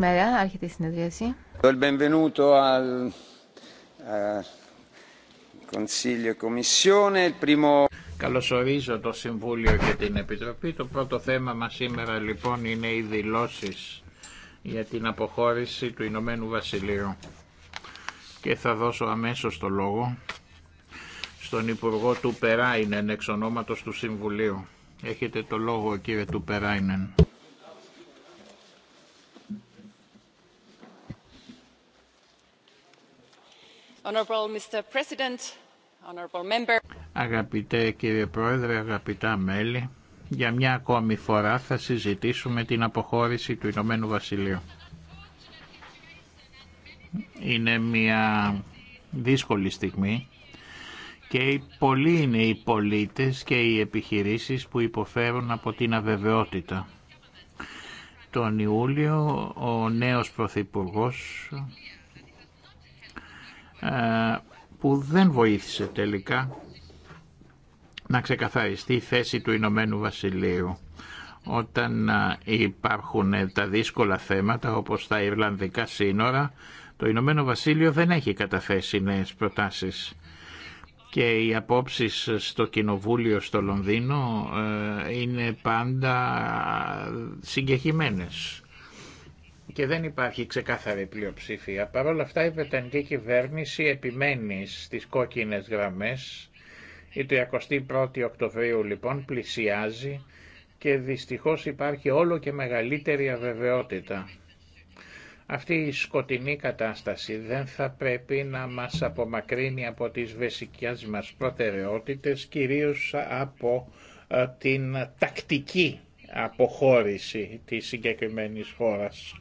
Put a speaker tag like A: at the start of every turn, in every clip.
A: Καλημέρα, άρχεται η συνεδρίαση.
B: Eh, e Καλωσορίζω το Συμβούλιο και την Επιτροπή. Το πρώτο θέμα μας σήμερα λοιπόν είναι οι δηλώσεις για την αποχώρηση του Ηνωμένου Βασιλείου. Και θα δώσω αμέσως το λόγο στον Υπουργό του Περάινεν εξ ονόματος του Συμβουλίου. Έχετε το λόγο κύριε του Περάινεν. Αγαπητέ κύριε Πρόεδρε, αγαπητά μέλη, για μια ακόμη φορά θα συζητήσουμε την αποχώρηση του Ηνωμένου Βασιλείου. Είναι μια δύσκολη στιγμή και πολλοί είναι οι πολίτες και οι επιχειρήσεις που υποφέρουν από την αβεβαιότητα. Τον Ιούλιο ο νέος Πρωθυπουργός ε, που δεν βοήθησε τελικά να ξεκαθαριστεί η θέση του Ηνωμένου Βασιλείου όταν ε, υπάρχουν τα δύσκολα θέματα όπως τα Ιρλανδικά σύνορα το Ηνωμένο Βασίλειο δεν έχει καταθέσει νέες προτάσεις και οι απόψεις στο Κοινοβούλιο στο Λονδίνο ε, είναι πάντα συγκεχημένες και δεν υπάρχει ξεκάθαρη πλειοψηφία. Παρ' όλα αυτά η Βρετανική κυβέρνηση επιμένει στις κόκκινες γραμμές. Η 31η Οκτωβρίου λοιπόν πλησιάζει και δυστυχώς υπάρχει όλο και μεγαλύτερη αβεβαιότητα. Αυτή η σκοτεινή κατάσταση δεν θα πρέπει να μας απομακρύνει από τις βεσικές μας προτεραιότητες, κυρίως από ε, την τακτική αποχώρηση της συγκεκριμένης χώρας.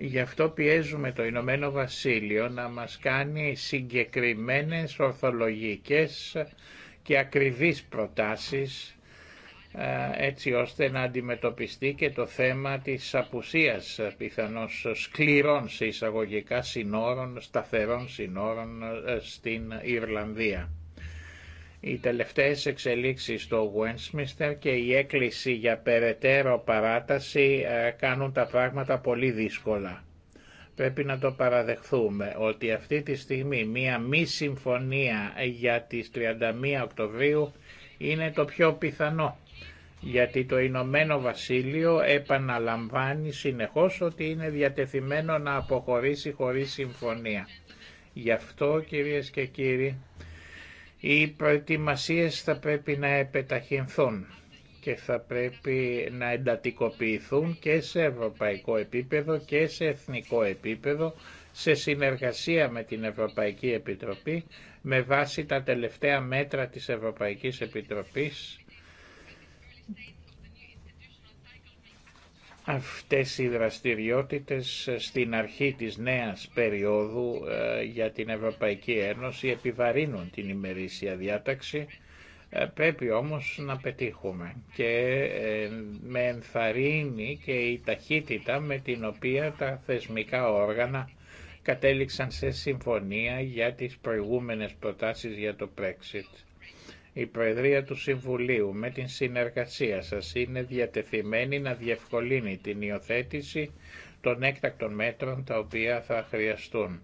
B: Γι' αυτό πιέζουμε το Ηνωμένο Βασίλειο να μας κάνει συγκεκριμένες ορθολογικές και ακριβείς προτάσεις ε, έτσι ώστε να αντιμετωπιστεί και το θέμα της απουσίας πιθανώς σκληρών σε εισαγωγικά συνόρων, σταθερών συνόρων ε, στην Ιρλανδία. Οι τελευταίες εξελίξεις στο Westminster και η έκκληση για περαιτέρω παράταση ε, κάνουν τα πράγματα πολύ δύσκολα. Πρέπει να το παραδεχθούμε ότι αυτή τη στιγμή μία μη συμφωνία για τις 31 Οκτωβρίου είναι το πιο πιθανό γιατί το Ηνωμένο Βασίλειο επαναλαμβάνει συνεχώς ότι είναι διατεθειμένο να αποχωρήσει χωρίς συμφωνία. Γι' αυτό κυρίες και κύριοι οι προετοιμασίες θα πρέπει να επεταχυνθούν και θα πρέπει να εντατικοποιηθούν και σε ευρωπαϊκό επίπεδο και σε εθνικό επίπεδο σε συνεργασία με την Ευρωπαϊκή Επιτροπή με βάση τα τελευταία μέτρα της Ευρωπαϊκής Επιτροπής Αυτές οι δραστηριότητες στην αρχή της νέας περίοδου ε, για την Ευρωπαϊκή Ένωση επιβαρύνουν την ημερήσια διάταξη, ε, πρέπει όμως να πετύχουμε και ε, με ενθαρρύνει και η ταχύτητα με την οποία τα θεσμικά όργανα κατέληξαν σε συμφωνία για τις προηγούμενες προτάσεις για το Brexit. Η Προεδρία του Συμβουλίου με την συνεργασία σας είναι διατεθειμένη να διευκολύνει την υιοθέτηση των έκτακτων μέτρων τα οποία θα χρειαστούν.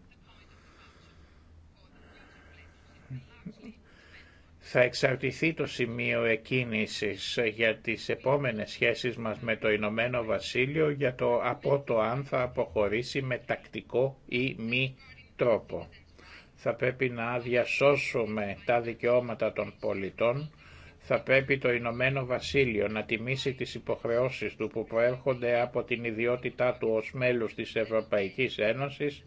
B: Θα εξαρτηθεί το σημείο εκκίνησης για τις επόμενες σχέσεις μας με το Ηνωμένο Βασίλειο για το από το αν θα αποχωρήσει με τακτικό ή μη τρόπο θα πρέπει να διασώσουμε τα δικαιώματα των πολιτών, θα πρέπει το Ηνωμένο Βασίλειο να τιμήσει τις υποχρεώσεις του που προέρχονται από την ιδιότητά του ως μέλους της Ευρωπαϊκής Ένωσης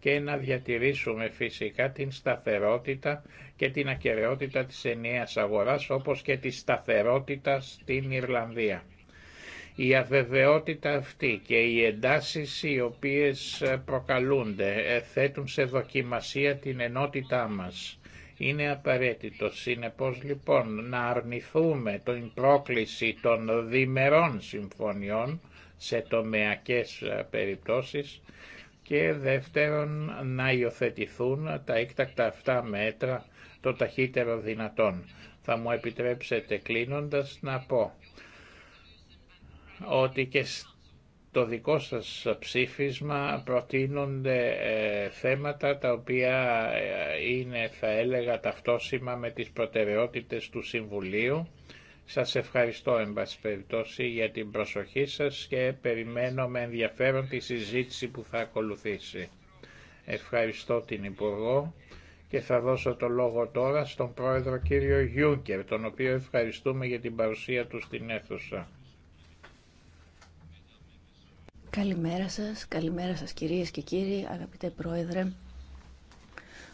B: και να διατηρήσουμε φυσικά την σταθερότητα και την ακεραιότητα της ενιαίας αγοράς όπως και τη σταθερότητα στην Ιρλανδία. Η αβεβαιότητα αυτή και οι εντάσεις οι οποίες ε, προκαλούνται ε, θέτουν σε δοκιμασία την ενότητά μας. Είναι απαραίτητο συνεπώς λοιπόν να αρνηθούμε την πρόκληση των διμερών συμφωνιών σε τομεακές ε, περιπτώσεις και δεύτερον να υιοθετηθούν τα έκτακτα αυτά μέτρα το ταχύτερο δυνατόν. Θα μου επιτρέψετε κλείνοντας να πω ότι και στο δικό σας ψήφισμα προτείνονται ε, θέματα τα οποία ε, είναι θα έλεγα ταυτόσημα με τις προτεραιότητες του Συμβουλίου. Σας ευχαριστώ εν πάση περιπτώσει για την προσοχή σας και περιμένω με ενδιαφέρον τη συζήτηση που θα ακολουθήσει. Ευχαριστώ την Υπουργό και θα δώσω το λόγο τώρα στον Πρόεδρο κύριο Γιούγκερ τον οποίο ευχαριστούμε για την παρουσία του στην αίθουσα.
C: Καλημέρα σας, καλημέρα σας κυρίες και κύριοι, αγαπητέ πρόεδρε,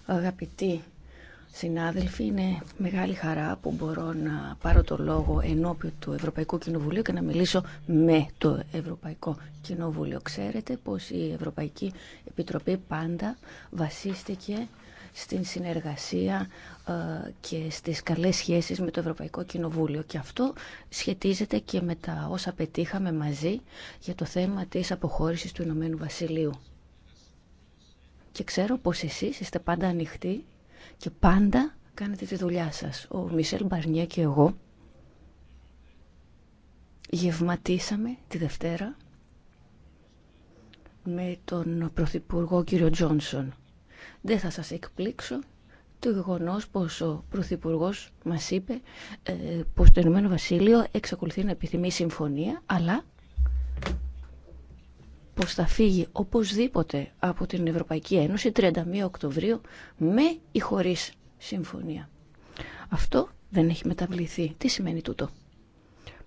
C: αγαπητοί συνάδελφοι. Είναι μεγάλη χαρά που μπορώ να πάρω το λόγο ενώπιου του Ευρωπαϊκού Κοινοβουλίου και να μιλήσω με το Ευρωπαϊκό Κοινοβούλιο. Ξέρετε πως η Ευρωπαϊκή Επιτροπή πάντα βασίστηκε στην συνεργασία ε, και στις καλές σχέσεις με το Ευρωπαϊκό Κοινοβούλιο. Και αυτό σχετίζεται και με τα όσα πετύχαμε μαζί για το θέμα της αποχώρησης του Ηνωμένου Βασιλείου. Και ξέρω πως εσείς είστε πάντα ανοιχτοί και πάντα κάνετε τη δουλειά σας. Ο Μισελ Μπαρνιέ και εγώ γευματίσαμε τη Δευτέρα με τον Πρωθυπουργό κύριο Τζόνσον δεν θα σας εκπλήξω το γεγονό πως ο Πρωθυπουργό μας είπε ε, πως το Ηνωμένο Βασίλειο εξακολουθεί να επιθυμεί συμφωνία, αλλά πως θα φύγει οπωσδήποτε από την Ευρωπαϊκή Ένωση 31 Οκτωβρίου με ή χωρί συμφωνία. Αυτό δεν έχει μεταβληθεί. Τι σημαίνει τούτο.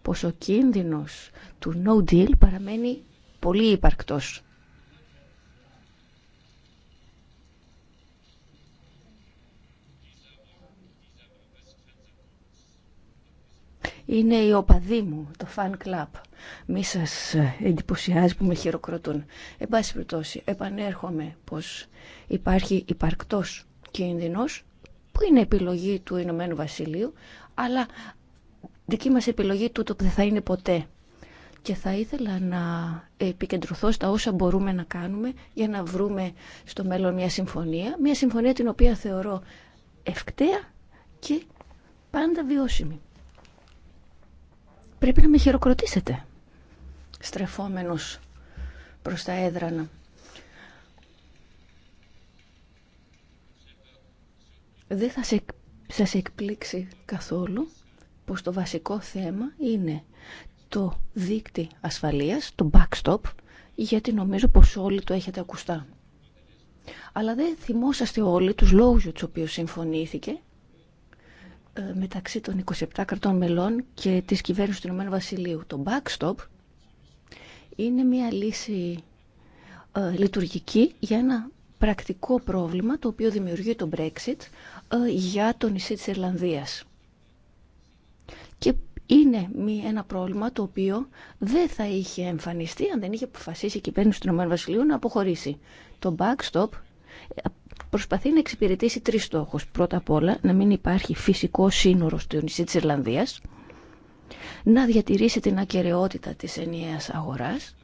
C: Πως ο κίνδυνος του no deal παραμένει πολύ υπαρκτός. είναι η οπαδή μου, το fan club. Μη σα ε, εντυπωσιάζει που με χειροκροτούν. Εν πάση περιπτώσει, επανέρχομαι πως υπάρχει υπαρκτός κίνδυνο που είναι επιλογή του Ηνωμένου Βασιλείου, αλλά δική μας επιλογή τούτο που δεν θα είναι ποτέ. Και θα ήθελα να επικεντρωθώ στα όσα μπορούμε να κάνουμε για να βρούμε στο μέλλον μια συμφωνία, μια συμφωνία την οποία θεωρώ ευκταία και πάντα βιώσιμη. Πρέπει να με χειροκροτήσετε. Στρεφόμενος προς τα έδρανα. Δεν θα σε, σας εκπλήξει καθόλου πως το βασικό θέμα είναι το δίκτυ ασφαλείας, το backstop, γιατί νομίζω πως όλοι το έχετε ακουστά. Αλλά δεν θυμόσαστε όλοι τους λόγους για τους οποίους συμφωνήθηκε ε, μεταξύ των 27 κρατών μελών και της κυβέρνησης του Ηνωμένου Βασιλείου. Το backstop είναι μια λύση ε, λειτουργική για ένα πρακτικό πρόβλημα το οποίο δημιουργεί το Brexit ε, για το νησί της Ιρλανδίας. Και είναι ένα πρόβλημα το οποίο δεν θα είχε εμφανιστεί αν δεν είχε αποφασίσει η κυβέρνηση του Ηνωμένου Βασιλείου να αποχωρήσει. Το backstop προσπαθεί να εξυπηρετήσει τρεις στόχους. Πρώτα απ' όλα να μην υπάρχει φυσικό σύνορο στο νησί της Ιρλανδίας, να διατηρήσει την ακαιρεότητα της ενιαίας αγοράς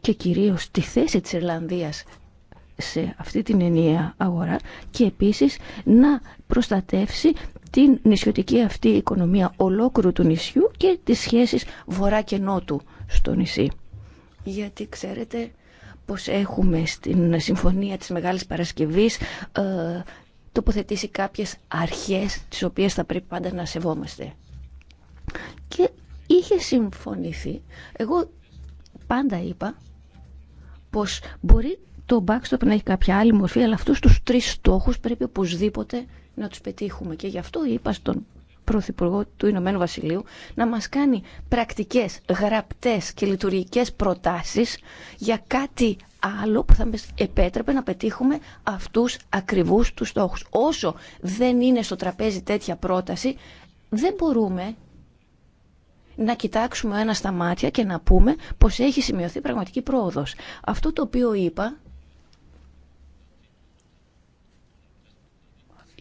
C: και κυρίως τη θέση της Ιρλανδίας σε αυτή την ενιαία αγορά και επίσης να προστατεύσει την νησιωτική αυτή οικονομία ολόκληρου του νησιού και τις σχέσεις βορρά και νότου στο νησί. Γιατί ξέρετε όπως έχουμε στην Συμφωνία της Μεγάλης Παρασκευής ε, τοποθετήσει κάποιες αρχές τις οποίες θα πρέπει πάντα να σεβόμαστε. Και είχε συμφωνηθεί, εγώ πάντα είπα πως μπορεί το backstop να έχει κάποια άλλη μορφή, αλλά αυτούς τους τρεις στόχους πρέπει οπωσδήποτε να τους πετύχουμε. Και γι' αυτό είπα στον Πρωθυπουργό του Ηνωμένου Βασιλείου να μας κάνει πρακτικές, γραπτές και λειτουργικές προτάσεις για κάτι άλλο που θα επέτρεπε να πετύχουμε αυτούς ακριβούς τους στόχους. Όσο δεν είναι στο τραπέζι τέτοια πρόταση, δεν μπορούμε να κοιτάξουμε ένα στα μάτια και να πούμε πως έχει σημειωθεί πραγματική πρόοδος. Αυτό το οποίο είπα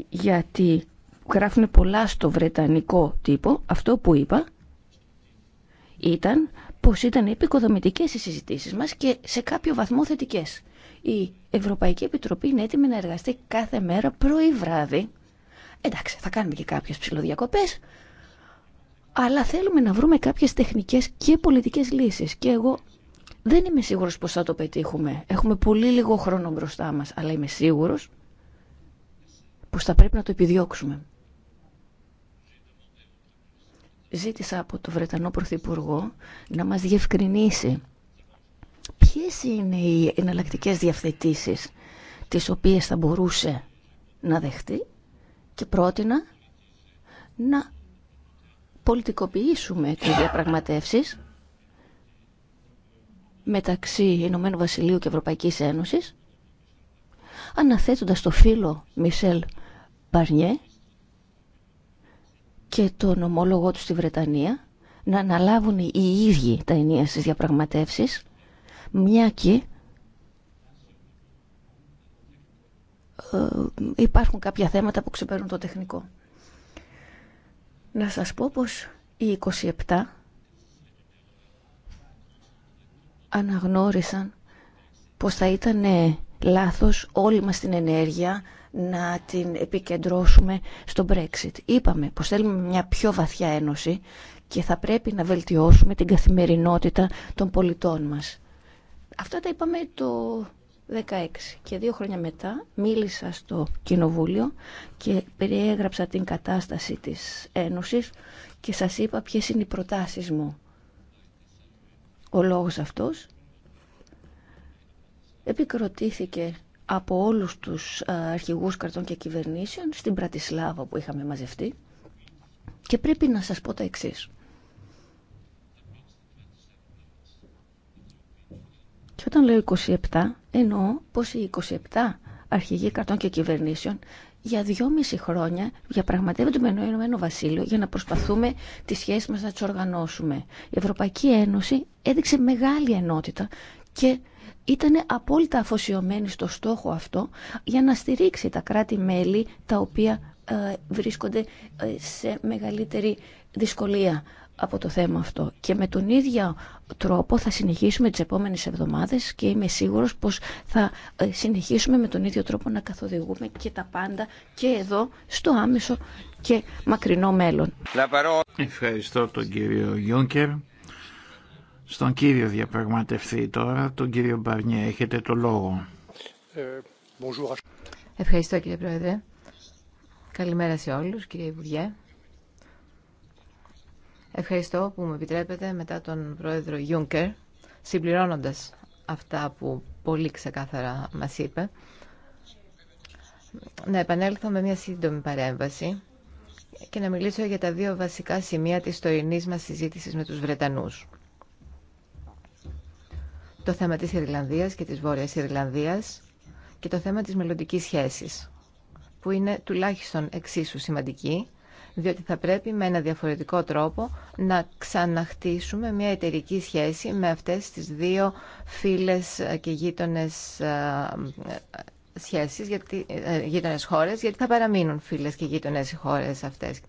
C: γιατί γράφουν πολλά στο βρετανικό τύπο, αυτό που είπα ήταν πως ήταν επικοδομητικές οι συζητήσεις μας και σε κάποιο βαθμό θετικές. Η Ευρωπαϊκή Επιτροπή είναι έτοιμη να εργαστεί κάθε μέρα πρωί βράδυ. Εντάξει, θα κάνουμε και κάποιες ψηλοδιακοπές, αλλά θέλουμε να βρούμε κάποιες τεχνικές και πολιτικές λύσεις. Και εγώ δεν είμαι σίγουρος πως θα το πετύχουμε. Έχουμε πολύ λίγο χρόνο μπροστά μας, αλλά είμαι σίγουρος πως θα πρέπει να το επιδιώξουμε. Ζήτησα από τον Βρετανό Πρωθυπουργό να μας διευκρινίσει ποιες είναι οι εναλλακτικέ διαφθετήσεις τις οποίες θα μπορούσε να δεχτεί και πρότεινα να πολιτικοποιήσουμε τις διαπραγματεύσεις μεταξύ Ηνωμένου Βασιλείου και Ευρωπαϊκής Ένωσης αναθέτοντας το φίλο Μισελ Μπαρνιέ και τον ομόλογό του στη Βρετανία να αναλάβουν οι ίδιοι τα ενία στις διαπραγματεύσεις μια και ε, υπάρχουν κάποια θέματα που ξεπέρνουν το τεχνικό. Να σας πω πως οι 27 αναγνώρισαν πως θα ήταν ε, λάθος όλη μας την ενέργεια να την επικεντρώσουμε στο Brexit. Είπαμε πως θέλουμε μια πιο βαθιά ένωση και θα πρέπει να βελτιώσουμε την καθημερινότητα των πολιτών μας. Αυτά τα είπαμε το 2016. και δύο χρόνια μετά μίλησα στο Κοινοβούλιο και περιέγραψα την κατάσταση της Ένωσης και σας είπα ποιες είναι οι προτάσεις μου. Ο λόγος αυτός επικροτήθηκε από όλους τους ε, αρχηγούς κρατών και κυβερνήσεων στην Πρατισλάβα που είχαμε μαζευτεί και πρέπει να σας πω τα εξής. Και όταν λέω 27, εννοώ πως οι 27 αρχηγοί κρατών και κυβερνήσεων για δυόμιση χρόνια διαπραγματεύονται με το Ενωμένο Βασίλειο για να προσπαθούμε τις σχέσεις μας να τις οργανώσουμε. Η Ευρωπαϊκή Ένωση έδειξε μεγάλη ενότητα και Ήτανε απόλυτα αφοσιωμένη στο στόχο αυτό για να στηρίξει τα κράτη-μέλη τα οποία ε, βρίσκονται ε, σε μεγαλύτερη δυσκολία από το θέμα αυτό. Και με τον ίδιο τρόπο θα συνεχίσουμε τις επόμενες εβδομάδες και είμαι σίγουρος πως θα ε, συνεχίσουμε με τον ίδιο τρόπο να καθοδηγούμε και τα πάντα και εδώ στο άμεσο και μακρινό μέλλον.
B: Ευχαριστώ τον κύριο στον κύριο διαπραγματευτή τώρα, τον κύριο Μπαρνιέ. Έχετε το λόγο.
A: Ευχαριστώ κύριε Πρόεδρε. Καλημέρα σε όλους κύριε Υπουργέ. Ευχαριστώ που με επιτρέπετε μετά τον Πρόεδρο Γιούνκερ, συμπληρώνοντας αυτά που πολύ ξεκάθαρα μας είπε, να επανέλθω με μια σύντομη παρέμβαση και να μιλήσω για τα δύο βασικά σημεία της τωρινής μας συζήτησης με τους Βρετανούς το θέμα της Ιρλανδίας και της Βόρειας Ιρλανδίας και το θέμα της μελλοντική σχέσης, που είναι τουλάχιστον εξίσου σημαντική, διότι θα πρέπει με ένα διαφορετικό τρόπο να ξαναχτίσουμε μια εταιρική σχέση με αυτές τις δύο φίλες και γείτονες ε, σχέσεις, γιατί, ε, γείτονες χώρες, γιατί θα παραμείνουν φίλες και γείτονες χώρες αυτές.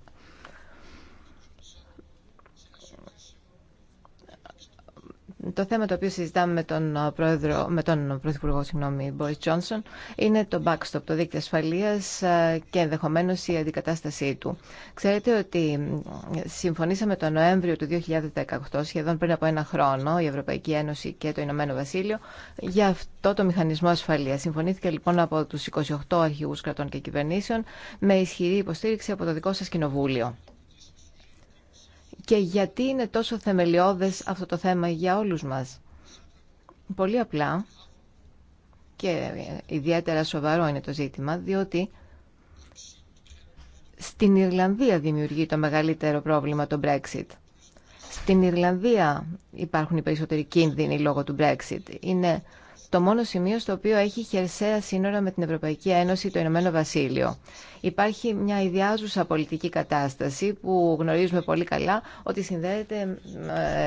A: Το θέμα το οποίο συζητάμε με τον, ε, πρόεδρο, με τον Πρωθυπουργό συγγνώμη, Τζόνσον είναι το backstop, το δίκτυο ασφαλεία ε, και ενδεχομένω η αντικατάστασή του. Ξέρετε ότι συμφωνήσαμε το Νοέμβριο του 2018, σχεδόν πριν από ένα χρόνο, η Ευρωπαϊκή Ένωση και το Ηνωμένο Βασίλειο, για αυτό το μηχανισμό ασφαλεία. Συμφωνήθηκε λοιπόν από του 28 αρχηγού κρατών και κυβερνήσεων με ισχυρή υποστήριξη από το δικό σα κοινοβούλιο και γιατί είναι τόσο θεμελιώδες αυτό το θέμα για όλους μας. Πολύ απλά και ιδιαίτερα σοβαρό είναι το ζήτημα, διότι στην Ιρλανδία δημιουργεί το μεγαλύτερο πρόβλημα το Brexit. Στην Ιρλανδία υπάρχουν οι περισσότεροι κίνδυνοι λόγω του Brexit. Είναι το μόνο σημείο στο οποίο έχει χερσαία σύνορα με την Ευρωπαϊκή Ένωση το Ηνωμένο Βασίλειο. Υπάρχει μια ιδιάζουσα πολιτική κατάσταση που γνωρίζουμε πολύ καλά ότι συνδέεται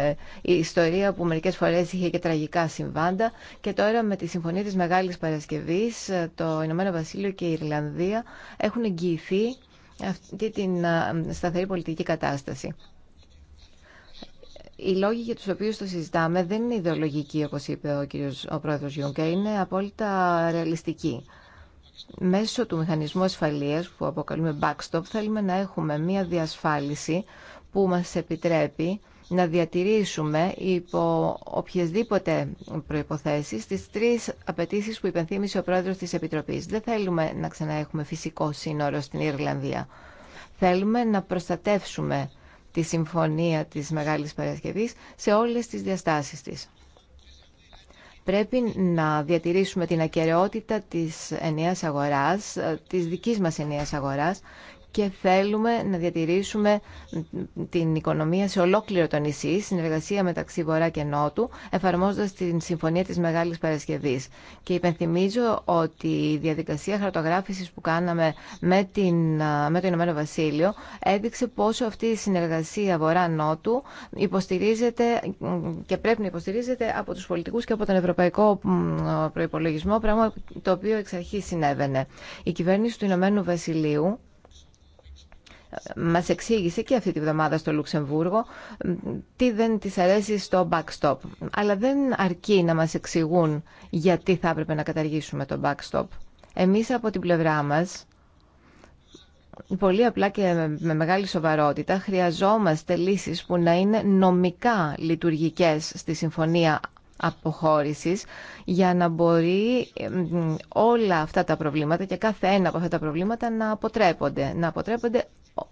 A: ε, η ιστορία που μερικές φορές είχε και τραγικά συμβάντα και τώρα με τη Συμφωνία της Μεγάλης Παρασκευής ε, το Ηνωμένο Βασίλειο και η Ιρλανδία έχουν εγγυηθεί αυτή την ε, σταθερή πολιτική κατάσταση οι λόγοι για τους οποίους το συζητάμε δεν είναι ιδεολογικοί, όπως είπε ο, κύριος, ο πρόεδρος Γιούγκα, είναι απόλυτα ρεαλιστικοί. Μέσω του μηχανισμού ασφαλείας, που αποκαλούμε backstop, θέλουμε να έχουμε μία διασφάλιση που μας επιτρέπει να διατηρήσουμε υπό οποιασδήποτε προϋποθέσεις τις τρεις απαιτήσει που υπενθύμησε ο πρόεδρος της Επιτροπής. Δεν θέλουμε να ξαναέχουμε φυσικό σύνορο στην Ιρλανδία. Θέλουμε να προστατεύσουμε τη συμφωνία της Μεγάλης Παρασκευής σε όλες τις διαστάσεις της. Πρέπει να διατηρήσουμε την ακαιρεότητα της ενιαίας αγοράς, ε, της δικής μας ενιαίας αγοράς και θέλουμε να διατηρήσουμε την οικονομία σε ολόκληρο το νησί, συνεργασία μεταξύ Βορρά και Νότου, εφαρμόζοντας την Συμφωνία της Μεγάλης Παρασκευής. Και υπενθυμίζω ότι η διαδικασία χαρτογράφησης που κάναμε με, την, με το Ηνωμένο Βασίλειο έδειξε πόσο αυτή η συνεργασία Βορρά-Νότου υποστηρίζεται και πρέπει να υποστηρίζεται από τους πολιτικούς και από τον Ευρωπαϊκό Προϋπολογισμό, πράγμα το οποίο εξ αρχής συνέβαινε. Η κυβέρνηση του Ηνωμένου Βασιλείου μας εξήγησε και αυτή τη βδομάδα στο Λουξεμβούργο τι δεν της αρέσει στο backstop. Αλλά δεν αρκεί να μας εξηγούν γιατί θα έπρεπε να καταργήσουμε το backstop. Εμείς από την πλευρά μας πολύ απλά και με μεγάλη σοβαρότητα χρειαζόμαστε λύσεις που να είναι νομικά λειτουργικές στη συμφωνία αποχώρησης για να μπορεί όλα αυτά τα προβλήματα και κάθε ένα από αυτά τα προβλήματα να αποτρέπονται, να αποτρέπονται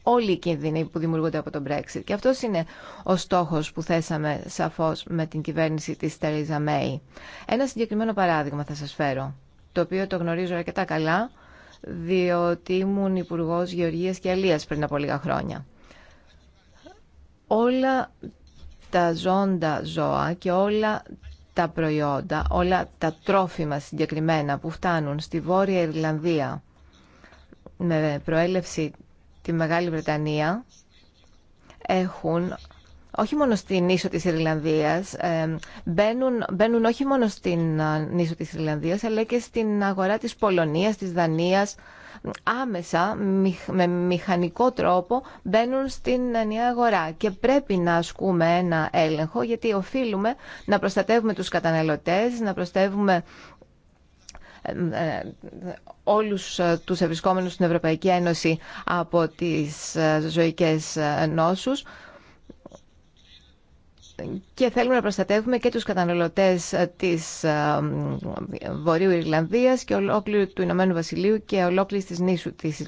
A: όλοι οι κίνδυνοι που δημιουργούνται από τον Brexit. Και αυτός είναι ο στόχος που θέσαμε σαφώς με την κυβέρνηση της Τερίζα Μέη. Ένα συγκεκριμένο παράδειγμα θα σας φέρω, το οποίο το γνωρίζω αρκετά καλά, διότι ήμουν υπουργό Γεωργίας και Αλίας πριν από λίγα χρόνια. Όλα τα ζώντα ζώα και όλα τα προϊόντα, όλα τα τρόφιμα συγκεκριμένα που φτάνουν στη Βόρεια Ιρλανδία με προέλευση τη Μεγάλη Βρετανία έχουν όχι μόνο στην ίσο της Ιρλανδίας, ε, μπαίνουν, μπαίνουν όχι μόνο στην ίσο ε, της Ιρλανδίας, αλλά και στην αγορά της Πολωνίας, της Δανίας, άμεσα, με μηχανικό τρόπο, μπαίνουν στην ε, νέα αγορά. Και πρέπει να ασκούμε ένα έλεγχο, γιατί οφείλουμε να προστατεύουμε τους καταναλωτές, να προστατεύουμε όλους ε, τους ευρισκόμενους στην Ευρωπαϊκή Ένωση από τις ε, ζωικές ε, νόσους και θέλουμε να προστατεύουμε και τους καταναλωτές της Βορείου Ιρλανδίας και ολόκληρου του Ηνωμένου Βασιλείου και ολόκληρης της νήσου της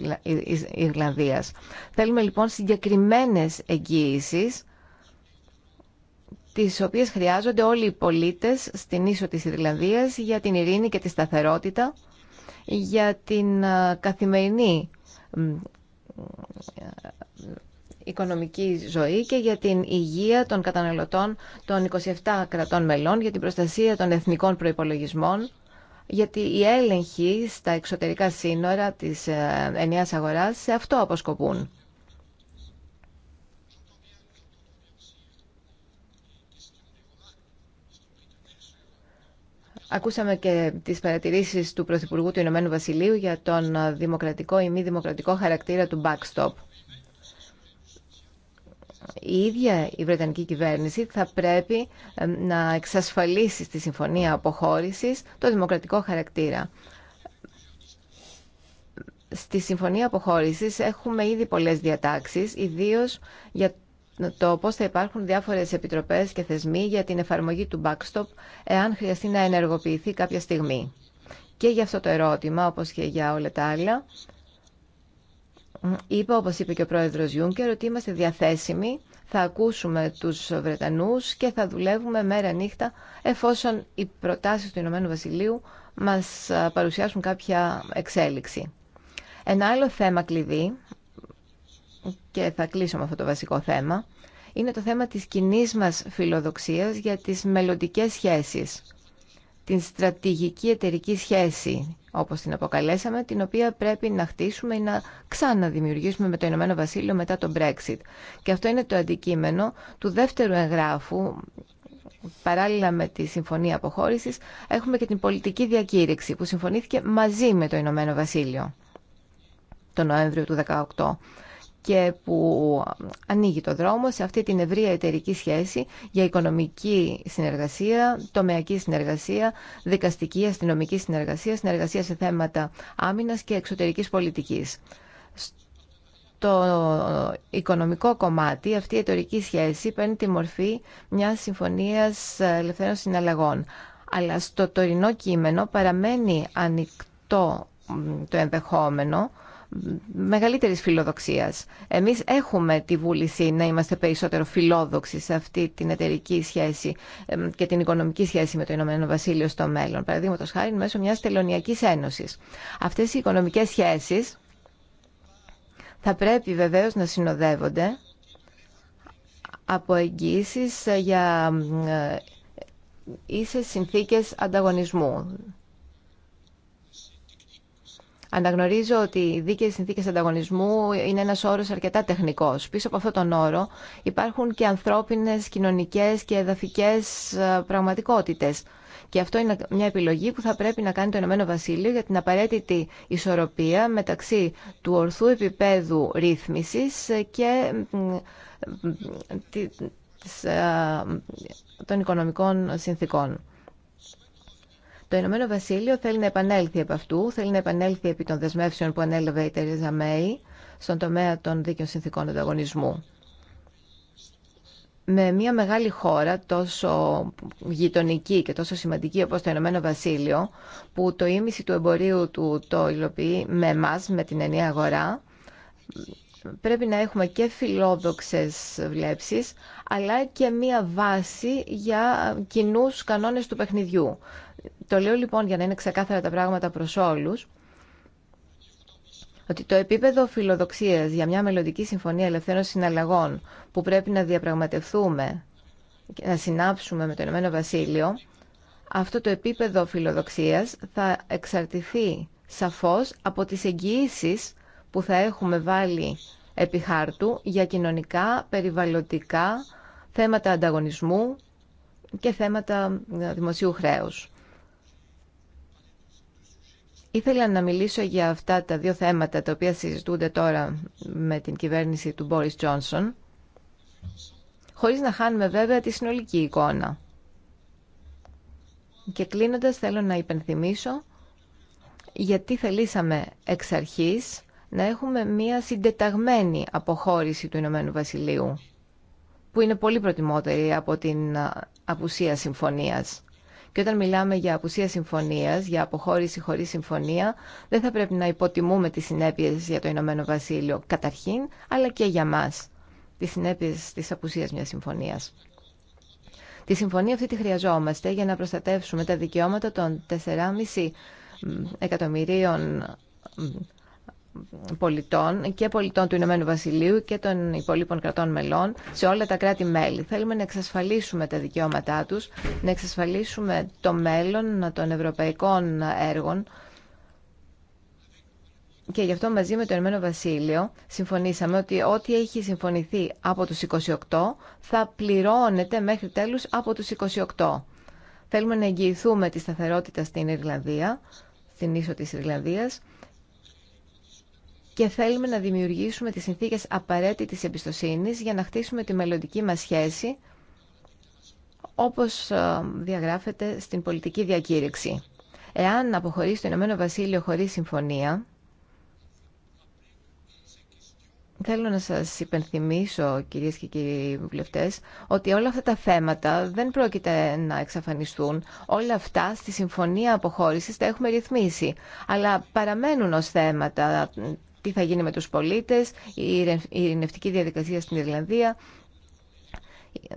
A: Ιρλανδίας. Θέλουμε λοιπόν συγκεκριμένες εγγύησεις τις οποίες χρειάζονται όλοι οι πολίτες στην ίσο της Ιρλανδίας για την ειρήνη και τη σταθερότητα, για την ε, καθημερινή ε, οικονομική ζωή και για την υγεία των καταναλωτών των 27 κρατών μελών, για την προστασία των εθνικών προϋπολογισμών, γιατί οι έλεγχοι στα εξωτερικά σύνορα της ε, ενιαίας αγοράς σε αυτό αποσκοπούν. Ακούσαμε και τις παρατηρήσεις του Πρωθυπουργού του Ηνωμένου Βασιλείου για τον ε, δημοκρατικό ή μη δημοκρατικό χαρακτήρα του backstop. Η ίδια η Βρετανική κυβέρνηση θα πρέπει ε, να εξασφαλίσει στη Συμφωνία Αποχώρησης το δημοκρατικό χαρακτήρα. Στη Συμφωνία Αποχώρησης έχουμε ήδη πολλές διατάξεις, ιδίως για το πώς θα υπάρχουν διάφορες επιτροπές και θεσμοί για την εφαρμογή του backstop εάν χρειαστεί να ενεργοποιηθεί κάποια στιγμή. Και για αυτό το ερώτημα, όπως και για όλα τα άλλα, είπα, όπως είπε και ο πρόεδρος Γιούγκερ... ότι είμαστε διαθέσιμοι, θα ακούσουμε τους Βρετανούς και θα δουλεύουμε μέρα νύχτα εφόσον οι προτάσεις του Ηνωμένου Βασιλείου μας παρουσιάσουν κάποια εξέλιξη. Ένα άλλο θέμα κλειδί και θα κλείσω με αυτό το βασικό θέμα, είναι το θέμα της κοινή μας φιλοδοξίας για τις μελλοντικέ σχέσεις. Την στρατηγική εταιρική σχέση, όπως την αποκαλέσαμε, την οποία πρέπει να χτίσουμε ή να ξαναδημιουργήσουμε με το Ηνωμένο Βασίλειο μετά τον Brexit. Και αυτό είναι το αντικείμενο του δεύτερου εγγράφου, παράλληλα με τη Συμφωνία Αποχώρησης, έχουμε και την πολιτική διακήρυξη που συμφωνήθηκε μαζί με το Ηνωμένο Βασίλειο το Νοέμβριο του 2018 και που ανοίγει το δρόμο σε αυτή την ευρεία εταιρική σχέση για οικονομική συνεργασία, τομεακή συνεργασία, δικαστική, αστυνομική συνεργασία, συνεργασία σε θέματα άμυνας και εξωτερικής πολιτικής. Το οικονομικό κομμάτι, αυτή η εταιρική σχέση παίρνει τη μορφή μιας συμφωνίας ελευθέρων συναλλαγών. Αλλά στο τωρινό κείμενο παραμένει ανοιχτό το ενδεχόμενο μεγαλύτερης φιλοδοξίας. Εμείς έχουμε τη βούληση να είμαστε περισσότερο φιλόδοξοι σε αυτή την εταιρική σχέση και την οικονομική σχέση με το Ηνωμένο Βασίλειο στο μέλλον. Παραδείγματο χάρη μέσω μιας τελωνιακής ένωσης. Αυτές οι οικονομικές σχέσεις θα πρέπει βεβαίως να συνοδεύονται από εγγύησεις για ε, ίσες συνθήκες ανταγωνισμού. Αναγνωρίζω ότι οι δίκαιε συνθήκε ανταγωνισμού είναι ένα όρο αρκετά τεχνικό. Πίσω από αυτόν τον όρο υπάρχουν και ανθρώπινε, κοινωνικέ και εδαφικέ ε, πραγματικότητε. Και αυτό είναι μια επιλογή που θα πρέπει να κάνει το Ηνωμένο Βασίλειο για την απαραίτητη ισορροπία μεταξύ του ορθού επίπεδου ρύθμιση και ε, των οικονομικών συνθήκων. Το Ηνωμένο Βασίλειο θέλει να επανέλθει από αυτού, θέλει να επανέλθει επί των δεσμεύσεων που ανέλαβε η Τερίζα Μέη στον τομέα των δίκαιων συνθήκων ανταγωνισμού. Με μια μεγάλη χώρα τόσο γειτονική και τόσο σημαντική όπως το Ηνωμένο Βασίλειο, που το ίμιση του εμπορίου του το υλοποιεί με εμά, με την ενιαία αγορά, πρέπει να έχουμε και φιλόδοξες βλέψεις, αλλά και μία βάση για κοινούς κανόνες του παιχνιδιού. Το λέω λοιπόν για να είναι ξεκάθαρα τα πράγματα προς όλους, ότι το επίπεδο φιλοδοξίας για μια μελλοντική συμφωνία ελευθέρων συναλλαγών που πρέπει να διαπραγματευτούμε και να συνάψουμε με το Ηνωμένο Βασίλειο, αυτό το επίπεδο φιλοδοξίας θα εξαρτηθεί σαφώς από τις εγγυήσει που θα έχουμε βάλει επί χάρτου για κοινωνικά, περιβαλλοντικά, θέματα ανταγωνισμού και θέματα δημοσίου χρέους. Ήθελα να μιλήσω για αυτά τα δύο θέματα τα οποία συζητούνται τώρα με την κυβέρνηση του Μπόρις Τζόνσον χωρίς να χάνουμε βέβαια τη συνολική εικόνα. Και κλείνοντας θέλω να υπενθυμίσω γιατί θελήσαμε εξ αρχής να έχουμε μία συντεταγμένη αποχώρηση του Ηνωμένου Βασιλείου που είναι πολύ προτιμότερη από την ε, απουσία συμφωνίας. Και όταν μιλάμε για απουσία συμφωνία, για αποχώρηση χωρί συμφωνία, δεν θα πρέπει να υποτιμούμε τι συνέπειε για το Ηνωμένο Βασίλειο καταρχήν, αλλά και για μα. Τι συνέπειε τη απουσία μια συμφωνία. Τη συμφωνία αυτή τη χρειαζόμαστε για να προστατεύσουμε τα δικαιώματα των 4,5 εκατομμυρίων πολιτών και πολιτών του Ηνωμένου Βασιλείου και των υπολείπων κρατών μελών σε όλα τα κράτη-μέλη. Θέλουμε να εξασφαλίσουμε τα δικαιώματά τους, να εξασφαλίσουμε το μέλλον των ευρωπαϊκών έργων και γι' αυτό μαζί με το Ηνωμένο Βασίλειο συμφωνήσαμε ότι ό,τι έχει συμφωνηθεί από τους 28 θα πληρώνεται μέχρι τέλους από τους 28. Θέλουμε να εγγυηθούμε τη σταθερότητα στην Ιρλανδία, στην ίσο της Ιρλανδίας και θέλουμε να δημιουργήσουμε τις συνθήκες απαραίτητης εμπιστοσύνης για να χτίσουμε τη μελλοντική μας σχέση όπως ε, διαγράφεται στην πολιτική διακήρυξη. Εάν αποχωρήσει το Ηνωμένο Βασίλειο χωρίς συμφωνία, Θέλω να σας υπενθυμίσω, κυρίες και κύριοι βουλευτές, ότι όλα αυτά τα θέματα δεν πρόκειται να εξαφανιστούν. Όλα αυτά στη Συμφωνία Αποχώρησης τα έχουμε ρυθμίσει. Αλλά παραμένουν ως θέματα τι θα γίνει με τους πολίτες, η ειρηνευτική διαδικασία στην Ιρλανδία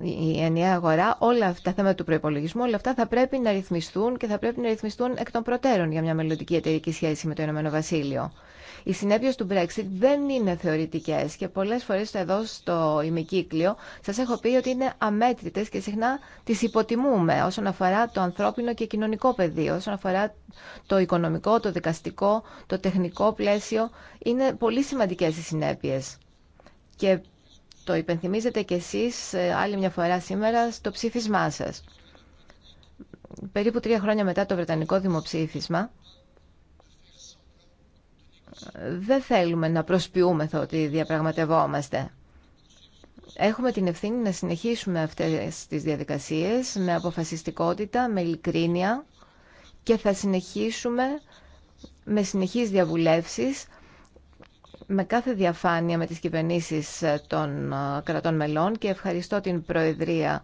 A: η ενιαία αγορά, όλα αυτά τα θέματα του προπολογισμού, όλα αυτά θα πρέπει να ρυθμιστούν και θα πρέπει να ρυθμιστούν εκ των προτέρων για μια μελλοντική εταιρική σχέση με το Ηνωμένο Βασίλειο. Οι συνέπειε του Brexit δεν είναι θεωρητικέ και πολλέ φορέ εδώ στο ημικύκλιο σα έχω πει ότι είναι αμέτρητε και συχνά τι υποτιμούμε όσον αφορά το ανθρώπινο και κοινωνικό πεδίο, όσον αφορά το οικονομικό, το δικαστικό, το τεχνικό πλαίσιο. Είναι πολύ σημαντικέ οι συνέπειε. Και το υπενθυμίζετε κι εσείς ε, άλλη μια φορά σήμερα στο ψήφισμά σας. Περίπου τρία χρόνια μετά το Βρετανικό Δημοψήφισμα, δεν θέλουμε να προσποιούμεθα ότι διαπραγματευόμαστε. Έχουμε την ευθύνη να συνεχίσουμε αυτές τις διαδικασίες με αποφασιστικότητα, με ειλικρίνεια και θα συνεχίσουμε με συνεχείς διαβουλεύσεις με κάθε διαφάνεια με τις κυβερνήσεις ε, των ε, κρατών μελών και ευχαριστώ την Προεδρία.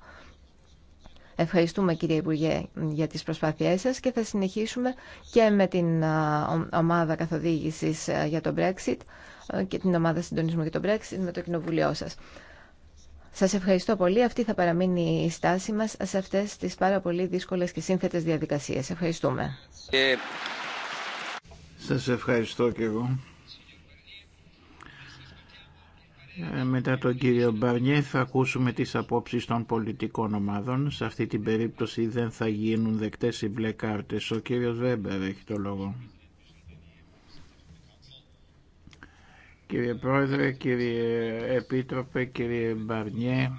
A: Ευχαριστούμε κύριε Υπουργέ για τις προσπάθειές σας και θα συνεχίσουμε και με την ε, ομάδα καθοδήγησης για τον Brexit και την ομάδα συντονισμού για τον Brexit με το κοινοβουλίο σας. Σας ευχαριστώ πολύ. Αυτή θα παραμείνει η στάση μας σε αυτές τις πάρα πολύ δύσκολες και σύνθετες διαδικασίες. Ευχαριστούμε.
B: Σας ευχαριστώ και εγώ. Ε, μετά τον κύριο Μπαρνιέ θα ακούσουμε τις απόψεις των πολιτικών ομάδων. Σε αυτή την περίπτωση δεν θα γίνουν δεκτές οι μπλε κάρτες. Ο κύριος Βέμπερ έχει το λόγο. Κύριε Πρόεδρε, κύριε Επίτροπε, κύριε Μπαρνιέ,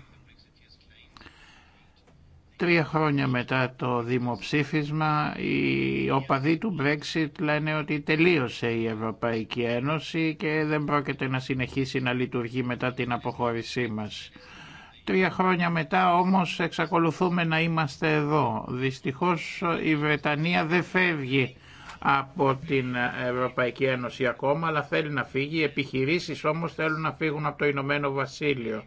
B: Τρία χρόνια μετά το δημοψήφισμα οι οπαδοί του Brexit λένε ότι τελείωσε η Ευρωπαϊκή Ένωση και δεν πρόκειται να συνεχίσει να λειτουργεί μετά την αποχώρησή μας. Τρία χρόνια μετά όμως εξακολουθούμε να είμαστε εδώ. Δυστυχώς η Βρετανία δεν φεύγει από την Ευρωπαϊκή Ένωση ακόμα αλλά θέλει να φύγει. Οι επιχειρήσεις όμως θέλουν να φύγουν από το Ηνωμένο Βασίλειο.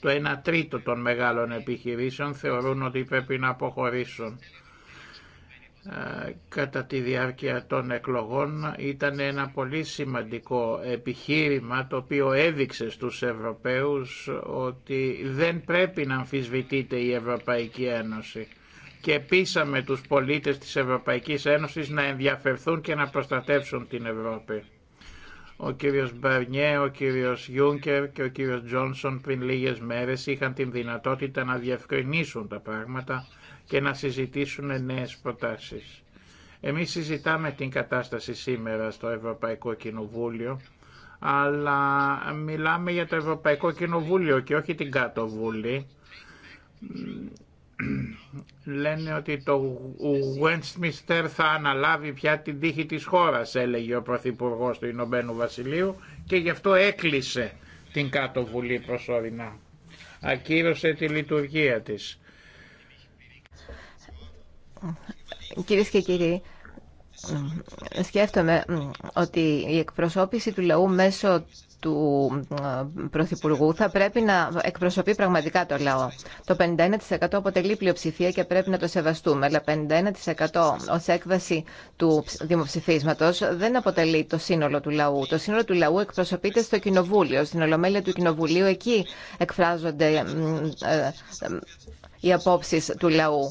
B: Το 1 τρίτο των μεγάλων επιχειρήσεων θεωρούν ότι πρέπει να αποχωρήσουν. Ε, κατά τη διάρκεια των εκλογών ήταν ένα πολύ σημαντικό επιχείρημα το οποίο έδειξε στους Ευρωπαίους ότι δεν πρέπει να αμφισβητείται η Ευρωπαϊκή Ένωση και πείσαμε τους πολίτες της Ευρωπαϊκής Ένωσης να ενδιαφερθούν και να προστατεύσουν την Ευρώπη. Ο κύριος Μπαρνιέ, ο κύριος Γιούνκερ και ο κύριος Τζόνσον πριν λίγες μέρες είχαν την δυνατότητα να διευκρινίσουν τα πράγματα και να συζητήσουν νέες προτάσεις. Εμείς συζητάμε την κατάσταση σήμερα στο Ευρωπαϊκό Κοινοβούλιο, αλλά μιλάμε για το Ευρωπαϊκό Κοινοβούλιο και όχι την Κάτω Βούλη λένε ότι το Westminster θα αναλάβει πια την τύχη της χώρας, έλεγε ο Πρωθυπουργό του Ηνωμένου Βασιλείου και γι' αυτό έκλεισε την κάτω βουλή προσωρινά. Ακύρωσε τη λειτουργία της. Κυρίε και κύριοι,
A: σκέφτομαι ότι η εκπροσώπηση του λαού μέσω του ε, Πρωθυπουργού θα πρέπει να εκπροσωπεί πραγματικά το λαό. Το 51% αποτελεί πλειοψηφία και πρέπει να το σεβαστούμε, αλλά 51% ως έκβαση του δημοψηφίσματος δεν αποτελεί το σύνολο του λαού. Το σύνολο του λαού εκπροσωπείται στο Κοινοβούλιο, στην Ολομέλεια του Κοινοβουλίου. Εκεί εκφράζονται ε, ε, οι απόψεις του λαού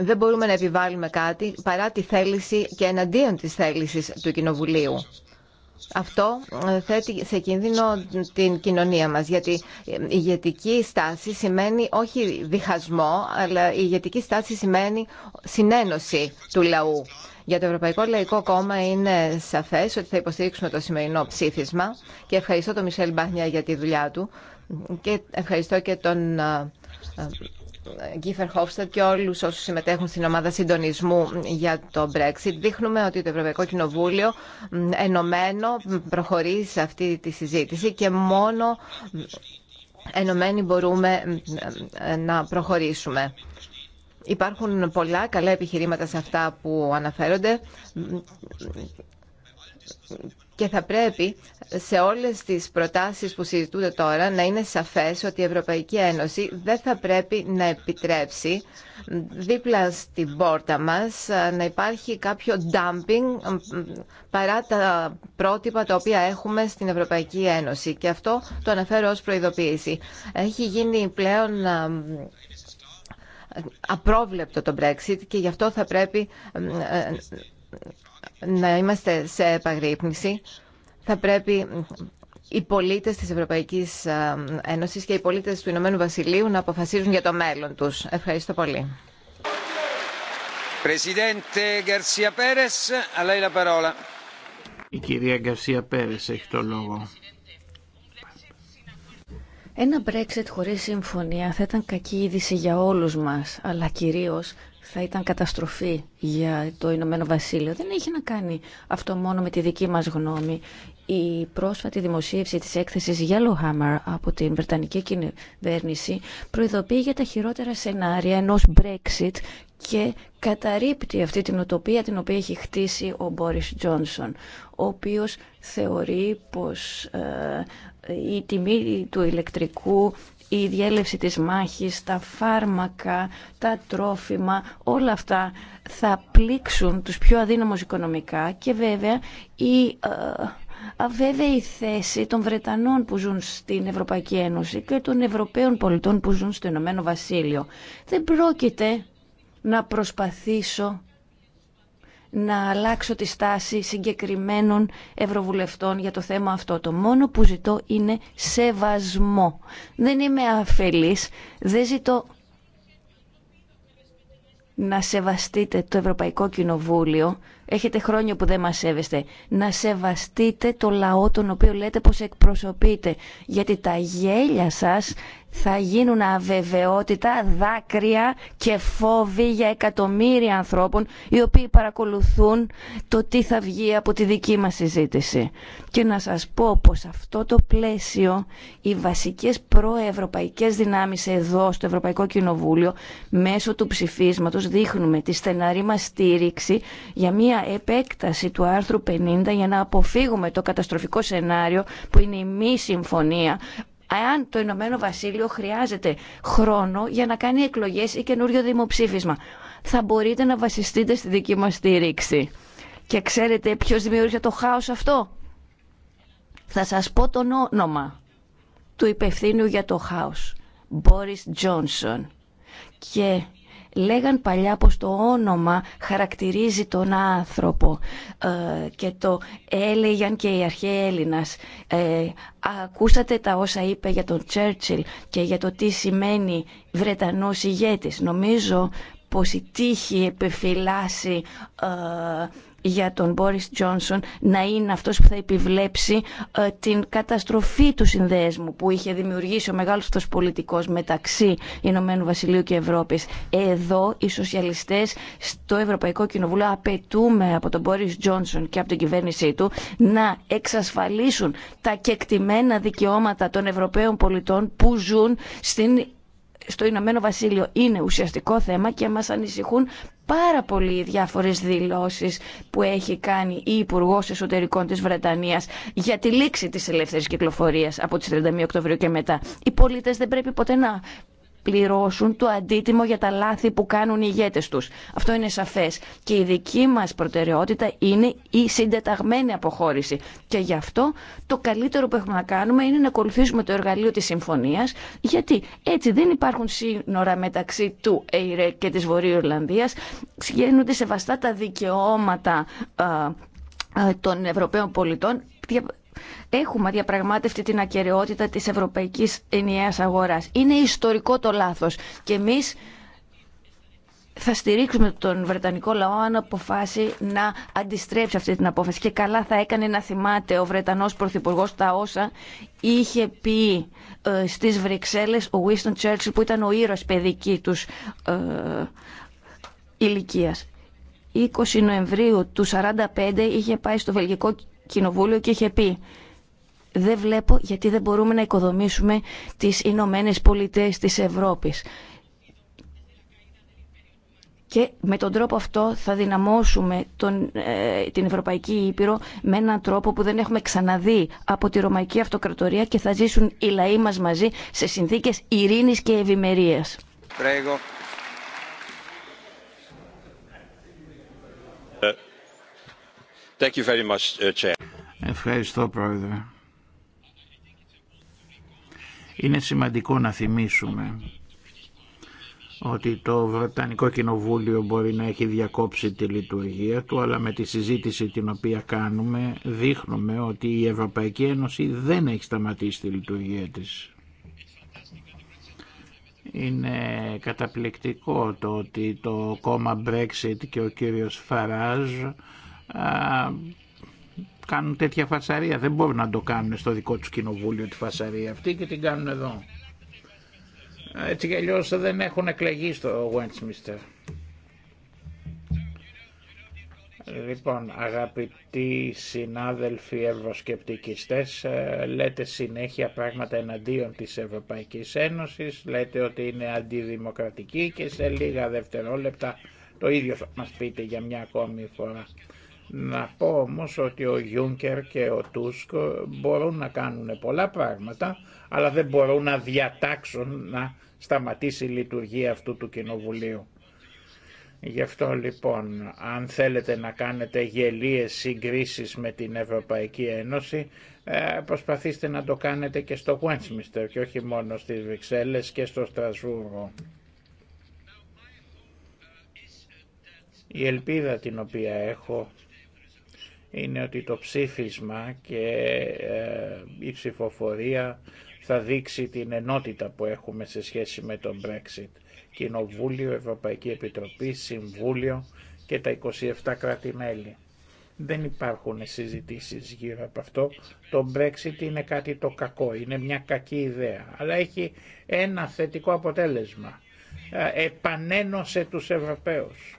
A: δεν μπορούμε να επιβάλλουμε κάτι παρά τη θέληση και εναντίον της θέλησης του Κοινοβουλίου. Αυτό ε, θέτει σε κίνδυνο την κοινωνία μας, γιατί ε, η ηγετική στάση σημαίνει όχι διχασμό, αλλά η ηγετική στάση σημαίνει συνένωση του λαού. Για το Ευρωπαϊκό Λαϊκό Κόμμα είναι σαφές ότι θα υποστηρίξουμε το σημερινό ψήφισμα και ευχαριστώ τον Μισελ Μπάχνια για τη δουλειά του και ευχαριστώ και τον ε, Γκίφερ Χόφστατ και όλου όσου συμμετέχουν στην ομάδα συντονισμού για το Brexit. Δείχνουμε ότι το Ευρωπαϊκό Κοινοβούλιο ενωμένο προχωρεί σε αυτή τη συζήτηση και μόνο ενωμένοι μπορούμε να προχωρήσουμε. Υπάρχουν πολλά καλά επιχειρήματα σε αυτά που αναφέρονται και θα πρέπει σε όλες τις προτάσεις που συζητούνται τώρα να είναι σαφές ότι η Ευρωπαϊκή Ένωση δεν θα πρέπει να επιτρέψει δίπλα στην πόρτα μας να υπάρχει κάποιο dumping παρά τα πρότυπα τα οποία έχουμε στην Ευρωπαϊκή Ένωση. Και αυτό το αναφέρω ως προειδοποίηση. Έχει γίνει πλέον ε, απρόβλεπτο το Brexit και γι' αυτό θα πρέπει ε, ε, να είμαστε σε επαγρύπνηση. Θα πρέπει οι πολίτες της Ευρωπαϊκής ε, Ένωσης και οι πολίτες του Ηνωμένου Βασιλείου να αποφασίζουν για το μέλλον τους. Ευχαριστώ πολύ.
B: Η κυρία Γκαρσία Πέρες έχει το λόγο.
C: Ένα Brexit χωρίς συμφωνία θα ήταν κακή είδηση για όλους μας, αλλά κυρίως θα ήταν καταστροφή για το Ηνωμένο Βασίλειο. Δεν έχει να κάνει αυτό μόνο με τη δική μας γνώμη. Η πρόσφατη δημοσίευση της έκθεσης Yellowhammer από την Βρετανική κυβέρνηση προειδοποιεί για τα χειρότερα σενάρια ενός Brexit και καταρρύπτει αυτή την ουτοπία την οποία έχει χτίσει ο Μπόρις Τζόνσον, ο οποίος θεωρεί πως ε, η τιμή του ηλεκτρικού η διέλευση της μάχης, τα φάρμακα, τα τρόφιμα, όλα αυτά θα πλήξουν τους πιο αδύναμους οικονομικά και βέβαια η ε, αβέβαιη θέση των Βρετανών που ζουν στην Ευρωπαϊκή Ένωση και των Ευρωπαίων πολιτών που ζουν στο Ηνωμένο Βασίλειο. Δεν πρόκειται να προσπαθήσω να αλλάξω τη στάση συγκεκριμένων ευρωβουλευτών για το θέμα αυτό. Το μόνο που ζητώ είναι σεβασμό. Δεν είμαι αφελής, δεν ζητώ να σεβαστείτε το Ευρωπαϊκό Κοινοβούλιο έχετε χρόνια που δεν μας σέβεστε. Να σεβαστείτε το λαό τον οποίο λέτε πως εκπροσωπείτε. Γιατί τα γέλια σας θα γίνουν αβεβαιότητα, δάκρυα και φόβοι για εκατομμύρια ανθρώπων οι οποίοι παρακολουθούν το τι θα βγει από τη δική μας συζήτηση. Και να σας πω πως αυτό το πλαίσιο οι βασικές προευρωπαϊκές δυνάμεις εδώ στο Ευρωπαϊκό Κοινοβούλιο μέσω του ψηφίσματος δείχνουμε τη στεναρή μας στήριξη για μια επέκταση του άρθρου 50 για να αποφύγουμε το καταστροφικό σενάριο που είναι η μη συμφωνία αν το Ηνωμένο Βασίλειο χρειάζεται χρόνο για να κάνει εκλογές ή καινούριο δημοψήφισμα. Θα μπορείτε να βασιστείτε στη δική μας στήριξη. Και ξέρετε ποιος δημιούργησε το χάος αυτό. Θα σας πω τον όνομα του υπευθύνου για το χάος. Μπόρις Τζόνσον. Και λέγαν παλιά πως το όνομα χαρακτηρίζει τον άνθρωπο ε, και το έλεγαν και οι αρχαίοι Έλληνας. Ε, ακούσατε τα όσα είπε για τον Τσέρτσιλ και για το τι σημαίνει Βρετανός ηγέτης. Νομίζω πως η τύχη επιφυλάσσει ε, για τον Μπόρις Τζόνσον να είναι αυτός που θα επιβλέψει ε, την καταστροφή του συνδέσμου που είχε δημιουργήσει ο μεγάλος αυτός πολιτικός μεταξύ Ηνωμένου Βασιλείου και Ευρώπης. Εδώ οι σοσιαλιστές στο Ευρωπαϊκό Κοινοβούλιο απαιτούμε από τον Μπόρις Τζόνσον και από την κυβέρνησή του να εξασφαλίσουν τα κεκτημένα δικαιώματα των Ευρωπαίων πολιτών που ζουν στην στο Ηνωμένο Βασίλειο είναι ουσιαστικό θέμα και μας ανησυχούν πάρα πολύ οι διάφορες δηλώσεις που έχει κάνει η Υπουργό Εσωτερικών της Βρετανίας για τη λήξη της ελεύθερης κυκλοφορίας από τις 31 Οκτωβρίου και μετά. Οι πολίτες δεν πρέπει ποτέ να πληρώσουν το αντίτιμο για τα λάθη που κάνουν οι ηγέτες τους. Αυτό είναι σαφές. Και η δική μας προτεραιότητα είναι η συντεταγμένη αποχώρηση. Και γι' αυτό το καλύτερο που έχουμε να κάνουμε είναι να ακολουθήσουμε το εργαλείο της συμφωνίας, γιατί έτσι δεν υπάρχουν σύνορα μεταξύ του ΕΙΡΕ και της Βορείου Ιρλανδίας, γίνονται σεβαστά τα δικαιώματα ε, ε, των Ευρωπαίων πολιτών Έχουμε διαπραγμάτευτη την ακαιρεότητα της ευρωπαϊκής ενιαίας αγοράς. Είναι ιστορικό το λάθος και εμείς θα στηρίξουμε τον Βρετανικό λαό αν αποφάσει να αντιστρέψει αυτή την απόφαση. Και καλά θα έκανε να θυμάται ο Βρετανός Πρωθυπουργό τα όσα είχε πει ε, στις Βρυξέλλες ο Winston Churchill που ήταν ο ήρωας παιδική τους ε, ηλικίας. 20 Νοεμβρίου του 1945 είχε πάει στο Βελγικό Κοινοβούλιο και είχε πει δεν βλέπω γιατί δεν μπορούμε να οικοδομήσουμε τις Ηνωμένε Πολιτείες της Ευρώπης. Και με τον τρόπο αυτό θα δυναμώσουμε τον, ε, την Ευρωπαϊκή Ήπειρο με έναν τρόπο που δεν έχουμε ξαναδεί από τη Ρωμαϊκή Αυτοκρατορία και θα ζήσουν οι λαοί μας μαζί σε συνθήκες ειρήνης και ευημερίας.
D: Ε, ε,
B: Ευχαριστώ, Πρόεδρε. Είναι σημαντικό να θυμίσουμε ότι το Βρετανικό Κοινοβούλιο μπορεί να έχει διακόψει τη λειτουργία του, αλλά με τη συζήτηση την οποία κάνουμε δείχνουμε ότι η Ευρωπαϊκή Ένωση δεν έχει σταματήσει τη λειτουργία της. Είναι καταπληκτικό το ότι το κόμμα Brexit και ο κύριος Φαράζ κάνουν τέτοια φασαρία. Δεν μπορούν να το κάνουν στο δικό τους κοινοβούλιο τη φασαρία αυτή και την κάνουν εδώ. Έτσι κι αλλιώς δεν έχουν εκλεγεί στο Westminster. Λοιπόν, αγαπητοί συνάδελφοι ευρωσκεπτικιστές, ε, λέτε συνέχεια πράγματα εναντίον της Ευρωπαϊκής Ένωσης, λέτε ότι είναι αντιδημοκρατική και σε λίγα δευτερόλεπτα το ίδιο θα μας πείτε για μια ακόμη φορά. Να πω όμως ότι ο Γιούνκερ και ο Τούσκ μπορούν να κάνουν πολλά πράγματα, αλλά δεν μπορούν να διατάξουν να σταματήσει η λειτουργία αυτού του κοινοβουλίου. Γι' αυτό λοιπόν, αν θέλετε να κάνετε γελίες συγκρίσεις με την Ευρωπαϊκή Ένωση, ε, προσπαθήστε να το κάνετε και στο Westminster και όχι μόνο στις Βρυξέλλες και στο Στρασβούργο. Η ελπίδα την οποία έχω είναι ότι το ψήφισμα και ε, η ψηφοφορία θα δείξει την ενότητα που έχουμε σε σχέση με τον Brexit. Κοινοβούλιο, Ευρωπαϊκή Επιτροπή, Συμβούλιο και τα 27 κράτη-μέλη. Δεν υπάρχουν συζητήσεις γύρω από αυτό. Το Brexit είναι κάτι το κακό, είναι μια κακή ιδέα, αλλά έχει ένα θετικό αποτέλεσμα. Ε, επανένωσε τους Ευρωπαίους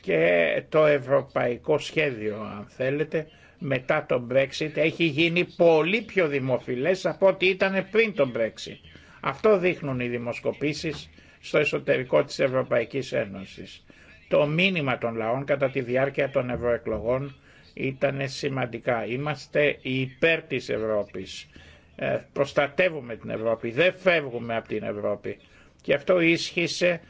B: και το ευρωπαϊκό σχέδιο αν θέλετε μετά το Brexit έχει γίνει πολύ πιο δημοφιλές από ό,τι ήταν πριν το Brexit. Αυτό δείχνουν οι δημοσκοπήσεις στο εσωτερικό της Ευρωπαϊκής Ένωσης. Το μήνυμα των λαών κατά τη διάρκεια των ευρωεκλογών ήταν σημαντικά. Είμαστε υπέρ της Ευρώπης. Ε, προστατεύουμε την Ευρώπη. Δεν φεύγουμε από την Ευρώπη. Και αυτό ίσχυσε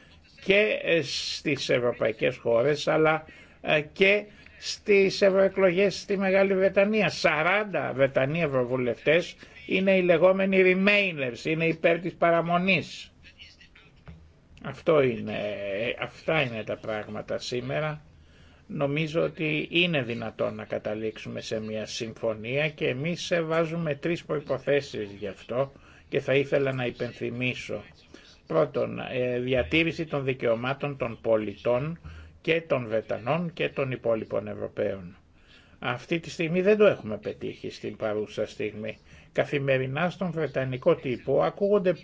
B: και ε, στις ευρωπαϊκές χώρες αλλά ε, και στις ευρωεκλογέ στη Μεγάλη Βρετανία. 40 Βρετανοί ευρωβουλευτές είναι οι λεγόμενοι remainers, είναι υπέρ της παραμονής. Αυτό είναι, αυτά είναι τα πράγματα σήμερα. Νομίζω ότι είναι δυνατόν να καταλήξουμε σε μια συμφωνία και εμείς βάζουμε τρεις προϋποθέσεις γι' αυτό και θα ήθελα να υπενθυμίσω Πρώτον, ε, διατήρηση των δικαιωμάτων των πολιτών και των Βετανών και των υπόλοιπων Ευρωπαίων. Αυτή τη στιγμή δεν το έχουμε πετύχει στην παρούσα στιγμή. Καθημερινά στον Βρετανικό τύπο ακούγονται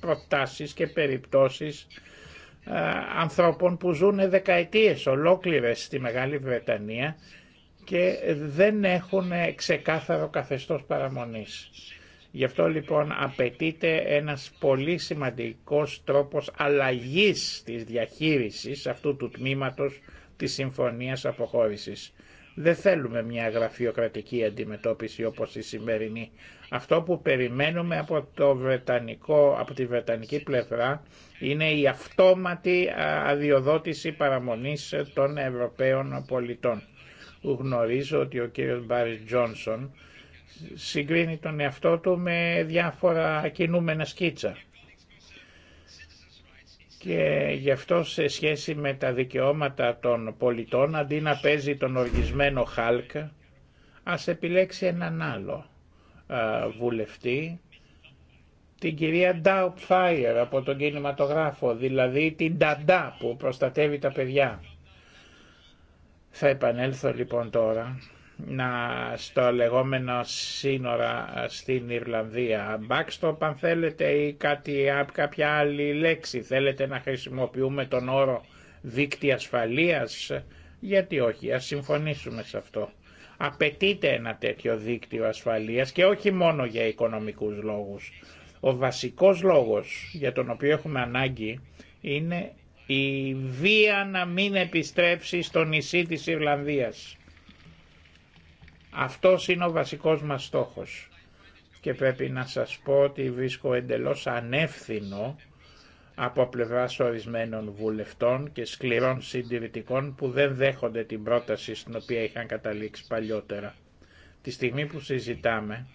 B: προτάσεις και περιπτώσεις ανθρώπων που ζουν δεκαετίες ολόκληρες στη Μεγάλη Βρετανία και δεν έχουν ε, ξεκάθαρο καθεστώς παραμονής. Γι' αυτό λοιπόν απαιτείται ένας πολύ σημαντικός τρόπος αλλαγής της διαχείρισης αυτού του τμήματος της Συμφωνίας Αποχώρησης. Δεν θέλουμε μια γραφειοκρατική αντιμετώπιση όπως η σημερινή. Αυτό που περιμένουμε από, το Βρετανικό, από τη Βρετανική πλευρά είναι η αυτόματη αδειοδότηση παραμονής των Ευρωπαίων πολιτών. Γνωρίζω ότι ο κύριος Μπάρις Τζόνσον συγκρίνει τον εαυτό του με διάφορα κινούμενα σκίτσα. Και γι' αυτό σε σχέση με τα δικαιώματα των πολιτών, αντί να παίζει τον οργισμένο Χάλκ, ας επιλέξει έναν άλλο βουλευτή, την κυρία Φάιερ από τον κινηματογράφο, δηλαδή την Νταντά που προστατεύει τα παιδιά. Θα επανέλθω λοιπόν τώρα να, στο λεγόμενο σύνορα στην Ιρλανδία. Backstop αν θέλετε ή κάτι, κάποια άλλη λέξη. Θέλετε να χρησιμοποιούμε τον όρο δίκτυα ασφαλείας. Γιατί όχι, ας συμφωνήσουμε σε αυτό. Απαιτείται ένα τέτοιο δίκτυο ασφαλείας και όχι μόνο για οικονομικούς λόγους. Ο βασικός λόγος για τον οποίο έχουμε ανάγκη είναι η βία να μην επιστρέψει στο νησί της Ιρλανδίας. Αυτός είναι ο βασικός μας στόχος. Και πρέπει να σας πω ότι βρίσκω εντελώς ανεύθυνο από πλευρά ορισμένων βουλευτών και σκληρών συντηρητικών που δεν δέχονται την πρόταση στην οποία είχαν καταλήξει παλιότερα. Τη στιγμή που συζητάμε,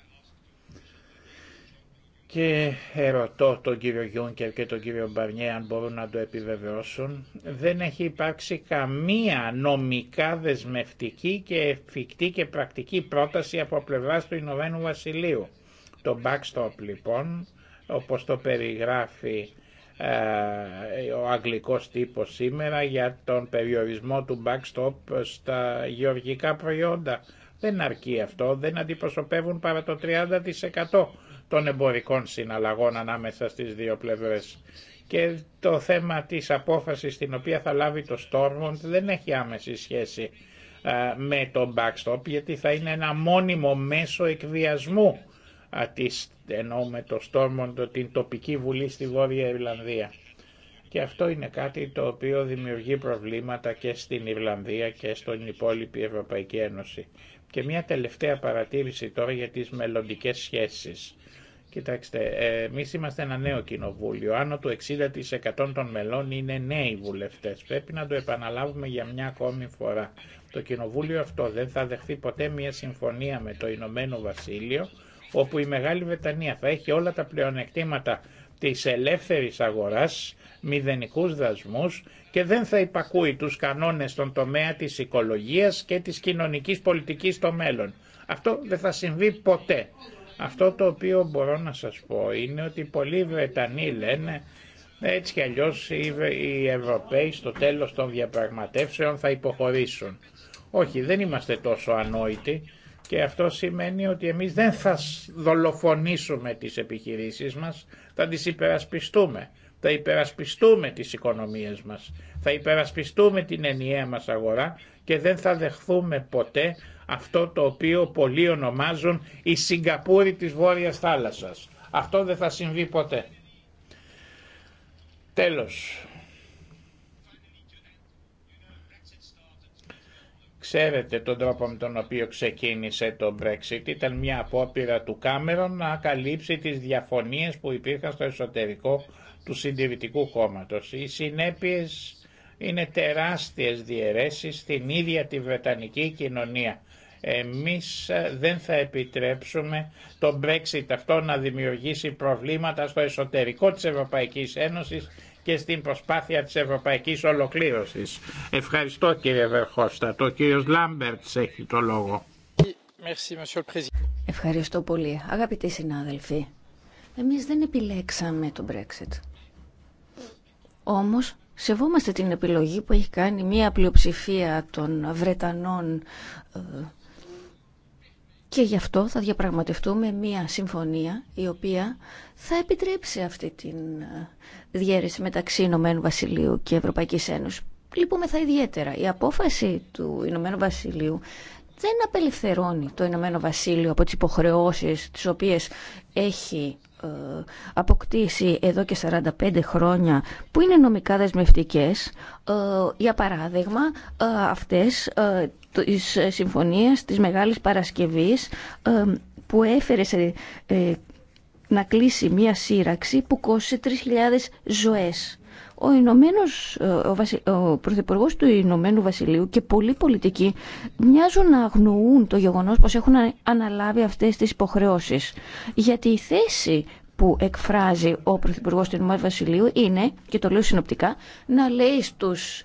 B: και ερωτώ τον κύριο Γιούνκερ και τον κύριο Μπαρνιέ αν μπορούν να το επιβεβαιώσουν, δεν έχει υπάρξει καμία νομικά δεσμευτική και εφικτή και πρακτική πρόταση από πλευρά του Ηνωμένου Βασιλείου. Το backstop λοιπόν, όπως το περιγράφει ε, ο αγγλικός τύπος σήμερα για τον περιορισμό του backstop στα γεωργικά προϊόντα. Δεν αρκεί αυτό, δεν αντιπροσωπεύουν παρά το 30% των εμπορικών συναλλαγών ανάμεσα στις δύο πλευρές. Και το θέμα της απόφασης την οποία θα λάβει το Stormont δεν έχει άμεση σχέση με το backstop γιατί θα είναι ένα μόνιμο μέσο εκβιασμού της, ενώ με το Stormont την τοπική βουλή στη Βόρεια Ιρλανδία. Και αυτό είναι κάτι το οποίο δημιουργεί προβλήματα και στην Ιρλανδία και στον υπόλοιπη Ευρωπαϊκή Ένωση. Και μια τελευταία παρατήρηση τώρα για τις μελλοντικέ σχέσεις. Κοιτάξτε, εμεί είμαστε ένα νέο κοινοβούλιο. Άνω του 60% των μελών είναι νέοι βουλευτέ. Πρέπει να το επαναλάβουμε για μια ακόμη φορά. Το κοινοβούλιο αυτό δεν θα δεχθεί ποτέ μια συμφωνία με το Ηνωμένο Βασίλειο, όπου η Μεγάλη Βετανία θα έχει όλα τα πλεονεκτήματα τη ελεύθερη αγορά, μηδενικού δασμού και δεν θα υπακούει του κανόνε στον τομέα τη οικολογία και τη κοινωνική πολιτική στο μέλλον. Αυτό δεν θα συμβεί ποτέ. Αυτό το οποίο μπορώ να σας πω είναι ότι πολλοί Βρετανοί λένε έτσι κι αλλιώς οι Ευρωπαίοι στο τέλος των διαπραγματεύσεων θα υποχωρήσουν. Όχι, δεν είμαστε τόσο ανόητοι και αυτό σημαίνει ότι εμείς δεν θα δολοφονήσουμε τις επιχειρήσεις μας, θα τις υπερασπιστούμε. Θα υπερασπιστούμε τις οικονομίες μας, θα υπερασπιστούμε την ενιαία μας αγορά και δεν θα δεχθούμε ποτέ αυτό το οποίο πολλοί ονομάζουν η Σιγκαπούρη της Βόρειας Θάλασσας. Αυτό δεν θα συμβεί ποτέ. Τέλος. Ξέρετε τον τρόπο με τον οποίο ξεκίνησε το Brexit. Ήταν μια απόπειρα του Κάμερον να καλύψει τις διαφωνίες που υπήρχαν στο εσωτερικό του συντηρητικού κόμματος. Οι συνέπειες είναι τεράστιες διαιρέσεις στην ίδια τη Βρετανική κοινωνία. Εμείς ε, δεν θα επιτρέψουμε το Brexit αυτό να δημιουργήσει προβλήματα στο εσωτερικό της Ευρωπαϊκής Ένωσης και στην προσπάθεια της ευρωπαϊκής ολοκλήρωσης. Ευχαριστώ κύριε Βερχώστα. Το κύριος Λάμπερτ έχει το λόγο.
C: Ευχαριστώ πολύ. Αγαπητοί συνάδελφοι, εμείς δεν επιλέξαμε το Brexit. Όμως σεβόμαστε την επιλογή που έχει κάνει μια πλειοψηφία των Βρετανών ε, και γι' αυτό θα διαπραγματευτούμε μία συμφωνία η οποία θα επιτρέψει αυτή τη ε, διαίρεση μεταξύ Ηνωμένου Βασιλείου και Ευρωπαϊκής Ένωσης. Λυπούμε θα ιδιαίτερα. Η απόφαση του Ηνωμένου Βασιλείου δεν απελευθερώνει το Ηνωμένο Βασίλειο από τις υποχρεώσεις τις οποίες έχει ε, αποκτήσει εδώ και 45 χρόνια που είναι νομικά δεσμευτικές ε, για παράδειγμα αυτές της ε, συμφωνίας της Μεγάλης Παρασκευής ε, που έφερε σε, ε, να κλείσει μια σύραξη που κόστησε 3.000 ζωές. Ο, Ηνωμένος, ο, ο Πρωθυπουργός του Ηνωμένου Βασιλείου και πολλοί πολιτικοί μοιάζουν να αγνοούν το γεγονός πως έχουν αναλάβει αυτές τις υποχρεώσεις. Γιατί η θέση που εκφράζει ο Πρωθυπουργός του Ηνωμένου Βασιλείου είναι, και το λέω συνοπτικά, να λέει στους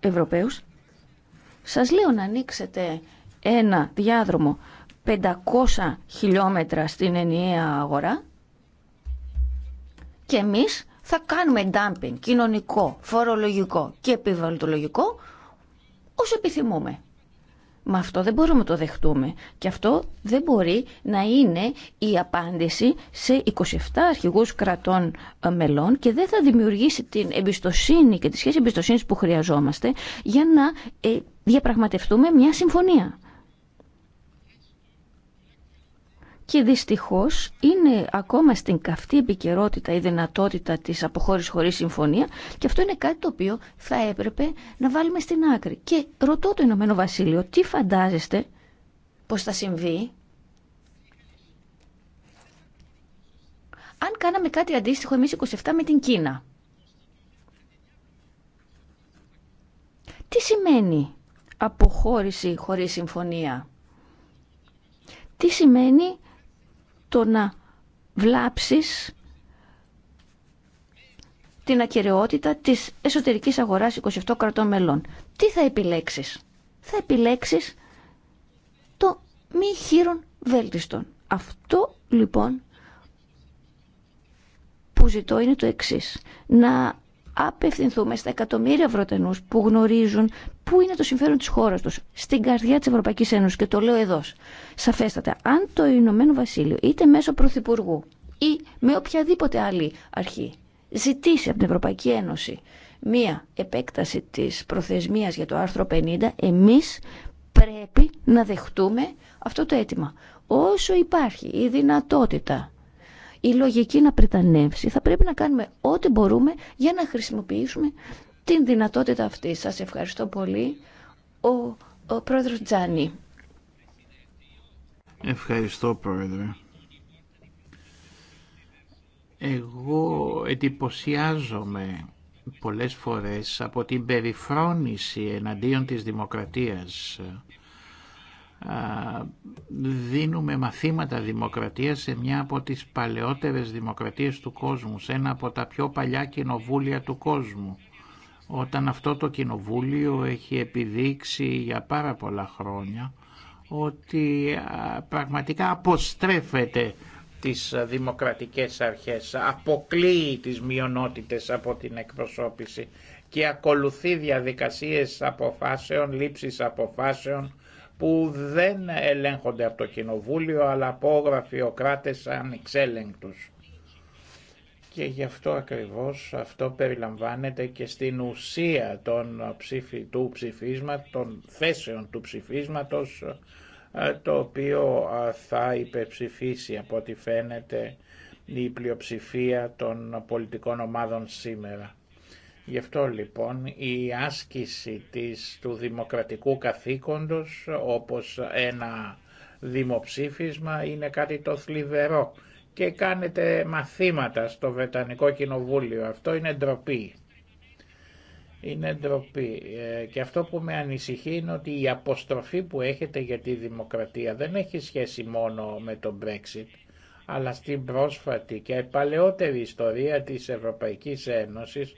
C: Ευρωπαίους σας λέω να ανοίξετε ένα διάδρομο 500 χιλιόμετρα στην ενιαία αγορά και εμείς θα κάνουμε dumping κοινωνικό, φορολογικό και επιβαλλοντολογικό όσο επιθυμούμε. Μα αυτό δεν μπορούμε να το δεχτούμε. Και αυτό δεν μπορεί να είναι η απάντηση σε 27 αρχηγούς κρατών ε, μελών και δεν θα δημιουργήσει την εμπιστοσύνη και τη σχέση εμπιστοσύνης που χρειαζόμαστε για να ε, διαπραγματευτούμε μια συμφωνία. Και δυστυχώς είναι ακόμα στην καυτή επικαιρότητα η δυνατότητα της αποχώρησης χωρίς συμφωνία και αυτό είναι κάτι το οποίο θα έπρεπε να βάλουμε στην άκρη. Και ρωτώ το Ηνωμένο Βασίλειο, τι φαντάζεστε πως θα συμβεί αν κάναμε κάτι αντίστοιχο εμείς 27 με την Κίνα. Τι σημαίνει αποχώρηση χωρίς συμφωνία. Τι σημαίνει το να βλάψεις την ακαιρεότητα της εσωτερικής αγοράς 27 κρατών μελών. Τι θα επιλέξεις. Θα επιλέξεις το μη χείρον βέλτιστον. Αυτό λοιπόν που ζητώ είναι το εξής. Να απευθυνθούμε στα εκατομμύρια ευρωτενού που γνωρίζουν πού είναι το συμφέρον της χώρας τους, στην καρδιά της Ευρωπαϊκής Ένωσης και το λέω εδώ, σαφέστατα, αν το Ηνωμένο Βασίλειο είτε μέσω Πρωθυπουργού ή με οποιαδήποτε άλλη αρχή ζητήσει από την Ευρωπαϊκή Ένωση μία επέκταση της προθεσμίας για το άρθρο 50, εμείς πρέπει να δεχτούμε αυτό το αίτημα. Όσο υπάρχει η δυνατότητα η λογική να πρετανεύσει, θα πρέπει να κάνουμε ό,τι μπορούμε για να χρησιμοποιήσουμε την δυνατότητα αυτή. Σας ευχαριστώ πολύ. Ο, ο πρόεδρος Τζάνι.
B: Ευχαριστώ πρόεδρε. Εγώ εντυπωσιάζομαι πολλές φορές από την περιφρόνηση εναντίον της δημοκρατίας δίνουμε μαθήματα δημοκρατίας σε μια από τις παλαιότερες δημοκρατίες του κόσμου, σε ένα από τα πιο παλιά κοινοβούλια του κόσμου. Όταν αυτό το κοινοβούλιο έχει επιδείξει για πάρα πολλά χρόνια ότι πραγματικά αποστρέφεται τις δημοκρατικές αρχές, αποκλείει τις μειονότητες από την εκπροσώπηση και ακολουθεί διαδικασίες αποφάσεων, λήψης αποφάσεων που δεν ελέγχονται από το Κοινοβούλιο αλλά από γραφειοκράτες ανεξέλεγκτους. Και γι' αυτό ακριβώς αυτό περιλαμβάνεται και στην ουσία των ψηφι, του των θέσεων του ψηφίσματος ε, το οποίο ε, θα υπεψηφίσει από ό,τι φαίνεται η πλειοψηφία των πολιτικών ομάδων σήμερα. Γι' αυτό λοιπόν η άσκηση της, του δημοκρατικού καθήκοντος όπως ένα δημοψήφισμα είναι κάτι το θλιβερό και κάνετε μαθήματα στο Βρετανικό Κοινοβούλιο. Αυτό είναι ντροπή. Είναι ντροπή. Ε, και αυτό που με ανησυχεί είναι ότι η αποστροφή που έχετε για τη δημοκρατία δεν έχει σχέση μόνο με το Brexit, αλλά στην πρόσφατη και παλαιότερη ιστορία της Ευρωπαϊκής Ένωσης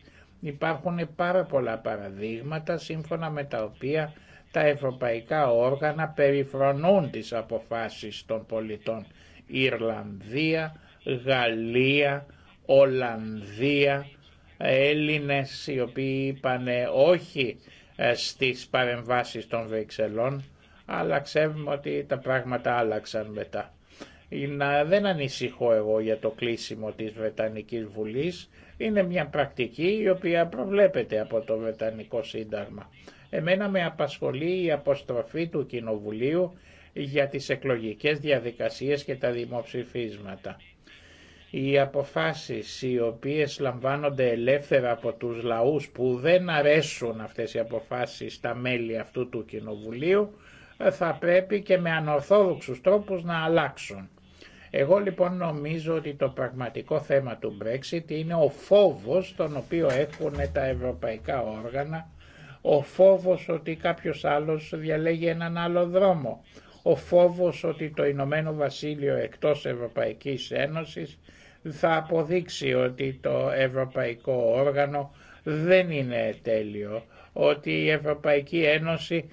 B: Υπάρχουν πάρα πολλά παραδείγματα σύμφωνα με τα οποία τα ευρωπαϊκά όργανα περιφρονούν τις αποφάσεις των πολιτών. Ιρλανδία, Γαλλία, Ολλανδία, Έλληνες οι οποίοι είπαν όχι ε, στις παρεμβάσεις των Βεξελών, αλλά ξέρουμε ότι τα πράγματα άλλαξαν μετά να δεν ανησυχώ εγώ για το κλείσιμο της Βρετανικής Βουλής. Είναι μια πρακτική η οποία προβλέπεται από το Βρετανικό Σύνταγμα. Εμένα με απασχολεί η αποστροφή του Κοινοβουλίου για τις εκλογικές διαδικασίες και τα δημοψηφίσματα. Οι αποφάσεις οι οποίες λαμβάνονται ελεύθερα από τους λαούς που δεν αρέσουν αυτές οι αποφάσεις στα μέλη αυτού του Κοινοβουλίου θα πρέπει και με ανορθόδοξους τρόπους να αλλάξουν. Εγώ λοιπόν νομίζω ότι το πραγματικό θέμα του Brexit είναι ο φόβος τον οποίο έχουν τα ευρωπαϊκά όργανα, ο φόβος ότι κάποιος άλλος διαλέγει έναν άλλο δρόμο, ο φόβος ότι το Ηνωμένο Βασίλειο εκτός Ευρωπαϊκής Ένωσης θα αποδείξει ότι το ευρωπαϊκό όργανο δεν είναι τέλειο, ότι η Ευρωπαϊκή Ένωση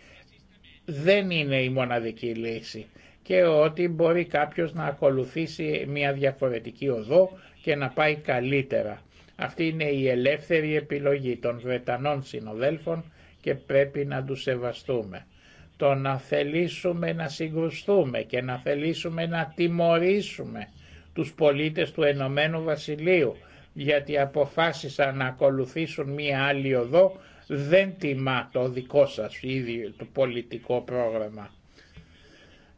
B: δεν είναι η μοναδική λύση και ότι μπορεί κάποιος να ακολουθήσει μια διαφορετική οδό και να πάει καλύτερα. Αυτή είναι η ελεύθερη επιλογή των Βρετανών συνοδέλφων και πρέπει να τους σεβαστούμε. Το να θελήσουμε να συγκρουστούμε και να θελήσουμε να τιμωρήσουμε τους πολίτες του Ενωμένου Βασιλείου γιατί αποφάσισαν να ακολουθήσουν μία άλλη οδό δεν τιμά το δικό σας ίδιο το πολιτικό πρόγραμμα.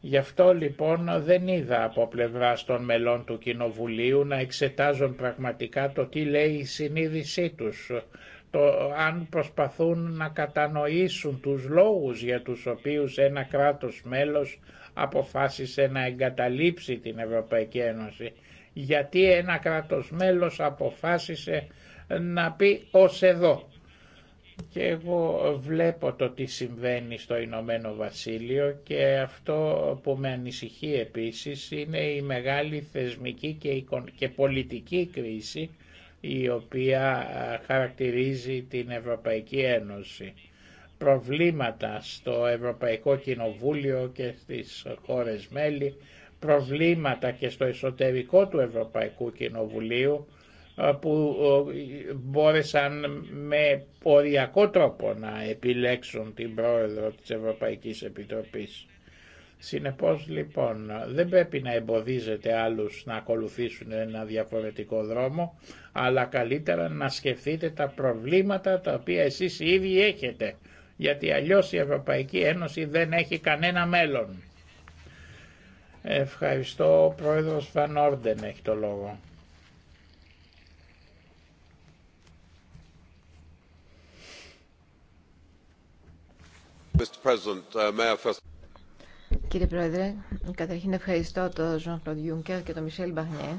B: Γι' αυτό λοιπόν δεν είδα από πλευρά των μελών του Κοινοβουλίου να εξετάζουν πραγματικά το τι λέει η συνείδησή τους, το αν προσπαθούν να κατανοήσουν τους λόγους για τους οποίους ένα κράτος μέλος αποφάσισε να εγκαταλείψει την Ευρωπαϊκή Ένωση. Γιατί ένα κράτος μέλος αποφάσισε να πει ως εδώ και εγώ βλέπω το τι συμβαίνει στο Ηνωμένο Βασίλειο και αυτό που με ανησυχεί επίσης είναι η μεγάλη θεσμική και πολιτική κρίση η οποία χαρακτηρίζει την Ευρωπαϊκή Ένωση. Προβλήματα στο Ευρωπαϊκό Κοινοβούλιο και στις χώρες μέλη, προβλήματα και στο εσωτερικό του Ευρωπαϊκού Κοινοβουλίου ε, που ε, μπόρεσαν με οριακό τρόπο να επιλέξουν την πρόεδρο της Ευρωπαϊκής Επιτροπής. Συνεπώς λοιπόν δεν πρέπει να εμποδίζετε άλλους να ακολουθήσουν ένα διαφορετικό δρόμο, αλλά καλύτερα να σκεφτείτε τα προβλήματα τα οποία εσείς ήδη έχετε, γιατί αλλιώς η Ευρωπαϊκή Ένωση δεν έχει κανένα μέλλον. Ευχαριστώ, ο Πρόεδρος Φανόρντεν έχει το λόγο.
E: Uh,
A: Κύριε Πρόεδρε, καταρχήν ευχαριστώ τον Ζων Κλοντ Γιούνκερ και τον Μισελ Μπαγνιέ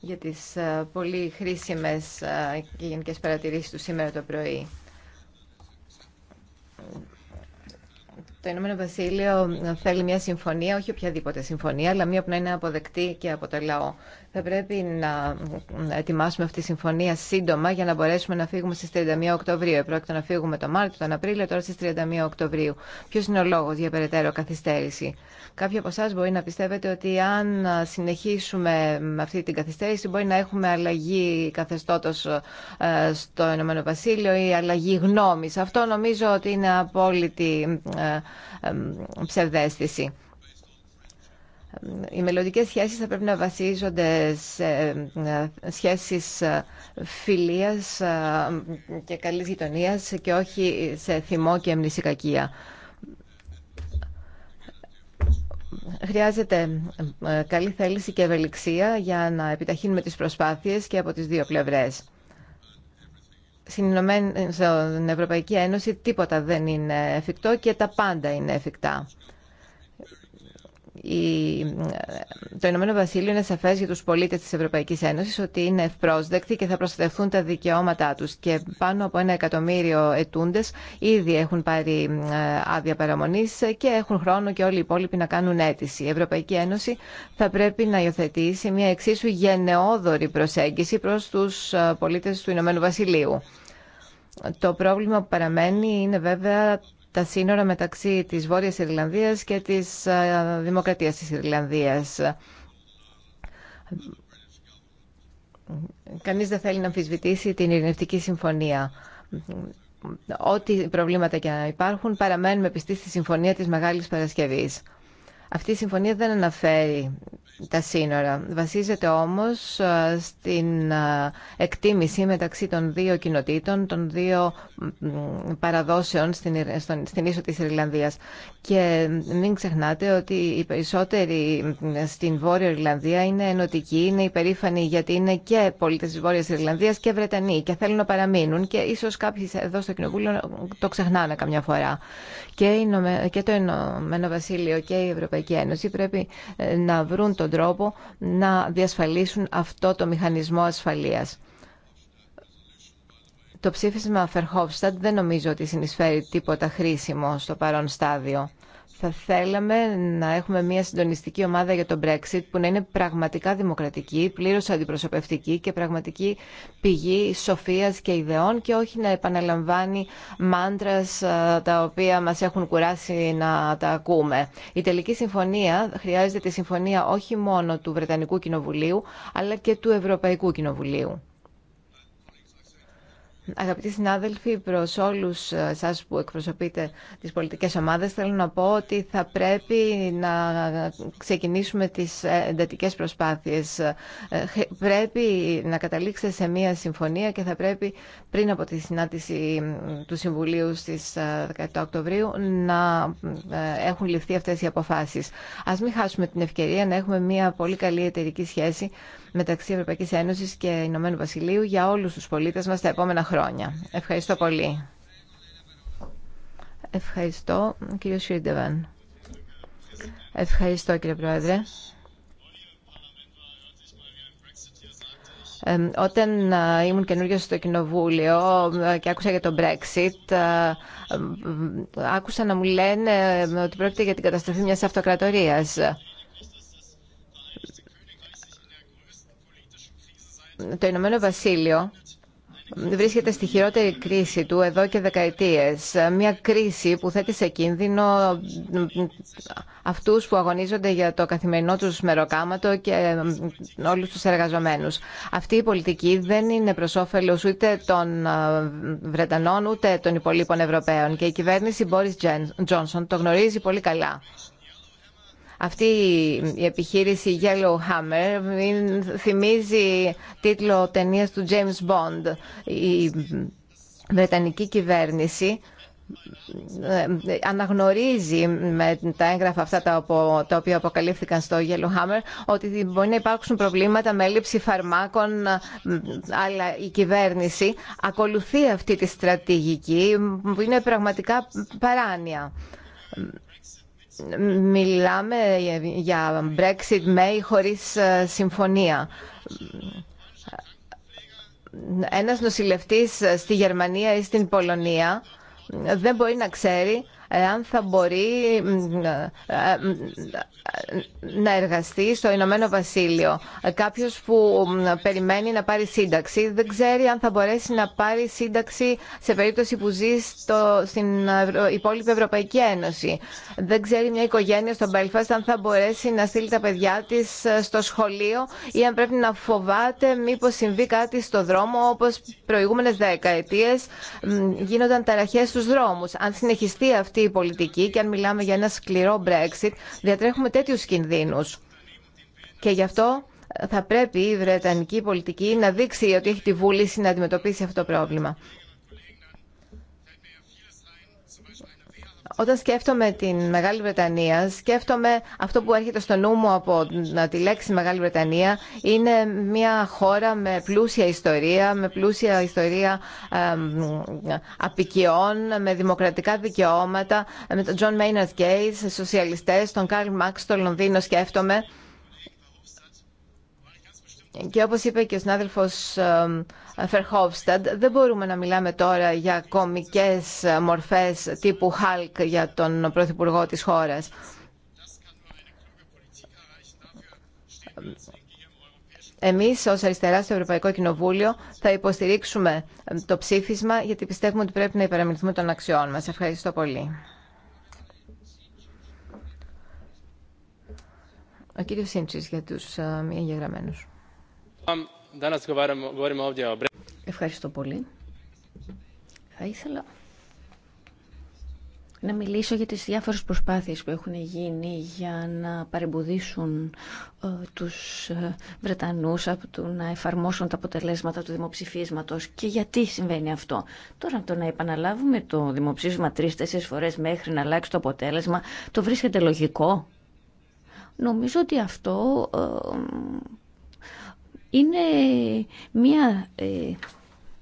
A: για τις ε, πολύ χρήσιμες ε, και γενικές παρατηρήσεις του σήμερα το πρωί το Ηνωμένο Βασίλειο ε, θέλει μια συμφωνία, όχι οποιαδήποτε συμφωνία, αλλά μια που να είναι αποδεκτή και από το λαό. Θα πρέπει να ετοιμάσουμε αυτή τη συμφωνία σύντομα για να μπορέσουμε να φύγουμε στι 31 Οκτωβρίου. Επρόκειτο να φύγουμε το Μάρτιο, τον Απρίλιο, τώρα στι 31 Οκτωβρίου. Ποιο είναι ο λόγο για περαιτέρω καθυστέρηση. Κάποιοι από εσά μπορεί να πιστεύετε ότι αν ε, συνεχίσουμε με αυτή την καθυστέρηση, μπορεί να έχουμε αλλαγή καθεστώτο ε, στο Ηνωμένο Βασίλειο ή αλλαγή γνώμη. Αυτό νομίζω ότι είναι απόλυτη ψευδέστηση. Οι μελλοντικέ σχέσεις θα πρέπει να βασίζονται σε σχέσεις ε, φιλίας ε, και καλής γειτονίας και όχι σε θυμό και εμνηση Χρειάζεται καλή θέληση και ευελιξία για να επιταχύνουμε τις προσπάθειες και από τις δύο πλευρές στην Ευρωπαϊκή Ένωση τίποτα δεν είναι εφικτό και τα πάντα είναι εφικτά. Το Ηνωμένο Βασίλειο είναι σαφέ για του πολίτε τη Ευρωπαϊκή Ένωση ότι είναι ευπρόσδεκτοι και θα προστατευτούν τα δικαιώματά του. Και πάνω από ένα εκατομμύριο ετούντε ήδη έχουν πάρει ε, άδεια παραμονή και έχουν χρόνο και όλοι οι υπόλοιποι να κάνουν αίτηση. Η Ευρωπαϊκή Ένωση θα πρέπει να υιοθετήσει μια εξίσου γενναιόδορη προσέγγιση προ του ε, πολίτε του Ηνωμένου Βασιλείου. Το πρόβλημα που παραμένει είναι βέβαια τα σύνορα μεταξύ της Βόρειας Ιρλανδίας και της Δημοκρατίας της Ιρλανδίας. Κανείς δεν θέλει να αμφισβητήσει την ειρηνευτική συμφωνία. Ό,τι προβλήματα και να υπάρχουν παραμένουμε πιστοί στη συμφωνία της Μεγάλης Παρασκευής. Αυτή η συμφωνία δεν αναφέρει τα σύνορα. Βασίζεται όμως ε, στην ε, εκτίμηση μεταξύ των δύο κοινοτήτων, των δύο παραδόσεων στην ίσο της Ιρλανδίας. Και μην ξεχνάτε ότι οι περισσότεροι στην Βόρεια Ιρλανδία είναι ενωτικοί, είναι υπερήφανοι γιατί είναι και πολίτες της Βόρειας Ιρλανδίας και Βρετανοί και θέλουν να παραμείνουν και ίσως κάποιοι εδώ στο Κοινοβούλιο το ξεχνάνε καμιά φορά και το Ηνωμένο Βασίλειο και η Ευρωπαϊκή Ένωση πρέπει ε, να βρουν τον τρόπο να διασφαλίσουν αυτό το μηχανισμό ασφαλείας. Το ψήφισμα Φερχόφστατ δεν νομίζω ότι συνεισφέρει τίποτα χρήσιμο στο παρόν στάδιο. Θα θέλαμε να έχουμε μια συντονιστική ομάδα για το Brexit που να είναι πραγματικά δημοκρατική, πλήρως αντιπροσωπευτική και πραγματική πηγή σοφίας και ιδεών και όχι να επαναλαμβάνει μάντρας ε, τα οποία μας έχουν κουράσει να τα ακούμε. Η τελική συμφωνία χρειάζεται τη συμφωνία όχι μόνο του Βρετανικού Κοινοβουλίου αλλά και του Ευρωπαϊκού Κοινοβουλίου. Αγαπητοί συνάδελφοι, προ όλου ε, εσά που εκπροσωπείτε τι πολιτικέ ομάδε, θέλω να πω ότι θα πρέπει να ξεκινήσουμε τι ε, εντατικέ προσπάθειες. Ε, πρέπει να καταλήξετε σε μία συμφωνία και θα πρέπει πριν από τη συνάντηση του Συμβουλίου στι 18 Οκτωβρίου να έχουν ληφθεί αυτέ οι αποφάσει. Α μην χάσουμε την ευκαιρία να έχουμε μία πολύ καλή εταιρική σχέση μεταξύ Ευρωπαϊκή Ένωση και Ηνωμένου Βασιλείου για όλους τους πολίτες μα τα επόμενα χρόνια. Ευχαριστώ πολύ. Ευχαριστώ, κύριο Σιρντεβάν. Ευχαριστώ, κύριε Πρόεδρε. Όταν ήμουν καινούριο στο Κοινοβούλιο και άκουσα για το Brexit, άκουσα να μου λένε ε, ότι πρόκειται για την καταστροφή μιας αυτοκρατορίας. το Ηνωμένο Βασίλειο βρίσκεται στη χειρότερη κρίση του εδώ και δεκαετίες. Μια κρίση που θέτει σε κίνδυνο αυτούς που αγωνίζονται για το καθημερινό τους μεροκάματο και όλους τους εργαζομένους. Αυτή η πολιτική δεν είναι προς όφελος ούτε των Βρετανών ούτε των υπολείπων Ευρωπαίων και η κυβέρνηση Μπόρις Τζόνσον το γνωρίζει πολύ καλά. Αυτή η επιχείρηση Yellow Hammer θυμίζει τίτλο ταινίας του James Bond. Η Βρετανική κυβέρνηση ε, αναγνωρίζει με τα έγγραφα αυτά τα οποία αποκαλύφθηκαν στο Yellowhammer ότι μπορεί να υπάρξουν προβλήματα με έλλειψη φαρμάκων αλλά η κυβέρνηση ακολουθεί αυτή τη στρατηγική που είναι πραγματικά παράνοια μιλάμε για Brexit με ή χωρίς ε, συμφωνία. Ένας νοσηλευτής στη Γερμανία ή στην Πολωνία δεν μπορεί να ξέρει εάν θα μπορεί ε, ε, να εργαστεί στο Ηνωμένο Βασίλειο. Κάποιος που περιμένει να πάρει σύνταξη δεν ξέρει αν θα μπορέσει να πάρει σύνταξη σε περίπτωση που ζει στο, στην υπόλοιπη Ευρωπαϊκή Ένωση. Δεν ξέρει μια οικογένεια στο Μπέλφαστ αν θα μπορέσει να στείλει τα παιδιά της ε, στο σχολείο ή αν πρέπει να φοβάται μήπως συμβεί κάτι στο δρόμο όπως προηγούμενες δεκαετίες γίνονταν ταραχές στους δρόμους. Αν συνεχιστεί αυτή αυτή η πολιτική και αν μιλάμε για ένα σκληρό Brexit, διατρέχουμε τέτοιους κινδύνους. Και γι' αυτό ε, θα πρέπει η Βρετανική πολιτική να δείξει ότι έχει τη βούληση να αντιμετωπίσει αυτό το πρόβλημα. Όταν σκέφτομαι την Μεγάλη Βρετανία, σκέφτομαι αυτό που έρχεται στο νου μου από τη λέξη Μεγάλη Βρετανία. Είναι μια χώρα με πλούσια ιστορία, με πλούσια ιστορία απικιών, με δημοκρατικά δικαιώματα, με τον John Maynard Keynes, σοσιαλιστές, τον Καρλ Μάξ τον Λονδίνο σκέφτομαι. Και όπως είπε και ο συνάδελφος Φερχόφσταντ, δεν μπορούμε να μιλάμε τώρα για κομικές μορφές τύπου Χάλκ για τον Πρωθυπουργό της χώρας. Εμείς ως αριστερά στο Ευρωπαϊκό Κοινοβούλιο θα υποστηρίξουμε το ψήφισμα γιατί πιστεύουμε ότι πρέπει να υπεραμεινθούμε των αξιών μας. Ευχαριστώ πολύ. Ο κύριος Σίντσης για τους μη εγγεγραμμένους. Ευχαριστώ πολύ.
C: Θα ήθελα να μιλήσω για τις διάφορες προσπάθειες που έχουν γίνει για να παρεμποδίσουν ε, τους ε, Βρετανούς από το να εφαρμόσουν τα αποτελέσματα του δημοψηφίσματος και γιατί συμβαίνει αυτό. Τώρα το να επαναλάβουμε το δημοψήφισμα τρεις-τέσσερις φορές μέχρι να αλλάξει το αποτέλεσμα, το βρίσκεται λογικό. Νομίζω ότι αυτό ε, είναι μια ε,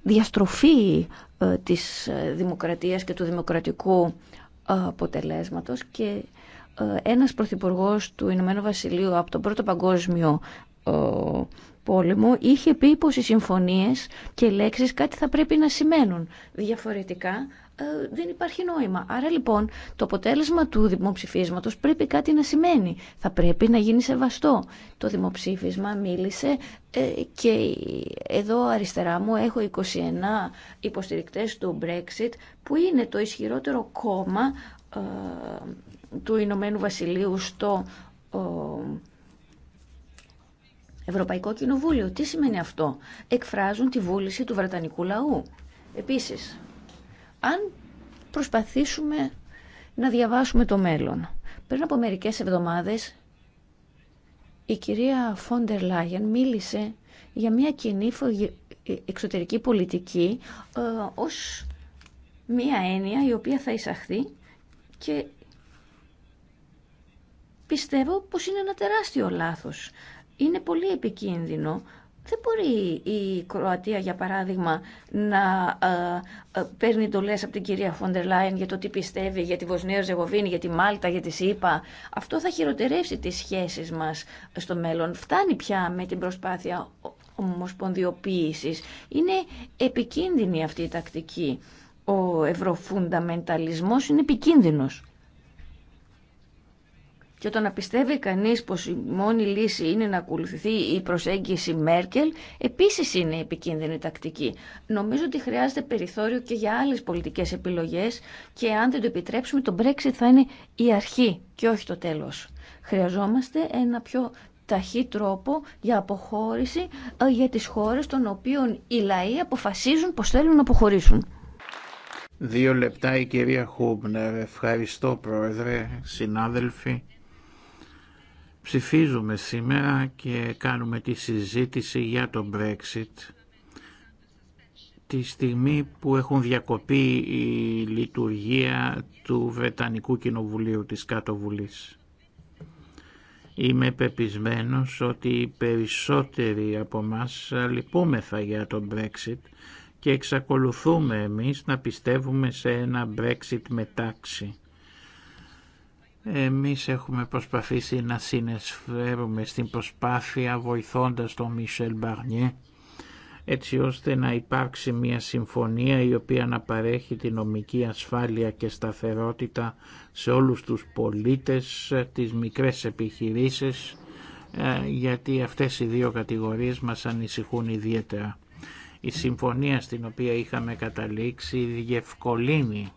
C: διαστροφή ε, της ε, δημοκρατίας και του δημοκρατικού αποτελέσματος και ένας πρωθυπουργός του Ηνωμένου Βασιλείου από τον Πρώτο Παγκόσμιο Πόλεμο είχε πει πως οι συμφωνίες και λέξεις κάτι θα πρέπει να σημαίνουν. Διαφορετικά ε, δεν υπάρχει νόημα. Άρα λοιπόν το αποτέλεσμα του δημοψηφίσματος πρέπει κάτι να σημαίνει. Θα πρέπει να γίνει σεβαστό. Το δημοψήφισμα μίλησε ε, και εδώ αριστερά μου έχω 21 υποστηρικτές του Brexit που είναι το ισχυρότερο κόμμα ε, του Ηνωμένου Βασιλείου στο Ευρωπαϊκό Κοινοβούλιο. Τι σημαίνει αυτό. Εκφράζουν τη βούληση του Βρετανικού λαού. Επίσης, αν προσπαθήσουμε να διαβάσουμε το μέλλον. Πριν από μερικές εβδομάδες η κυρία Φόντερ Λάγεν μίλησε για μια κοινή ε, εξωτερική πολιτική ε, ως μια έννοια η οποία θα εισαχθεί και πιστεύω πως είναι ένα τεράστιο λάθος. Είναι πολύ επικίνδυνο δεν μπορεί η Κροατία, για παράδειγμα, να ε, ε, παίρνει εντολέ από την κυρία Φόντερ Λάιν για το τι πιστεύει για τη Βοσνία Ζεγοβίνη, για τη Μάλτα, για τη ΣΥΠΑ. Αυτό θα χειροτερεύσει τι σχέσει μα στο μέλλον. Φτάνει πια με την προσπάθεια ομοσπονδιοποίηση. Είναι επικίνδυνη αυτή η τακτική. Ο ευρωφουνταμενταλισμός είναι επικίνδυνος. Και όταν να πιστεύει κανείς πως η μόνη λύση είναι να ακολουθηθεί η προσέγγιση Μέρκελ, επίση είναι επικίνδυνη τακτική. Νομίζω ότι χρειάζεται περιθώριο και για άλλες πολιτικές επιλογές και αν δεν το επιτρέψουμε το Brexit θα είναι η αρχή και όχι το τέλος. Χρειαζόμαστε ένα πιο ταχύ τρόπο για αποχώρηση ε, για τις χώρες των οποίων οι λαοί αποφασίζουν πως θέλουν να αποχωρήσουν.
B: Δύο λεπτά η κυρία Χούμπνερ. Ευχαριστώ πρόεδρε, συνάδελφοι. Ψηφίζουμε σήμερα και κάνουμε τη συζήτηση για το Brexit τη στιγμή που έχουν διακοπεί η λειτουργία του Βρετανικού Κοινοβουλίου της Κάτω Βουλής. Είμαι πεπισμένος ότι οι περισσότεροι από μας λυπούμεθα για το Brexit και εξακολουθούμε εμείς να πιστεύουμε σε ένα Brexit με τάξη. Εμείς έχουμε προσπαθήσει να συνεσφερούμε στην προσπάθεια βοηθώντας τον Μισελ Μπαρνιέ έτσι ώστε να υπάρξει μια συμφωνία η οποία να παρέχει την νομική ασφάλεια και σταθερότητα σε όλους τους πολίτες, τις μικρές επιχειρήσεις, ε, γιατί αυτές οι δύο κατηγορίες μας ανησυχούν ιδιαίτερα. Η συμφωνία στην οποία είχαμε καταλήξει διευκολύνει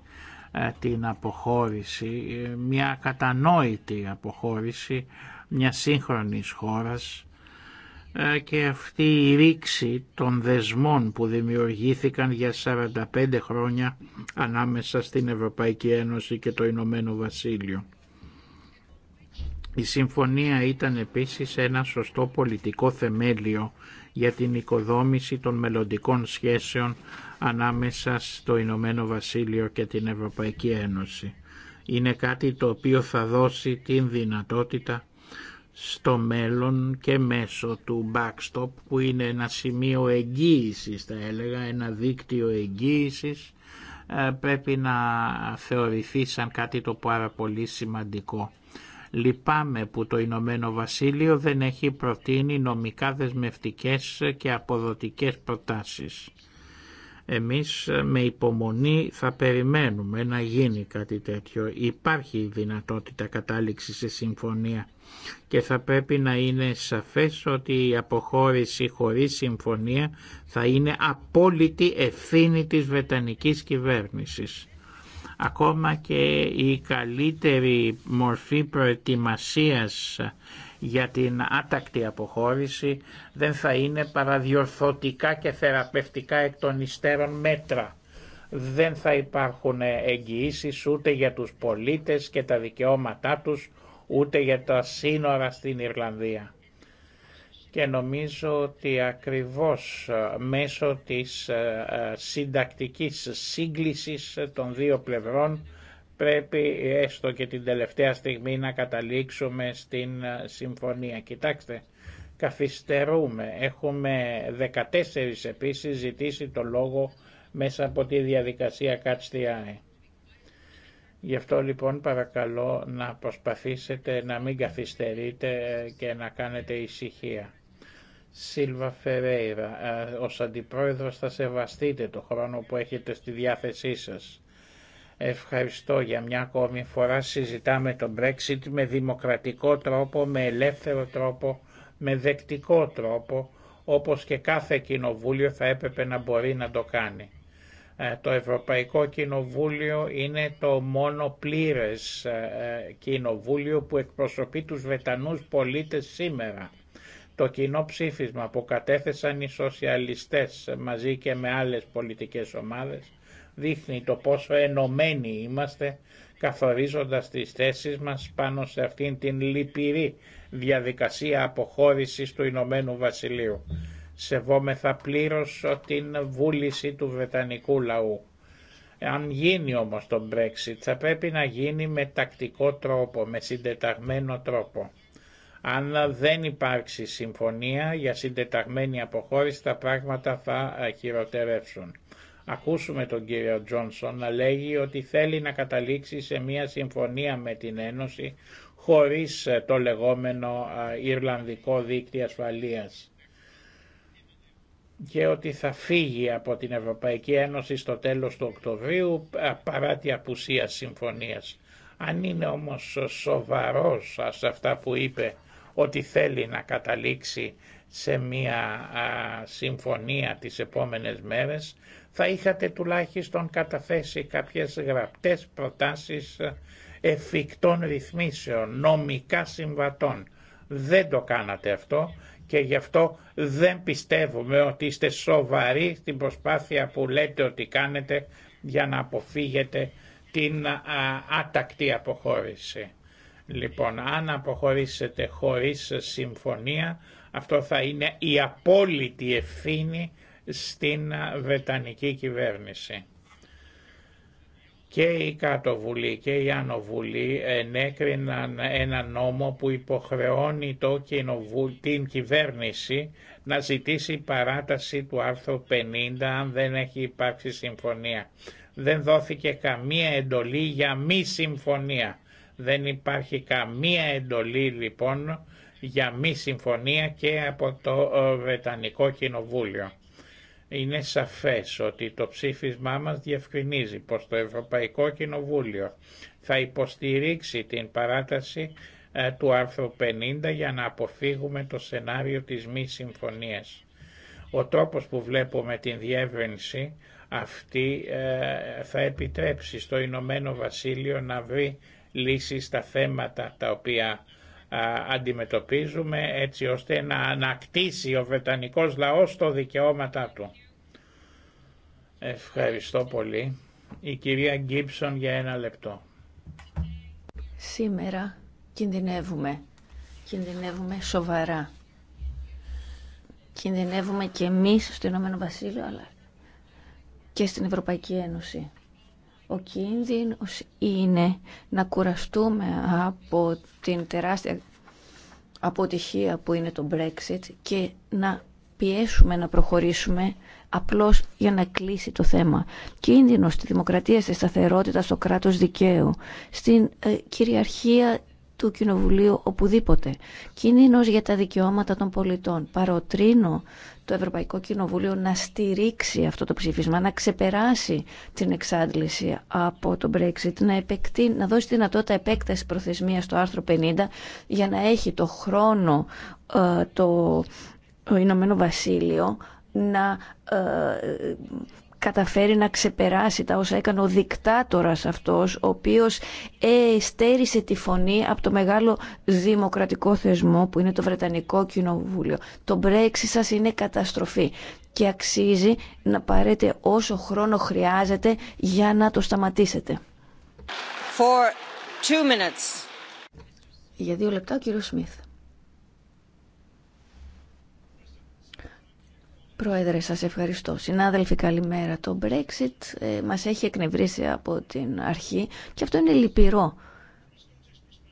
B: ε, την αποχώρηση, ε, μια κατανόητη αποχώρηση μια σύγχρονης χώρας ε, και αυτή η ρήξη των δεσμών που δημιουργήθηκαν για 45 χρόνια ανάμεσα στην Ευρωπαϊκή Ένωση και το Ηνωμένο Βασίλειο. Η συμφωνία ήταν επίσης ένα σωστό πολιτικό θεμέλιο για την οικοδόμηση των μελλοντικών σχέσεων ανάμεσα στο Ηνωμένο Βασίλειο και την Ευρωπαϊκή Ένωση. Είναι κάτι το οποίο θα δώσει την δυνατότητα στο μέλλον και μέσω του backstop που είναι ένα σημείο εγγύησης θα έλεγα, ένα δίκτυο εγγύησης ε, πρέπει να θεωρηθεί σαν κάτι το πάρα πολύ σημαντικό. Λυπάμαι που το Ηνωμένο Βασίλειο δεν έχει προτείνει νομικά δεσμευτικές και αποδοτικές προτάσεις. Εμείς ε, με υπομονή θα περιμένουμε να γίνει κάτι τέτοιο. Υπάρχει δυνατότητα κατάληξη σε συμφωνία και θα πρέπει να είναι σαφές ότι η αποχώρηση χωρίς συμφωνία θα είναι απόλυτη ευθύνη της Βρετανικής κυβέρνησης. Ακόμα και η καλύτερη μορφή προετοιμασίας για την άτακτη αποχώρηση δεν θα είναι παραδιορθωτικά και θεραπευτικά εκ των υστέρων μέτρα. Δεν θα υπάρχουν εγγυήσεις ούτε για τους πολίτες και τα δικαιώματά τους, ούτε για τα σύνορα στην Ιρλανδία. Και νομίζω ότι ακριβώς μέσω της ε, ε, συντακτικής σύγκλησης των δύο πλευρών πρέπει έστω και την τελευταία στιγμή να καταλήξουμε στην ε, συμφωνία. Κοιτάξτε, καθυστερούμε. Έχουμε 14 επίσης ζητήσει το λόγο μέσα από τη διαδικασία ΚΑΤΣΤΙΑΕ. Γι' αυτό λοιπόν παρακαλώ να προσπαθήσετε να μην καθυστερείτε ε, και να κάνετε ησυχία. Σίλβα Φερέιρα, ε, ως αντιπρόεδρος θα σεβαστείτε το χρόνο που έχετε στη διάθεσή σας. Ευχαριστώ για μια ακόμη φορά. Συζητάμε το Brexit με δημοκρατικό τρόπο, με ελεύθερο τρόπο, με δεκτικό τρόπο, όπως και κάθε κοινοβούλιο θα έπρεπε να μπορεί να το κάνει. Ε, το Ευρωπαϊκό Κοινοβούλιο είναι το μόνο πλήρες ε, ε, κοινοβούλιο που εκπροσωπεί τους Βετανούς πολίτες σήμερα. Το κοινό ψήφισμα που κατέθεσαν οι σοσιαλιστές μαζί και με άλλες πολιτικές ομάδες δείχνει το πόσο ενωμένοι είμαστε καθορίζοντας τις θέσεις μας πάνω σε αυτήν την λυπηρή διαδικασία αποχώρησης του Ηνωμένου Βασιλείου. Σεβόμεθα πλήρως την βούληση του Βρετανικού λαού. Αν γίνει όμως το Brexit θα πρέπει να γίνει με τακτικό τρόπο, με συντεταγμένο τρόπο. Αν δεν υπάρξει συμφωνία για συντεταγμένη αποχώρηση τα πράγματα θα χειροτερεύσουν ακούσουμε τον κύριο Τζόνσον να λέγει ότι θέλει να καταλήξει σε μια συμφωνία με την Ένωση χωρίς ε, το λεγόμενο Ιρλανδικό Δίκτυο Ασφαλείας και ότι θα φύγει από την Ευρωπαϊκή Ένωση στο τέλος του Οκτωβρίου παρά τη απουσία συμφωνίας. Αν είναι όμως σοβαρός σε αυτά που είπε ότι θέλει να καταλήξει σε μια συμφωνία τις επόμενες μέρες, θα είχατε τουλάχιστον καταθέσει κάποιες γραπτές προτάσεις ε, εφικτών ρυθμίσεων, νομικά συμβατών. Δεν το κάνατε αυτό και γι' αυτό δεν πιστεύουμε ότι είστε σοβαροί στην προσπάθεια που λέτε ότι κάνετε για να αποφύγετε την άτακτη αποχώρηση. Λοιπόν, αν αποχωρήσετε χωρίς συμφωνία, αυτό θα είναι η απόλυτη ευθύνη στην Βρετανική κυβέρνηση. Και η Κατοβουλή και η Ανοβουλή ενέκριναν ένα νόμο που υποχρεώνει το την κυβέρνηση να ζητήσει παράταση του άρθρου 50 αν δεν έχει υπάρξει συμφωνία. Δεν δόθηκε καμία εντολή για μη συμφωνία. Δεν υπάρχει καμία εντολή λοιπόν για μη συμφωνία και από το ε, Βρετανικό Κοινοβούλιο. Είναι σαφές ότι το ψήφισμά μας διευκρινίζει πως το Ευρωπαϊκό Κοινοβούλιο θα υποστηρίξει την παράταση ε, του άρθρου 50 για να αποφύγουμε το σενάριο της μη συμφωνίας. Ο τρόπος που βλέπουμε την διεύρυνση αυτή ε, θα επιτρέψει στο Ηνωμένο Βασίλειο να βρει λύσεις στα θέματα τα οποία αντιμετωπίζουμε έτσι ώστε να ανακτήσει ο Βρετανικός λαός το δικαιώματά του. Ευχαριστώ πολύ. Η κυρία Γκίψον για ένα λεπτό.
C: Σήμερα κινδυνεύουμε. Κινδυνεύουμε σοβαρά. Κινδυνεύουμε και εμείς στο Ηνωμένο Βασίλειο αλλά και στην Ευρωπαϊκή Ένωση. Ο κίνδυνος είναι να κουραστούμε από την τεράστια αποτυχία που είναι το Brexit και να πιέσουμε να προχωρήσουμε απλώς για να κλείσει το θέμα. Κίνδυνο στη δημοκρατία, στη σταθερότητα, στο κράτος δικαίου, στην ε, κυριαρχία του Κοινοβουλίου οπουδήποτε. Κίνδυνος για τα δικαιώματα των πολιτών. Παροτρύνω το Ευρωπαϊκό Κοινοβούλιο να στηρίξει αυτό το ψήφισμα, να ξεπεράσει την εξάντληση από το Brexit, να, επεκτεί, να δώσει δυνατότητα επέκταση προθεσμίας στο άρθρο 50 για να έχει το χρόνο ε, το Ηνωμένο Βασίλειο να ε, καταφέρει να ξεπεράσει τα όσα έκανε ο δικτάτορας αυτός, ο οποίος ε, στέρισε τη φωνή από το μεγάλο δημοκρατικό θεσμό που είναι το Βρετανικό Κοινοβούλιο. Το Brexit σας είναι καταστροφή και αξίζει να πάρετε όσο χρόνο χρειάζεται για να το σταματήσετε. Για δύο λεπτά ο κύριος Πρόεδρε, σας ευχαριστώ. Συνάδελφοι, καλημέρα. Το Brexit ε, μας έχει εκνευρίσει από την αρχή και αυτό είναι λυπηρό.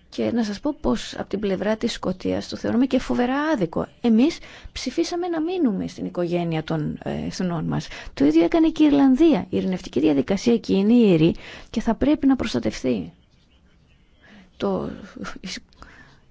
C: Και να σας πω πως από την πλευρά της Σκοτίας το θεωρούμε και φοβερά άδικο. Εμείς ψηφίσαμε να μείνουμε στην οικογένεια των ε, εθνών μας. Το ίδιο έκανε και η Ιρλανδία. Η ειρηνευτική διαδικασία εκεί είναι ιερή και θα πρέπει να προστατευθεί. Το...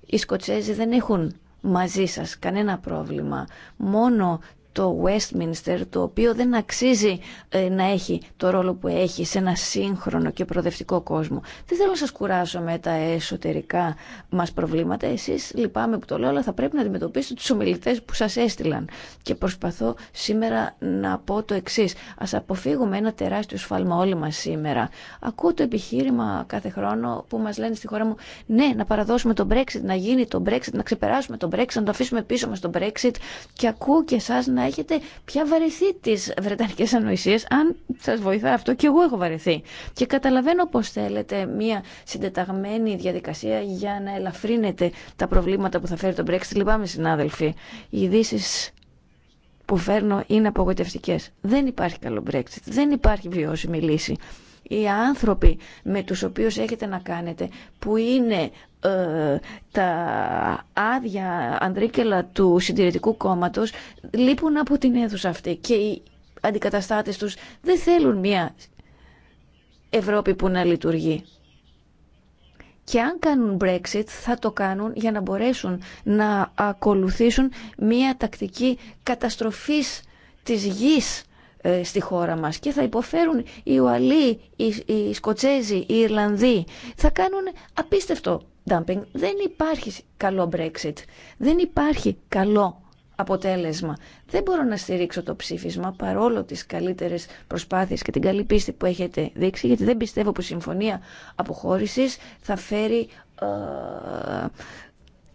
C: Οι Σκοτσέζοι δεν έχουν μαζί σας κανένα πρόβλημα. Μόνο το Westminster το οποίο δεν αξίζει ε, να έχει το ρόλο που έχει σε ένα σύγχρονο και προοδευτικό κόσμο. Δεν θέλω να σας κουράσω με τα εσωτερικά μας προβλήματα. Εσείς λυπάμαι που το λέω αλλά θα πρέπει να αντιμετωπίσετε τους ομιλητές που σας έστειλαν. Και προσπαθώ σήμερα να πω το εξή. Ας αποφύγουμε ένα τεράστιο σφάλμα όλοι μας σήμερα. Ακούω το επιχείρημα κάθε χρόνο που μας λένε στη χώρα μου ναι να παραδώσουμε τον Brexit, να γίνει το Brexit, να ξεπεράσουμε το Brexit, να το αφήσουμε πίσω μας το Brexit και ακούω και εσά να έχετε πια βαρεθεί τις βρετανικέ ανοησίε. αν σας βοηθά αυτό και εγώ έχω βαρεθεί. Και καταλαβαίνω πως θέλετε μια συντεταγμένη διαδικασία για να ελαφρύνετε τα προβλήματα που θα φέρει το Brexit. Λυπάμαι συνάδελφοι, οι ειδήσει που φέρνω είναι απογοητευτικέ. Δεν υπάρχει καλό Brexit, δεν υπάρχει βιώσιμη λύση οι άνθρωποι με τους οποίους έχετε να κάνετε που είναι ε, τα άδεια ανδρίκελα του συντηρητικού κόμματος λείπουν από την αίθουσα αυτή και οι αντικαταστάτες τους δεν θέλουν μια Ευρώπη που να λειτουργεί. Και αν κάνουν Brexit θα το κάνουν για να μπορέσουν να ακολουθήσουν μια τακτική καταστροφής της γης ε, στη χώρα μας και θα υποφέρουν οι Ουαλοί, οι, οι Σκοτσέζοι, οι Ιρλανδοί. Θα κάνουν απίστευτο dumping. Δεν υπάρχει καλό Brexit. Δεν υπάρχει καλό αποτέλεσμα. Δεν μπορώ να στηρίξω το ψήφισμα παρόλο τις καλύτερες προσπάθειες και την καλή πίστη που έχετε δείξει γιατί δεν πιστεύω που η συμφωνία αποχώρησης θα φέρει ε,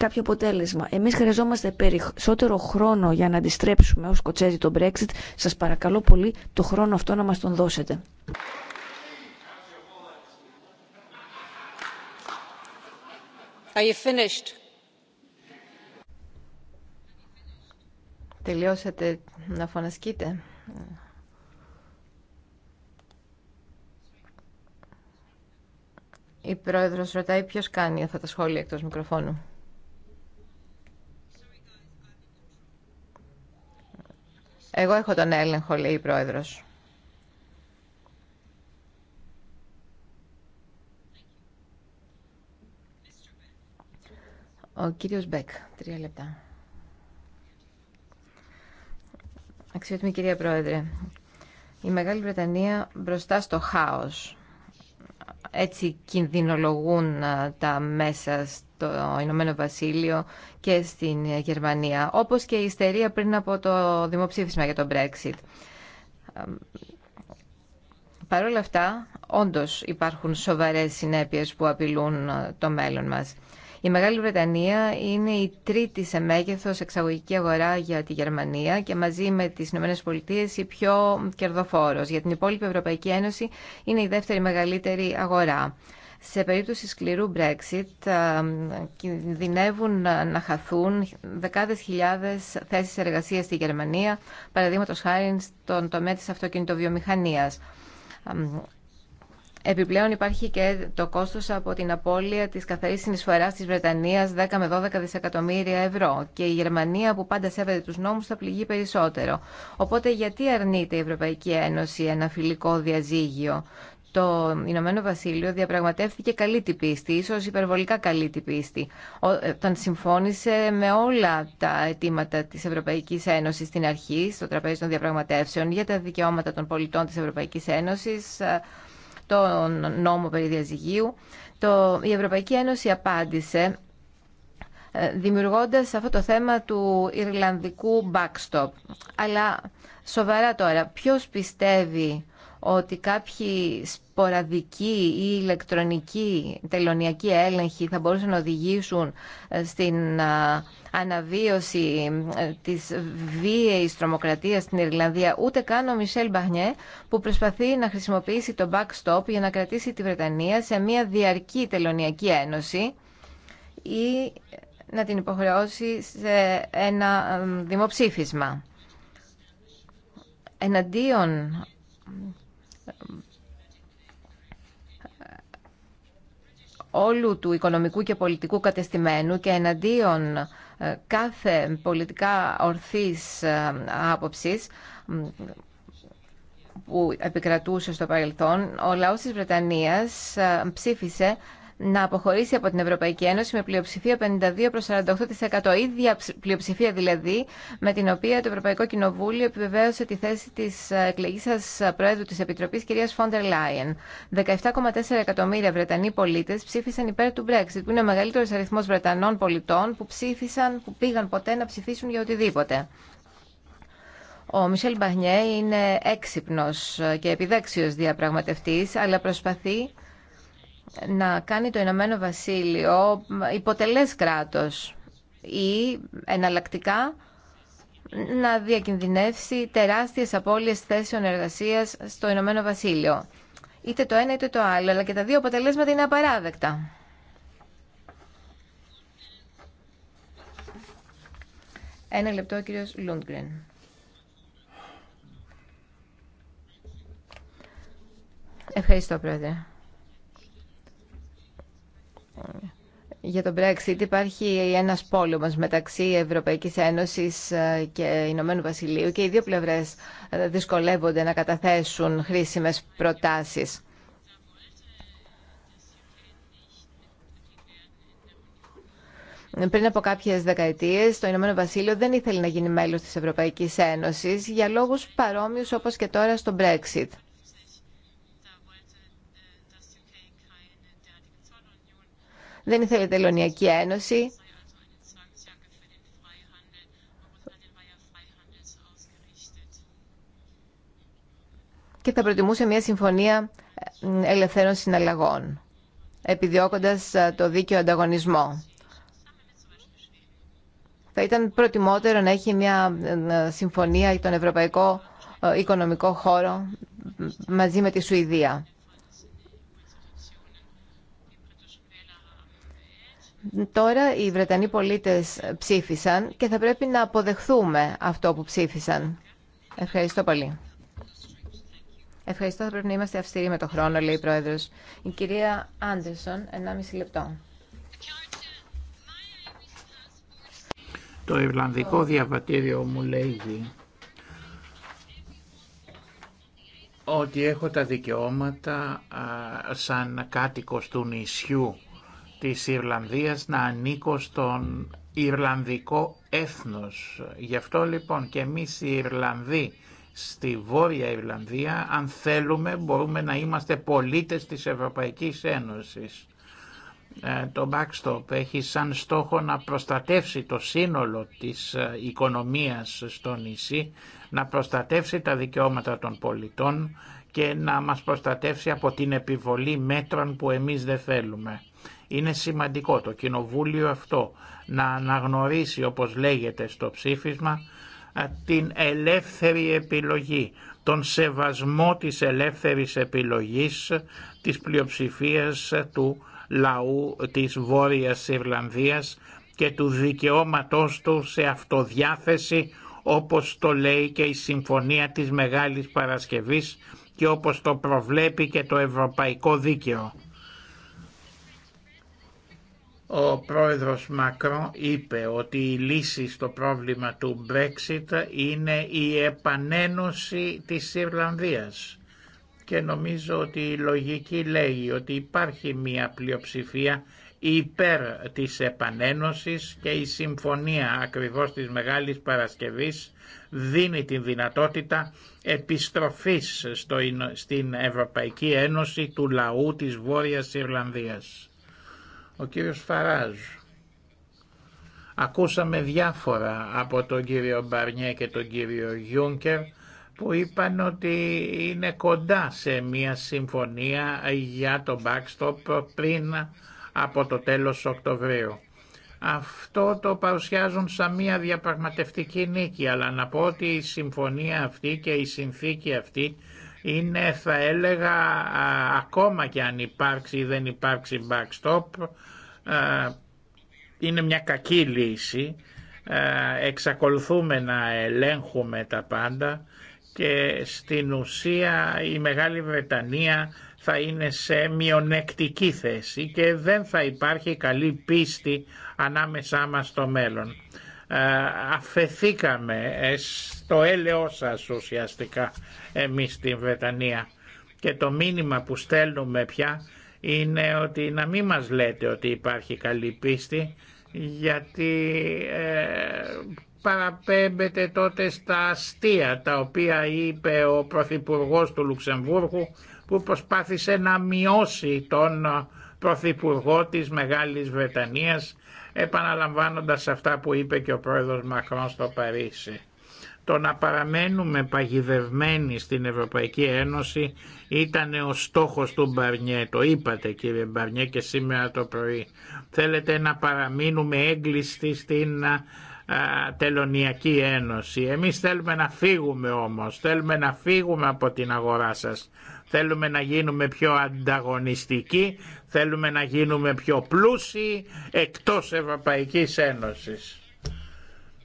C: κάποιο αποτέλεσμα. Εμείς χρειαζόμαστε περισσότερο χρόνο για να αντιστρέψουμε ως κοτσέζι το Brexit. Σας παρακαλώ πολύ το χρόνο αυτό να μας τον δώσετε.
A: Are you finished? Τελειώσατε να φωνασκείτε. Η πρόεδρος ρωτάει ποιος κάνει αυτά τα σχόλια εκτός μικροφώνου. Εγώ έχω τον έλεγχο, λέει η Πρόεδρος. Ο κύριος Μπέκ, τρία λεπτά. Αξιότιμη κυρία Πρόεδρε, η Μεγάλη Βρετανία μπροστά στο χάος έτσι κινδυνολογούν ε, τα μέσα στο Ηνωμένο Βασίλειο και στην Γερμανία, όπως και η ιστερία πριν από το δημοψήφισμα για το Brexit. Ε, Παρ' όλα αυτά, όντως υπάρχουν σοβαρές συνέπειες που απειλούν ε, το μέλλον μας. Η Μεγάλη Βρετανία είναι η τρίτη σε μέγεθος εξαγωγική αγορά για τη Γερμανία και μαζί με τις ΗΠΑ η πιο κερδοφόρος. Για την υπόλοιπη Ευρωπαϊκή Ένωση είναι η δεύτερη μεγαλύτερη αγορά. Σε περίπτωση σκληρού Brexit κινδυνεύουν να χαθούν δεκάδες χιλιάδες θέσεις εργασίας στη Γερμανία, παραδείγματος χάρη στον τομέα της αυτοκινητοβιομηχανίας. Επιπλέον υπάρχει και το κόστος από την απώλεια της καθαρής συνεισφοράς της Βρετανίας 10 με 12 δισεκατομμύρια ευρώ και η Γερμανία που πάντα σέβεται τους νόμους θα πληγεί περισσότερο. Οπότε γιατί αρνείται η Ευρωπαϊκή Ένωση ένα φιλικό διαζύγιο. Το Ηνωμένο Βασίλειο διαπραγματεύτηκε καλή την πίστη, ίσω υπερβολικά καλή την πίστη, ε, όταν συμφώνησε με όλα τα αιτήματα τη Ευρωπαϊκή Ένωση στην αρχή, στο τραπέζι των διαπραγματεύσεων, για τα δικαιώματα των πολιτών τη Ευρωπαϊκή Ένωση, ε, το νόμο περί διαζυγίου, το, η Ευρωπαϊκή Ένωση απάντησε ε, δημιουργώντας αυτό το θέμα του Ιρλανδικού backstop. Αλλά σοβαρά τώρα, ποιος πιστεύει ότι κάποιοι σποραδικοί ή ηλεκτρονικοί τελωνιακοί έλεγχοι θα μπορούσαν να οδηγήσουν ε, στην ε, αναβίωση ε, της βίαιης τρομοκρατίας στην Ιρλανδία ούτε καν ο Μισελ Μπαχνιέ που προσπαθεί να χρησιμοποιήσει το backstop για να κρατήσει τη Βρετανία σε μια διαρκή τελωνιακή ένωση ή να την υποχρεώσει σε ένα δημοψήφισμα. Εναντίον όλου του οικονομικού και πολιτικού κατεστημένου και εναντίον ε, κάθε πολιτικά ορθής ε, άποψης που επικρατούσε στο παρελθόν, ο λαός της Βρετανίας ε, ψήφισε να αποχωρήσει από την Ευρωπαϊκή Ένωση με πλειοψηφία 52 προς 48%. Ίδια πλειοψηφία δηλαδή με την οποία το Ευρωπαϊκό Κοινοβούλιο επιβεβαίωσε τη θέση της ε, εκλεγής σας ε, Πρόεδρου της Επιτροπής, κυρίας Φόντερ Λάιεν. 17,4 εκατομμύρια Βρετανοί πολίτες ψήφισαν υπέρ του Brexit, που είναι ο μεγαλύτερος αριθμός Βρετανών πολιτών που ψήφισαν, που πήγαν ποτέ να ψηφίσουν για οτιδήποτε. Ο Μισελ Μπαχνιέ είναι έξυπνος ε, και επιδέξιος διαπραγματευτής, αλλά προσπαθεί να κάνει το Ηνωμένο Βασίλειο υποτελές κράτος ή εναλλακτικά να διακινδυνεύσει τεράστιες απώλειες θέσεων εργασίας στο Ηνωμένο Βασίλειο. Είτε το ένα είτε το άλλο, αλλά και τα δύο αποτελέσματα είναι απαράδεκτα. Ένα λεπτό, κύριος Λούντγκριν. Ευχαριστώ, Πρόεδρε για τον Brexit υπάρχει ένας πόλεμος μεταξύ Ευρωπαϊκής Ένωσης ε, και Ηνωμένου Βασιλείου και οι δύο πλευρές ε, δυσκολεύονται να καταθέσουν χρήσιμες προτάσεις. Πριν από κάποιε δεκαετίε, το Ηνωμένο Βασίλειο δεν ήθελε να γίνει μέλο τη Ευρωπαϊκή Ένωση για λόγου παρόμοιου όπω και τώρα στο Brexit. δεν ήθελε τελωνιακή ένωση. Και θα προτιμούσε μια συμφωνία ελευθέρων συναλλαγών, επιδιώκοντας το δίκαιο ανταγωνισμό. Θα ήταν προτιμότερο να έχει μια συμφωνία για τον Ευρωπαϊκό Οικονομικό Χώρο μαζί με τη Σουηδία. Τώρα οι Βρετανοί πολίτες ψήφισαν και θα πρέπει να αποδεχθούμε αυτό που ψήφισαν. Ευχαριστώ πολύ. Ευχαριστώ, θα πρέπει να είμαστε αυστηροί με το χρόνο, λέει η Πρόεδρος. Η κυρία Άντερσον, 1,5 λεπτό.
B: Το Ιρλανδικό διαβατήριο μου λέει ότι έχω τα δικαιώματα σαν κάτοικος του νησιού της Ιρλανδίας να ανήκω στον Ιρλανδικό έθνος. Γι' αυτό λοιπόν και εμείς οι Ιρλανδοί στη Βόρεια Ιρλανδία, αν θέλουμε μπορούμε να είμαστε πολίτες της Ευρωπαϊκής Ένωσης. Ε, το backstop έχει σαν στόχο να προστατεύσει το σύνολο της ε, οικονομίας στο νησί, να προστατεύσει τα δικαιώματα των πολιτών και να μας προστατεύσει από την επιβολή μέτρων που εμείς δεν θέλουμε. Είναι σημαντικό το κοινοβούλιο αυτό να αναγνωρίσει όπως λέγεται στο ψήφισμα την ελεύθερη επιλογή, τον σεβασμό της ελεύθερης επιλογής της πλειοψηφίας του λαού της Βόρειας Ιρλανδίας και του δικαιώματός του σε αυτοδιάθεση όπως το λέει και η Συμφωνία της Μεγάλης Παρασκευής και όπως το προβλέπει και το Ευρωπαϊκό Δίκαιο. Ο πρόεδρος Μακρόν είπε ότι η λύση στο πρόβλημα του Brexit είναι η επανένωση της Ιρλανδίας. Και νομίζω ότι η λογική λέει ότι υπάρχει μια πλειοψηφία υπέρ της επανένωσης και η συμφωνία ακριβώς της Μεγάλης Παρασκευής δίνει την δυνατότητα επιστροφής στο, στην Ευρωπαϊκή Ένωση του λαού της Βόρειας Ιρλανδίας ο κύριος Φαράζ. Ακούσαμε διάφορα από τον κύριο Μπαρνιέ και τον κύριο Γιούνκερ που είπαν ότι είναι κοντά σε μια συμφωνία για το backstop πριν από το τέλος Οκτωβρίου. Αυτό το παρουσιάζουν σαν μια διαπραγματευτική νίκη, αλλά να πω ότι η συμφωνία αυτή και η συνθήκη αυτή είναι θα έλεγα ακόμα και αν υπάρξει ή δεν υπάρξει backstop είναι μια κακή λύση εξακολουθούμε να ελέγχουμε τα πάντα και στην ουσία η Μεγάλη Βρετανία θα είναι σε μειονεκτική θέση και δεν θα υπάρχει καλή πίστη ανάμεσά μας στο μέλλον. Ε, αφεθήκαμε ε, στο έλεος σας ουσιαστικά εμείς στην Βρετανία και το μήνυμα που στέλνουμε πια είναι ότι να μην μας λέτε ότι υπάρχει καλή πίστη γιατί ε, παραπέμπεται τότε στα αστεία τα οποία είπε ο Πρωθυπουργό του Λουξεμβούργου που προσπάθησε να μειώσει τον Πρωθυπουργό της Μεγάλης Βρετανίας επαναλαμβάνοντας αυτά που είπε και ο πρόεδρος Μακρόν στο Παρίσι. Το να παραμένουμε παγιδευμένοι στην Ευρωπαϊκή Ένωση ήταν ο στόχος του Μπαρνιέ, το είπατε κύριε Μπαρνιέ και σήμερα το πρωί. Θέλετε να παραμείνουμε έγκλειστοι στην τελωνιακή ένωση. Εμείς θέλουμε να φύγουμε όμως, θέλουμε να φύγουμε από την αγορά σας. Θέλουμε να γίνουμε πιο ανταγωνιστικοί, θέλουμε να γίνουμε πιο πλούσιοι εκτός Ευρωπαϊκής Ένωσης.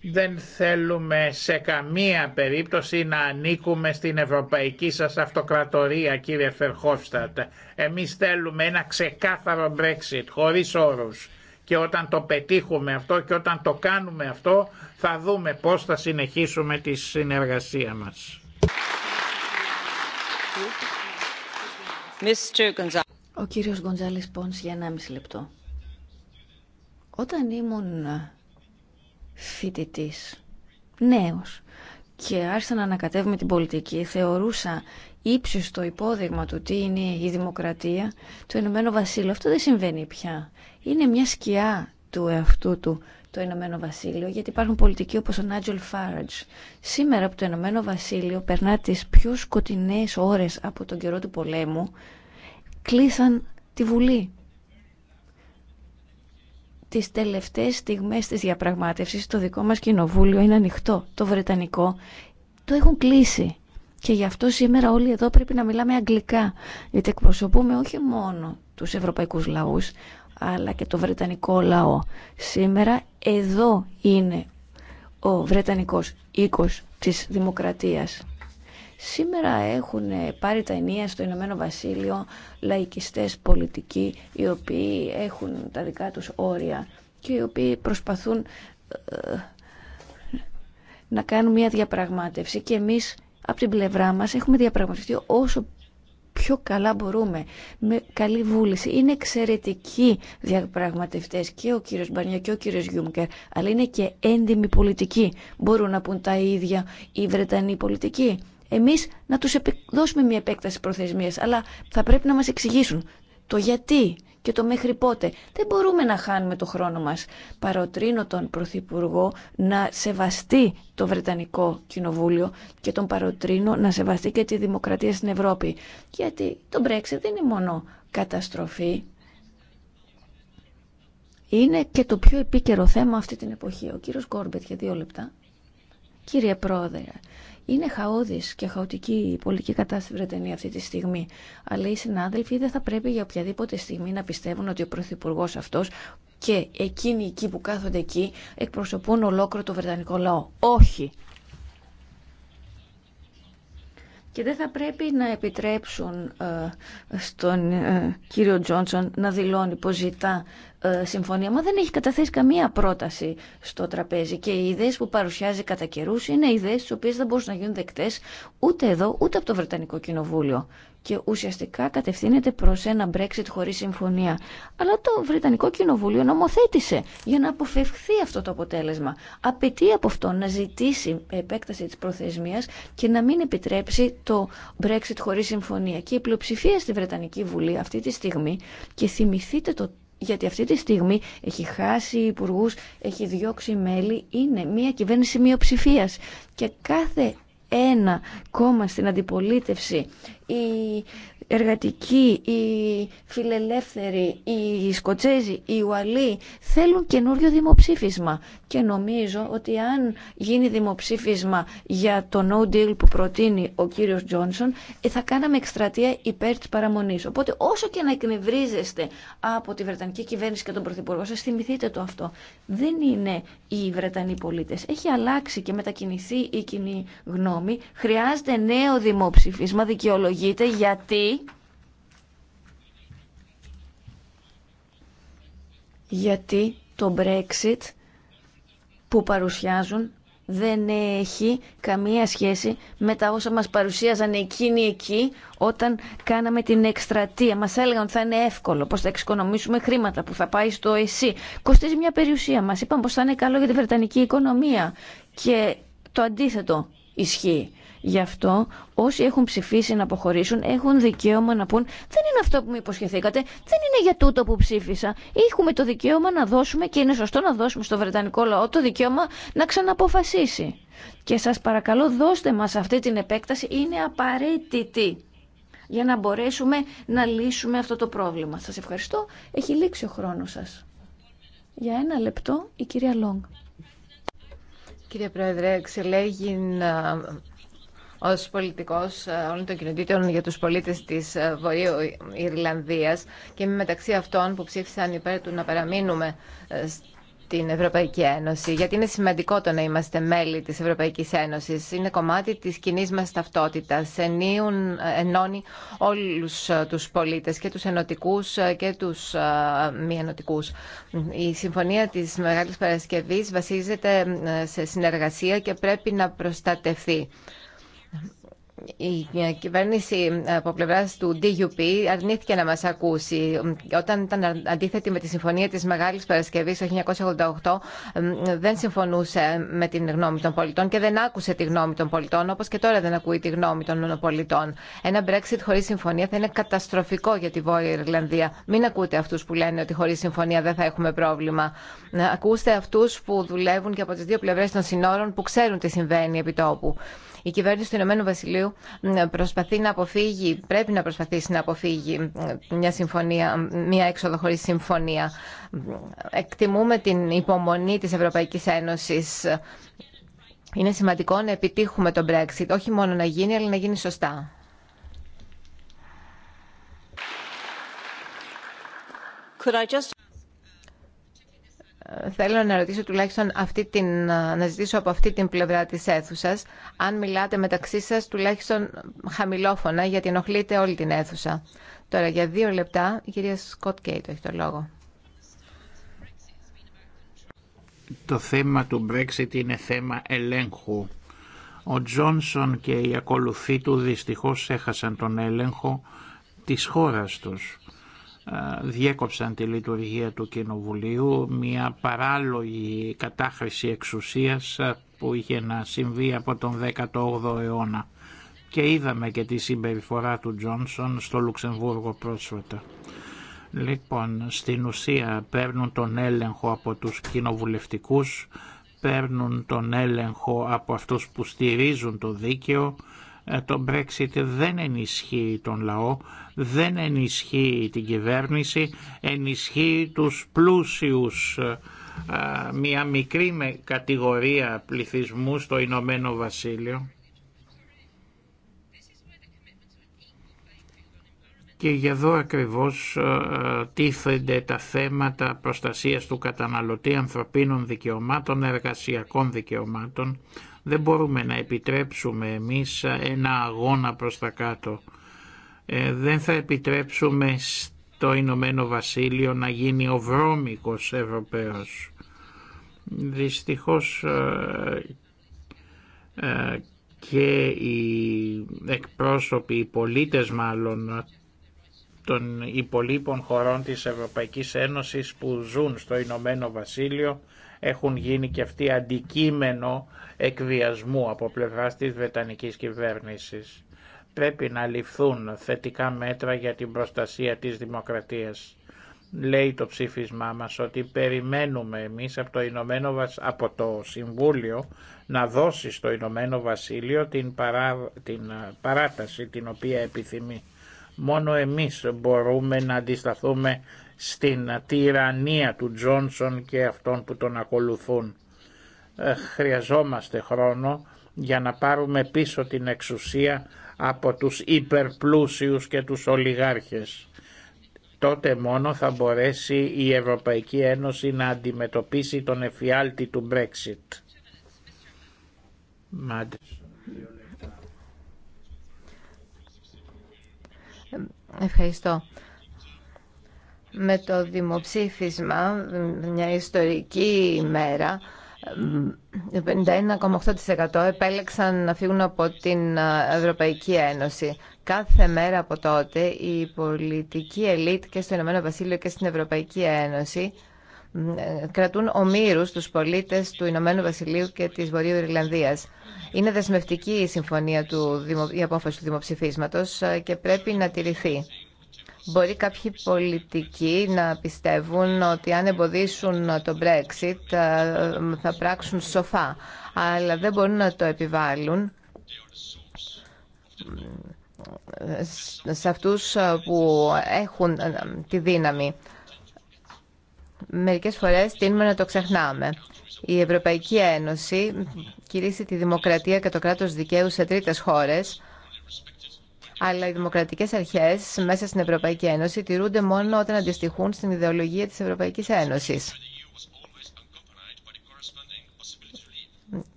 B: Δεν θέλουμε σε καμία περίπτωση να ανήκουμε στην ευρωπαϊκή σας αυτοκρατορία κύριε Φερχόφστατ. Εμείς θέλουμε ένα ξεκάθαρο Brexit χωρίς όρους και όταν το πετύχουμε αυτό και όταν το κάνουμε αυτό θα δούμε πώς θα συνεχίσουμε τη συνεργασία μας.
C: Ο κύριος Γκοντζάλης Πόνς για 1,5 λεπτό. Όταν ήμουν ε, φοιτητή, νέος, και άρχισα να ανακατεύουμε την πολιτική, θεωρούσα ύψιστο υπόδειγμα του τι είναι η δημοκρατία, του Ηνωμένου Βασίλειου. Αυτό δεν συμβαίνει πια. Είναι μια σκιά του εαυτού του το Ηνωμένο Βασίλειο, γιατί υπάρχουν πολιτικοί όπως ο Νάτζελ Φάραντζ. Σήμερα από το Ηνωμένο Βασίλειο περνά τι πιο σκοτεινές ώρες από τον καιρό του πολέμου, κλείσαν τη Βουλή. Τις τελευταίες στιγμές της διαπραγμάτευσης το δικό μας κοινοβούλιο είναι ανοιχτό, το Βρετανικό, το έχουν κλείσει. Και γι' αυτό σήμερα όλοι εδώ πρέπει να μιλάμε αγγλικά, γιατί εκπροσωπούμε όχι μόνο τους ευρωπαϊκούς λαούς, αλλά και το βρετανικό λαό. Σήμερα εδώ είναι ο βρετανικός οίκος της δημοκρατίας. Σήμερα έχουν πάρει τα ενία στο Ηνωμένο Βασίλειο λαϊκιστές πολιτικοί οι οποίοι έχουν τα δικά τους όρια και οι οποίοι προσπαθούν ε, να κάνουν μια διαπραγμάτευση και εμείς από την πλευρά μας έχουμε διαπραγματευτεί όσο πιο καλά μπορούμε. Με καλή βούληση. Είναι εξαιρετικοί διαπραγματευτέ και ο κύριο Μπαρνιά και ο κύριο Γιούμκερ, αλλά είναι και έντιμοι πολιτικοί. Μπορούν να πούν τα ίδια οι Βρετανοί πολιτικοί. Εμεί να του δώσουμε μια επέκταση προθεσμία, αλλά θα πρέπει να μα εξηγήσουν το γιατί και το μέχρι πότε. Δεν μπορούμε να χάνουμε το χρόνο μας. Παροτρύνω τον Πρωθυπουργό να σεβαστεί το Βρετανικό Κοινοβούλιο και τον παροτρύνω να σεβαστεί και τη δημοκρατία στην Ευρώπη. Γιατί το Brexit δεν είναι μόνο καταστροφή. Είναι και το πιο επίκαιρο θέμα αυτή την εποχή. Ο κύριος Κόρμπετ για δύο λεπτά. Κύριε Πρόεδρε, είναι χαόδη και χαοτική η πολιτική κατάσταση Βρετανία αυτή τη στιγμή. Αλλά οι συνάδελφοι δεν θα πρέπει για οποιαδήποτε στιγμή να πιστεύουν ότι ο Πρωθυπουργό αυτό και εκείνοι εκεί που κάθονται εκεί εκπροσωπούν ολόκληρο το Βρετανικό λαό. Όχι, και δεν θα πρέπει να επιτρέψουν ε, στον ε, κύριο Τζόνσον να δηλώνει πως ζητά ε, συμφωνία, μα δεν έχει καταθέσει καμία πρόταση στο τραπέζι και οι ιδέες που παρουσιάζει κατά καιρού είναι ιδέες τις οποίες δεν μπορούν να γίνουν δεκτές ούτε εδώ ούτε από το Βρετανικό Κοινοβούλιο και ουσιαστικά κατευθύνεται προς ένα Brexit χωρίς συμφωνία. Αλλά το Βρετανικό Κοινοβούλιο νομοθέτησε για να αποφευχθεί αυτό το αποτέλεσμα. Απαιτεί από αυτό να ζητήσει επέκταση της προθεσμίας και να μην επιτρέψει το Brexit χωρίς συμφωνία. Και η πλειοψηφία στη Βρετανική Βουλή αυτή τη στιγμή, και θυμηθείτε το γιατί αυτή τη στιγμή έχει χάσει υπουργού, έχει διώξει μέλη, είναι μια κυβέρνηση μειοψηφία. Και κάθε ένα κόμμα στην αντιπολίτευση. Η εργατικοί, οι φιλελεύθεροι, οι Σκοτσέζοι, οι Ουαλοί θέλουν καινούριο δημοψήφισμα. Και νομίζω ότι αν γίνει δημοψήφισμα για το no deal που προτείνει ο κύριος Τζόνσον, ε, θα κάναμε εκστρατεία υπέρ της παραμονής. Οπότε όσο και να εκνευρίζεστε από τη Βρετανική κυβέρνηση και τον Πρωθυπουργό σας, θυμηθείτε το αυτό. Δεν είναι οι Βρετανοί πολίτες. Έχει αλλάξει και μετακινηθεί η κοινή γνώμη. Χρειάζεται νέο δημοψήφισμα, δικαιολογείται γιατί γιατί το Brexit που παρουσιάζουν δεν έχει καμία σχέση με τα όσα μας παρουσίαζαν εκείνοι εκεί όταν κάναμε την εκστρατεία. Μας έλεγαν ότι θα είναι εύκολο, πως θα εξοικονομήσουμε χρήματα που θα πάει στο ΕΣΥ. Κοστίζει μια περιουσία. Μας είπαν πως θα είναι καλό για τη Βρετανική οικονομία. Και το αντίθετο ισχύει. Γι' αυτό όσοι έχουν ψηφίσει να αποχωρήσουν έχουν δικαίωμα να πούν δεν είναι αυτό που μου υποσχεθήκατε, δεν είναι για τούτο που ψήφισα. Έχουμε το δικαίωμα να δώσουμε και είναι σωστό να δώσουμε στο Βρετανικό λαό το δικαίωμα να ξαναποφασίσει. Και σας παρακαλώ δώστε μας αυτή την επέκταση, είναι απαραίτητη για να μπορέσουμε να λύσουμε αυτό το πρόβλημα. Σας ευχαριστώ, έχει λήξει ο χρόνος σας. Για ένα λεπτό η κυρία Λόγκ.
A: Κύριε Πρόεδρε, εξελέγει ω πολιτικό ε, όλων των κοινοτήτων για του πολίτε τη ε, Βορείου Ιρλανδίας και μεταξύ αυτών που ψήφισαν υπέρ του να παραμείνουμε ε, στην Ευρωπαϊκή Ένωση, γιατί είναι σημαντικό το να είμαστε μέλη της Ευρωπαϊκή Ένωση. Είναι κομμάτι της κοινή μα ταυτότητα, ενώνει όλου τους πολίτε, και τους ενωτικού και του μη ενωτικού. Η Συμφωνία της μεγάλη παρασκευή βασίζεται σε συνεργασία και πρέπει να προστατευθεί η κυβέρνηση ε, από πλευρά του DUP αρνήθηκε να μα ακούσει. Όταν ήταν αντίθετη με τη συμφωνία τη μεγάλη παρασκευή το 1988 δεν συμφωνούσε με την γνώμη των πολιτών και δεν άκουσε τη γνώμη των πολιτών όπω και τώρα δεν ακούει τη γνώμη των πολιτών. Ένα Brexit χωρί συμφωνία θα είναι καταστροφικό για τη Βόρεια Ιρλανδία. Μην ακούτε αυτού που λένε ότι χωρί συμφωνία δεν θα έχουμε πρόβλημα. Ε, ακούστε αυτού που δουλεύουν και από τι δύο πλευρέ των συνόρων που ξέρουν τι συμβαίνει επί τόπου. Η κυβέρνηση του Ηνωμένου Βασιλείου προσπαθεί να αποφύγει, πρέπει να προσπαθήσει να αποφύγει μια συμφωνία, μια έξοδο χωρίς συμφωνία. Εκτιμούμε την υπομονή της Ευρωπαϊκής Ένωσης. Είναι σημαντικό να επιτύχουμε τον Brexit, όχι μόνο να γίνει, αλλά να γίνει σωστά. Could I just... Θέλω να ρωτήσω τουλάχιστον αυτή την, να ζητήσω από αυτή την πλευρά της αίθουσα, αν μιλάτε μεταξύ σας τουλάχιστον χαμηλόφωνα γιατί ενοχλείτε όλη την αίθουσα. Τώρα για δύο λεπτά η κυρία Σκοτ Κέιτ έχει το λόγο.
B: Το θέμα του Brexit είναι θέμα ελέγχου. Ο Τζόνσον και οι ακολουθοί του δυστυχώς έχασαν τον έλεγχο της χώρας τους διέκοψαν τη λειτουργία του Κοινοβουλίου, μια παράλογη κατάχρηση εξουσίας ε, που είχε να συμβεί από τον 18ο αιώνα και είδαμε και τη συμπεριφορά του Τζόνσον στο Λουξεμβούργο πρόσφατα. Λοιπόν, στην ουσία παίρνουν τον έλεγχο από τους κοινοβουλευτικούς, παίρνουν τον έλεγχο από αυτούς που στηρίζουν το δίκαιο, ε, το Brexit δεν ενισχύει τον λαό, δεν ενισχύει την κυβέρνηση, ενισχύει τους πλούσιους ε, μια μικρή κατηγορία πληθυσμού στο Ηνωμένο Βασίλειο. Και για εδώ ακριβώς ε, τίθενται τα θέματα προστασίας του καταναλωτή ανθρωπίνων δικαιωμάτων, εργασιακών δικαιωμάτων, δεν μπορούμε να επιτρέψουμε εμείς ένα αγώνα προς τα κάτω. Ε, δεν θα επιτρέψουμε στο Ηνωμένο Βασίλειο να γίνει ο βρώμικος Ευρωπαίος. Δυστυχώς ε, ε, και οι εκπρόσωποι, οι πολίτες μάλλον των υπολείπων χωρών της Ευρωπαϊκής Ένωσης που ζουν στο Ηνωμένο Βασίλειο έχουν γίνει και αυτοί αντικείμενο εκβιασμού από πλευράς της Βρετανικής κυβέρνησης. Πρέπει να ληφθούν θετικά μέτρα για την προστασία της δημοκρατίας. Λέει το ψήφισμά μας ότι περιμένουμε εμείς από το, Ηνωμένο από το Συμβούλιο να δώσει στο Ηνωμένο Βασίλειο την, παρά... την παράταση την οποία επιθυμεί. Μόνο εμείς μπορούμε να αντισταθούμε στην τυραννία του Τζόνσον και αυτών που τον ακολουθούν. Ε, χρειαζόμαστε χρόνο για να πάρουμε πίσω την εξουσία από τους υπερπλούσιους και τους ολιγάρχες. Τότε μόνο θα μπορέσει η Ευρωπαϊκή Ένωση να αντιμετωπίσει τον εφιάλτη του Brexit.
A: Ευχαριστώ. Με το δημοψήφισμα, μια ιστορική ημέρα, 51,8% επέλεξαν να φύγουν από την ε, Ευρωπαϊκή Ένωση. Κάθε μέρα από τότε η πολιτική ελίτ και στο Ηνωμένο Βασίλειο και στην Ευρωπαϊκή Ένωση ε, κρατούν ομήρους τους πολίτες του Ηνωμένου Βασιλείου και της Βορείου Ιρλανδίας. Είναι δεσμευτική η συμφωνία του, η απόφαση του δημοψηφίσματος ε, και πρέπει να τηρηθεί. Μπορεί κάποιοι πολιτικοί να πιστεύουν ότι αν εμποδίσουν το Brexit ε, θα πράξουν σοφά, αλλά δεν μπορούν να το επιβάλλουν σε αυτούς που έχουν ε, τη δύναμη. Μερικές φορές τείνουμε να το ξεχνάμε. Η Ευρωπαϊκή Ένωση κηρύσσει τη δημοκρατία και το κράτος δικαίου σε τρίτες χώρες αλλά οι δημοκρατικές αρχές μέσα στην Ευρωπαϊκή Ένωση τηρούνται μόνο όταν αντιστοιχούν στην ιδεολογία της Ευρωπαϊκής Ένωσης.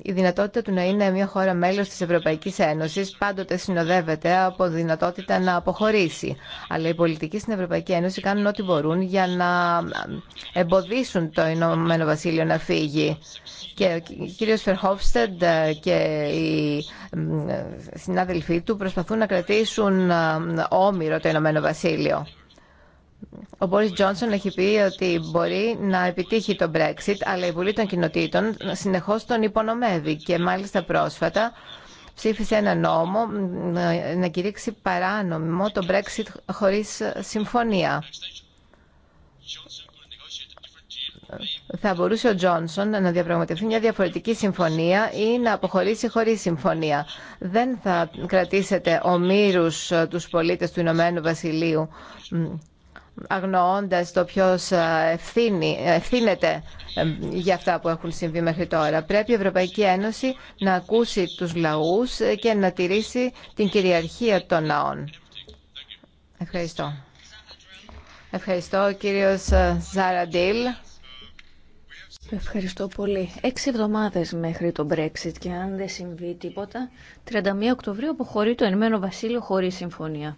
A: η δυνατότητα του να είναι μια χώρα μέλος της Ευρωπαϊκής Ένωσης πάντοτε συνοδεύεται από δυνατότητα να αποχωρήσει. Αλλά οι πολιτικοί στην Ευρωπαϊκή Ένωση κάνουν ό,τι μπορούν για να εμποδίσουν το Ηνωμένο Βασίλειο να φύγει. Και ο κύριος Φερχόφστεντ και οι συνάδελφοί του προσπαθούν να κρατήσουν όμοιρο το Ηνωμένο Βασίλειο. Ο Μπόρις Τζόνσον έχει πει ότι μπορεί να επιτύχει το Brexit, αλλά η Βουλή των Κοινοτήτων συνεχώς τον υπονομεύει και μάλιστα πρόσφατα ψήφισε ένα νόμο να κηρύξει παράνομο το Brexit χωρίς συμφωνία. Θα μπορούσε ο Τζόνσον να διαπραγματευτεί μια διαφορετική συμφωνία ή να αποχωρήσει χωρίς συμφωνία. Δεν θα κρατήσετε ομήρους ε, τους πολίτες του Ηνωμένου Βασιλείου αγνοώντας το ποιος ε, ε, ευθύνεται ε, για αυτά που έχουν συμβεί μέχρι τώρα. Πρέπει η Ευρωπαϊκή Ένωση να ακούσει τους λαούς και να τηρήσει την κυριαρχία των λαών. Ευχαριστώ. Ευχαριστώ κύριος Ζαραντήλ.
C: Ευχαριστώ πολύ. Έξι εβδομάδες μέχρι το Brexit και αν δεν συμβεί τίποτα, 31 Οκτωβρίου αποχωρεί το Ενωμένο Βασίλειο χωρίς συμφωνία.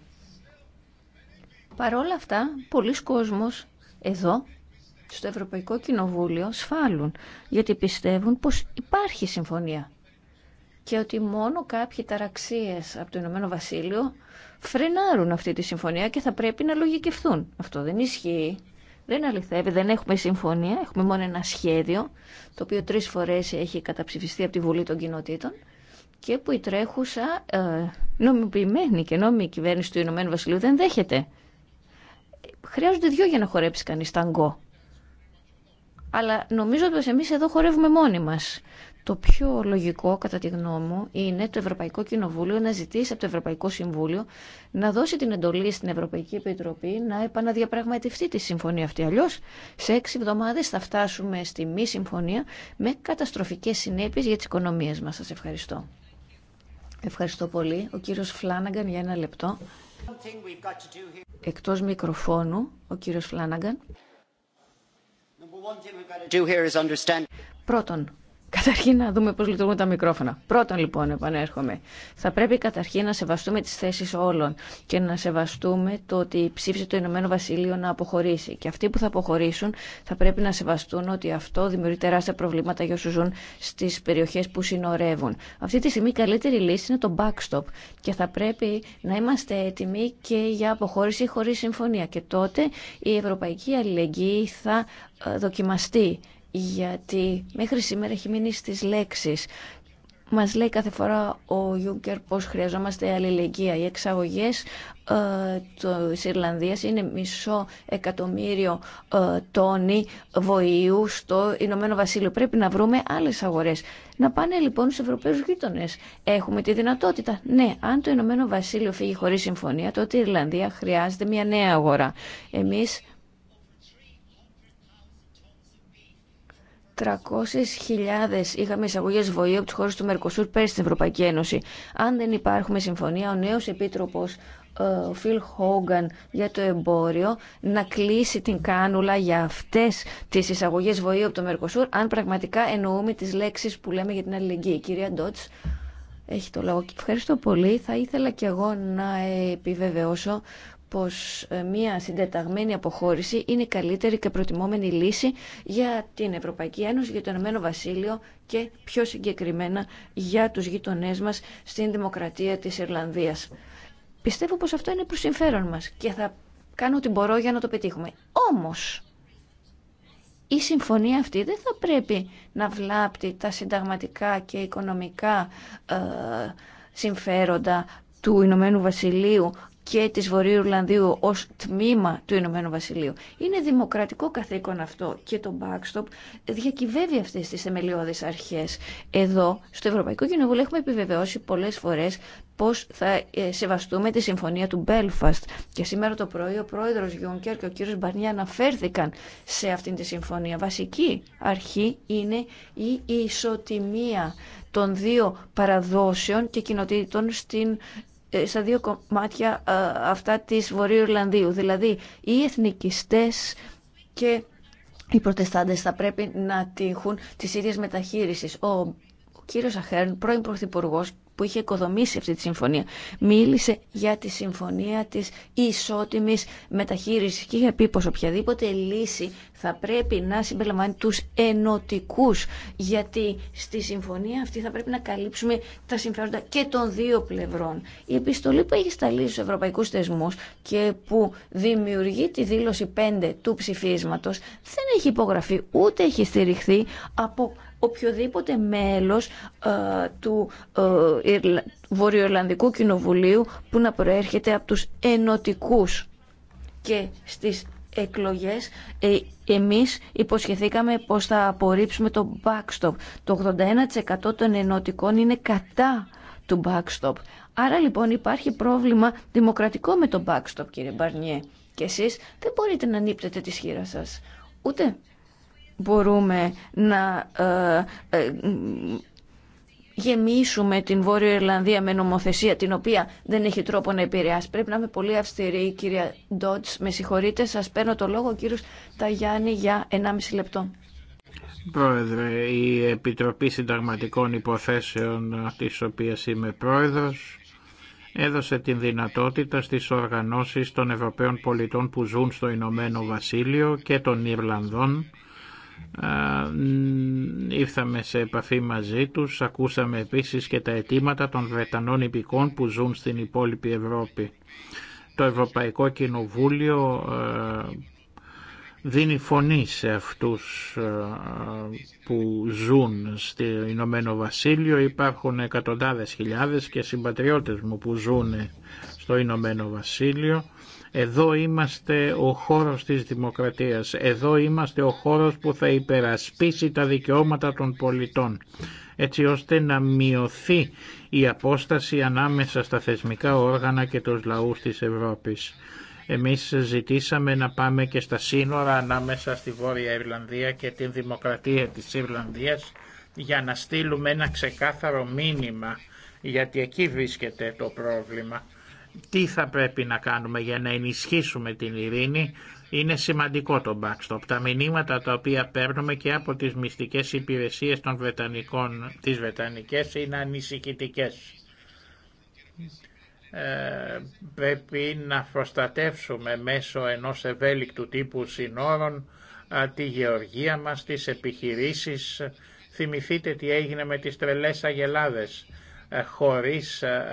C: Παρ' όλα αυτά, πολλοί κόσμος εδώ στο Ευρωπαϊκό Κοινοβούλιο σφάλουν, γιατί πιστεύουν πως υπάρχει συμφωνία και ότι μόνο κάποιοι ταραξίες από το Ηνωμένο Βασίλειο φρενάρουν αυτή τη συμφωνία και θα πρέπει να λογικευθούν. Αυτό δεν ισχύει, δεν αληθεύει, δεν έχουμε συμφωνία, έχουμε μόνο ένα σχέδιο, το οποίο τρεις φορές έχει καταψηφιστεί από τη Βουλή των Κοινοτήτων και που η τρέχουσα ε, νομιμοποιημένη και νόμιμη κυβέρνηση του Ηνωμένου Βασιλείου δεν δέχεται χρειάζονται δυο για να χορέψει κανείς ταγκό. Αλλά νομίζω ότι εμείς εδώ χορεύουμε μόνοι μας. Το πιο λογικό, κατά τη γνώμη μου, είναι το Ευρωπαϊκό Κοινοβούλιο να ζητήσει από το Ευρωπαϊκό Συμβούλιο να δώσει την εντολή στην Ευρωπαϊκή Επιτροπή να επαναδιαπραγματευτεί τη συμφωνία αυτή. Αλλιώ, σε έξι εβδομάδε θα φτάσουμε στη μη συμφωνία με καταστροφικέ συνέπειε για τι οικονομίε μα. Σα ευχαριστώ. Ευχαριστώ πολύ. Ο κύριος Φλάναγκαν για ένα λεπτό. Εκτός μικροφώνου, ο κύριος Φλάναγκαν. Πρώτον, Καταρχήν να δούμε πώς λειτουργούν τα μικρόφωνα. Πρώτον λοιπόν επανέρχομαι. Θα πρέπει καταρχήν να σεβαστούμε τις θέσεις όλων και να σεβαστούμε το ότι ψήφισε το Ηνωμένο Βασίλειο να αποχωρήσει. Και αυτοί που θα αποχωρήσουν θα πρέπει να σεβαστούν ότι αυτό δημιουργεί τεράστια προβλήματα για όσους ζουν στις περιοχές που συνορεύουν. Αυτή τη στιγμή η καλύτερη λύση είναι το backstop και θα πρέπει να είμαστε έτοιμοι και για αποχώρηση χωρίς συμφωνία. Και τότε η ευρωπαϊκή αλληλεγγύη θα ε, δοκιμαστεί γιατί μέχρι σήμερα έχει μείνει στις λέξεις. Μας λέει κάθε φορά ο Ιούγκερ πως χρειαζόμαστε αλληλεγγύα. Οι εξαγωγές ε, της Ιρλανδίας είναι μισό εκατομμύριο ε, τόνοι βοηίου στο Ηνωμένο Βασίλειο. Πρέπει να βρούμε άλλες αγορές. Να πάνε λοιπόν στους Ευρωπαίους γείτονε. Έχουμε τη δυνατότητα. Ναι, αν το Ηνωμένο Βασίλειο φύγει χωρίς συμφωνία, τότε η Ιρλανδία χρειάζεται μια νέα αγορά. Εμείς 300.000 είχαμε εισαγωγέ βοή από τι χώρε του Μερκοσούρ πέρυσι στην Ευρωπαϊκή Ένωση. Αν δεν υπάρχουμε συμφωνία, ο νέο επίτροπο ε, ο Φιλ Χόγκαν για το εμπόριο να κλείσει την κάνουλα για αυτές τις εισαγωγές βοή από το Μερκοσούρ αν πραγματικά εννοούμε τις λέξεις που λέμε για την αλληλεγγύη. Κυρία Ντότς, έχει το λόγο. Ευχαριστώ πολύ. Θα ήθελα και εγώ να επιβεβαιώσω πως ε, μια συντεταγμένη αποχώρηση είναι η καλύτερη και προτιμόμενη λύση για την Ευρωπαϊκή Ένωση, για το Ενωμένο Βασίλειο και πιο συγκεκριμένα για τους γειτονές μας στην δημοκρατία της Ιρλανδίας. Πιστεύω πως αυτό είναι προς συμφέρον μας και θα κάνω ό,τι μπορώ για να το πετύχουμε. Όμως, η συμφωνία αυτή δεν θα πρέπει να βλάπτει τα συνταγματικά και οικονομικά ε, συμφέροντα του Ηνωμένου Βασιλείου και της Βορείου Ιρλανδίου ως τμήμα του Ηνωμένου Βασιλείου. Είναι δημοκρατικό καθήκον αυτό και το backstop διακυβεύει αυτές τις θεμελιώδεις αρχές. Εδώ στο Ευρωπαϊκό Κοινοβούλιο έχουμε επιβεβαιώσει πολλές φορές πώς θα ε, σεβαστούμε τη συμφωνία του Belfast. Και σήμερα το πρωί ο πρόεδρος Γιούνκερ και ο κύριος Μπαρνιά αναφέρθηκαν σε αυτή τη συμφωνία. Βασική αρχή είναι η ισοτιμία των δύο παραδόσεων και κοινοτήτων στην ε, στα δύο κομμάτια ε, αυτά της Βορείου Ιρλανδίου. Δηλαδή, οι εθνικιστές και οι προτεστάντες θα πρέπει να τύχουν τις ίδιες μεταχείρισης. Ο κύριος Αχέρν, πρώην Πρωθυπουργός που είχε οικοδομήσει αυτή τη συμφωνία. Μίλησε για τη συμφωνία της ισότιμης μεταχείρισης και είχε πει πως οποιαδήποτε λύση θα πρέπει να συμπεριλαμβάνει τους ενωτικούς γιατί στη συμφωνία αυτή θα πρέπει να καλύψουμε τα συμφέροντα και των δύο πλευρών. Η επιστολή που έχει σταλεί στους ευρωπαϊκούς θεσμούς και που δημιουργεί τη δήλωση 5 του ψηφίσματος δεν έχει υπογραφεί ούτε έχει στηριχθεί από οποιοδήποτε μέλος ε, του ε, Βορειοελλανδικού Κοινοβουλίου που να προέρχεται από τους ενωτικούς και στις εκλογές ε, εμείς υποσχεθήκαμε πως θα απορρίψουμε το backstop. Το 81% των ενωτικών είναι κατά του backstop. Άρα λοιπόν υπάρχει πρόβλημα δημοκρατικό με το backstop κύριε Μπαρνιέ. Και εσείς δεν μπορείτε να νύπτετε τη σχήρα σας. Ούτε μπορούμε να ε, ε, γεμίσουμε την Βόρεια Ιρλανδία με νομοθεσία την οποία δεν έχει τρόπο να επηρεάσει. Πρέπει να είμαι πολύ αυστηρή, κυρία Ντότς. Με συγχωρείτε, σας παίρνω το λόγο, κύριο Ταγιάννη, για 1,5 λεπτό.
B: Πρόεδρε, η Επιτροπή Συνταγματικών Υποθέσεων, της οποίας είμαι πρόεδρος, έδωσε την δυνατότητα στις οργανώσεις των Ευρωπαίων πολιτών που ζουν στο Ηνωμένο Βασίλειο και των Ιρλανδών ήρθαμε σε επαφή μαζί τους, ακούσαμε επίσης και τα αιτήματα των Βρετανών υπηκών που ζουν στην υπόλοιπη Ευρώπη. Το Ευρωπαϊκό Κοινοβούλιο δίνει φωνή σε αυτούς που ζουν στο Ηνωμένο Βασίλειο. Υπάρχουν εκατοντάδες χιλιάδες και συμπατριώτες μου που ζουν στο Ηνωμένο Βασίλειο εδώ είμαστε ο χώρος της δημοκρατίας. Εδώ είμαστε ο χώρος που θα υπερασπίσει τα δικαιώματα των πολιτών έτσι ώστε να μειωθεί η απόσταση ανάμεσα στα θεσμικά όργανα και τους λαούς της Ευρώπης. Εμείς ζητήσαμε να πάμε και στα σύνορα ανάμεσα στη Βόρεια Ιρλανδία και την Δημοκρατία της Ιρλανδίας για να στείλουμε ένα ξεκάθαρο μήνυμα γιατί εκεί βρίσκεται το πρόβλημα τι θα πρέπει να κάνουμε για να ενισχύσουμε την ειρήνη είναι σημαντικό το backstop. Τα μηνύματα τα οποία παίρνουμε και από τις μυστικές υπηρεσίες των Βρετανικών, τις Βρετανικές είναι ανησυχητικέ. Ε, πρέπει να προστατεύσουμε μέσω ενός ευέλικτου τύπου συνόρων τη γεωργία μας, τις επιχειρήσεις. Θυμηθείτε τι έγινε με τις τρελές αγελάδες. Ε, χωρίς ε,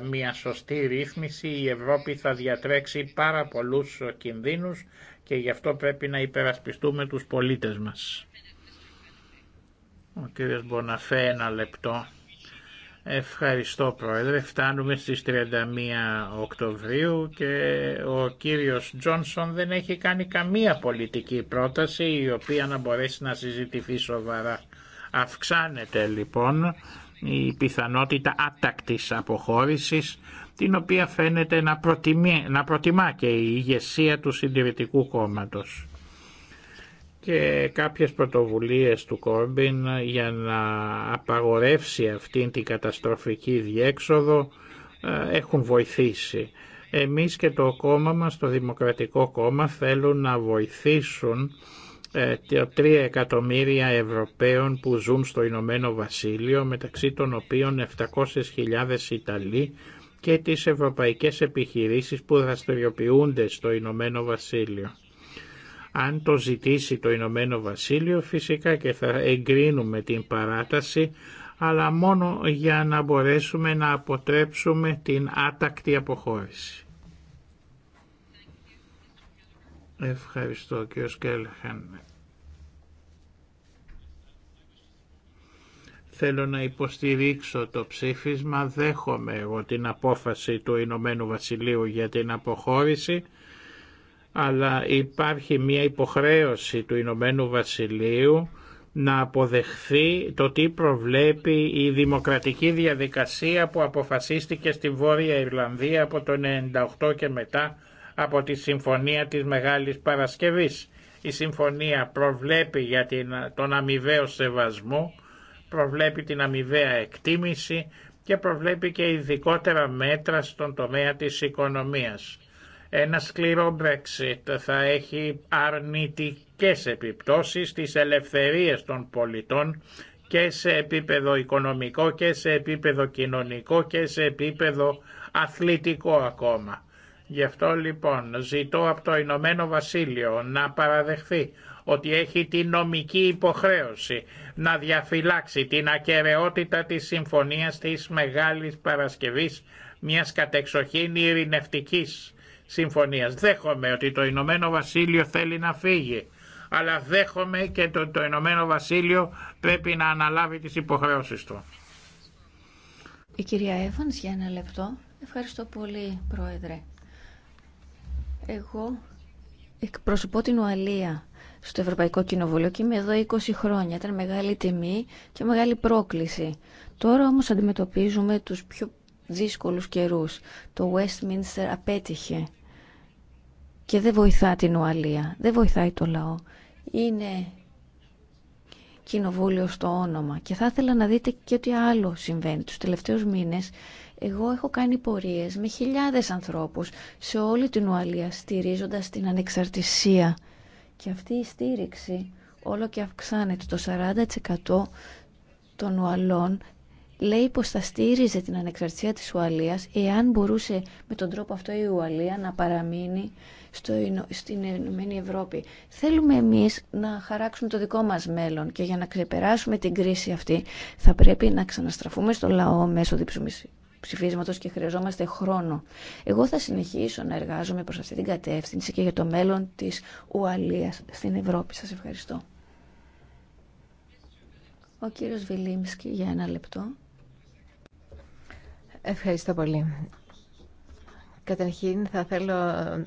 B: ε, μια σωστή ρύθμιση η Ευρώπη θα διατρέξει πάρα πολλούς κινδύνους και γι' αυτό πρέπει να υπερασπιστούμε τους πολίτες μας. Ο κύριος Μποναφέ ένα λεπτό. Ευχαριστώ Πρόεδρε. Φτάνουμε στις 31 Οκτωβρίου και ο κύριος Τζόνσον δεν έχει κάνει καμία πολιτική πρόταση η οποία να μπορέσει να συζητηθεί σοβαρά. Αυξάνεται λοιπόν η πιθανότητα άτακτης αποχώρησης την οποία φαίνεται να, προτιμά και η ηγεσία του συντηρητικού κόμματος και κάποιες πρωτοβουλίες του Κόρμπιν για να απαγορεύσει αυτήν την καταστροφική διέξοδο ε, έχουν βοηθήσει. Εμείς και το κόμμα μας, το Δημοκρατικό Κόμμα, θέλουν να βοηθήσουν ε, τρία εκατομμύρια Ευρωπαίων που ζουν στο Ηνωμένο Βασίλειο, μεταξύ των οποίων 700.000 Ιταλοί και τις ευρωπαϊκές επιχειρήσεις που δραστηριοποιούνται στο Ηνωμένο Βασίλειο. Αν το ζητήσει το Ηνωμένο Βασίλειο φυσικά και θα εγκρίνουμε την παράταση αλλά μόνο για να μπορέσουμε να αποτρέψουμε την άτακτη αποχώρηση. Ευχαριστώ κύριο Σκέλχαν. Θέλω να υποστηρίξω το ψήφισμα, δέχομαι εγώ την απόφαση του Ηνωμένου Βασιλείου για την αποχώρηση, αλλά υπάρχει μια υποχρέωση του Ηνωμένου Βασιλείου να αποδεχθεί το τι προβλέπει η δημοκρατική διαδικασία που αποφασίστηκε στη Βόρεια Ιρλανδία από το 1998 και μετά από τη Συμφωνία της Μεγάλης Παρασκευής. Η Συμφωνία προβλέπει για την, τον αμοιβαίο σεβασμό, προβλέπει την αμοιβαία εκτίμηση και προβλέπει και ειδικότερα μέτρα στον τομέα της οικονομίας. Ένα σκληρό Brexit θα έχει αρνητικές επιπτώσεις στις ελευθερίες των πολιτών και σε επίπεδο οικονομικό και σε επίπεδο κοινωνικό και σε επίπεδο αθλητικό ακόμα. Γι' αυτό λοιπόν ζητώ από το Ηνωμένο Βασίλειο να παραδεχθεί ότι έχει την νομική υποχρέωση να διαφυλάξει την ακαιρεότητα της συμφωνίας της Μεγάλης Παρασκευής μιας κατεξοχήν ειρηνευτικής συμφωνίας. Δέχομαι ότι το Ηνωμένο Βασίλειο θέλει να φύγει, αλλά δέχομαι και το, το Ηνωμένο Βασίλειο πρέπει να αναλάβει τις υποχρεώσεις του.
C: Η κυρία Εύανς για ένα λεπτό. Ευχαριστώ πολύ, Πρόεδρε. Εγώ εκπροσωπώ την Ουαλία στο Ευρωπαϊκό Κοινοβούλιο και είμαι εδώ 20 χρόνια. Ήταν μεγάλη τιμή και μεγάλη πρόκληση. Τώρα όμως αντιμετωπίζουμε τους πιο δύσκολους καιρούς. Το Westminster απέτυχε και δεν βοηθά την Ουαλία, δεν βοηθάει το λαό. Είναι κοινοβούλιο στο όνομα και θα ήθελα να δείτε και ότι άλλο συμβαίνει. Τους τελευταίους μήνες εγώ έχω κάνει πορείες με χιλιάδες ανθρώπους σε όλη την Ουαλία στηρίζοντας την ανεξαρτησία. Και αυτή η στήριξη όλο και αυξάνεται το 40% των Ουαλών λέει πως θα στήριζε την ανεξαρτησία της Ουαλίας εάν μπορούσε με τον τρόπο αυτό η Ουαλία να παραμείνει στο, στην Ενωμένη Ευρώπη. Θέλουμε εμείς να χαράξουμε το δικό μας μέλλον και για να ξεπεράσουμε την κρίση αυτή θα πρέπει να ξαναστραφούμε στο λαό μέσω ψηφίσματος και χρειαζόμαστε χρόνο. Εγώ θα συνεχίσω να εργάζομαι προς αυτή την κατεύθυνση και για το μέλλον της Ουαλίας στην Ευρώπη. Σας ευχαριστώ.
A: Ο κύριος Βιλίμσκι για ένα λεπτό. Ευχαριστώ πολύ. Καταρχήν θα θέλω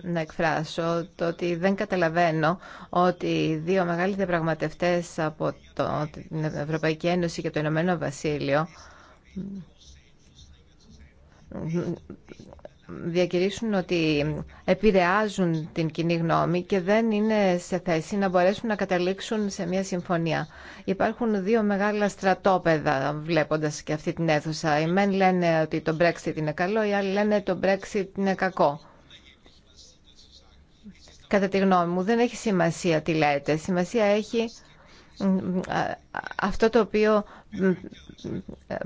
A: να εκφράσω το ότι δεν καταλαβαίνω ότι δύο μεγάλοι διαπραγματευτές από την Ευρωπαϊκή Ένωση και το Ηνωμένο Βασίλειο διακηρύσουν ότι επηρεάζουν την κοινή γνώμη και δεν είναι σε θέση να μπορέσουν να καταλήξουν σε μια συμφωνία. Υπάρχουν δύο μεγάλα στρατόπεδα βλέποντας και αυτή την αίθουσα. Οι μεν λένε ότι το Brexit είναι καλό, οι άλλοι λένε ότι το Brexit είναι κακό. Κατά τη γνώμη μου δεν έχει σημασία τι λέτε. Σημασία έχει αυτό το οποίο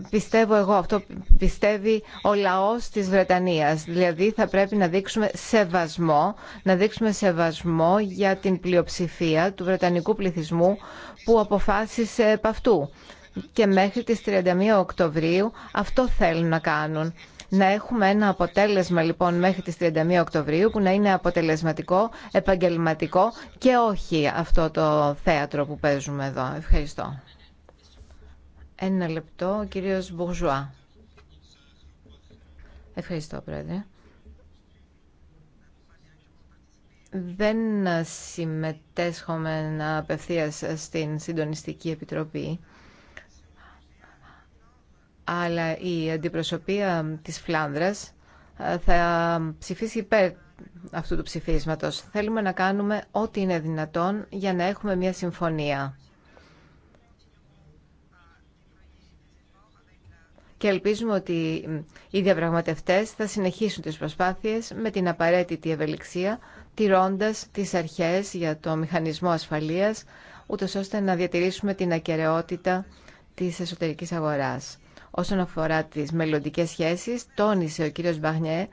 A: πιστεύω εγώ, αυτό πιστεύει ο λαός της Βρετανίας. Δηλαδή θα πρέπει να δείξουμε σεβασμό, να δείξουμε σεβασμό για την πλειοψηφία του βρετανικού πληθυσμού που αποφάσισε επ' αυτού. Και μέχρι τις 31 Οκτωβρίου αυτό θέλουν να κάνουν. Να έχουμε ένα αποτέλεσμα λοιπόν μέχρι τις 31 Οκτωβρίου που να είναι αποτελεσματικό, επαγγελματικό και όχι αυτό το θέατρο που παίζουμε εδώ. Ευχαριστώ. Ένα λεπτό, ο κύριος Μπουρζουά. Ευχαριστώ, Πρόεδρε. Δεν συμμετέσχομαι απευθείας στην Συντονιστική Επιτροπή αλλά η αντιπροσωπεία της Φλάνδρας ε, θα ψηφίσει υπέρ αυτού του ψηφίσματος. Θέλουμε να κάνουμε ό,τι είναι δυνατόν για να έχουμε μια συμφωνία. Και ελπίζουμε ότι οι διαπραγματευτές θα συνεχίσουν τις προσπάθειες με την απαραίτητη ευελιξία, τηρώντας τις αρχές για το μηχανισμό ασφαλείας, ούτως ώστε να διατηρήσουμε την ακαιρεότητα της εσωτερικής αγοράς. Όσον αφορά τις μελλοντικέ σχέσεις, τόνισε ο κύριος Μπαχνιέ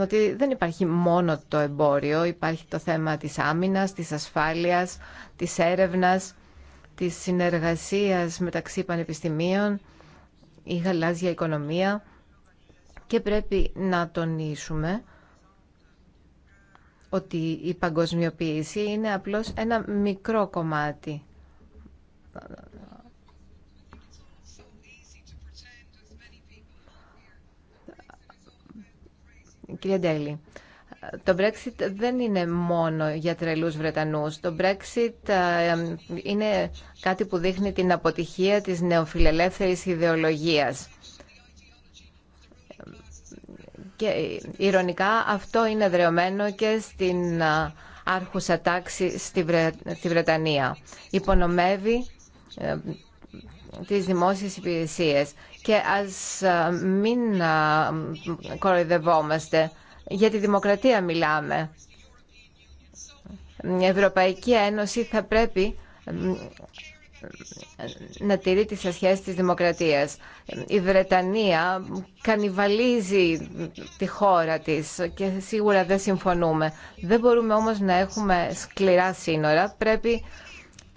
A: ότι δεν υπάρχει μόνο το εμπόριο, υπάρχει το θέμα της άμυνας, της ασφάλειας, της έρευνας, της συνεργασίας μεταξύ πανεπιστημίων, η γαλάζια οικονομία και πρέπει να τονίσουμε ότι η παγκοσμιοποίηση είναι απλώς ένα μικρό κομμάτι Κυρία Ντέλη, το Brexit δεν είναι μόνο για τρελούς Βρετανούς. Το Brexit ε, είναι κάτι που δείχνει την αποτυχία της νεοφιλελεύθερης ιδεολογίας. Και ηρωνικά αυτό είναι δρεωμένο και στην ε, άρχουσα τάξη στη, Βρετανία. Υπονομεύει ε, τις δημόσιες υπηρεσίες και ας ε, μην ε, κοροϊδευόμαστε. Για τη δημοκρατία μιλάμε. Η Ευρωπαϊκή Ένωση θα πρέπει ε, να τηρεί τις ασχέσεις της δημοκρατίας. Η Βρετανία κανιβαλίζει τη χώρα της και σίγουρα δεν συμφωνούμε. Δεν μπορούμε όμως να έχουμε σκληρά σύνορα. Πρέπει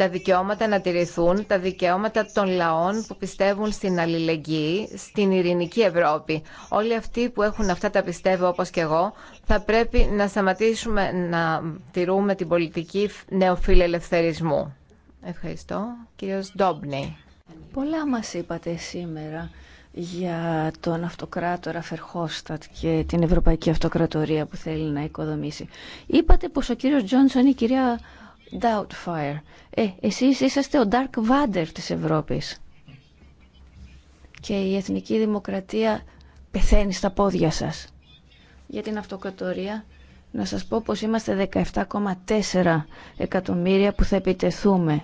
A: τα δικαιώματα να τηρηθούν, τα δικαιώματα των λαών που πιστεύουν στην αλληλεγγύη, στην ειρηνική Ευρώπη. Όλοι αυτοί που έχουν αυτά τα πιστεύω όπως και εγώ, θα πρέπει να σταματήσουμε να τηρούμε την πολιτική νεοφιλελευθερισμού. Ευχαριστώ. Κύριος Ντόμπνη. Πολλά μας είπατε
C: σήμερα για τον αυτοκράτορα Φερχόστατ και την Ευρωπαϊκή Αυτοκρατορία που θέλει να οικοδομήσει. Είπατε πως ο κύριος Τζόνσον ή η κυρία Doubtfire. Ε, εσείς είσαστε ο Dark Vader της Ευρώπης. Και η εθνική δημοκρατία πεθαίνει στα πόδια σας. Για την αυτοκρατορία να σας πω πως είμαστε 17,4 εκατομμύρια που θα επιτεθούμε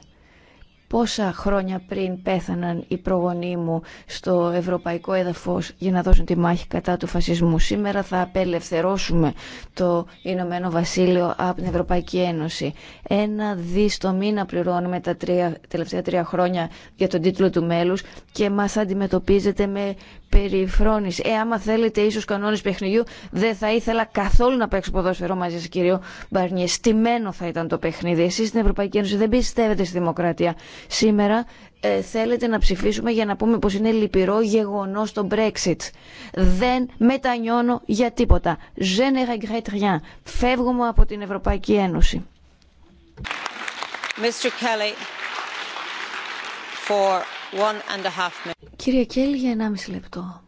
C: πόσα χρόνια πριν πέθαναν οι προγονεί μου στο ευρωπαϊκό έδαφος για να δώσουν τη μάχη κατά του φασισμού. Σήμερα θα απελευθερώσουμε το Ηνωμένο Βασίλειο από την Ευρωπαϊκή Ένωση. Ένα δις το μήνα πληρώνουμε τα τρία, τελευταία τρία χρόνια για τον τίτλο του μέλους και μας αντιμετωπίζεται με περιφρόνηση. Ε, άμα θέλετε ίσως κανόνες παιχνιδιού, δεν θα ήθελα καθόλου να παίξω ποδόσφαιρο μαζί σας κύριο Μπαρνιέ. Στημένο θα ήταν το παιχνίδι. Εσείς στην Ευρωπαϊκή Ένωση δεν πιστεύετε στη δημοκρατία. Σήμερα ε, θέλετε να ψηφίσουμε για να πούμε πως είναι λυπηρό γεγονός το Brexit. Δεν μετανιώνω για τίποτα. Je ne regrette rien. Φεύγουμε από την Ευρωπαϊκή Ένωση.
A: Mr. Kelly, for
C: Κύριε για 1,5 λεπτό.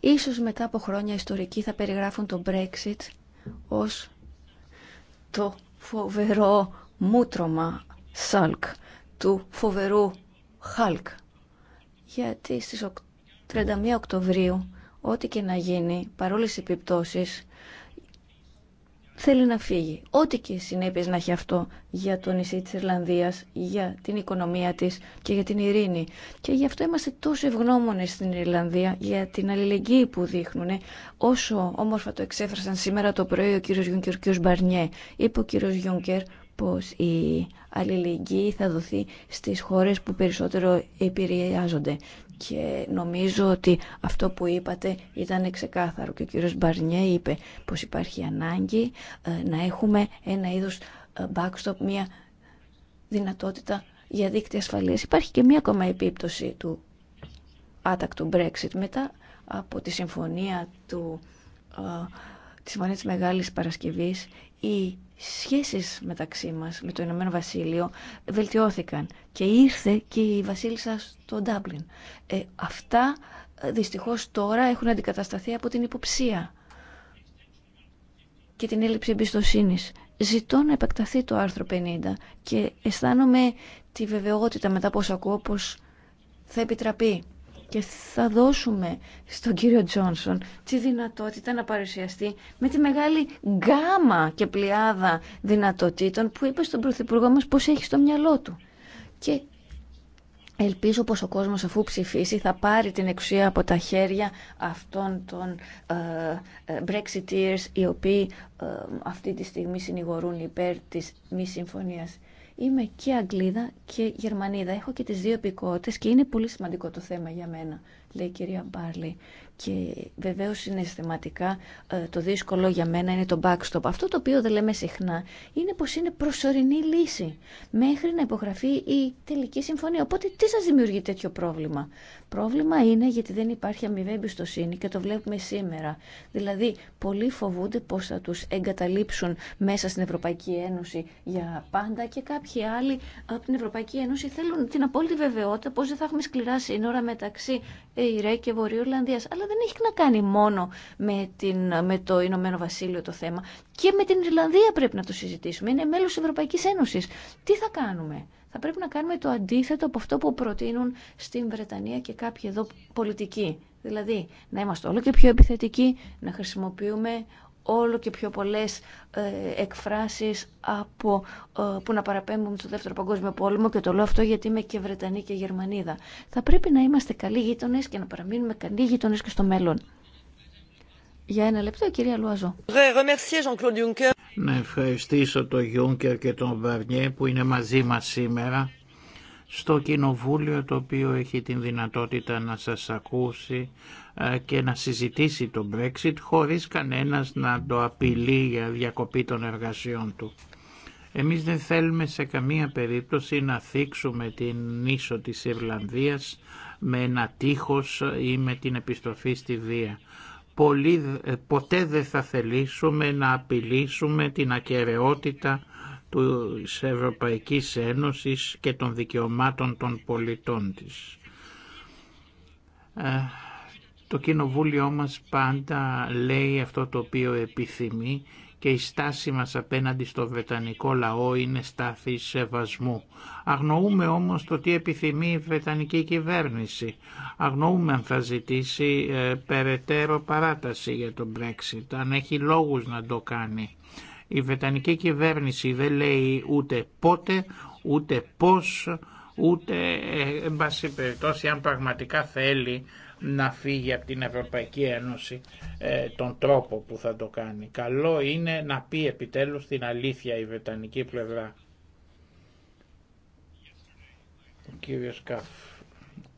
C: Ίσως μετά από χρόνια ιστορικοί θα περιγράφουν το Brexit ως το φοβερό μούτρωμα σάλκ του φοβερού χάλκ. Γιατί στις 31 Οκτωβρίου, ό,τι και να γίνει, παρόλες οι επιπτώσεις, θέλει να φύγει. Ό,τι και συνέπειε να έχει αυτό για το νησί τη Ιρλανδίας, για την οικονομία της και για την ειρήνη. Και γι' αυτό είμαστε τόσο ευγνώμονες στην Ιρλανδία για την αλληλεγγύη που δείχνουν. Όσο όμορφα το εξέφρασαν σήμερα το πρωί ο κύριος Γιούνκερ και ο Μπαρνιέ. Είπε ο κύριος Γιούνκερ πως η αλληλεγγύη θα δοθεί στι χώρε που περισσότερο επηρεάζονται και νομίζω ότι αυτό που είπατε ήταν ξεκάθαρο και ο κύριος Μπαρνιέ είπε πως υπάρχει ανάγκη ε, να έχουμε ένα είδος ε, backstop, μια δυνατότητα για δίκτυα ασφαλείας. Υπάρχει και μία ακόμα επίπτωση του άτακτου Brexit μετά από τη συμφωνία του, ε, τη συμφωνία της Μεγάλης Παρασκευής η σχέσεις μεταξύ μας με το Ηνωμένο Βασίλειο βελτιώθηκαν και ήρθε και η βασίλισσα στο Ντάμπλιν. Ε, αυτά ε, δυστυχώς τώρα έχουν αντικατασταθεί από την υποψία και την έλλειψη εμπιστοσύνη. Ζητώ να επεκταθεί το άρθρο 50 και αισθάνομαι τη βεβαιότητα μετά από ακούω πως θα επιτραπεί και θα δώσουμε στον κύριο Τζόνσον τη δυνατότητα να παρουσιαστεί με τη μεγάλη γκάμα και πλειάδα δυνατοτήτων που είπε στον Πρωθυπουργό μας πως έχει στο μυαλό του. Και Ελπίζω πως ο κόσμος αφού ψηφίσει θα πάρει την εξουσία από τα χέρια αυτών των ε, ε Brexiteers οι οποίοι ε, αυτή τη στιγμή συνηγορούν υπέρ της μη συμφωνίας Είμαι και Αγγλίδα και Γερμανίδα. Έχω και τις δύο επικότητες και είναι πολύ σημαντικό το θέμα για μένα, λέει η κυρία Μπάρλι. Και βεβαίως συναισθηματικά ε, το δύσκολο για μένα είναι το backstop. Αυτό το οποίο δεν λέμε συχνά είναι πως είναι προσωρινή λύση μέχρι να υπογραφεί η τελική συμφωνία. Οπότε τι σας δημιουργεί τέτοιο πρόβλημα. Πρόβλημα είναι γιατί δεν υπάρχει αμοιβή εμπιστοσύνη και το βλέπουμε σήμερα. Δηλαδή, πολλοί φοβούνται πως θα τους εγκαταλείψουν μέσα στην Ευρωπαϊκή Ένωση για πάντα και κάποιοι άλλοι από την Ευρωπαϊκή Ένωση θέλουν την απόλυτη βεβαιότητα πως δεν θα έχουμε σκληρά σύνορα μεταξύ ΙΡΕ και Βορειοϊρλανδίας. Αλλά δεν έχει να κάνει μόνο με, την, με το Ηνωμένο Βασίλειο το θέμα. Και με την Ιρλανδία πρέπει να το συζητήσουμε. Είναι μέλος τη Ευρωπαϊκής Ένωσης. Τι θα κάνουμε θα πρέπει να κάνουμε το αντίθετο από αυτό που προτείνουν στην Βρετανία και κάποιοι εδώ πολιτικοί. Δηλαδή, να είμαστε όλο και πιο επιθετικοί, να χρησιμοποιούμε όλο και πιο πολλές ε, εκφράσεις από, ε, που να παραπέμπουν στο Δεύτερο Παγκόσμιο Πόλεμο και το λέω αυτό γιατί είμαι και Βρετανή και Γερμανίδα. Θα πρέπει να είμαστε καλοί γείτονες και να παραμείνουμε καλοί γείτονες και στο μέλλον. Για ένα λεπτό, κυρία Λουαζό.
B: Να ευχαριστήσω τον Γιούνκερ και τον Βαρνιέ που είναι μαζί μας σήμερα στο κοινοβούλιο το οποίο έχει την δυνατότητα να σας ακούσει ε, και να συζητήσει το Brexit χωρίς κανένας να το απειλεί για διακοπή των εργασιών του. Εμείς δεν θέλουμε σε καμία περίπτωση να θίξουμε την νήσο της Ιρλανδίας με ένα τείχος ή με την επιστροφή στη βία. Ε, ποτέ δεν θα θελήσουμε να απειλήσουμε την ακαιρεότητα του Ευρωπαϊκής Ένωσης και των δικαιωμάτων των πολιτών της. Ε, το κοινοβούλιο μας πάντα λέει αυτό το οποίο επιθυμεί και η στάση μας απέναντι στο Βρετανικό λαό είναι στάθη σεβασμού. Αγνοούμε όμως το τι επιθυμεί η Βρετανική κυβέρνηση. Αγνοούμε αν θα ζητήσει ε, περαιτέρω παράταση για τον Brexit, αν έχει λόγους να το κάνει. Η Βρετανική κυβέρνηση δεν λέει ούτε πότε, ούτε πώς, ούτε ε, εν πάση περιπτώσει αν πραγματικά θέλει να φύγει από την Ευρωπαϊκή Ένωση ε, τον τρόπο που θα το κάνει. Καλό είναι να πει επιτέλους την αλήθεια η Βρετανική πλευρά. Ο κύριος Καφ.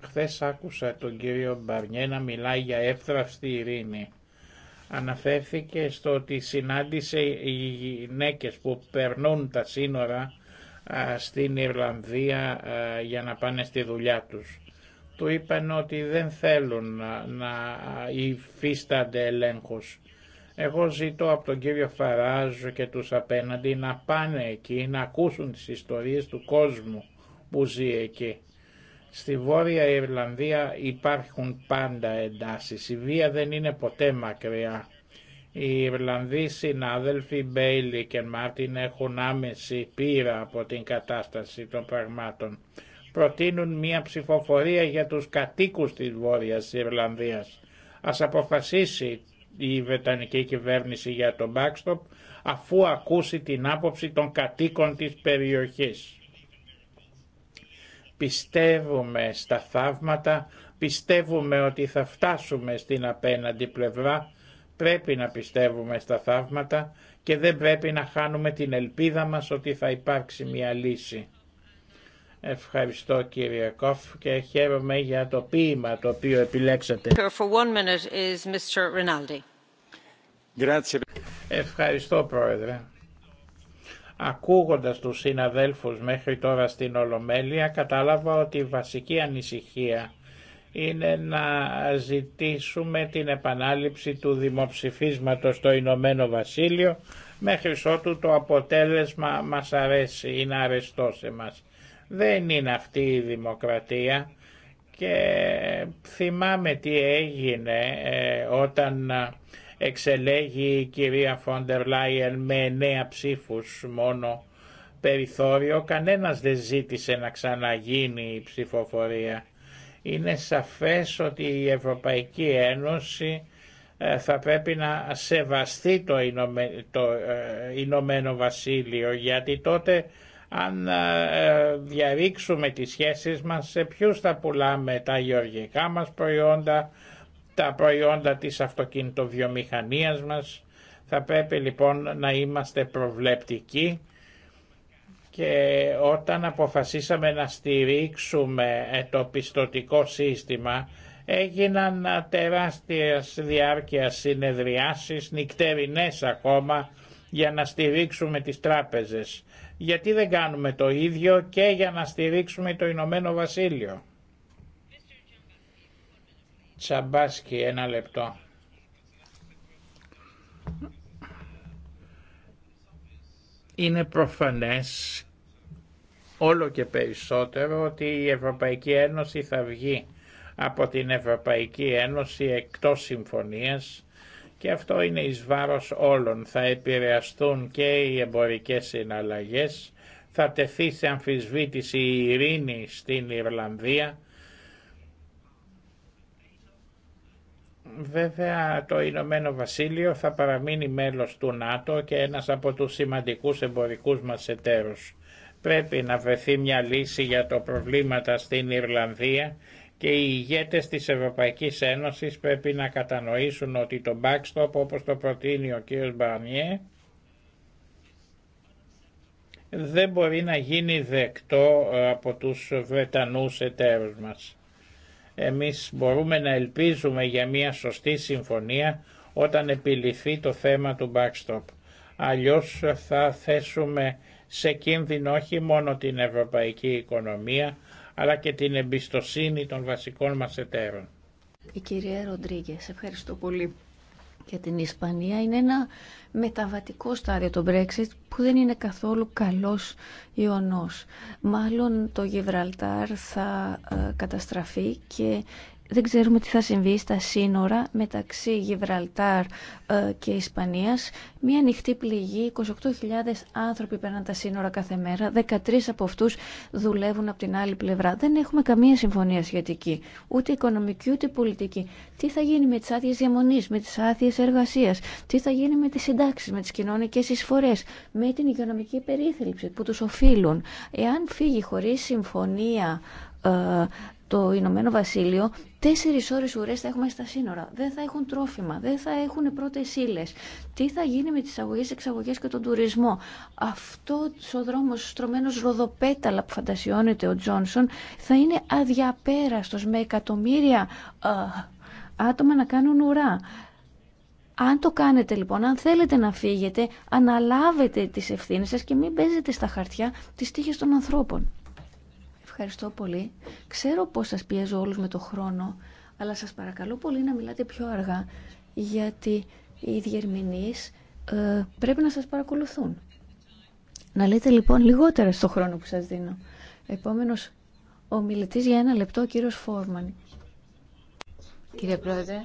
B: Χθες άκουσα τον κύριο Μπαρνιέ να μιλάει για εύθραυστη ειρήνη. Αναφέρθηκε στο ότι συνάντησε οι γυναίκες που περνούν τα σύνορα στην Ιρλανδία για να πάνε στη δουλειά τους του είπαν ότι δεν θέλουν να, να υφίστανται ελέγχους. Εγώ ζητώ από τον κύριο Φαράζ και τους απέναντι να πάνε εκεί, να ακούσουν τις ιστορίες του κόσμου που ζει εκεί. Στη Βόρεια Ιρλανδία υπάρχουν πάντα εντάσεις. Η βία δεν είναι ποτέ μακριά. Οι Ιρλανδοί συνάδελφοι Μπέιλι και Μάρτιν έχουν άμεση πείρα από την κατάσταση των πραγμάτων προτείνουν μια ψηφοφορία για τους κατοίκους της Βόρειας Ιρλανδίας. Ας αποφασίσει η Βρετανική κυβέρνηση για τον backstop αφού ακούσει την άποψη των κατοίκων της περιοχής. Πιστεύουμε στα θαύματα, πιστεύουμε ότι θα φτάσουμε στην απέναντι πλευρά, πρέπει να πιστεύουμε στα θαύματα και δεν πρέπει να χάνουμε την ελπίδα μας ότι θα υπάρξει μια λύση. Ευχαριστώ κύριε Κόφ και χαίρομαι για το ποίημα το οποίο επιλέξατε. Ευχαριστώ πρόεδρε. Ακούγοντας τους συναδέλφους μέχρι τώρα στην Ολομέλεια κατάλαβα ότι η βασική ανησυχία είναι να ζητήσουμε την επανάληψη του δημοψηφίσματος στο Ηνωμένο Βασίλειο μέχρι ότου το αποτέλεσμα μας αρέσει, είναι αρεστώ σε μας. Δεν είναι αυτή η δημοκρατία και θυμάμαι τι έγινε ε, όταν ε, εξελέγει η κυρία Φόντερ Λάιεν με εννέα ψήφους μόνο περιθώριο. Κανένας δεν ζήτησε να ξαναγίνει η ψηφοφορία. Είναι σαφές ότι η Ευρωπαϊκή Ένωση ε, θα πρέπει να σεβαστεί το Ηνωμένο Βασίλειο γιατί τότε αν ε, διαρρήξουμε τις σχέσεις μας σε ποιους θα πουλάμε τα γεωργικά μας προϊόντα, τα προϊόντα της αυτοκινητοβιομηχανίας μας. Θα πρέπει λοιπόν να είμαστε προβλεπτικοί και όταν αποφασίσαμε να στηρίξουμε ε, το πιστοτικό σύστημα έγιναν ε, τεράστιες διάρκεια συνεδριάσεις, νυκτερινές ακόμα, για να στηρίξουμε τις τράπεζες γιατί δεν κάνουμε το ίδιο και για να στηρίξουμε το Ηνωμένο Βασίλειο. Τσαμπάσκι, ένα λεπτό. Είναι προφανές όλο και περισσότερο ότι η Ευρωπαϊκή Ένωση θα βγει από την Ευρωπαϊκή Ένωση εκτός συμφωνίας και αυτό είναι εις βάρος όλων. Θα επηρεαστούν και οι εμπορικές συναλλαγές, θα τεθεί σε αμφισβήτηση η ειρήνη στην Ιρλανδία. Βέβαια το Ηνωμένο Βασίλειο θα παραμείνει μέλος του ΝΑΤΟ και ένας από τους σημαντικούς εμπορικούς μας εταίρους. Πρέπει να βρεθεί μια λύση για το προβλήματα στην Ιρλανδία και οι ηγέτες της Ευρωπαϊκής Ένωσης πρέπει να κατανοήσουν ότι το backstop όπως το προτείνει ο κ. Μπαρνιέ δεν μπορεί να γίνει δεκτό ε, από τους Βρετανούς εταίρους μας. Εμείς μπορούμε να ελπίζουμε για μια σωστή συμφωνία όταν επιληθεί το θέμα του backstop. Αλλιώς θα θέσουμε σε κίνδυνο όχι μόνο την ευρωπαϊκή οικονομία, αλλά και την εμπιστοσύνη των βασικών μας εταίρων. Η
C: κυρία Ροντρίγκε, ευχαριστώ πολύ. Για την Ισπανία είναι ένα μεταβατικό στάδιο το Brexit που δεν είναι καθόλου καλός ιονός. Μάλλον το Γιβραλτάρ θα ε, καταστραφεί και δεν ξέρουμε τι θα συμβεί στα σύνορα μεταξύ Γιβραλτάρ ε, και Ισπανίας. Μία ανοιχτή πληγή, 28.000 άνθρωποι περνάνε τα σύνορα κάθε μέρα, 13 από αυτούς δουλεύουν από την άλλη πλευρά. Δεν έχουμε καμία συμφωνία σχετική, ούτε οικονομική ούτε πολιτική. Τι θα γίνει με τις άδειες διαμονής, με τις άδειες εργασίας, τι θα γίνει με τις συντάξεις, με τις κοινωνικές εισφορές, με την οικονομική περίθαλψη που τους οφείλουν. Εάν φύγει χωρίς συμφωνία ε, το Ηνωμένο Βασίλειο, τέσσερι ώρε ουρέ θα έχουμε στα σύνορα. Δεν θα έχουν τρόφιμα, δεν θα έχουν πρώτε ύλε. Τι θα γίνει με τι αγωγέ, εξαγωγέ και τον τουρισμό. Αυτό ο δρόμο στρωμένο ροδοπέταλα που φαντασιώνεται ο Τζόνσον θα είναι αδιαπέραστο με εκατομμύρια άτομα να κάνουν ουρά. Αν το κάνετε λοιπόν, αν θέλετε να φύγετε, αναλάβετε τις ευθύνες σας και μην παίζετε στα χαρτιά τις τύχες των ανθρώπων. Ευχαριστώ πολύ. Ξέρω πώς σας πιέζω όλους με το χρόνο, αλλά σας παρακαλώ πολύ να μιλάτε πιο αργά, γιατί οι διερμηνείς ε, πρέπει να σας παρακολουθούν. Να λέτε λοιπόν λιγότερα στο χρόνο που σας δίνω. Επόμενος ο μιλητής για ένα λεπτό, ο κύριος Φόρμαν.
A: Κύριε Πρόεδρε,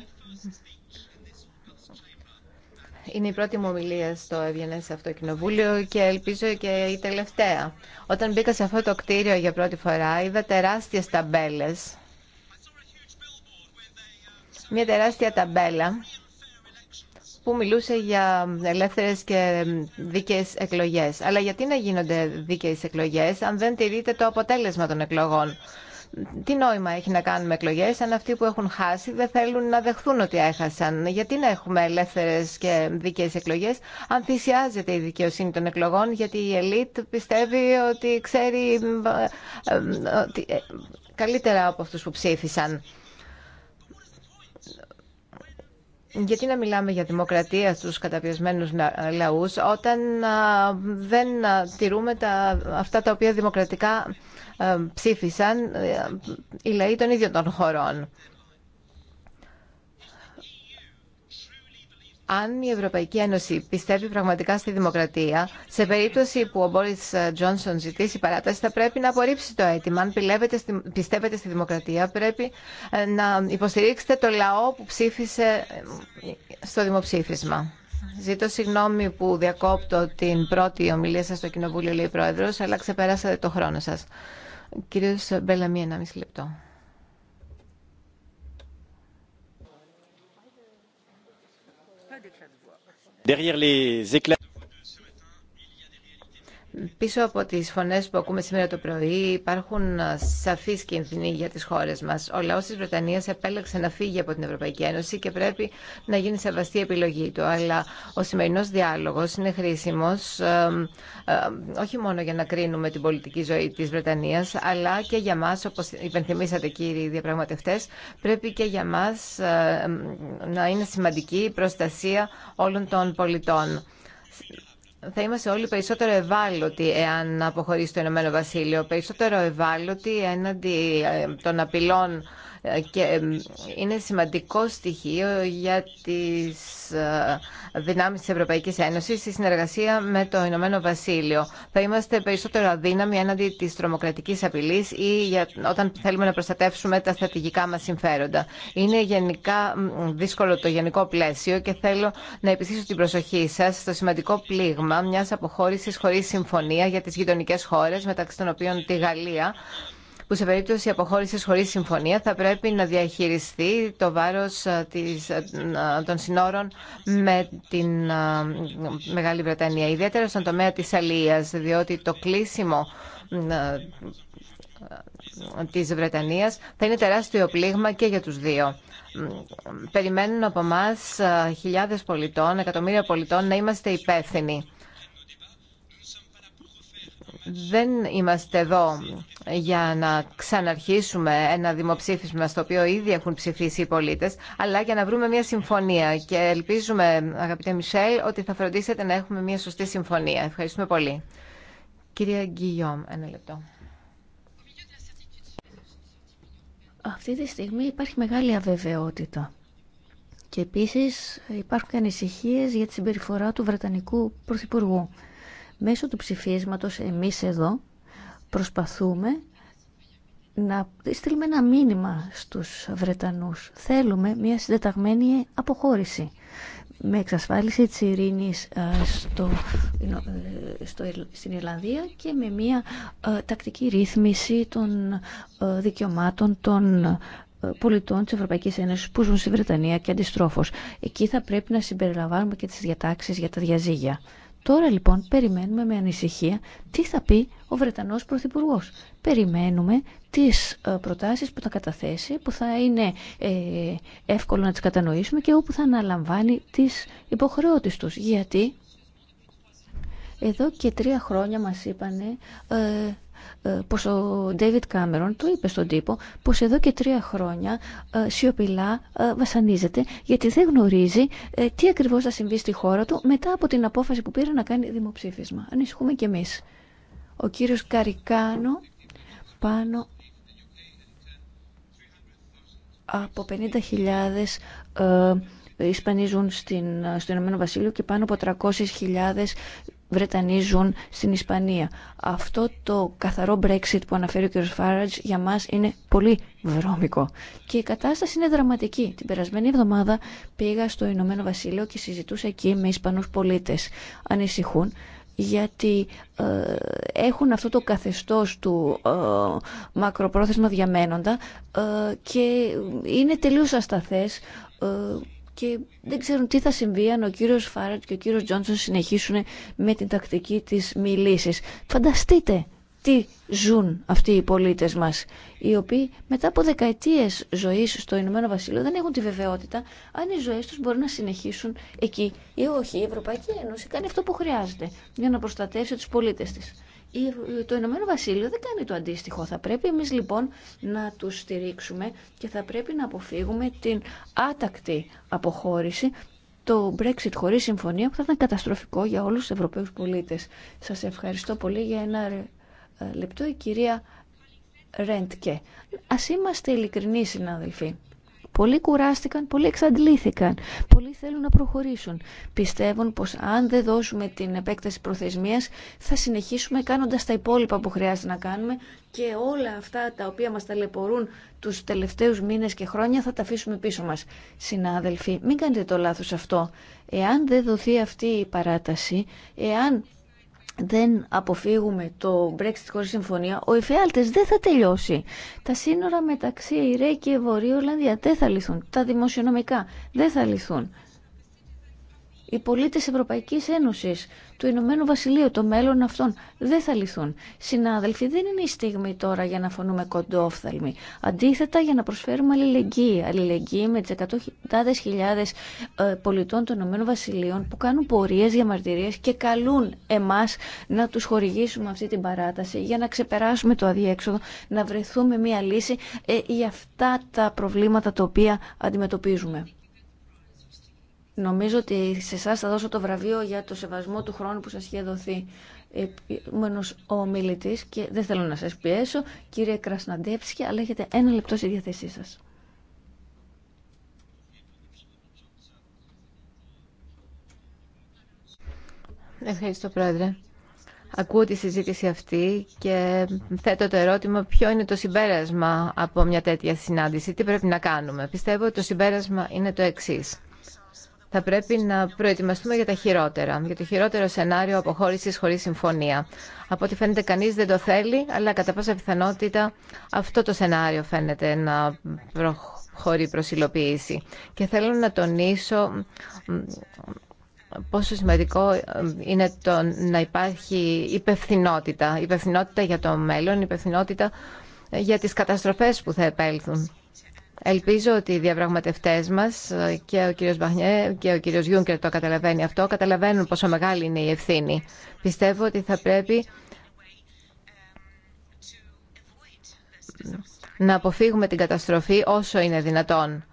A: είναι η πρώτη μου ομιλία στο Ευγενές αυτό κοινοβούλιο και ελπίζω και η τελευταία. Όταν μπήκα σε αυτό το κτίριο για πρώτη φορά είδα τεράστιε ταμπέλε. Μια τεράστια ταμπέλα που μιλούσε για ελεύθερες και δίκαιες εκλογές. Αλλά γιατί να γίνονται δίκαιες εκλογές αν δεν τηρείται το αποτέλεσμα των εκλογών τι νόημα έχει να κάνουμε εκλογέ, αν αυτοί που έχουν χάσει δεν θέλουν να δεχθούν ότι έχασαν. Γιατί να έχουμε ελεύθερες και δίκαιε εκλογές αν θυσιάζεται η δικαιοσύνη των εκλογών γιατί η ελίτ πιστεύει ότι ξέρει ε, ε, ότι ε, καλύτερα από αυτού που ψήφισαν. Γιατί να μιλάμε για δημοκρατία στους καταπιεσμένους λαούς όταν δεν τηρούμε τα, αυτά τα οποία δημοκρατικά ε, ψήφισαν ε, οι λαοί των ίδιων των χωρών. αν η Ευρωπαϊκή Ένωση πιστεύει πραγματικά στη δημοκρατία, σε περίπτωση που ο Μπόρι Τζόνσον ζητήσει παράταση, θα πρέπει να απορρίψει το αίτημα. Αν πιστεύετε στη δημοκρατία, πρέπει ε, να υποστηρίξετε το λαό που ψήφισε στο δημοψήφισμα. Ζήτω συγγνώμη που διακόπτω την πρώτη ομιλία σας στο Κοινοβούλιο, λέει η Πρόεδρος, αλλά ξεπεράσατε το χρόνο σας. Κύριος Μπέλαμι, μισή λεπτό.
F: Derrière les éclats.
A: Πίσω από τις φωνές που ακούμε σήμερα το πρωί υπάρχουν σαφείς κινδυνοί για τις χώρες μας. Ο λαός της Βρετανίας επέλεξε να φύγει από την Ευρωπαϊκή Ένωση και πρέπει να γίνει σεβαστή επιλογή του. Αλλά ο σημερινός διάλογος είναι χρήσιμος όχι μόνο για να κρίνουμε την πολιτική ζωή της Βρετανίας αλλά και για μας, όπως υπενθυμίσατε κύριοι διαπραγματευτές, πρέπει και για μας να είναι σημαντική η προστασία όλων των πολιτών θα είμαστε όλοι περισσότερο ευάλωτοι εάν αποχωρήσει το Ηνωμένο Βασίλειο. Περισσότερο ευάλωτοι έναντι ε, των απειλών ε, και είναι σημαντικό στοιχείο για τις ε, δυνάμεις της Ευρωπαϊκής Ένωσης στη συνεργασία με το Ηνωμένο Βασίλειο. Θα είμαστε περισσότερο αδύναμοι έναντι της τρομοκρατικής απειλής ή όταν θέλουμε να προστατεύσουμε τα στρατηγικά μας συμφέροντα. Είναι γενικά δύσκολο το γενικό πλαίσιο και θέλω να επιστήσω την προσοχή σας στο σημαντικό πλήγμα μιας αποχώρησης χωρίς συμφωνία για τις γειτονικές χώρες μεταξύ των οποίων τη Γαλλία που σε περίπτωση αποχώρηση χωρίς συμφωνία θα πρέπει να διαχειριστεί το βάρος ε, ε, ε, των συνόρων με την Μεγάλη Βρετανία. Ιδιαίτερα στον τομέα της αλίας, διότι το κλείσιμο της Βρετανίας θα είναι τεράστιο πλήγμα και για τους δύο. Περιμένουν από εμά χιλιάδες πολιτών, εκατομμύρια πολιτών να είμαστε υπεύθυνοι δεν είμαστε εδώ για να ξαναρχίσουμε ένα δημοψήφισμα στο οποίο ήδη έχουν ψηφίσει οι πολίτες, αλλά για να βρούμε μια συμφωνία. Και ελπίζουμε, αγαπητέ Μισελ, ότι θα φροντίσετε να έχουμε μια σωστή συμφωνία. Ευχαριστούμε πολύ. Κυρία Γκυγιόμ, ένα λεπτό. Αυτή τη στιγμή υπάρχει μεγάλη αβεβαιότητα.
C: Και επίσης υπάρχουν ανησυχίε για τη συμπεριφορά του Βρετανικού Πρωθυπουργού. Μέσω του ψηφίσματος εμείς εδώ προσπαθούμε να στείλουμε ένα μήνυμα στους Βρετανούς. Θέλουμε μια συντεταγμένη αποχώρηση με εξασφάλιση της ειρήνης στο, ε, στο, ε, στην Ιρλανδία και με μια ε, τακτική ρύθμιση των δικαιωμάτων των πολιτών της Ευρωπαϊκής Ένωσης που ζουν στη Βρετανία και αντιστρόφως. Εκεί θα πρέπει να συμπεριλαμβάνουμε και τις διατάξεις για τα διαζύγια. Τώρα λοιπόν περιμένουμε με ανησυχία τι θα πει ο Βρετανός Πρωθυπουργό. Περιμένουμε τις ε, προτάσεις που θα καταθέσει, που θα είναι ε, εύκολο να τις κατανοήσουμε και όπου θα αναλαμβάνει τις υποχρεώτες τους. Γιατί εδώ και τρία χρόνια μας είπανε ε, ε, πως ο Ντέιβιτ Κάμερον το είπε στον τύπο πως εδώ και τρία χρόνια ε, σιωπηλά ε, βασανίζεται γιατί δεν γνωρίζει τι ακριβώς θα συμβεί στη χώρα του μετά από την απόφαση που πήρε να κάνει δημοψήφισμα. Ανησυχούμε κι εμείς. Ο κύριος Καρικάνο πάνω από 50.000 Ισπανοί ζουν στην, στο Ηνωμένο Βασίλειο και πάνω από 300.000 Βρετανίζουν στην Ισπανία. Αυτό το καθαρό Brexit που αναφέρει ο κ. Φάραντζ για μας είναι πολύ βρώμικο. Και η κατάσταση είναι δραματική. Την περασμένη εβδομάδα πήγα στο Ηνωμένο Βασίλειο και συζητούσα εκεί με Ισπανούς πολίτες. Ανησυχούν γιατί ε, έχουν αυτό το καθεστώς του ε, μακροπρόθεσμα διαμένοντα ε, και είναι τελείως ασταθές ε, και δεν ξέρουν τι θα συμβεί αν ο κύριος Φάρατ και ο κύριος Τζόνσον συνεχίσουν με την τακτική της μιλήσης. Φανταστείτε τι ζουν αυτοί οι πολίτες μας, οι οποίοι μετά από δεκαετίες ζωής στο Ηνωμένο Βασίλειο δεν έχουν τη βεβαιότητα αν οι ζωές τους μπορεί να συνεχίσουν εκεί ή όχι. Η Ευρωπαϊκή Ένωση κάνει αυτό που χρειάζεται για να προστατεύσει τους πολίτες της το Ηνωμένο Βασίλειο δεν κάνει το αντίστοιχο. Θα πρέπει εμείς λοιπόν να τους στηρίξουμε και θα πρέπει να αποφύγουμε την άτακτη αποχώρηση το Brexit χωρίς συμφωνία που θα ήταν καταστροφικό για όλους τους Ευρωπαίους πολίτες. Σας ευχαριστώ πολύ για ένα λεπτό η κυρία Ρέντκε. Ας είμαστε ειλικρινοί συνάδελφοι πολύ κουράστηκαν, πολύ εξαντλήθηκαν, πολλοί θέλουν να προχωρήσουν. Πιστεύουν πως αν δεν δώσουμε την επέκταση προθεσμίας θα συνεχίσουμε κάνοντας τα υπόλοιπα που χρειάζεται να κάνουμε και όλα αυτά τα οποία μας ταλαιπωρούν τους τελευταίους μήνες και χρόνια θα τα αφήσουμε πίσω μας. Συνάδελφοι, μην κάνετε το λάθος αυτό. Εάν δεν δοθεί αυτή η παράταση, εάν δεν αποφύγουμε το Brexit χωρίς συμφωνία, ο εφιάλτης δεν θα τελειώσει. Τα σύνορα μεταξύ ΙΡΕ και Βορείου Ολλανδία δεν θα λυθούν. Τα δημοσιονομικά δεν θα λυθούν οι πολίτες Ευρωπαϊκής Ένωσης, του Ηνωμένου Βασιλείου, το μέλλον αυτών, δεν θα λυθούν. Συνάδελφοι, δεν είναι η στιγμή τώρα για να φωνούμε κοντόφθαλμοι. Αντίθετα, για να προσφέρουμε αλληλεγγύη. Αλληλεγγύη με τις εκατοντάδες χιλιάδες ε, πολιτών των Ηνωμένων Βασιλείων που κάνουν πορείες, διαμαρτυρίες και καλούν εμάς να τους χορηγήσουμε αυτή την παράταση για να ξεπεράσουμε το αδιέξοδο, να βρεθούμε μια λύση ε, για αυτά τα προβλήματα τα οποία αντιμετωπίζουμε. Νομίζω ότι σε εσά θα δώσω το βραβείο για το σεβασμό του χρόνου που σας είχε δοθεί ο μιλητής και δεν θέλω να σας πιέσω, κύριε Κρασναντέψη, αλλά έχετε ένα λεπτό στη διαθέσή σας.
A: Ευχαριστώ, Πρόεδρε. Ακούω τη συζήτηση αυτή και θέτω το ερώτημα ποιο είναι το συμπέρασμα από μια τέτοια συνάντηση, τι πρέπει να κάνουμε. Πιστεύω ότι το συμπέρασμα είναι το εξής θα πρέπει να προετοιμαστούμε για τα χειρότερα, για το χειρότερο σενάριο αποχώρησης χωρίς συμφωνία. Από ό,τι φαίνεται κανείς δεν το θέλει, αλλά κατά πάσα πιθανότητα αυτό το σενάριο φαίνεται να προχωρεί προς υλοποίηση. Και θέλω να τονίσω πόσο σημαντικό είναι το να υπάρχει υπευθυνότητα. Υπευθυνότητα για το μέλλον, υπευθυνότητα για τις καταστροφές που θα επέλθουν. Ελπίζω ότι οι διαπραγματεύτέ μας και ο κύριος Μπαχνιέ και ο κύριος Γιούνκερ το καταλαβαίνει αυτό, καταλαβαίνουν πόσο μεγάλη είναι η ευθύνη. Πιστεύω ότι θα πρέπει να αποφύγουμε την καταστροφή όσο είναι δυνατόν.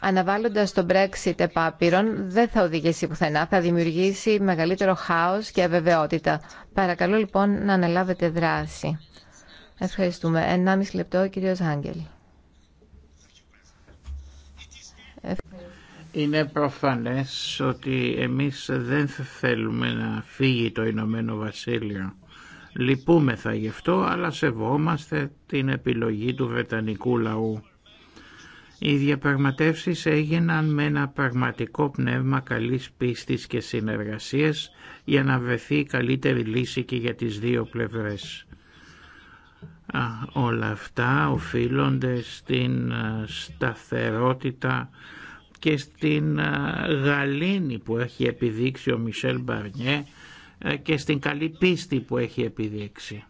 A: Αναβάλλοντας το Brexit επάπειρον δεν θα οδηγήσει πουθενά, θα δημιουργήσει μεγαλύτερο χάος και αβεβαιότητα. Παρακαλώ λοιπόν να αναλάβετε δράση. Ευχαριστούμε. μισή λεπτό, κύριος Άγγελ.
B: Είναι προφανές ότι εμείς δεν θέλουμε να φύγει το Ηνωμένο Βασίλειο. Λυπούμεθα γι' αυτό, αλλά σεβόμαστε την επιλογή του Βρετανικού λαού. Οι διαπραγματεύσεις έγιναν με ένα πραγματικό πνεύμα καλής πίστης και συνεργασίας για να βρεθεί καλύτερη λύση και για τις δύο πλευρές. όλα αυτά οφείλονται στην ε, σταθερότητα και στην ε, γαλήνη που έχει επιδείξει ο Μισελ Μπαρνιέ ε, και στην καλή πίστη που έχει επιδείξει.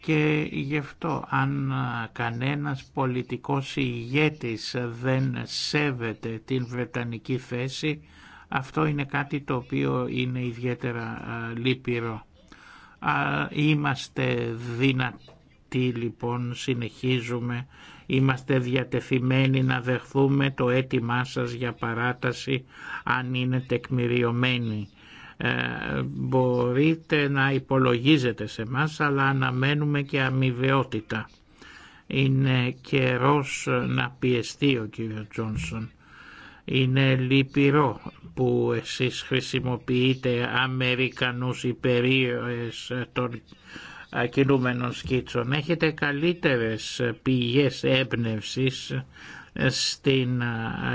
B: Και γι' αυτό αν ε, κανένας πολιτικός ηγέτης δεν σέβεται την Βρετανική θέση, αυτό είναι κάτι το οποίο είναι ιδιαίτερα λύπηρο. Είμαστε δυνατοί λοιπόν, συνεχίζουμε Είμαστε διατεθειμένοι να δεχθούμε το αίτημά σας για παράταση αν είναι τεκμηριωμένοι. Ε, μπορείτε να υπολογίζετε σε μας αλλά αναμένουμε και αμοιβαιότητα. Είναι καιρός να πιεστεί ο κύριο Τζόνσον. Είναι λυπηρό που εσείς χρησιμοποιείτε Αμερικανούς υπερίοες ε, των κινούμενων σκίτσων. Έχετε καλύτερες πηγές έμπνευσης στην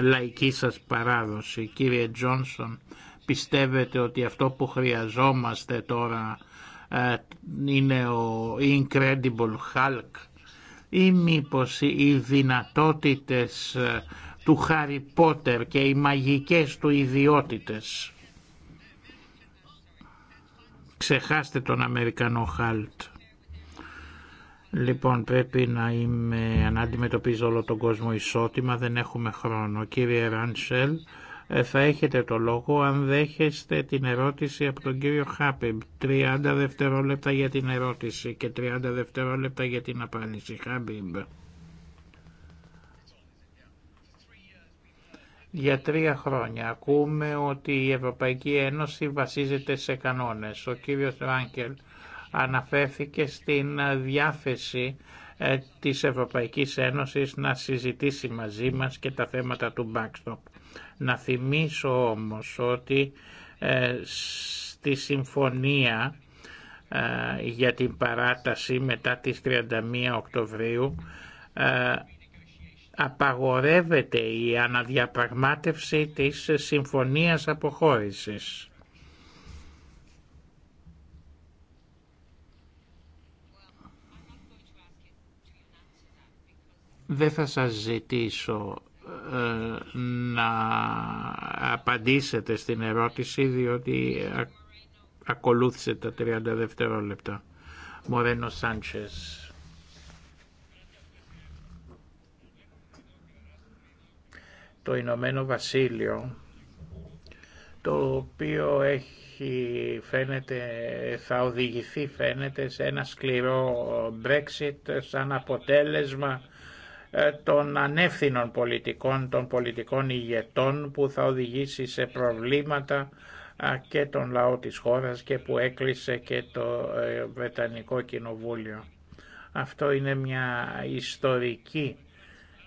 B: λαϊκή σας παράδοση. Κύριε Τζόνσον, πιστεύετε ότι αυτό που χρειαζόμαστε τώρα είναι ο Incredible Hulk ή μήπως οι δυνατότητες του Χάρι Πότερ και οι μαγικές του ιδιότητες. Ξεχάστε τον Αμερικανό Χάλτ. Λοιπόν, πρέπει να, είμαι, να αντιμετωπίζω όλο τον κόσμο ισότιμα, δεν έχουμε χρόνο. Κύριε Ράντσελ, ε, θα έχετε το λόγο αν δέχεστε την ερώτηση από τον κύριο Χάπεμπ. 30 δευτερόλεπτα για την ερώτηση και 30 δευτερόλεπτα για την απάντηση. Χάμπιμπ. Για τρία χρόνια ακούμε ότι η Ευρωπαϊκή Ένωση βασίζεται σε κανόνες. Ο κύριος Ράγκελ αναφέρθηκε στην διάθεση ε, της Ευρωπαϊκής Ένωσης να συζητήσει μαζί μας και τα θέματα του backstop. Να θυμίσω όμως ότι ε, στη συμφωνία ε, για την παράταση μετά τις 31 Οκτωβρίου απαγορεύεται η αναδιαπραγμάτευση της συμφωνίας αποχώρησης. Δεν θα σας ζητήσω ε, να απαντήσετε στην ερώτηση διότι ε, ακολούθησε τα 30 δευτερόλεπτα. Μορένο Σάντσες. το Ηνωμένο Βασίλειο, το οποίο έχει, φαίνεται, θα οδηγηθεί φαίνεται σε ένα σκληρό Brexit σαν αποτέλεσμα ε, των ανεύθυνων πολιτικών, των πολιτικών ηγετών που θα οδηγήσει σε προβλήματα και τον λαό της χώρας και που έκλεισε και το ε, Βρετανικό Κοινοβούλιο. Αυτό είναι μια ιστορική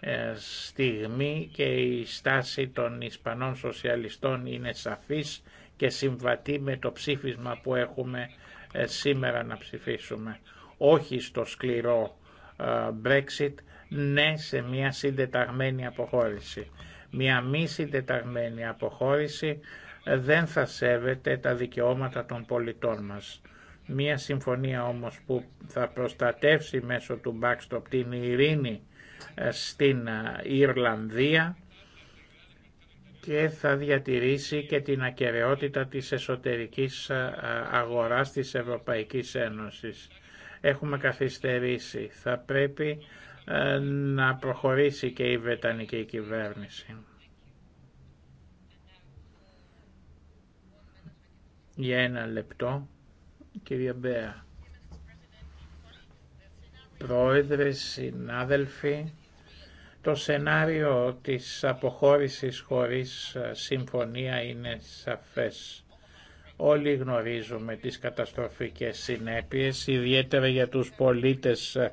B: ε, στιγμή και η στάση των Ισπανών Σοσιαλιστών είναι σαφής και συμβατή με το ψήφισμα που έχουμε ε, σήμερα να ψηφίσουμε. Όχι στο σκληρό ε, Brexit, ναι σε μια συντεταγμένη αποχώρηση. Μια μη συντεταγμένη αποχώρηση δεν θα σέβεται τα δικαιώματα των πολιτών μας. Μια συμφωνία όμως που θα προστατεύσει μέσω του backstop την ειρήνη ε, στην ε, Ιρλανδία και θα διατηρήσει και την ακαιρεότητα της εσωτερικής ε, αγοράς της Ευρωπαϊκής Ένωσης. Έχουμε καθυστερήσει. Θα πρέπει να προχωρήσει και η Βρετανική κυβέρνηση. Για ένα λεπτό, κυρία Μπέα πρόεδρε, συνάδελφοι, το σενάριο της αποχώρησης χωρίς ε, συμφωνία είναι σαφές. Όλοι γνωρίζουμε τις καταστροφικές συνέπειες, ιδιαίτερα για τους πολίτες ε,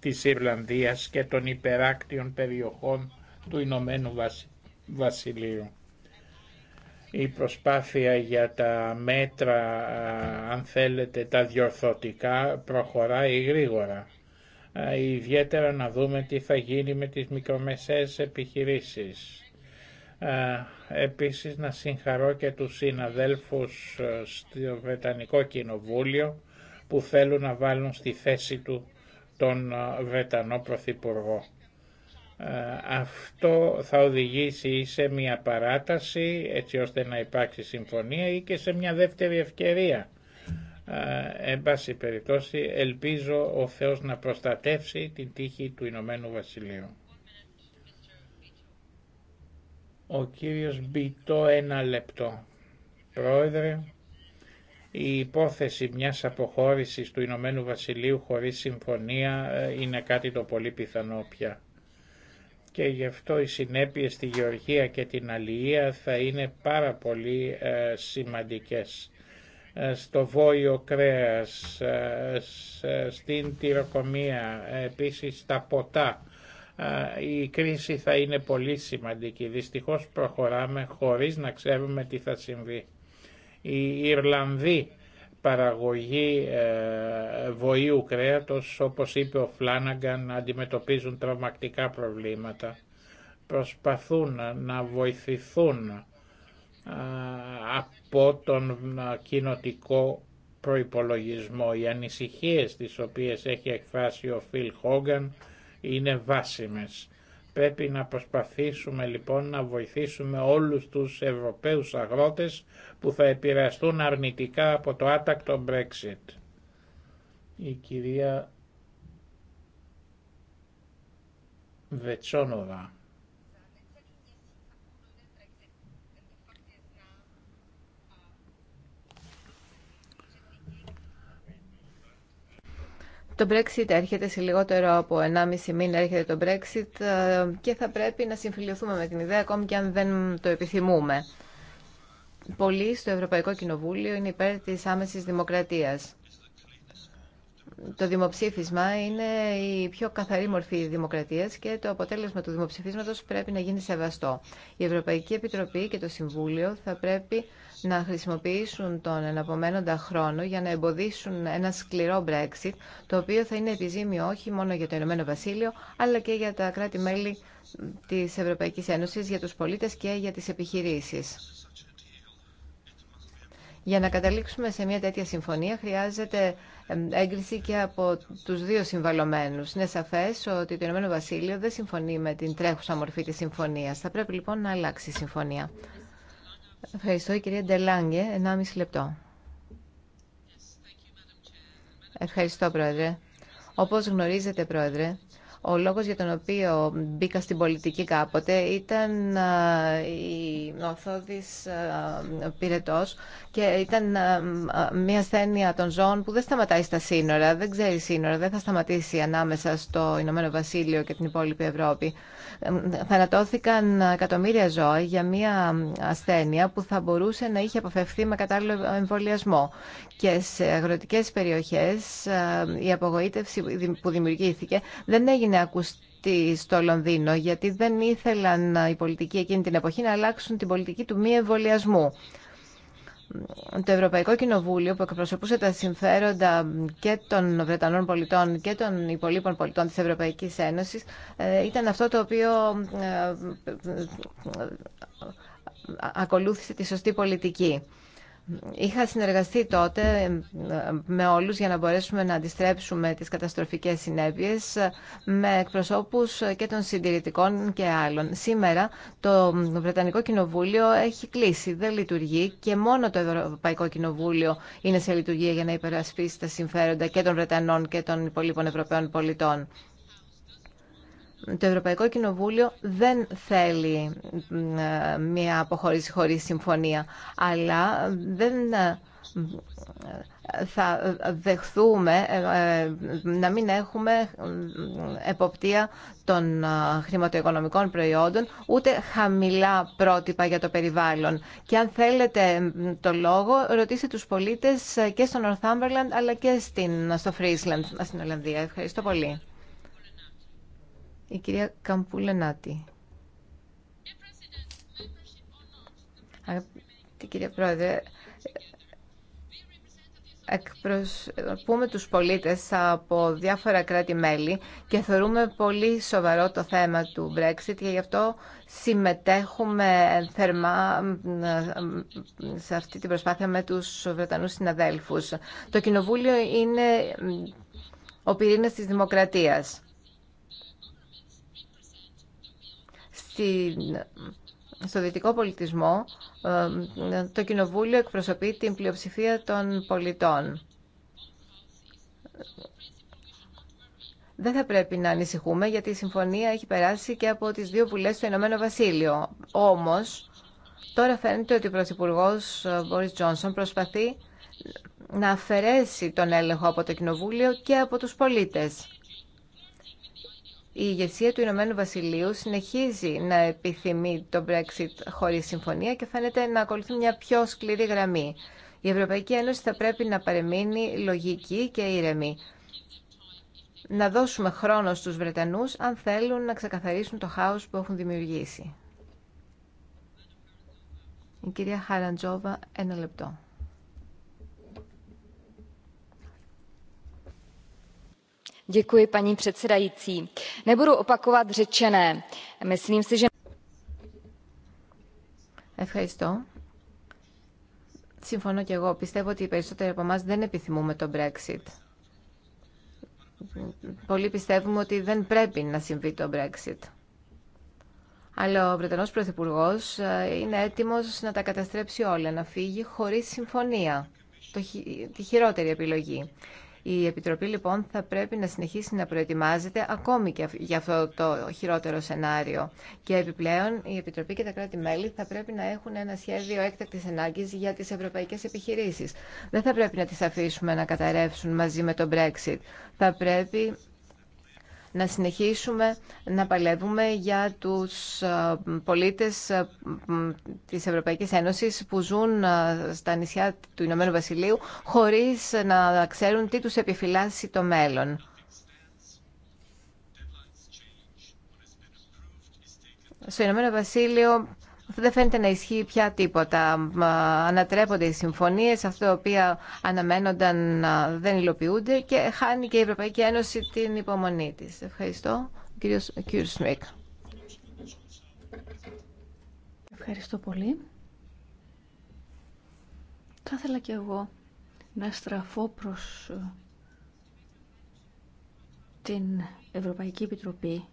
B: της Ιρλανδίας και των υπεράκτιων περιοχών του Ηνωμένου Βασιλείου. Η προσπάθεια για τα μέτρα, ε, αν θέλετε, τα διορθωτικά προχωράει γρήγορα ιδιαίτερα να δούμε τι θα γίνει με τις μικρομεσαίες επιχειρήσεις. Επίσης να συγχαρώ και τους συναδέλφους ε, στο Βρετανικό Κοινοβούλιο που θέλουν να βάλουν στη θέση του τον ε, Βρετανό Πρωθυπουργό. Αυτό θα οδηγήσει σε μια παράταση έτσι ώστε να υπάρξει συμφωνία ή και σε μια δεύτερη ευκαιρία εν πάση περιπτώσει ελπίζω ο Θεός να προστατεύσει την τύχη του Ηνωμένου Βασιλείου. Ο κύριος Μπιτό ένα λεπτό. Πρόεδρε, η υπόθεση μιας αποχώρησης του Ηνωμένου Βασιλείου χωρίς συμφωνία ε, είναι κάτι το πολύ πιθανό πια. Και γι' αυτό οι συνέπειες στη Γεωργία και την Αλληλεία θα είναι πάρα πολύ ε, σημαντικές. Ε, στο βόιο κρέας, ε, στην τυροκομεία, ε, επίσης στα ποτά. Η κρίση θα είναι πολύ σημαντική. Δυστυχώς προχωράμε χωρίς να ξέρουμε τι θα συμβεί. Οι Ιρλανδοί παραγωγή βοήου κρέατος, όπως είπε ο Φλάναγκαν, αντιμετωπίζουν τραυματικά προβλήματα. Προσπαθούν να βοηθηθούν από τον κοινοτικό προϋπολογισμό. Οι ανησυχίες τις οποίες έχει εκφράσει ο Φιλ Χόγκαν είναι βάσιμες. Πρέπει να προσπαθήσουμε λοιπόν να βοηθήσουμε όλους τους Ευρωπαίους αγρότες που θα επηρεαστούν αρνητικά από το άτακτο Brexit. Η κυρία Βετσόνοβα.
A: Το Brexit έρχεται σε λιγότερο από 1,5 μήνα έρχεται το Brexit ε, και θα πρέπει να συμφιλειωθούμε με την ιδέα ακόμη και αν δεν το επιθυμούμε. Πολλοί στο Ευρωπαϊκό Κοινοβούλιο είναι υπέρ της άμεσης δημοκρατίας το δημοψήφισμα είναι η πιο καθαρή μορφή δημοκρατίας και το αποτέλεσμα του δημοψηφίσματος πρέπει να γίνει σεβαστό. Η Ευρωπαϊκή Επιτροπή και το Συμβούλιο θα πρέπει να χρησιμοποιήσουν τον εναπομένοντα χρόνο για να εμποδίσουν ένα σκληρό Brexit, το οποίο θα είναι επιζήμιο όχι μόνο για το Ηνωμένο Βασίλειο, αλλά και για τα κράτη-μέλη της Ευρωπαϊκής Ένωσης, για τους πολίτες και για τις επιχειρήσεις. Για να καταλήξουμε σε μια τέτοια συμφωνία χρειάζεται έγκριση και από τους δύο συμβαλωμένους. Είναι σαφές ότι το Ηνωμένο Βασίλειο δεν συμφωνεί με την τρέχουσα μορφή της συμφωνίας. Θα πρέπει λοιπόν να αλλάξει η συμφωνία. Ευχαριστώ η κυρία Ντελάνγκε. μισή λεπτό. Ευχαριστώ, Πρόεδρε. Όπως γνωρίζετε, Πρόεδρε, ο λόγος για τον οποίο μπήκα στην πολιτική κάποτε ήταν η οθόδης πυρετός και ήταν μια ασθένεια των ζώων που δεν σταματάει στα σύνορα, δεν ξέρει σύνορα, δεν θα σταματήσει ανάμεσα στο Ηνωμένο Βασίλειο και την υπόλοιπη Ευρώπη. Θανατώθηκαν εκατομμύρια ζώα για μια ασθένεια που θα μπορούσε να είχε αποφευθεί με κατάλληλο εμβολιασμό. Και σε αγροτικές περιοχές η απογοήτευση που δημιουργήθηκε δεν έγινε είναι ακουστή στο Λονδίνο, γιατί δεν ήθελαν οι πολιτικοί εκείνη την εποχή να αλλάξουν την πολιτική του μη εμβολιασμού. Το Ευρωπαϊκό Κοινοβούλιο που εκπροσωπούσε τα συμφέροντα και των Βρετανών πολιτών και των υπολείπων πολιτών της Ευρωπαϊκής Ένωσης ήταν αυτό το οποίο ακολούθησε τη σωστή πολιτική. Είχα συνεργαστεί τότε ε, με όλους για να μπορέσουμε να αντιστρέψουμε τις καταστροφικές συνέπειες ε, με εκπροσώπους ε, και των συντηρητικών και άλλων. Σήμερα το Βρετανικό Κοινοβούλιο έχει κλείσει, δεν λειτουργεί και μόνο το Ευρωπαϊκό Κοινοβούλιο είναι σε λειτουργία για να υπερασπίσει τα συμφέροντα και των Βρετανών και των υπολείπων Ευρωπαίων πολιτών το Ευρωπαϊκό Κοινοβούλιο δεν θέλει ε, μια αποχώρηση χωρίς συμφωνία, αλλά δεν ε, ε, θα δεχθούμε να μην έχουμε εποπτεία των χρηματοοικονομικών προϊόντων, ούτε χαμηλά πρότυπα για το περιβάλλον. Και αν θέλετε το λόγο, ρωτήστε τους πολίτες και στο Northumberland, αλλά και στην, στο Friesland, στην Ολλανδία. Ευχαριστώ πολύ. Η κυρία Καμπούλενάτη. Αγαπητή κυρία Πρόεδρε, εκπροσωπούμε τους πολίτες από διάφορα κράτη-μέλη και θεωρούμε πολύ σοβαρό το θέμα του Brexit και γι' αυτό συμμετέχουμε θερμά σε αυτή την προσπάθεια με τους Βρετανούς συναδέλφους. Το Κοινοβούλιο είναι ο πυρήνας της δημοκρατίας. στο δυτικό πολιτισμό ε, το Κοινοβούλιο εκπροσωπεί την πλειοψηφία των πολιτών. Δεν θα πρέπει να ανησυχούμε γιατί η συμφωνία έχει περάσει και από τις δύο βουλές του Ηνωμένο Βασίλειο. Όμως, τώρα φαίνεται ότι ο Πρωθυπουργό Μπόρις Τζόνσον ε, προσπαθεί να αφαιρέσει τον έλεγχο από το Κοινοβούλιο και από τους πολίτες η ηγεσία του Ηνωμένου Βασιλείου συνεχίζει να επιθυμεί το Brexit χωρίς συμφωνία και φαίνεται να ακολουθεί μια πιο σκληρή γραμμή. Η Ευρωπαϊκή Ένωση θα πρέπει να παρεμείνει λογική και ήρεμη. Να δώσουμε χρόνο στους Βρετανούς αν θέλουν να ξεκαθαρίσουν το χάος που έχουν δημιουργήσει. Η κυρία Χαραντζόβα, ένα λεπτό. paní Ευχαριστώ. Συμφωνώ και εγώ. Πιστεύω ότι οι περισσότεροι από εμά δεν επιθυμούμε το Brexit. Πολλοί πιστεύουμε ότι δεν πρέπει να συμβεί το Brexit. Αλλά ο Βρετανός Πρωθυπουργό ε, είναι έτοιμος να τα καταστρέψει όλα, να φύγει χωρίς συμφωνία. Το, τη χειρότερη επιλογή. Η Επιτροπή λοιπόν θα πρέπει να συνεχίσει να προετοιμάζεται ακόμη και για αυτό το χειρότερο σενάριο. Και επιπλέον η Επιτροπή και τα κράτη-μέλη θα πρέπει να έχουν ένα σχέδιο έκτακτη ανάγκη για τι ευρωπαϊκέ επιχειρήσει. Δεν θα πρέπει να τι αφήσουμε να καταρρεύσουν μαζί με το Brexit. Θα πρέπει να συνεχίσουμε να παλεύουμε για τους ε, πολίτες ε, της Ευρωπαϊκής Ένωσης που ζουν ε, στα νησιά του Ηνωμένου Βασιλείου χωρίς να ξέρουν τι τους επιφυλάσσει το μέλλον. Στο Ηνωμένο Βασίλειο δεν φαίνεται να ισχύει πια τίποτα. Ανατρέπονται οι συμφωνίες, αυτά τα οποία αναμένονταν δεν υλοποιούνται και χάνει και η Ευρωπαϊκή Ένωση την υπομονή της. Ευχαριστώ. κύριο Ευχαριστώ πολύ.
C: Θα ήθελα και εγώ να στραφώ προς ε, την Ευρωπαϊκή Επιτροπή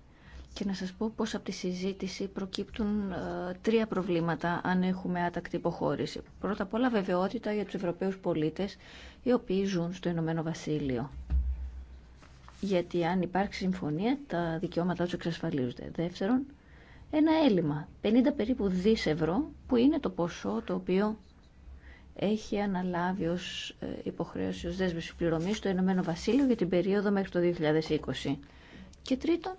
C: και να σας πω πως από τη συζήτηση προκύπτουν ε, τρία προβλήματα αν έχουμε άτακτη υποχώρηση. Πρώτα απ' όλα βεβαιότητα για τους Ευρωπαίους πολίτες οι οποίοι ζουν στο Ηνωμένο Βασίλειο. Γιατί αν υπάρξει συμφωνία τα δικαιώματά τους εξασφαλίζονται. Δεύτερον, ένα έλλειμμα 50 περίπου δις ευρώ που είναι το ποσό το οποίο έχει αναλάβει ως ε, υποχρέωση ως δέσμευση πληρωμής στο Ηνωμένο Βασίλειο για την περίοδο μέχρι το 2020. Και τρίτον,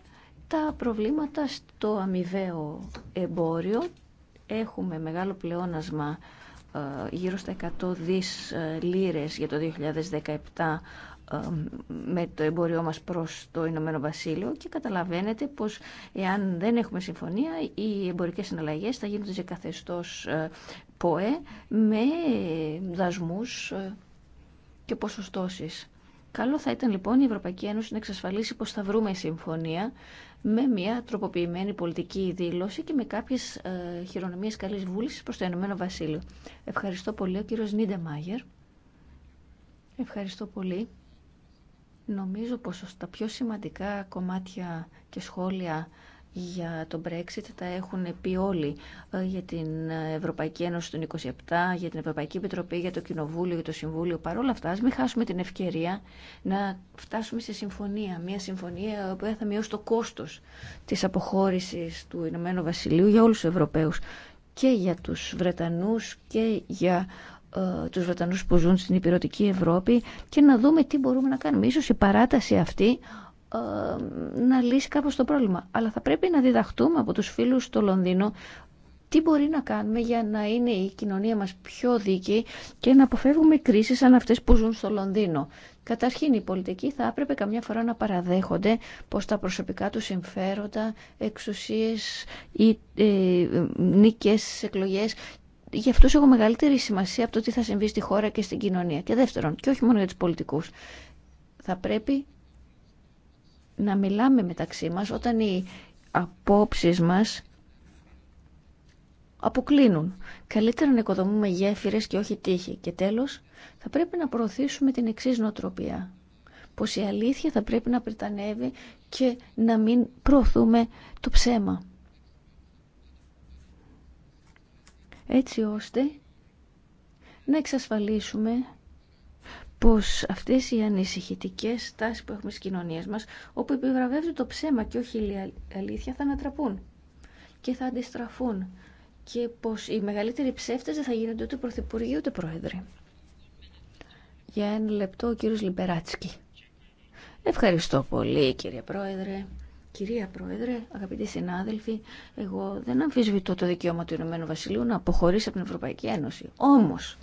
C: τα προβλήματα στο αμοιβαίο εμπόριο. Έχουμε μεγάλο πλεόνασμα ε, γύρω στα 100 δις ε, λίρες για το 2017 ε, με το εμπόριό μας προς το Ηνωμένο Βασίλειο και καταλαβαίνετε πως εάν δεν έχουμε συμφωνία οι εμπορικές συναλλαγές θα γίνονται σε καθεστώς ΠΟΕ με δασμούς και ποσοστώσεις. Καλό θα ήταν λοιπόν η Ευρωπαϊκή Ένωση να εξασφαλίσει πως θα βρούμε συμφωνία με μια τροποποιημένη πολιτική δήλωση και με κάποιες ε, χειρονομίες καλής βούλησης προς το Ηνωμένο Βασίλειο. Ευχαριστώ πολύ ο κύριος Νίντε Μάγερ. Ευχαριστώ πολύ. Νομίζω πως τα πιο σημαντικά κομμάτια και σχόλια για το Brexit τα έχουν πει όλοι ε, για την Ευρωπαϊκή Ένωση του 27, για την Ευρωπαϊκή Επιτροπή, για το Κοινοβούλιο, για το Συμβούλιο. Παρ' όλα αυτά, ας μην χάσουμε την ευκαιρία να φτάσουμε σε συμφωνία. Μια συμφωνία που θα μειώσει το κόστος της αποχώρησης του Ηνωμένου Βασιλείου για όλους τους Ευρωπαίους και για τους Βρετανούς και για ε, τους Βρετανούς που ζουν στην υπηρετική Ευρώπη και να δούμε τι μπορούμε να κάνουμε. Ίσως η παράταση αυτή ε, να λύσει κάπως το πρόβλημα. Αλλά θα πρέπει να διδαχτούμε από τους φίλους στο Λονδίνο τι μπορεί να κάνουμε για να είναι η κοινωνία μας πιο δίκαιη και να αποφεύγουμε κρίσεις σαν αυτές που ζουν στο Λονδίνο. Καταρχήν, οι πολιτικοί θα έπρεπε καμιά φορά να παραδέχονται πως τα προσωπικά τους συμφέροντα, εξουσίες ή ε, νίκες, εκλογές για αυτούς έχω μεγαλύτερη σημασία από το τι θα συμβεί στη χώρα και στην κοινωνία. Και δεύτερον, και όχι μόνο για τους πολιτικούς, θα πρέπει να μιλάμε μεταξύ μας όταν οι απόψεις μας αποκλίνουν. Καλύτερα να οικοδομούμε γέφυρες και όχι τείχη. Και τέλος, θα πρέπει να προωθήσουμε την εξής νοοτροπία. Πως η αλήθεια θα πρέπει να πριτανεύει και να μην προωθούμε το ψέμα. Έτσι ώστε να εξασφαλίσουμε πως αυτές οι ανησυχητικές τάσεις που έχουμε στις κοινωνίες μας, όπου επιβραβεύεται το ψέμα και όχι η αλήθεια, θα ανατραπούν και θα αντιστραφούν και πως οι μεγαλύτεροι ψεύτες δεν θα γίνονται ούτε πρωθυπουργοί ούτε πρόεδροι. Για ένα λεπτό ο κύριος Λιμπεράτσκι. Ευχαριστώ πολύ κύριε πρόεδρε. Κυρία Πρόεδρε, αγαπητοί συνάδελφοι, εγώ δεν αμφισβητώ το δικαίωμα του Ηνωμένου Βασιλείου να αποχωρήσει από την Ευρωπαϊκή Ένωση. Όμως,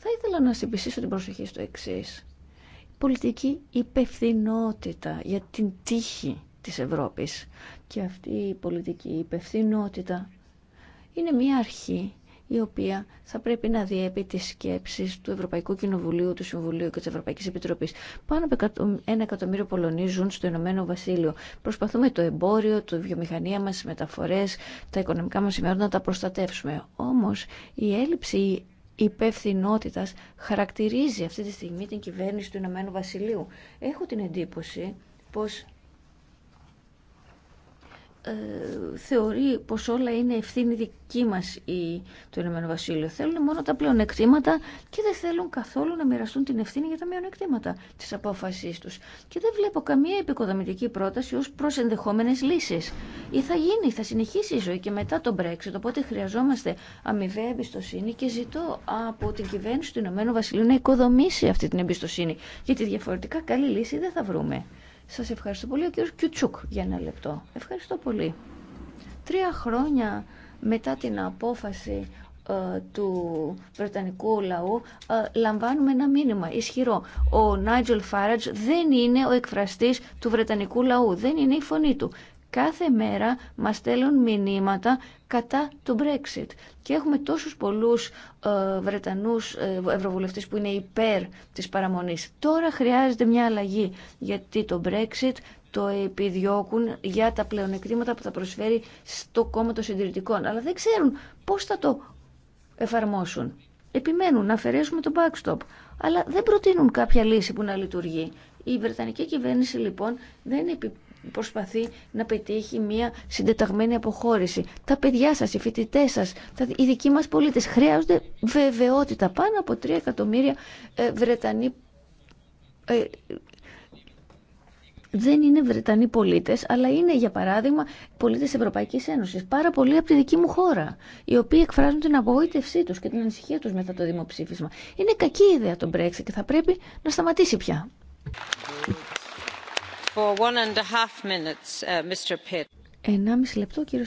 C: θα ήθελα να συμπισήσω την προσοχή στο εξή. Πολιτική υπευθυνότητα για την τύχη της Ευρώπης. Και αυτή η πολιτική υπευθυνότητα είναι μια αρχή η οποία θα πρέπει να διέπει τις σκέψεις του Ευρωπαϊκού Κοινοβουλίου, του Συμβουλίου και της Ευρωπαϊκής Επιτροπής. Πάνω από ένα εκατομμύριο Πολωνοί ζουν στο Ηνωμένο Βασίλειο. Προσπαθούμε το εμπόριο, το βιομηχανία μας, τις μεταφορές, τα οικονομικά μας σημεία να τα προστατεύσουμε. Όμως η έλλειψη υπευθυνότητα χαρακτηρίζει αυτή τη στιγμή την κυβέρνηση του Ηνωμένου Βασιλείου. Έχω την εντύπωση πως ε, θεωρεί πως όλα είναι ευθύνη δική μας η, του Ηνωμένου Θέλουν μόνο τα πλεονεκτήματα και δεν θέλουν καθόλου να μοιραστούν την ευθύνη για τα μειονεκτήματα της απόφασής τους. Και δεν βλέπω καμία επικοδομητική πρόταση ως προς ενδεχόμενες λύσεις. Ή θα γίνει, θα συνεχίσει η ζωή και μετά τον Brexit, οπότε χρειαζόμαστε αμοιβαία εμπιστοσύνη και ζητώ από την κυβέρνηση του Ηνωμένου Βασιλείου να οικοδομήσει αυτή την εμπιστοσύνη, γιατί διαφορετικά καλή λύση δεν θα βρούμε. Σα ευχαριστώ πολύ. Ο κύριο Κιουτσούκ για ένα λεπτό. Ευχαριστώ πολύ. Τρία χρόνια μετά την απόφαση ε, του Βρετανικού λαού ε, λαμβάνουμε ένα μήνυμα ισχυρό. Ο Νάιτζελ Φάρατζ δεν είναι ο εκφραστής του Βρετανικού λαού, δεν είναι η φωνή του. Κάθε μέρα μας στέλνουν μηνύματα κατά το Brexit. Και έχουμε τόσους πολλούς ε, Βρετανούς ε, ευρωβουλευτές που είναι υπέρ της παραμονής. Τώρα χρειάζεται μια αλλαγή, γιατί το Brexit το επιδιώκουν για τα πλεονεκτήματα που θα προσφέρει στο κόμμα των συντηρητικών. Αλλά δεν ξέρουν πώς θα το εφαρμόσουν. Επιμένουν να αφαιρέσουμε το backstop. Αλλά δεν προτείνουν κάποια λύση που να λειτουργεί. Η Βρετανική κυβέρνηση λοιπόν δεν προσπαθεί να πετύχει μια συντεταγμένη αποχώρηση. Τα παιδιά σας, οι φοιτητέ σας, οι δικοί μας πολίτες χρειάζονται βεβαιότητα. Πάνω από 3 εκατομμύρια ε, Βρετανοί ε, δεν είναι Βρετανοί πολίτε, αλλά είναι, για παράδειγμα, πολίτε Ευρωπαϊκή Ένωση. Πάρα πολλοί από τη δική μου χώρα, οι οποίοι εκφράζουν την απογοήτευσή του και την ανησυχία του μετά το δημοψήφισμα. Είναι κακή ιδέα το Brexit και θα πρέπει να σταματήσει πια. Uh, λεπτό, eh,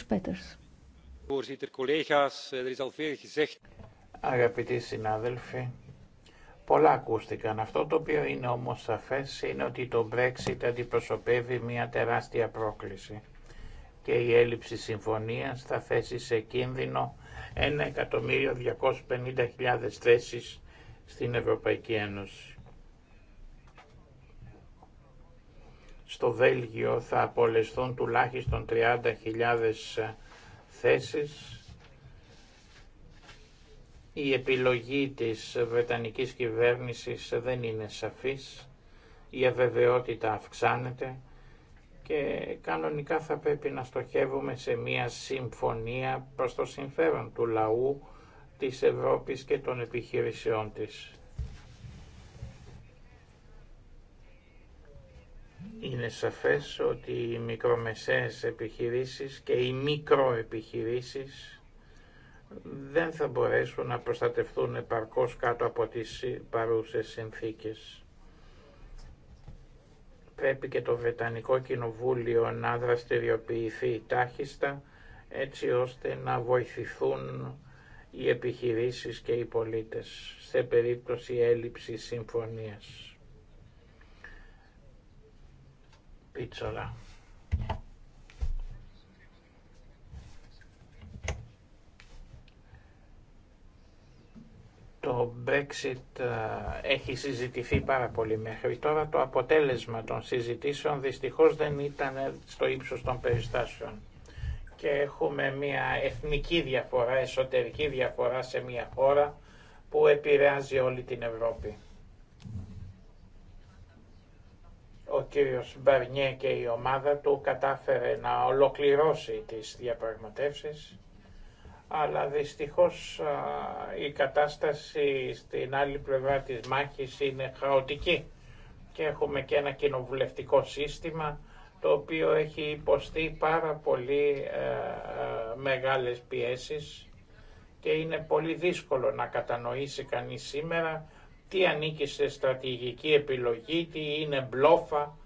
D: er
B: Αγαπητοί συνάδελφοι, πολλά ακούστηκαν. Αυτό το οποίο είναι όμως σαφές είναι ότι το Brexit αντιπροσωπεύει μια τεράστια πρόκληση και η έλλειψη συμφωνίας θα θέσει σε κίνδυνο 1.250.000 θέσεις στην Ευρωπαϊκή Ένωση. στο Βέλγιο θα απολεσθούν τουλάχιστον 30.000 ε, θέσεις. Η επιλογή της Βρετανικής κυβέρνησης δεν είναι σαφής, η αβεβαιότητα αυξάνεται και κανονικά θα πρέπει να στοχεύουμε σε μια συμφωνία προς το συμφέρον του λαού της Ευρώπης και των επιχειρησιών της. Είναι σαφές ότι οι μικρομεσαίες επιχειρήσεις και οι μικροεπιχειρήσεις δεν θα μπορέσουν να προστατευτούν επαρκώς κάτω από τις παρούσες συνθήκες. Πρέπει και το Βρετανικό Κοινοβούλιο να δραστηριοποιηθεί τάχιστα έτσι ώστε να βοηθηθούν οι επιχειρήσεις και οι πολίτες σε περίπτωση έλλειψης συμφωνίας. Το Brexit ε, έχει συζητηθεί πάρα πολύ μέχρι τώρα. Το αποτέλεσμα των συζητήσεων δυστυχώς δεν ήταν στο ύψος των περιστάσεων. Και έχουμε μια εθνική διαφορά, εσωτερική διαφορά σε μια χώρα που επηρεάζει όλη την Ευρώπη. ο κύριος Μπαρνιέ και η ομάδα του κατάφερε να ολοκληρώσει τις διαπραγματεύσεις αλλά δυστυχώς η κατάσταση στην άλλη πλευρά της μάχης είναι χαοτική και έχουμε και ένα κοινοβουλευτικό σύστημα το οποίο έχει υποστεί πάρα πολύ ε, ε, μεγάλες πιέσεις και είναι πολύ δύσκολο να κατανοήσει κανείς σήμερα τι ανήκει σε στρατηγική επιλογή, τι είναι μπλόφα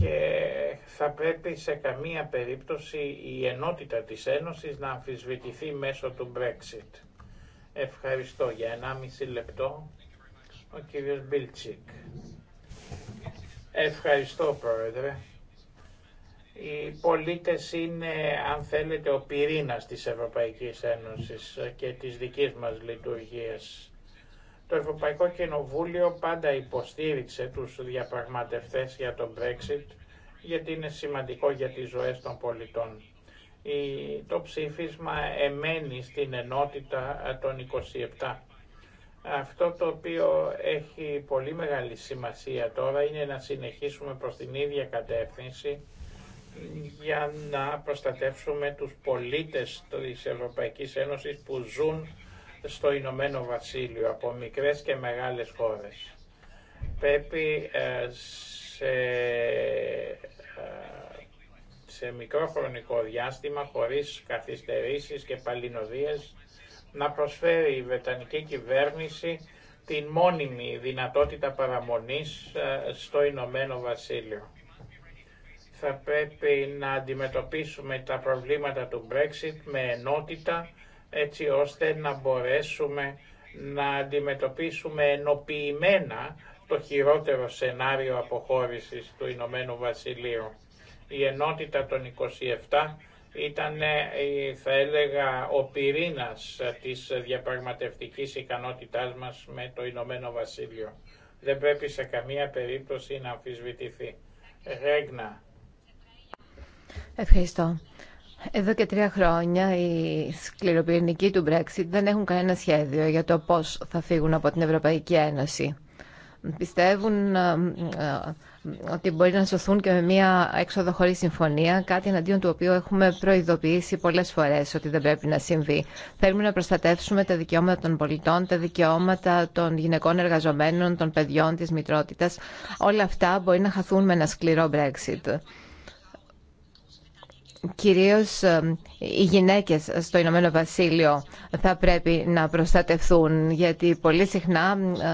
B: και θα πρέπει σε καμία περίπτωση η ενότητα της Ένωσης να αμφισβητηθεί μέσω του Brexit. Ευχαριστώ για 1,5 λεπτό ο κύριος Μπίλτσικ. Ευχαριστώ πρόεδρε. Οι πολίτες είναι, αν θέλετε, ο πυρήνας της Ευρωπαϊκής Ένωσης και της δικής μας λειτουργίας. Το Ευρωπαϊκό Κοινοβούλιο πάντα υποστήριξε τους διαπραγματευτές για τον Brexit γιατί είναι σημαντικό για τις ζωές των πολιτών. Το ψήφισμα εμένει στην ενότητα των 27. Αυτό το οποίο έχει πολύ μεγάλη σημασία τώρα είναι να συνεχίσουμε προς την ίδια κατεύθυνση για να προστατεύσουμε τους πολίτες της Ευρωπαϊκής Ένωσης που ζουν στο Ηνωμένο Βασίλειο από μικρές και μεγάλες χώρες. Πρέπει ε, σε, ε, σε μικρό χρονικό διάστημα, χωρίς καθυστερήσεις και παλινοδίες, να προσφέρει η Βρετανική κυβέρνηση την μόνιμη δυνατότητα παραμονής ε, στο Ηνωμένο Βασίλειο. Θα πρέπει να αντιμετωπίσουμε τα προβλήματα του Brexit με ενότητα έτσι ώστε να μπορέσουμε να αντιμετωπίσουμε ενοποιημένα το χειρότερο σενάριο αποχώρησης του Ηνωμένου Βασιλείου. Η ενότητα των 27 ήταν, ε, θα έλεγα, ο πυρήνας της διαπραγματευτικής ικανότητάς μας με το Ηνωμένο Βασίλειο. Δεν πρέπει σε καμία περίπτωση να αμφισβητηθεί. Ρέγνα.
A: Ευχαριστώ. Εδώ και τρία χρόνια οι σκληροπυρηνικοί του Brexit δεν έχουν κανένα σχέδιο για το πώς θα φύγουν από την Ευρωπαϊκή Ένωση. Πιστεύουν ε, ε, ότι μπορεί να σωθούν και με μία έξοδο χωρίς συμφωνία, κάτι εναντίον του οποίου έχουμε προειδοποιήσει πολλές φορές ότι δεν πρέπει να συμβεί. Θέλουμε να προστατεύσουμε τα δικαιώματα των πολιτών, τα δικαιώματα των γυναικών εργαζομένων, των παιδιών, της μητρότητας. Όλα αυτά μπορεί να χαθούν με ένα σκληρό Brexit κυρίως ε, οι γυναίκες στο Ηνωμένο Βασίλειο θα πρέπει να προστατευθούν γιατί πολύ συχνά ε,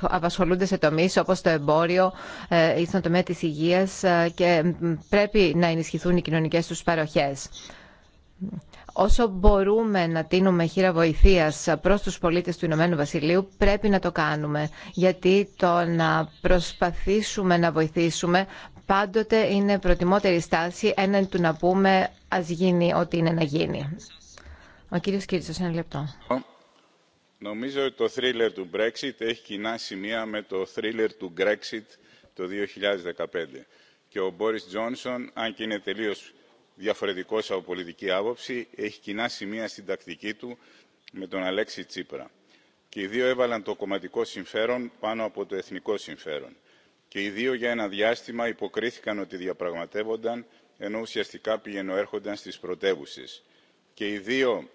A: απασχολούνται σε τομείς όπως το εμπόριο ε, ή στον τομέα της υγείας και πρέπει να ενισχυθούν οι κοινωνικές τους παροχές. Όσο μπορούμε να τίνουμε χείρα βοηθείας προς τους πολίτες του Ηνωμένου Βασιλείου, πρέπει να το κάνουμε. Γιατί το να προσπαθήσουμε να βοηθήσουμε πάντοτε είναι προτιμότερη στάση έναντι του να πούμε ας γίνει ό,τι είναι να γίνει. Ο κύριος Κίρτσος, ένα λεπτό.
E: Νομίζω ότι το θρίλερ του Brexit έχει κοινά σημεία με το θρίλερ του Grexit το 2015. Και ο Μπόρις Τζόνσον, αν και είναι τελείως διαφορετικός από πολιτική άποψη, έχει κοινά σημεία στην τακτική του με τον Αλέξη Τσίπρα. Και οι δύο έβαλαν το κομματικό συμφέρον πάνω από το εθνικό συμφέρον και οι δύο για ένα διάστημα υποκρίθηκαν ότι διαπραγματεύονταν ενώ ουσιαστικά πηγαινοέρχονταν στις πρωτεύουσες. και οι δύο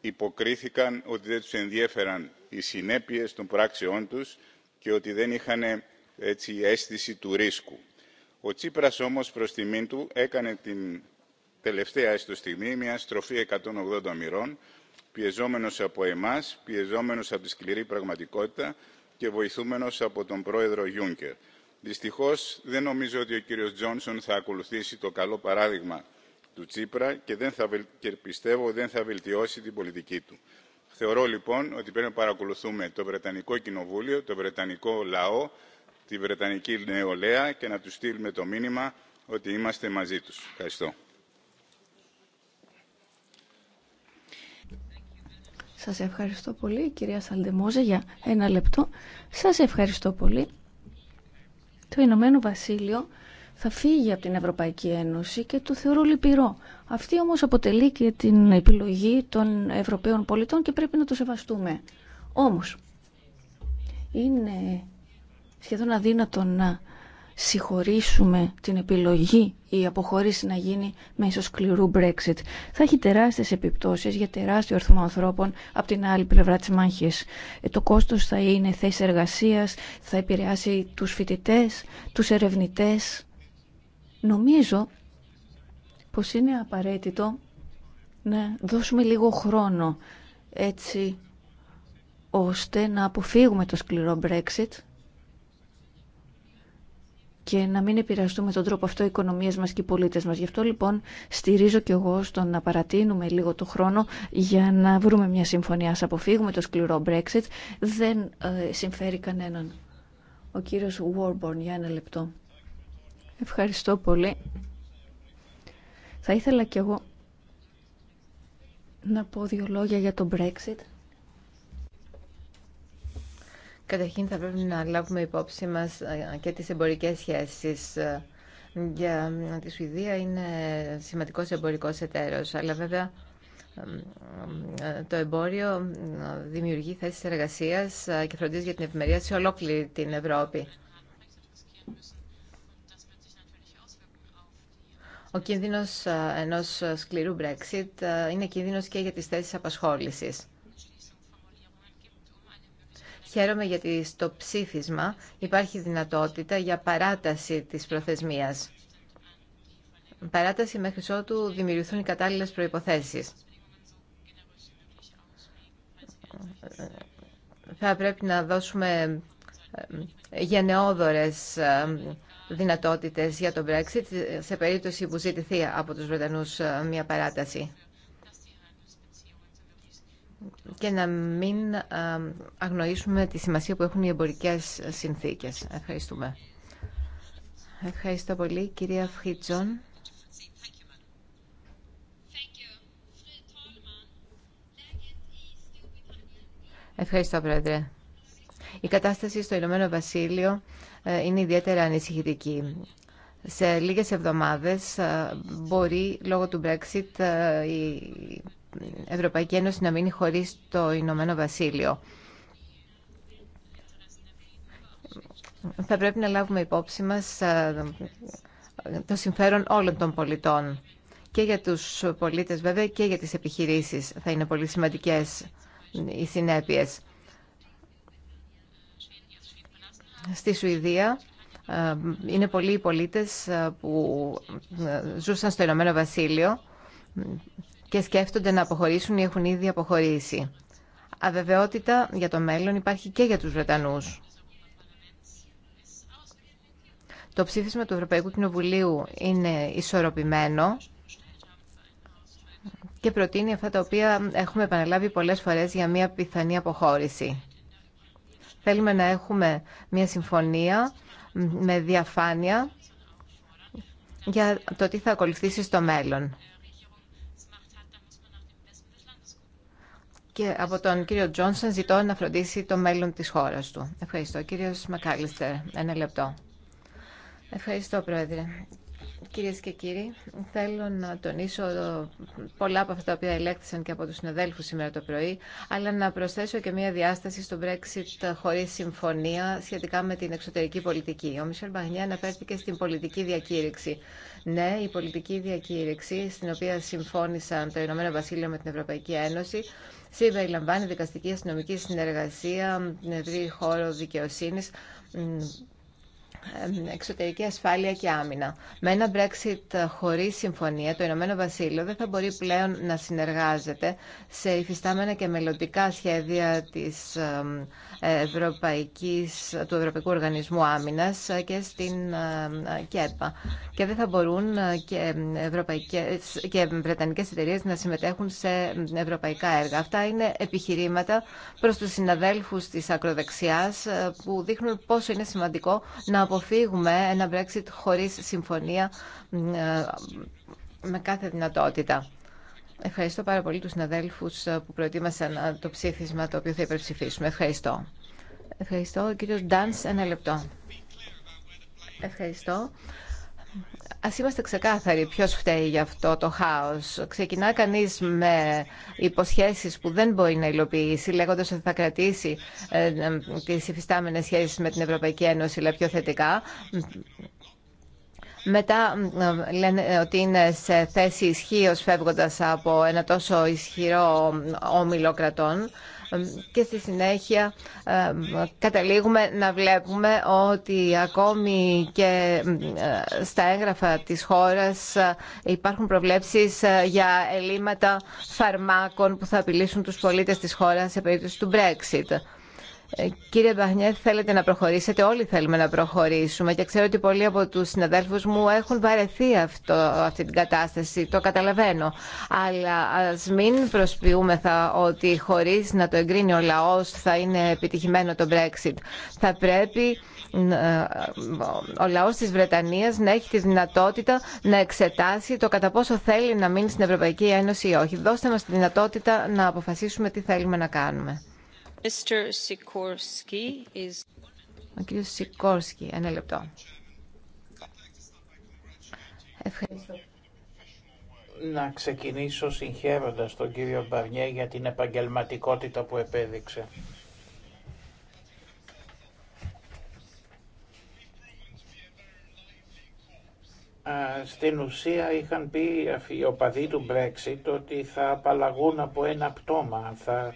E: υποκρίθηκαν ότι δεν τους ενδιέφεραν οι συνέπειες των πράξεών τους και ότι δεν είχαν έτσι αίσθηση του ρίσκου. Ο Τσίπρας όμως προς τιμήν του έκανε την τελευταία έστω στιγμή μια στροφή 180 μοιρών πιεζόμενος από εμάς, πιεζόμενος από τη σκληρή πραγματικότητα και βοηθούμενος από τον πρόεδρο Γιούνκερ δυστυχώς δεν νομίζω ότι ο κύριος τζόνσον θα ακολουθήσει το καλό παράδειγμα του τσίπρα και, δεν θα, πιστεύω δεν θα βελτιώσει την πολιτική του. Θεωρώ λοιπόν ότι πρέπει να παρακολουθούμε το Βρετανικό Κοινοβούλιο, το Βρετανικό λαό, τη Βρετανική νεολαία και να του στείλουμε το μήνυμα ότι είμαστε μαζί τους. Ευχαριστώ.
C: Σας ευχαριστώ πολύ κυρία Σαλντεμόζε για ένα λεπτό. Σας ευχαριστώ πολύ το Ηνωμένο Βασίλειο θα φύγει από την Ευρωπαϊκή Ένωση και το θεωρώ λυπηρό. Αυτή όμως αποτελεί και την επιλογή των Ευρωπαίων πολιτών και πρέπει να το σεβαστούμε. Όμως, είναι σχεδόν αδύνατο να συγχωρήσουμε την επιλογή η αποχώρηση να γίνει μέσω σκληρού Brexit. Θα έχει τεράστιες επιπτώσεις για τεράστιο αριθμό ανθρώπων από την άλλη πλευρά της μάχης. Ε, το κόστος θα είναι θέση εργασίας, θα επηρεάσει τους φοιτητές, τους ερευνητές. Νομίζω πως είναι απαραίτητο να δώσουμε λίγο χρόνο έτσι ώστε να αποφύγουμε το σκληρό Brexit και να μην επηρεαστούμε τον τρόπο αυτό οι οικονομίε μα και οι πολίτε μα. Γι' αυτό λοιπόν στηρίζω και εγώ στο να παρατείνουμε λίγο το χρόνο για να βρούμε μια συμφωνία. Α αποφύγουμε το σκληρό Brexit. Δεν ε, συμφέρει κανέναν. Ο κύριο Warborn, για ένα λεπτό. Ευχαριστώ πολύ. Θα ήθελα κι εγώ να πω δύο λόγια για το Brexit.
A: Καταρχήν θα πρέπει να λάβουμε υπόψη μας ε, και τις εμπορικές σχέσεις. Ε, για ε, τη Σουηδία είναι σημαντικός εμπορικός εταίρος, αλλά βέβαια το εμπόριο δημιουργεί θέσεις εργασίας και φροντίζει για την ευημερία σε ολόκληρη την Ευρώπη. Ο κίνδυνος ενός σκληρού Brexit είναι κίνδυνος και για τις θέσεις απασχόλησης. Χαίρομαι γιατί στο ψήφισμα υπάρχει δυνατότητα για παράταση της προθεσμίας. Παράταση μέχρι ότου δημιουργηθούν οι κατάλληλες προϋποθέσεις. Θα πρέπει να δώσουμε ε, γενναιόδορες ε, δυνατότητες για τον Brexit σε περίπτωση που ζητηθεί από τους Βρετανούς ε, μια παράταση και να μην ε, αγνοήσουμε τη σημασία που έχουν οι εμπορικές συνθήκες. Ευχαριστούμε. Ευχαριστώ πολύ, κυρία Φχίτζον. Ευχαριστώ, Πρόεδρε. Η κατάσταση στο Ηνωμένο Βασίλειο ε, είναι ιδιαίτερα ανησυχητική. Σε λίγες εβδομάδες ε, μπορεί, λόγω του Brexit, η Ευρωπαϊκή Ένωση να μείνει χωρίς το Ηνωμένο Βασίλειο. Θα πρέπει να λάβουμε υπόψη μας το συμφέρον όλων των πολιτών και για τους πολίτες βέβαια και για τις επιχειρήσεις θα είναι πολύ σημαντικές οι συνέπειες. Στη Σουηδία είναι πολλοί οι πολίτες που ζούσαν στο Ηνωμένο Βασίλειο και σκέφτονται να αποχωρήσουν ή έχουν ήδη αποχωρήσει. Αβεβαιότητα για το μέλλον υπάρχει και για τους Βρετανούς. Το ψήφισμα του Ευρωπαϊκού Κοινοβουλίου είναι ισορροπημένο και προτείνει αυτά τα οποία έχουμε επαναλάβει πολλές φορές για μια πιθανή αποχώρηση. Θέλουμε να έχουμε μια συμφωνία με διαφάνεια για το τι θα ακολουθήσει στο μέλλον. και από τον κύριο Τζόνσον ζητώ να φροντίσει το μέλλον της χώρας του. Ευχαριστώ. Κύριος Μακάλιστερ, ένα λεπτό. Ευχαριστώ, Πρόεδρε. Κυρίες και κύριοι, θέλω να τονίσω πολλά από αυτά τα οποία ελέγχθησαν και από τους συναδέλφους σήμερα το πρωί, αλλά να προσθέσω και μία διάσταση στο Brexit χωρίς συμφωνία σχετικά με την εξωτερική πολιτική. Ο Μισελ Μπαγνιά αναφέρθηκε στην πολιτική διακήρυξη. Ναι, η πολιτική διακήρυξη, στην οποία συμφώνησαν το Ηνωμένο Βασίλειο με την Ευρωπαϊκή Ένωση, συμπεριλαμβάνει δικαστική αστυνομική συνεργασία, νευρή χώρο δικαιοσύνη. Ε, εξωτερική ασφάλεια και άμυνα. Με ένα Brexit χωρίς συμφωνία, το Ηνωμένο Βασίλειο δεν θα μπορεί πλέον να συνεργάζεται σε υφιστάμενα και μελλοντικά σχέδια της Ευρωπαϊκής, του Ευρωπαϊκού Οργανισμού Άμυνας και στην ΚΕΠΑ. Και δεν θα μπορούν ε, και, ευρωπαϊκές, και βρετανικές εταιρείες να συμμετέχουν σε ευρωπαϊκά έργα. Αυτά είναι επιχειρήματα προς τους συναδέλφους της ακροδεξιάς ε, που δείχνουν πόσο είναι σημαντικό να αποφύγουμε ένα Brexit χωρίς συμφωνία ε, με κάθε δυνατότητα. Ευχαριστώ πάρα πολύ τους συναδέλφους ε, που προετοίμασαν ε, το ψήφισμα το οποίο θα υπερψηφίσουμε. Ευχαριστώ. Ευχαριστώ. Ο κύριος Ντάνς, ένα λεπτό. Ευχαριστώ. Α είμαστε ξεκάθαροι ποιο φταίει για αυτό το χάο. Ξεκινά κανεί με υποσχέσει που δεν μπορεί να υλοποιήσει, λέγοντα ότι θα κρατήσει ε, ε, τι υφιστάμενε σχέσει με την Ευρωπαϊκή Ένωση, αλλά πιο θετικά. Μετά ε, λένε ότι είναι σε θέση ισχύω φεύγοντα από ένα τόσο ισχυρό όμιλο κρατών και στη συνέχεια καταλήγουμε να βλέπουμε ότι ακόμη και στα έγγραφα της χώρας ε, υπάρχουν προβλέψεις ε, για ελλείμματα φαρμάκων που θα απειλήσουν τους πολίτες της χώρας σε περίπτωση του Brexit. Ε, κύριε Μπαχνιέ, θέλετε να προχωρήσετε. Όλοι θέλουμε να προχωρήσουμε και ξέρω ότι πολλοί από τους συναδέλφους μου έχουν βαρεθεί αυτό, αυτή την κατάσταση. Το καταλαβαίνω. Αλλά ας μην προσποιούμεθα ότι χωρίς να το εγκρίνει ο λαός θα είναι επιτυχημένο το Brexit. Θα πρέπει ε, ο λαός της Βρετανίας να έχει τη δυνατότητα να εξετάσει το κατά πόσο θέλει να μείνει στην Ευρωπαϊκή Ένωση ή όχι. Δώστε μας τη δυνατότητα να αποφασίσουμε τι θέλουμε να κάνουμε
G: ένα
B: Να ξεκινήσω συγχαίροντας τον κύριο Μπαρνιέ για την επαγγελματικότητα που επέδειξε. Στην ουσία είχαν πει οι οπαδοί του Brexit ότι θα απαλλαγούν από ένα πτώμα, θα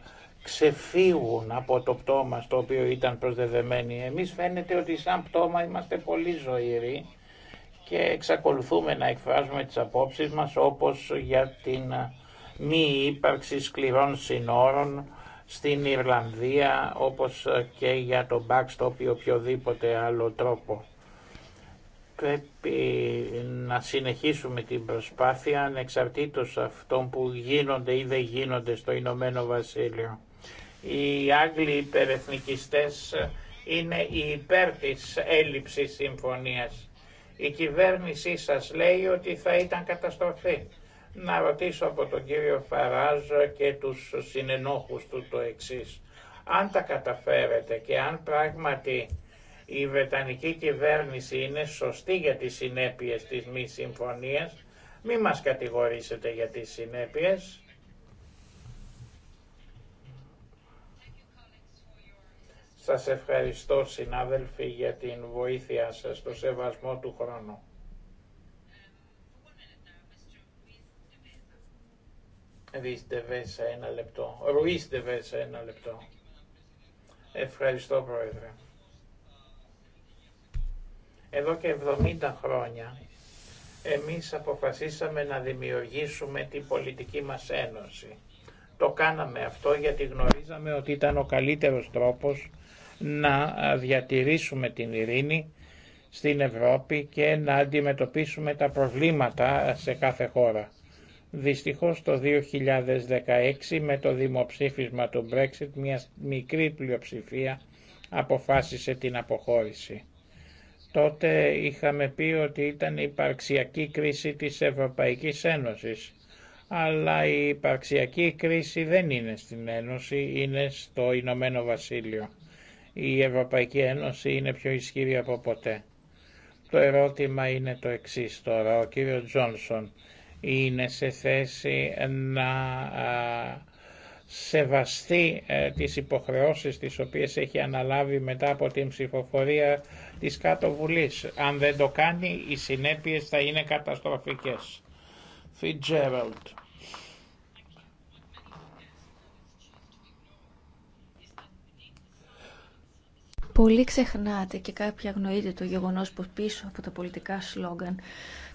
B: ξεφύγουν από το πτώμα στο οποίο ήταν προσδεδεμένοι. Εμείς φαίνεται ότι σαν πτώμα είμαστε πολύ ζωηροί και εξακολουθούμε να εκφράζουμε τις απόψεις μας όπως για την μη ύπαρξη σκληρών συνόρων στην Ιρλανδία όπως και για το backstop ή οποιοδήποτε άλλο τρόπο. Πρέπει να συνεχίσουμε την προσπάθεια ανεξαρτήτως αυτών που γίνονται ή δεν γίνονται στο Ηνωμένο Βασίλειο. Οι Άγγλοι υπερεθνικιστές είναι οι υπέρ της έλλειψης συμφωνίας. Η κυβέρνησή σας λέει ότι θα ήταν καταστροφή. Να ρωτήσω από τον κύριο Φαράζ και τους συνενόχους του το εξής. Αν τα καταφέρετε και αν πράγματι η Βρετανική κυβέρνηση είναι σωστή για τις συνέπειες της μη συμφωνίας, μη μας κατηγορήσετε για τις συνέπειες. Σας ευχαριστώ συνάδελφοι για την βοήθειά σας στο σεβασμό του χρόνου. ένα λεπτό. ένα λεπτό. Ευχαριστώ Πρόεδρε. Εδώ και 70 χρόνια εμείς αποφασίσαμε να δημιουργήσουμε την πολιτική μας ένωση. Το κάναμε αυτό γιατί γνωρίζαμε ότι ήταν ο καλύτερος τρόπος να διατηρήσουμε την ειρήνη στην Ευρώπη και να αντιμετωπίσουμε τα προβλήματα σε κάθε χώρα. Δυστυχώς το 2016 με το δημοψήφισμα του Brexit μια μικρή πλειοψηφία αποφάσισε την αποχώρηση. Τότε είχαμε πει ότι ήταν η υπαρξιακή κρίση της Ευρωπαϊκής Ένωσης, αλλά η υπαρξιακή κρίση δεν είναι στην Ένωση, είναι στο Ηνωμένο Βασίλειο η Ευρωπαϊκή Ένωση είναι πιο ισχυρή από ποτέ. Το ερώτημα είναι το εξής τώρα. Ο κύριος Τζόνσον είναι σε θέση να σεβαστεί ε, τις υποχρεώσεις τις οποίες έχει αναλάβει μετά από την ψηφοφορία της κάτω βουλής. Αν δεν το κάνει οι συνέπειες θα είναι καταστροφικές. Φιτζέραλτ.
C: Πολύ ξεχνάτε και κάποιοι αγνοείτε το γεγονός που πίσω από τα πολιτικά σλόγγαν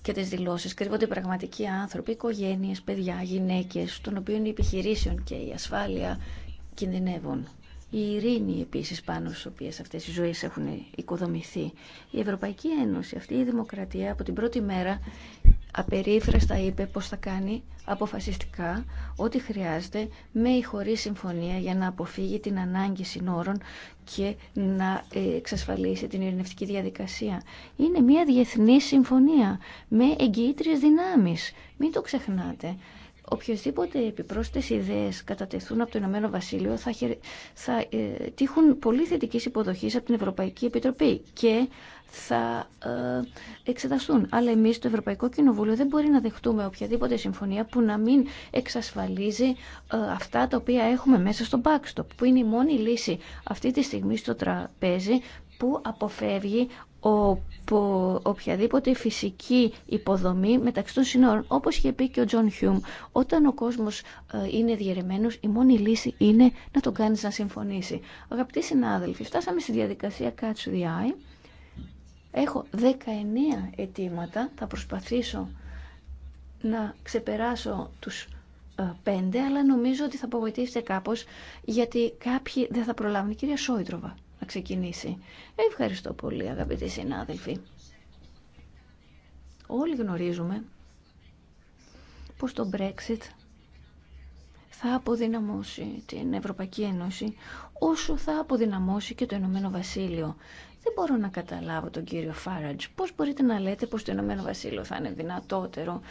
C: και τις δηλώσεις κρύβονται πραγματικοί άνθρωποι, οικογένειες, παιδιά, γυναίκες, των οποίων οι επιχειρήσεων και η ασφάλεια κινδυνεύουν. Η ειρήνη επίση πάνω στις οποίε αυτές οι ζωές έχουν οικοδομηθεί. Η Ευρωπαϊκή Ένωση, αυτή η δημοκρατία από την πρώτη μέρα απερίφραστα είπε πως θα κάνει αποφασιστικά ό,τι χρειάζεται με ή χωρίς συμφωνία για να αποφύγει την ανάγκη συνόρων και να εξασφαλίσει την ειρηνευτική διαδικασία. Είναι μια διεθνή συμφωνία με εγγυήτριες δυνάμεις. Μην το ξεχνάτε. Οποιοδήποτε επιπρόσθετες ιδέες κατατεθούν από το Ηνωμένο Βασίλειο θα, θα ε, τύχουν πολύ θετική υποδοχή από την Ευρωπαϊκή Επιτροπή και θα ε, εξεταστούν. Αλλά εμεί το Ευρωπαϊκό Κοινοβούλιο δεν μπορεί να δεχτούμε οποιαδήποτε συμφωνία που να μην εξασφαλίζει ε, αυτά τα οποία έχουμε μέσα στο backstop, που είναι η μόνη λύση αυτή τη στιγμή στο τραπέζι που αποφεύγει ο, οποιαδήποτε φυσική υποδομή μεταξύ των συνόρων. Όπως είχε πει και ο Τζον Χιούμ, όταν ο κόσμος ε, είναι διαιρεμένος, η μόνη λύση είναι να τον κάνει να συμφωνήσει. Αγαπητοί συνάδελφοι, φτάσαμε στη διαδικασία Catch the Eye. Έχω 19 αιτήματα, θα προσπαθήσω να ξεπεράσω τους ε, πέντε, αλλά νομίζω ότι θα απογοητεύσετε κάπως, γιατί κάποιοι δεν θα προλάβουν. Η κυρία Σόιτροβα να ξεκινήσει. Ευχαριστώ πολύ αγαπητοί συνάδελφοι. Όλοι γνωρίζουμε πως το Brexit θα αποδυναμώσει την Ευρωπαϊκή Ένωση όσο θα αποδυναμώσει και το Ενωμένο Βασίλειο. Δεν μπορώ να καταλάβω τον κύριο Φάραντζ. Πώς μπορείτε να λέτε πως το Ηνωμένο Βασίλειο θα είναι δυνατότερο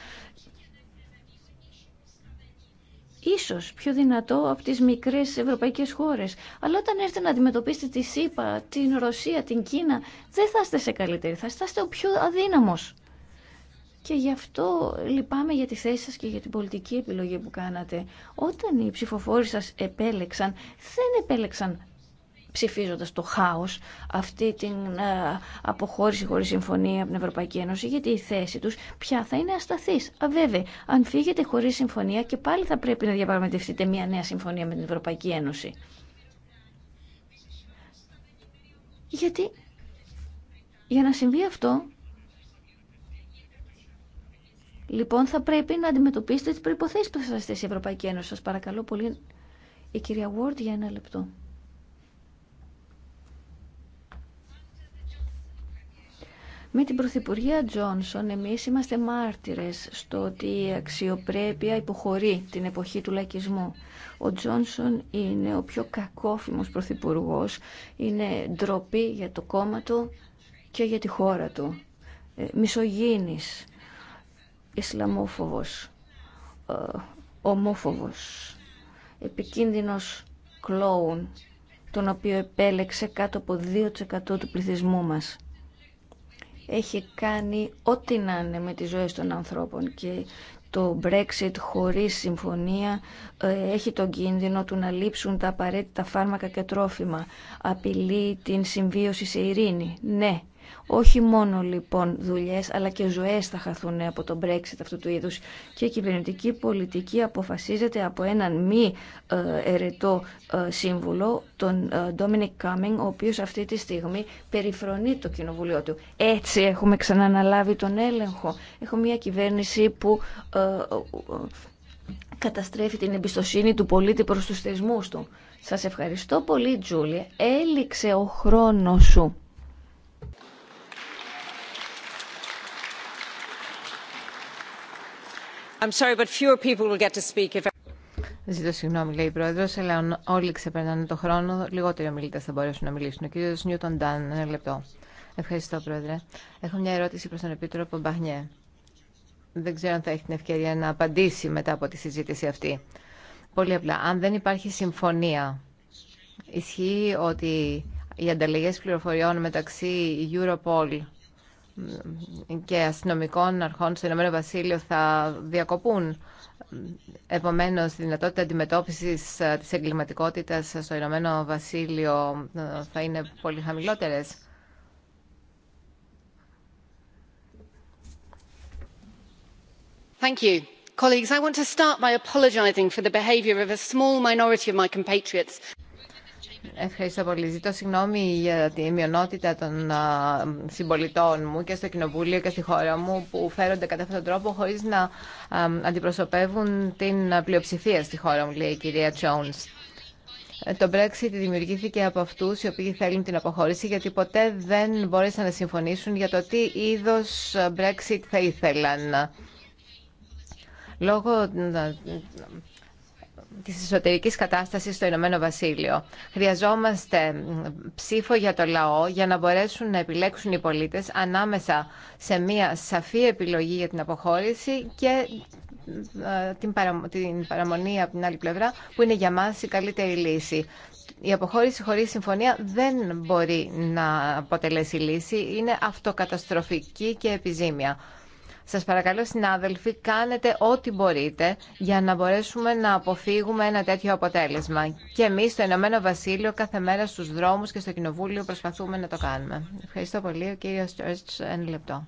C: ίσως πιο δυνατό από τις μικρές ευρωπαϊκές χώρες. Αλλά όταν έρθετε να αντιμετωπίσετε τη ΣΥΠΑ, την Ρωσία, την Κίνα, δεν θα είστε σε καλύτερη, θα είστε ο πιο αδύναμος. Και γι' αυτό λυπάμαι για τη θέση σας και για την πολιτική επιλογή που κάνατε. Όταν οι ψηφοφόροι σας επέλεξαν, δεν επέλεξαν ψηφίζοντας το χάος αυτή την ε, αποχώρηση χωρίς συμφωνία από την Ευρωπαϊκή Ένωση γιατί η θέση τους πια θα είναι ασταθής. Βέβαια, αν φύγετε χωρίς συμφωνία και πάλι θα πρέπει να διαπραγματευτείτε μια νέα συμφωνία με την Ευρωπαϊκή Ένωση. Γιατί για να συμβεί αυτό Λοιπόν, θα πρέπει να αντιμετωπίσετε τις προϋποθέσεις που θα σας θέσει η Ευρωπαϊκή Ένωση. Σας παρακαλώ πολύ. Η κυρία Ward για ένα λεπτό. Με την Πρωθυπουργία Τζόνσον εμείς είμαστε μάρτυρες στο ότι η αξιοπρέπεια υποχωρεί την εποχή του λαϊκισμού. Ο Τζόνσον είναι ο πιο κακόφημος Πρωθυπουργό, είναι ντροπή για το κόμμα του και για τη χώρα του. Ε, μισογίνης, Ισλαμόφοβος, ε, ομόφοβος, επικίνδυνος κλόουν, τον οποίο επέλεξε κάτω από 2% του πληθυσμού μας έχει κάνει ό,τι να είναι με τις ζωές των ανθρώπων και το Brexit χωρίς συμφωνία ε, έχει τον κίνδυνο του να λείψουν τα απαραίτητα φάρμακα και τρόφιμα. Απειλεί την συμβίωση σε ειρήνη. Ναι, όχι μόνο λοιπόν δουλειές αλλά και ζωές θα χαθούν από τον Brexit αυτού του είδους και η κυβερνητική πολιτική αποφασίζεται από έναν μη ε, ερετό ε, σύμβουλο, τον ε, Dominic Cumming, ο οποίος αυτή τη στιγμή περιφρονεί το κοινοβουλίο του. Έτσι έχουμε ξαναναλάβει τον έλεγχο. Έχω μια κυβέρνηση που καταστρέφει την εμπιστοσύνη του πολίτη προς τους θεσμούς του. Σας ευχαριστώ πολύ, Τζούλια. Έληξε ο χρόνος σου.
A: Ζητώ συγγνώμη, λέει η Πρόεδρο, αλλά αν όλοι ξεπερνάνε το χρόνο, λιγότεροι ομιλητέ θα μπορέσουν να μιλήσουν. Ο κύριο Νιούτον Ντάν, ένα λεπτό. Ευχαριστώ, Πρόεδρε. Έχω μια ερώτηση προ τον Επίτροπο Μπαχνιέ. Δεν ξέρω αν θα έχει την ευκαιρία να απαντήσει μετά από τη συζήτηση αυτή. Πολύ απλά. Αν δεν υπάρχει συμφωνία, ισχύει ότι οι ανταλλαγέ πληροφοριών μεταξύ Europol και αστυνομικών αρχών στο Ηνωμένο Βασίλειο θα διακοπούν. Επομένω, η δυνατότητα αντιμετώπιση ε, της εγκληματικότητα στο Ηνωμένο Βασίλειο ε, θα είναι πολύ χαμηλότερε. Thank you. Colleagues, I want to start by apologizing for the behavior of a small minority of my compatriots. Ευχαριστώ πολύ. Ζητώ συγγνώμη για τη μειονότητα των συμπολιτών μου και στο Κοινοβούλιο και στη χώρα μου που φέρονται κατά αυτόν τον τρόπο χωρίς να αντιπροσωπεύουν την πλειοψηφία στη χώρα μου, λέει η κυρία Τσόνς. Ε, το Brexit δημιουργήθηκε από αυτού οι οποίοι θέλουν την αποχώρηση, γιατί ποτέ δεν μπόρεσαν να συμφωνήσουν για το τι είδο Brexit θα ήθελαν. Λόγω Τη εσωτερική κατάστασης στο Ηνωμένο Βασίλειο. Χρειαζόμαστε ψήφο για το λαό για να μπορέσουν να επιλέξουν οι πολίτε ανάμεσα σε μια σαφή επιλογή για την αποχώρηση και ε, την παραμονή από την άλλη πλευρά που είναι για μας η καλύτερη λύση. Η αποχώρηση χωρίς συμφωνία δεν μπορεί να αποτελέσει λύση. Είναι αυτοκαταστροφική και επιζήμια. Σας παρακαλώ συνάδελφοι, κάνετε ό,τι μπορείτε για να μπορέσουμε να αποφύγουμε ένα τέτοιο αποτέλεσμα. Και εμείς στο Ηνωμένο Βασίλειο κάθε μέρα στους δρόμους και στο Κοινοβούλιο προσπαθούμε να το κάνουμε. Ευχαριστώ πολύ. Ο κύριος Τζόρτς, ένα λεπτό.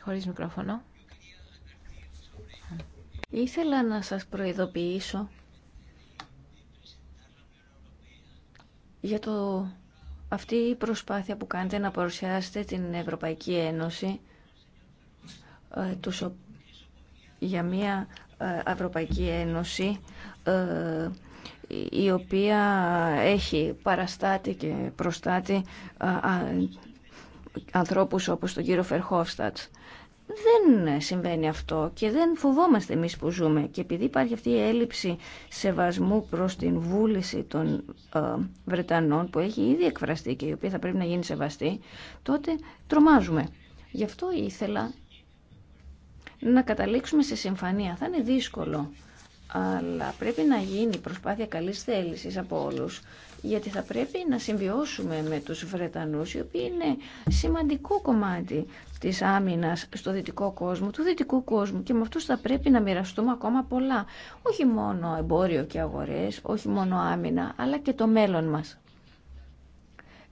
A: Χωρίς μικρόφωνο.
C: Ήθελα να σας προειδοποιήσω για το αυτή η προσπάθεια που κάνετε να παρουσιάσετε την Ευρωπαϊκή Ένωση ε, για μια ε, Ευρωπαϊκή Ένωση ε, η οποία έχει παραστάτη και προστάτη ανθρώπους όπως τον κύριο Φερχόφστατ δεν συμβαίνει αυτό και δεν φοβόμαστε εμείς που ζούμε. Και επειδή υπάρχει αυτή η έλλειψη σεβασμού προς την βούληση των ε, Βρετανών που έχει ήδη εκφραστεί και η οποία θα πρέπει να γίνει σεβαστή, τότε τρομάζουμε. Γι' αυτό ήθελα να καταλήξουμε σε συμφωνία. Θα είναι δύσκολο, αλλά πρέπει να γίνει προσπάθεια καλής θέλησης από όλους γιατί θα πρέπει να συμβιώσουμε με τους Βρετανούς οι οποίοι είναι σημαντικό κομμάτι της άμυνας στο δυτικό κόσμο, του δυτικού κόσμου και με αυτούς θα πρέπει να μοιραστούμε ακόμα πολλά. Όχι μόνο εμπόριο και αγορές, όχι μόνο άμυνα, αλλά και το μέλλον μας.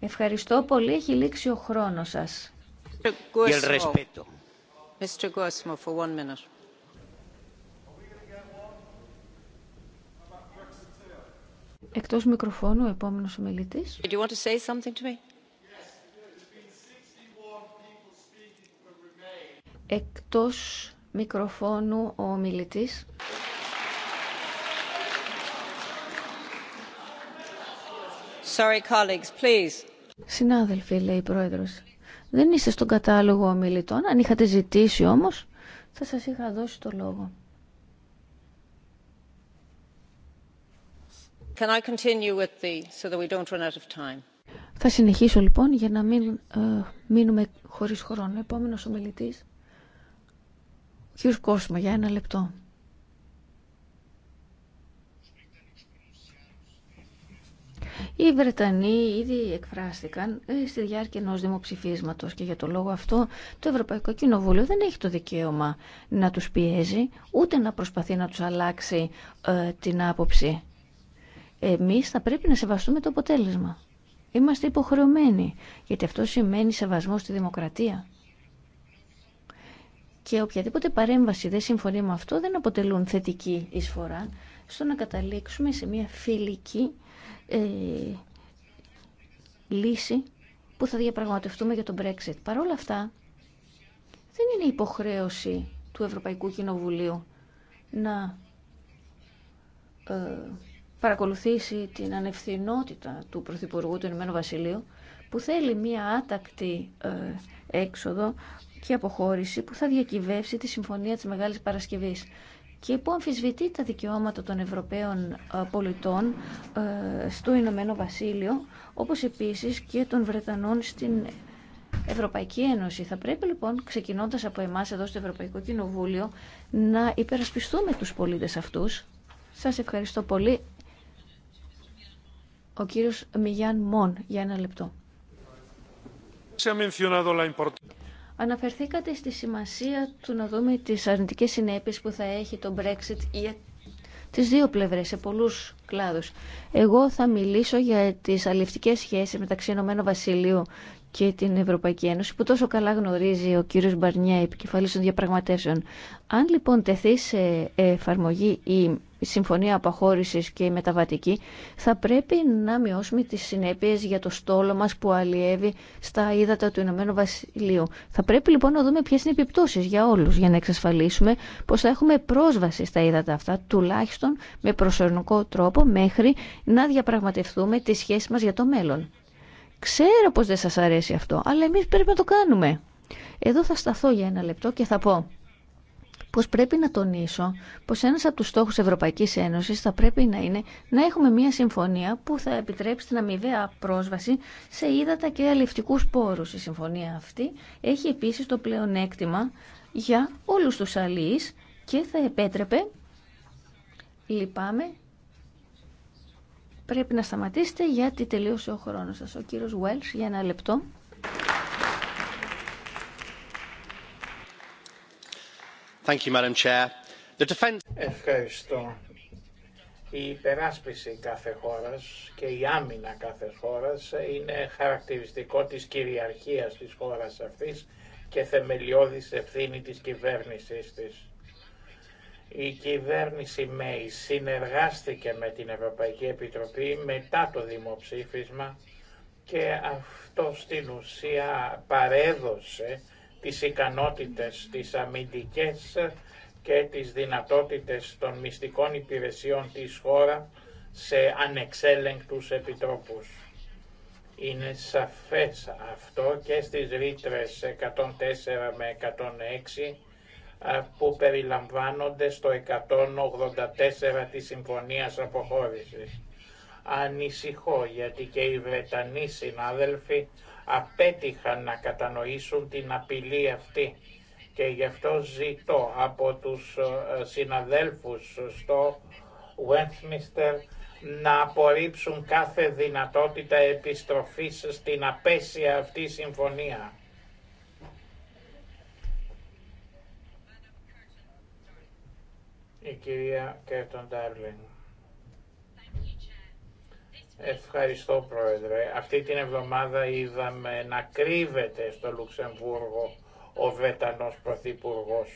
C: Ευχαριστώ πολύ, έχει λήξει ο χρόνος σας.
A: for minute.
C: Εκτός μικροφώνου, ο επόμενος ομιλητής. Do you
A: want to say something to me?
C: Εκτός μικροφώνου ο ομιλητής. Sorry, colleagues, please. Συνάδελφοι, λέει η πρόεδρος, δεν είστε στον κατάλογο ομιλητών. Αν είχατε ζητήσει όμως, θα σας είχα δώσει το λόγο. Θα συνεχίσω λοιπόν για να μην ε, μείνουμε χωρίς χρόνο. Επόμενος ομιλητής, κύριος Κόσμο, για ένα λεπτό. Οι Βρετανοί ήδη εκφράστηκαν ε, στη διάρκεια ενός δημοψηφίσματος και για το λόγο αυτό το Ευρωπαϊκό Κοινοβούλιο δεν έχει το δικαίωμα να τους πιέζει ούτε να προσπαθεί να τους αλλάξει ε, την άποψη εμείς θα πρέπει να σεβαστούμε το αποτέλεσμα. Είμαστε υποχρεωμένοι, γιατί αυτό σημαίνει σεβασμό στη δημοκρατία. Και οποιαδήποτε παρέμβαση δεν συμφωνεί με αυτό δεν αποτελούν θετική εισφορά στο να καταλήξουμε σε μια φιλική ε, λύση που θα διαπραγματευτούμε για τον Brexit. Παρ' όλα αυτά, δεν είναι υποχρέωση του Ευρωπαϊκού Κοινοβουλίου να ε, παρακολουθήσει την ανευθυνότητα του Πρωθυπουργού του Ηνωμένου Βασιλείου που θέλει μία άτακτη ε, έξοδο και αποχώρηση που θα διακυβεύσει τη Συμφωνία της Μεγάλης Παρασκευής και που αμφισβητεί τα δικαιώματα των Ευρωπαίων ε, πολιτών ε, στο Ηνωμένο Βασίλειο όπως επίσης και των Βρετανών στην Ευρωπαϊκή Ένωση. Θα πρέπει λοιπόν, ξεκινώντας από εμάς εδώ στο Ευρωπαϊκό Κοινοβούλιο, να υπερασπιστούμε τους πολίτες αυτούς. Σας ευχαριστώ πολύ. Ο κύριος Μιγιάν Μον, για ένα λεπτό. Αναφερθήκατε στη σημασία του να δούμε τις αρνητικές συνέπειες που θα έχει το Brexit για τις δύο πλευρές, σε πολλούς κλάδους. Εγώ θα μιλήσω για τις αλληλευτικές σχέσεις μεταξύ Ηνωμένου Βασιλείου και την Ευρωπαϊκή Ένωση που τόσο καλά γνωρίζει ο κύριος Μπαρνιέ, επικεφαλής των διαπραγματεύσεων. Αν λοιπόν τεθεί σε εφαρμογή η η συμφωνία απαχώρησης και η μεταβατική, θα πρέπει να μειώσουμε τις συνέπειες για το στόλο μας που αλλιεύει στα ύδατα του Ηνωμένου Βασιλείου. Θα πρέπει λοιπόν να δούμε ποιες είναι οι επιπτώσεις για όλους, για να εξασφαλίσουμε πως θα έχουμε πρόσβαση στα ύδατα αυτά, τουλάχιστον με προσωρινικό τρόπο, μέχρι να διαπραγματευτούμε τη σχέση μας για το μέλλον. Ξέρω πως δεν σας αρέσει αυτό, αλλά εμείς πρέπει να το κάνουμε. Εδώ θα σταθώ για ένα λεπτό και θα πω πως πρέπει να τονίσω πως ένας από τους στόχους Ευρωπαϊκής Ένωσης θα πρέπει να είναι να έχουμε μια συμφωνία που θα επιτρέψει την αμοιβαία πρόσβαση σε ύδατα και αλληλευτικούς πόρους. Η συμφωνία αυτή έχει επίσης το πλεονέκτημα για όλους τους αλλοίς και θα επέτρεπε, λυπάμαι, πρέπει να σταματήσετε γιατί τελείωσε ο χρόνος σας. Ο κύριος Βουέλς για ένα λεπτό.
B: Ευχαριστώ. Η υπεράσπιση κάθε χώρας και η άμυνα κάθε χώρας είναι χαρακτηριστικό της κυριαρχίας της χώρας αυτής και θεμελιώδης ευθύνη της κυβέρνησής της. Η κυβέρνηση ΜΕΙ συνεργάστηκε με την Ευρωπαϊκή Επιτροπή μετά το δημοψήφισμα και αυτό στην ουσία παρέδωσε τις ικανότητες, τις αμυντικές και τις δυνατότητες των μυστικών υπηρεσιών της χώρα σε ανεξέλεγκτους επιτρόπους. Είναι σαφές αυτό και στις ρήτρε 104 με 106 που περιλαμβάνονται στο 184 της Συμφωνίας Αποχώρησης. Ανησυχώ γιατί και οι Βρετανοί συνάδελφοι απέτυχαν να κατανοήσουν την απειλή αυτή και γι' αυτό ζητώ από τους ε, συναδέλφους στο Westminster να απορρίψουν κάθε δυνατότητα επιστροφής στην απέσια αυτή συμφωνία. Η κυρία Κέρτον Ντάρλινγκ. Ευχαριστώ Πρόεδρε. Αυτή την εβδομάδα είδαμε να κρύβεται στο Λουξεμβούργο ο Βρετανός Πρωθυπουργό.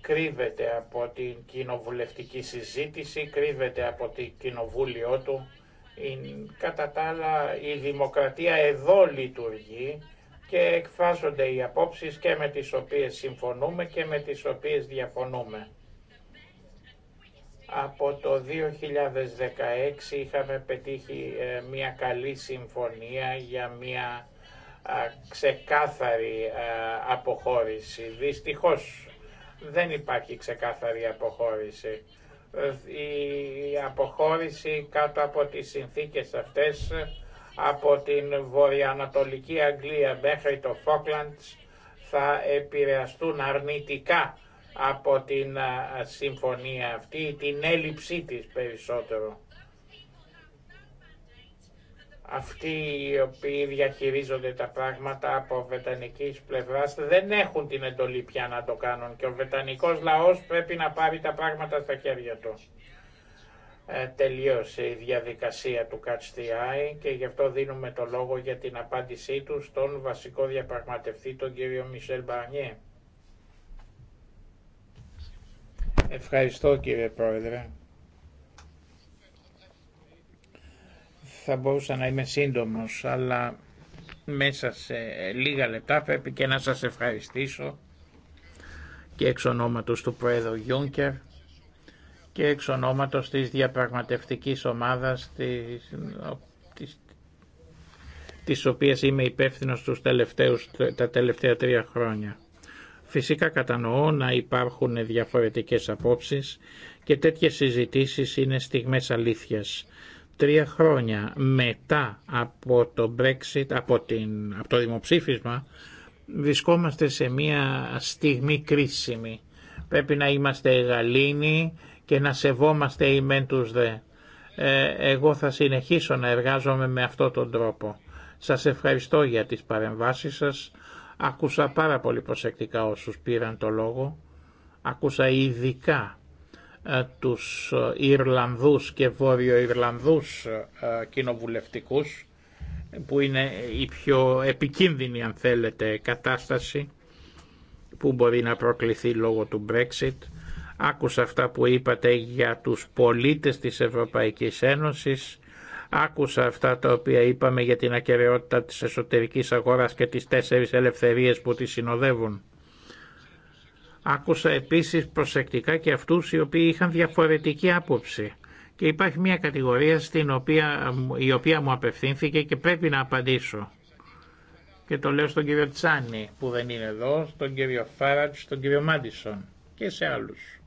B: Κρύβεται από την κοινοβουλευτική συζήτηση, κρύβεται από το κοινοβούλιο του. Κατά τα άλλα η δημοκρατία εδώ λειτουργεί και εκφράζονται οι απόψεις και με τις οποίες συμφωνούμε και με τις οποίες διαφωνούμε. Από το 2016 είχαμε πετύχει ε, μια καλή συμφωνία για μια ξεκάθαρη αποχώρηση. Δυστυχώς δεν υπάρχει ξεκάθαρη αποχώρηση. Η αποχώρηση κάτω από τις συνθήκες αυτές από την βορειοανατολική Αγγλία μέχρι το Φόκλαντς θα επηρεαστούν αρνητικά από την συμφωνία αυτή, την έλλειψή της περισσότερο. Αυτοί οι οποίοι διαχειρίζονται τα πράγματα από βρετανικής πλευράς δεν έχουν την εντολή πια να το κάνουν και ο βετανικός λαός πρέπει να πάρει τα πράγματα στα χέρια του. Ε, τελείωσε η διαδικασία του Catch και γι' αυτό δίνουμε το λόγο για την απάντησή του στον βασικό διαπραγματευτή τον κύριο Μισελ Μπαρνιέ. Ευχαριστώ κύριε Πρόεδρε. Θα μπορούσα να είμαι σύντομος, αλλά μέσα σε λίγα λεπτά πρέπει και να σας ευχαριστήσω και εξ ονόματος του Πρόεδρου Γιούνκερ και εξ ονόματος της διαπραγματευτικής ομάδας της, της, της οποίας είμαι υπεύθυνος τους τελευταίους, τα τελευταία τρία χρόνια. Φυσικά κατανοώ να υπάρχουν διαφορετικές απόψεις και τέτοιες συζητήσεις είναι στιγμές αλήθειας. Τρία χρόνια μετά από το Brexit, από, την, το δημοψήφισμα, βρισκόμαστε σε μια στιγμή κρίσιμη. Πρέπει να είμαστε γαλήνοι και να σεβόμαστε οι μεν τους δε. Ε, εγώ θα συνεχίσω να εργάζομαι με αυτόν τον τρόπο. Σας ευχαριστώ για τις παρεμβάσεις σας Άκουσα πάρα πολύ προσεκτικά όσους πήραν το λόγο. Άκουσα ειδικά ε, τους ε, Ιρλανδούς και Βόρειο Ιρλανδούς ε, κοινοβουλευτικούς που είναι η πιο επικίνδυνη αν θέλετε κατάσταση που μπορεί να προκληθεί λόγω του Brexit. Άκουσα αυτά που είπατε για τους πολίτες της Ευρωπαϊκής Ένωσης Άκουσα αυτά τα οποία είπαμε για την ακαιρεότητα της εσωτερικής αγοράς και τις τέσσερις ελευθερίες που τη συνοδεύουν. Άκουσα επίσης προσεκτικά και αυτούς οι οποίοι είχαν διαφορετική άποψη. Και υπάρχει μια κατηγορία στην οποία, η οποία μου απευθύνθηκε και πρέπει να απαντήσω. Και το λέω στον κύριο Τσάνι που δεν είναι εδώ, στον κύριο Φάρατ, στον κύριο Μάντισον και σε άλλους.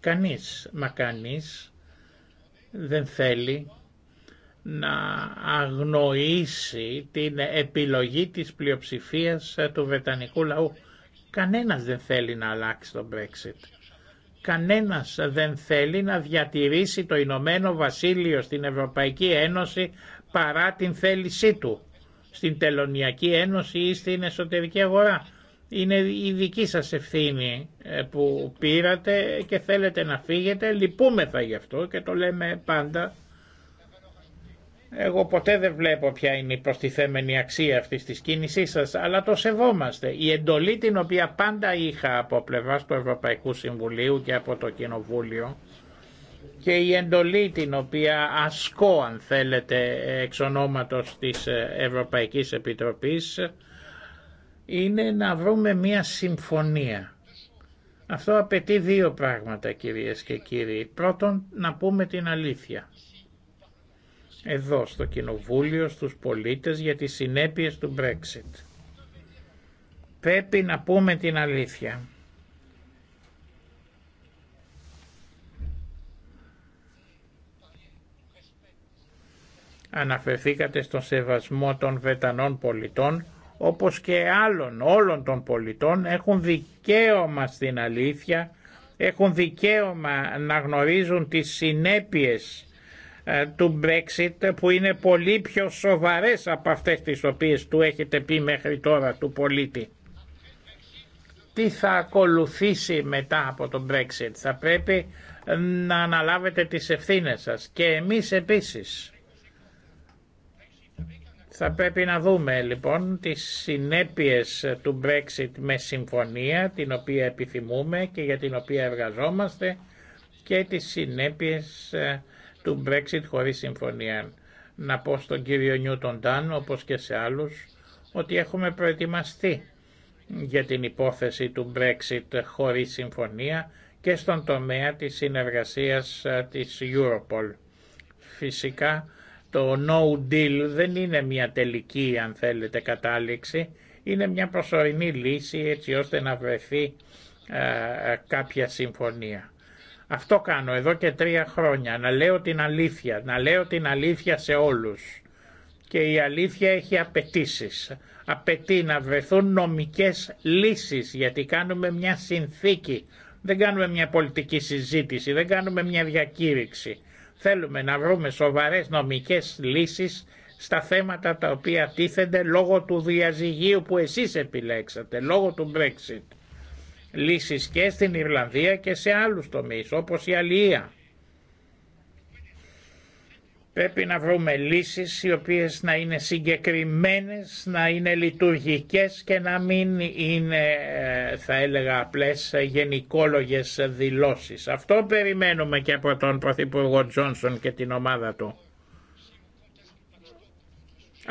B: Κανείς, μα κανείς δεν θέλει να αγνοήσει την επιλογή της πλειοψηφίας ε, του Βρετανικού λαού. Κανένας δεν θέλει να αλλάξει το Brexit. Κανένας δεν θέλει να διατηρήσει το Ηνωμένο Βασίλειο στην Ευρωπαϊκή Ένωση παρά την θέλησή του, στην Τελωνιακή Ένωση ή στην εσωτερική αγορά. Είναι η δική σας ευθύνη ε, που πήρατε και θέλετε να φύγετε, λυπούμεθα γι' αυτό και το λέμε πάντα εγώ ποτέ δεν βλέπω ποια είναι η προστιθέμενη αξία αυτή τη κίνησή σας, αλλά το σεβόμαστε. Η εντολή την οποία πάντα είχα από πλευρά του Ευρωπαϊκού Συμβουλίου και από το Κοινοβούλιο και η εντολή την οποία ασκώ αν θέλετε εξ ονόματος της Ευρωπαϊκής Επιτροπής είναι να βρούμε μία συμφωνία. Αυτό απαιτεί δύο πράγματα κυρίες και κύριοι. Πρώτον να πούμε την αλήθεια εδώ στο Κοινοβούλιο, στους πολίτες για τις συνέπειες του Brexit. Πρέπει να πούμε την αλήθεια. Αναφερθήκατε στον σεβασμό των βετανών πολιτών, όπως και άλλων, όλων των πολιτών, έχουν δικαίωμα στην αλήθεια, έχουν δικαίωμα να γνωρίζουν τις συνέπειες ε, του Brexit που είναι πολύ πιο σοβαρές από αυτές τις οποίες του έχετε πει μέχρι τώρα του πολίτη. Τι θα ακολουθήσει μετά από το Brexit. Θα πρέπει να αναλάβετε τις ευθύνες σας και εμείς επίσης. Θα πρέπει να δούμε λοιπόν τις συνέπειες του Brexit με συμφωνία την οποία επιθυμούμε και για την οποία εργαζόμαστε και τις συνέπειες ε, του Brexit χωρίς συμφωνία. Να πω στον κύριο Νιούτον Τάν, όπως και σε άλλους, ότι έχουμε προετοιμαστεί για την υπόθεση του Brexit χωρίς συμφωνία και στον τομέα της συνεργασίας ε, της Europol. Φυσικά το no deal δεν είναι μια τελική αν θέλετε κατάληξη, είναι μια προσωρινή λύση έτσι ώστε να βρεθεί ε, ε, κάποια συμφωνία. Αυτό κάνω εδώ και τρία χρόνια, να λέω την αλήθεια, να λέω την αλήθεια σε όλους. Και η αλήθεια έχει απαιτήσει. Απαιτεί να βρεθούν νομικές λύσεις, γιατί κάνουμε μια συνθήκη, δεν κάνουμε μια πολιτική συζήτηση, δεν κάνουμε μια διακήρυξη. Θέλουμε να βρούμε σοβαρές νομικές λύσεις στα θέματα τα οποία τίθενται λόγω του διαζυγίου που εσείς επιλέξατε, λόγω του Brexit λύσεις και στην Ιρλανδία και σε άλλους τομείς όπως η αλία. Πρέπει να βρούμε λύσεις οι οποίες να είναι συγκεκριμένες, να είναι λειτουργικές και να μην είναι ε, θα έλεγα απλές γενικόλογες δηλώσεις. Αυτό περιμένουμε και από τον Πρωθυπουργό Τζόνσον και την ομάδα του.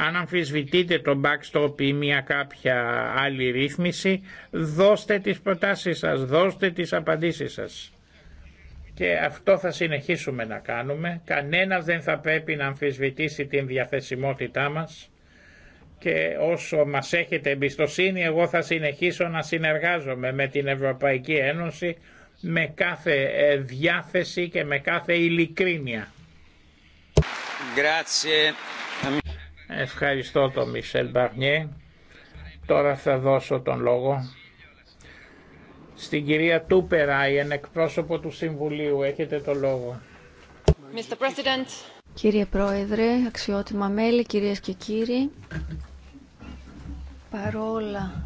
B: Αν αμφισβητείτε το backstop ή μια κάποια άλλη ρύθμιση, δώστε τις προτάσεις σας, δώστε τις απαντήσεις σας. Και αυτό θα συνεχίσουμε να κάνουμε. Κανένας δεν θα πρέπει να αμφισβητήσει την διαθεσιμότητά μας και όσο μας έχετε εμπιστοσύνη εγώ θα συνεχίσω να συνεργάζομαι με την Ευρωπαϊκή Ένωση με κάθε ε, διάθεση και με κάθε ειλικρίνεια. Ευχαριστώ τον Μισελ Μπαρνιέ. Τώρα θα δώσω τον λόγο στην κυρία Τούπερα, η ενεκπρόσωπο του Συμβουλίου. Έχετε τον λόγο.
A: Mr.
C: Κύριε Πρόεδρε, αξιότιμα μέλη, κυρίες και κύριοι, παρόλα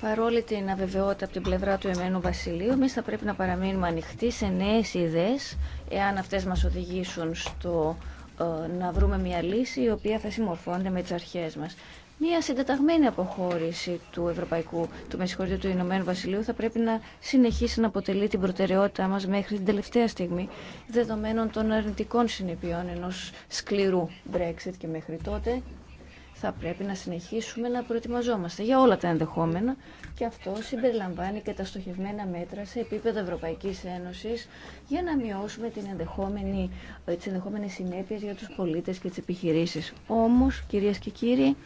C: Παρόλη την αβεβαιότητα από την πλευρά του Εμένου Βασιλείου, εμεί θα πρέπει να παραμείνουμε ανοιχτοί σε νέες ιδέες, εάν αυτές μας οδηγήσουν στο ε, να βρούμε μια λύση η οποία θα συμμορφώνεται με τις αρχές μας. Μια συντεταγμένη αποχώρηση του Ευρωπαϊκού, του με του Ηνωμένου Βασιλείου θα πρέπει να συνεχίσει να αποτελεί την προτεραιότητά μας μέχρι την τελευταία στιγμή δεδομένων των αρνητικών συνεπειών ενός σκληρού Brexit και μέχρι τότε θα πρέπει να συνεχίσουμε να προετοιμαζόμαστε για όλα τα ενδεχόμενα και αυτό συμπεριλαμβάνει και τα στοχευμένα μέτρα σε επίπεδο Ευρωπαϊκής Ένωσης για να μειώσουμε την ενδεχόμενη, ε, τις ενδεχόμενες συνέπειες για τους πολίτες και τις επιχειρήσεις. Όμως, κυρίες και κύριοι,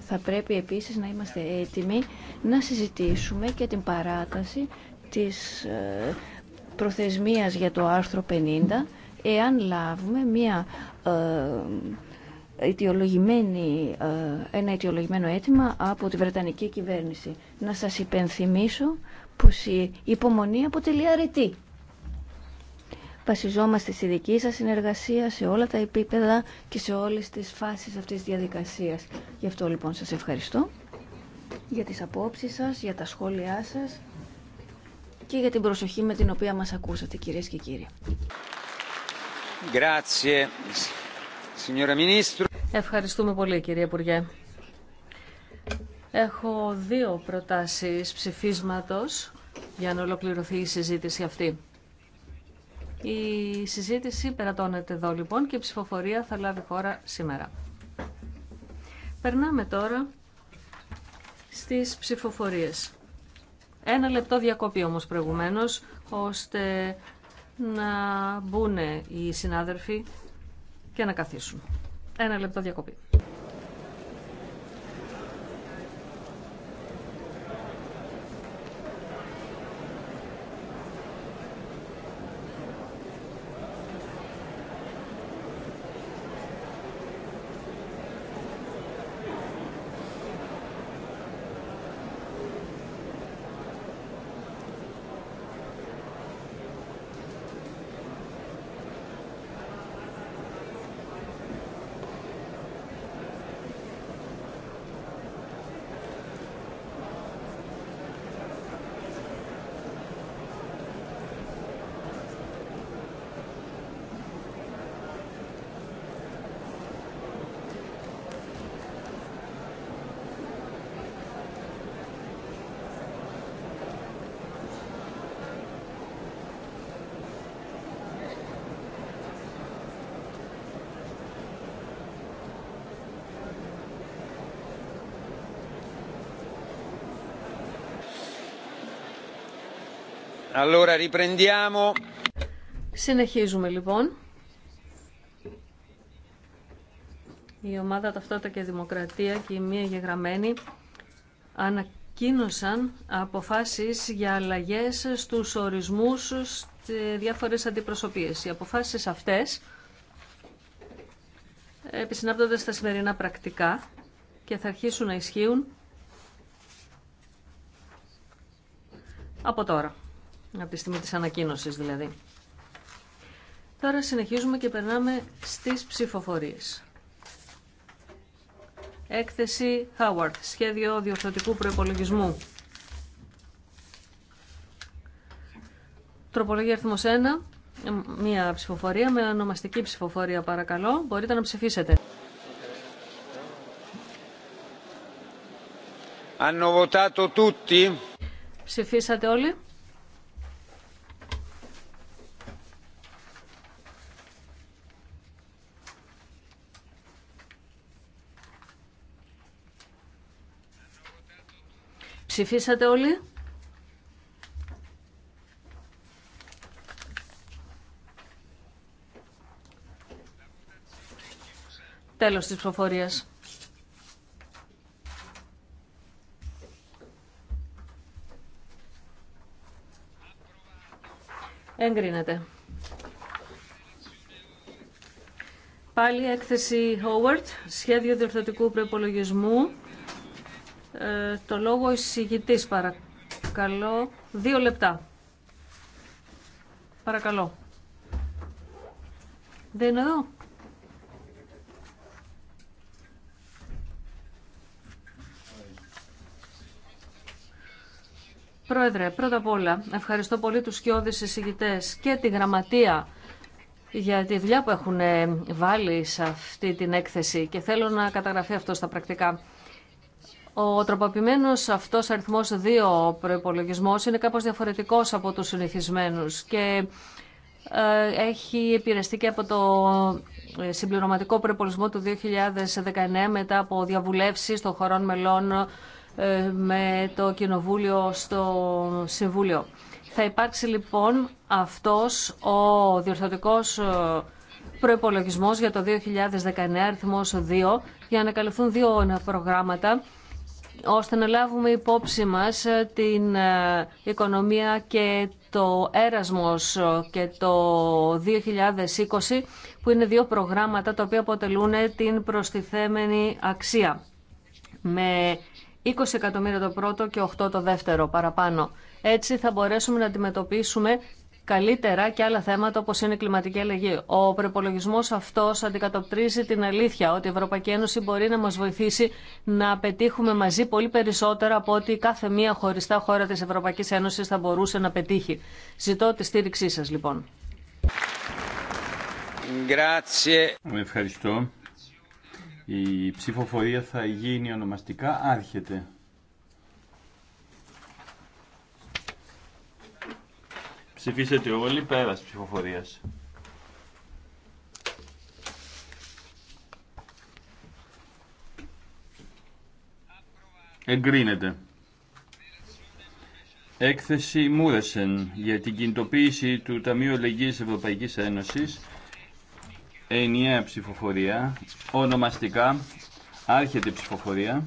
C: θα πρέπει επίσης να είμαστε έτοιμοι να συζητήσουμε και την παράταση της ε, προθεσμίας για το άρθρο 50 εάν λάβουμε μία ε, αιτιολογημένη, ε, ένα αιτιολογημένο αίτημα από τη Βρετανική κυβέρνηση. Να σας υπενθυμίσω πως η υπομονή αποτελεί αρετή. Βασιζόμαστε στη δική σας συνεργασία σε όλα τα επίπεδα και σε όλες τις φάσεις αυτής της διαδικασίας. Γι' αυτό λοιπόν σας ευχαριστώ για τις απόψεις σας, για τα σχόλιά σας και για την προσοχή με την οποία μας ακούσατε κυρίες και κύριοι.
H: Grazie.
C: Ευχαριστούμε πολύ κύριε Υπουργέ.
G: Έχω δύο προτάσεις ψηφίσματος για να ολοκληρωθεί η συζήτηση αυτή. Η συζήτηση περατώνεται εδώ λοιπόν και η ψηφοφορία θα λάβει χώρα σήμερα. Περνάμε τώρα στις ψηφοφορίες. Ένα λεπτό διακοπή όμως προηγουμένως, ώστε να μπουν οι συνάδελφοι και να καθίσουν. Ένα λεπτό διακοπή.
H: Allora riprendiamo.
G: Συνεχίζουμε λοιπόν. Η ομάδα Ταυτότητα και Δημοκρατία και η μία γεγραμμένη ανακοίνωσαν αποφάσεις για αλλαγές στους ορισμούς σε διάφορες αντιπροσωπείες. Οι αποφάσεις αυτές επισυνάπτονται στα σημερινά πρακτικά και θα αρχίσουν να ισχύουν από τώρα από τη στιγμή της ανακοίνωσης δηλαδή. Τώρα συνεχίζουμε και περνάμε στις ψηφοφορίες. Έκθεση Howard, σχέδιο διορθωτικού προϋπολογισμού. Τροπολογία αριθμός 1, μία ψηφοφορία με ονομαστική ψηφοφορία παρακαλώ. Μπορείτε να ψηφίσετε.
H: Hanno votato tutti.
G: Ψηφίσατε όλοι. Ψηφίσατε όλοι. Τέλος της προφορίας. Εγκρίνεται. Πάλι έκθεση Howard, σχέδιο διορθωτικού προπολογισμού ε, το λόγο ο εισηγητής παρακαλώ. Δύο λεπτά. Παρακαλώ. Δεν είναι εδώ. Πρόεδρε, πρώτα απ' όλα ευχαριστώ πολύ τους σκιώδεις εισηγητές και τη γραμματεία για τη δουλειά που έχουν βάλει σε αυτή την έκθεση και θέλω να καταγραφεί αυτό στα πρακτικά. Ο τροποποιημένο αυτό αριθμό 2 προπολογισμό είναι κάπω διαφορετικό από του συνηθισμένου. και ε, έχει επηρεαστεί και από το ε, συμπληρωματικό προπολογισμό του 2019 μετά από διαβουλεύσει των χωρών μελών ε, με το Κοινοβούλιο στο Συμβούλιο. Θα υπάρξει λοιπόν αυτός ο διορθωτικός προϋπολογισμός για το 2019, αριθμός 2, για να καλυφθούν δύο προγράμματα ώστε να λάβουμε υπόψη μας ε, την ε, οικονομία και το Έρασμος ε, και το 2020 που είναι δύο προγράμματα τα οποία αποτελούν την προστιθέμενη αξία με 20 εκατομμύρια το πρώτο και 8 το δεύτερο παραπάνω. Έτσι θα μπορέσουμε να αντιμετωπίσουμε καλύτερα και άλλα θέματα όπως είναι η κλιματική αλλαγή. Ο προπολογισμό αυτός αντικατοπτρίζει την αλήθεια ότι η Ευρωπαϊκή Ένωση μπορεί να μας βοηθήσει να πετύχουμε μαζί πολύ περισσότερα από ότι κάθε μία χωριστά χώρα της Ευρωπαϊκή Ένωση θα μπορούσε να πετύχει. Ζητώ τη στήριξή σα λοιπόν.
F: Ευχαριστώ. Η ψηφοφορία θα γίνει ονομαστικά. Άρχεται. Ψηφίσετε όλοι πέρας ψηφοφορίας. Εγκρίνεται. Έκθεση Μούρεσεν για την κινητοποίηση του Ταμείου Λεγγύης Ευρωπαϊκής Ένωσης ενιαία ψηφοφορία, ονομαστικά, άρχεται ψηφοφορία.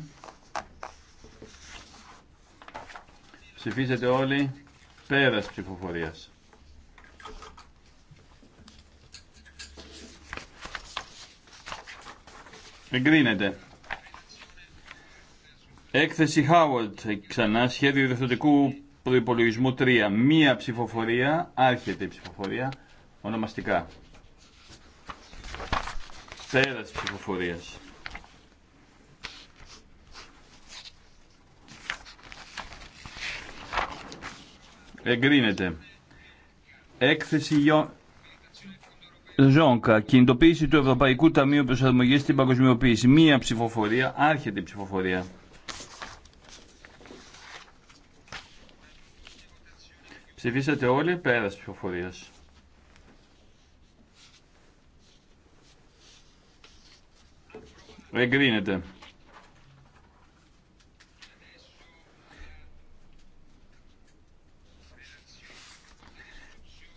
F: Ψηφίσετε όλοι. Πέρας ψηφοφορίας. Εγκρίνεται. Έκθεση Χάουαρτ. ξανά σχέδιο διευθυντικού προϋπολογισμού 3. Μία ψηφοφορία, άρχεται η ψηφοφορία, ονομαστικά. Πέρας ψηφοφορίας. Εγκρίνεται. Έκθεση Ζόγκα. Κινητοποίηση του Ευρωπαϊκού Ταμείου Προσαρμογή στην Παγκοσμιοποίηση. Μία ψηφοφορία. Άρχεται η ψηφοφορία. Ψηφίσατε όλοι πέρας ψηφοφορίας. Εγκρίνεται.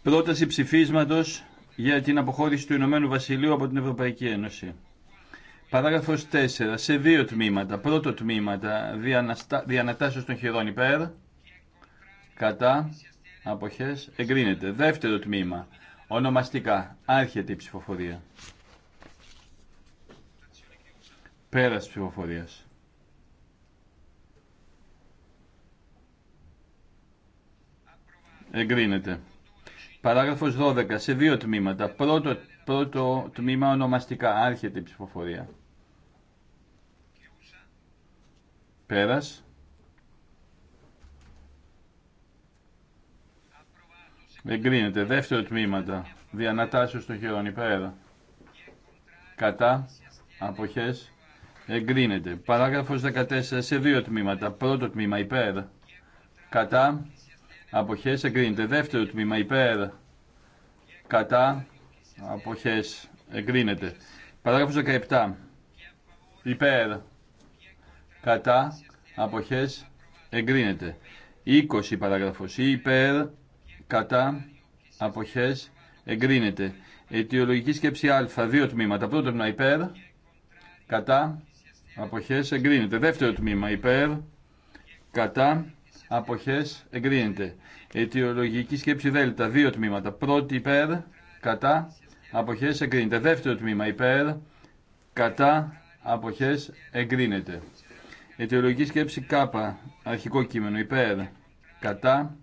F: Πρόταση ψηφίσματο για την αποχώρηση του Ηνωμένου Βασιλείου από την Ευρωπαϊκή Ένωση. Παράγραφος 4. Σε δύο τμήματα. Πρώτο τμήμα Διαναστα... των χειρών υπέρ. Κατά. Αποχές. Εγκρίνεται. Δεύτερο τμήμα. Ονομαστικά. Άρχεται η ψηφοφορία. Πέρας ψηφοφορία. Εγκρίνεται. Παράγραφος 12 σε δύο τμήματα. Πρώτο, τμήμα ονομαστικά. Άρχεται η ψηφοφορία. Πέρας. Εγκρίνεται. Δεύτερο τμήματα. Διανατάσσεως των χειρών υπέρ. Κατά. Αποχές. Εγκρίνεται. Παράγραφος 14 σε δύο τμήματα. Πρώτο τμήμα υπέρ. Κατά αποχές εγκρίνεται. Δεύτερο τμήμα υπέρ κατά αποχές εγκρίνεται. Παράγραφος 17 υπέρ κατά αποχές εγκρίνεται. 20 παράγραφος υπέρ κατά αποχές εγκρίνεται. Αιτιολογική σκέψη α, δύο τμήματα. Πρώτο τμήμα υπέρ, κατά, αποχές εγκρίνεται. Δεύτερο τμήμα υπέρ, κατά, αποχές εγκρίνεται. Αιτιολογική σκέψη δέλτα, δύο τμήματα. Πρώτη υπέρ, κατά, αποχές εγκρίνεται. Δεύτερο τμήμα υπέρ, κατά, αποχές εγκρίνεται. Αιτιολογική σκέψη κάπα, αρχικό κείμενο υπέρ, κατά,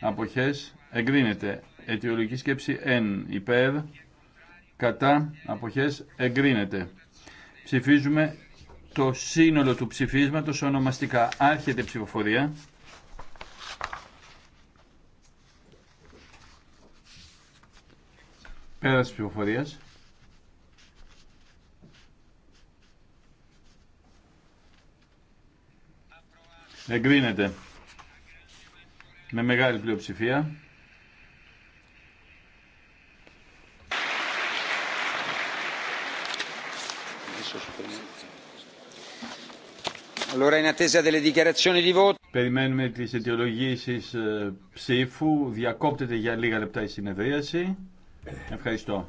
F: αποχές εγκρίνεται. Αιτιολογική σκέψη εν, υπέρ, κατά, αποχές εγκρίνεται. Ψηφίζουμε το σύνολο του ψηφίσματος ονομαστικά. Άρχεται ψηφοφορία. Πέραση τη πληροφορία. Εγκρίνεται με μεγάλη πλειοψηφία. Περιμένουμε τις αιτιολογήσεις ε, ψήφου. Διακόπτεται για λίγα λεπτά η συνεδρίαση. Ευχαριστώ.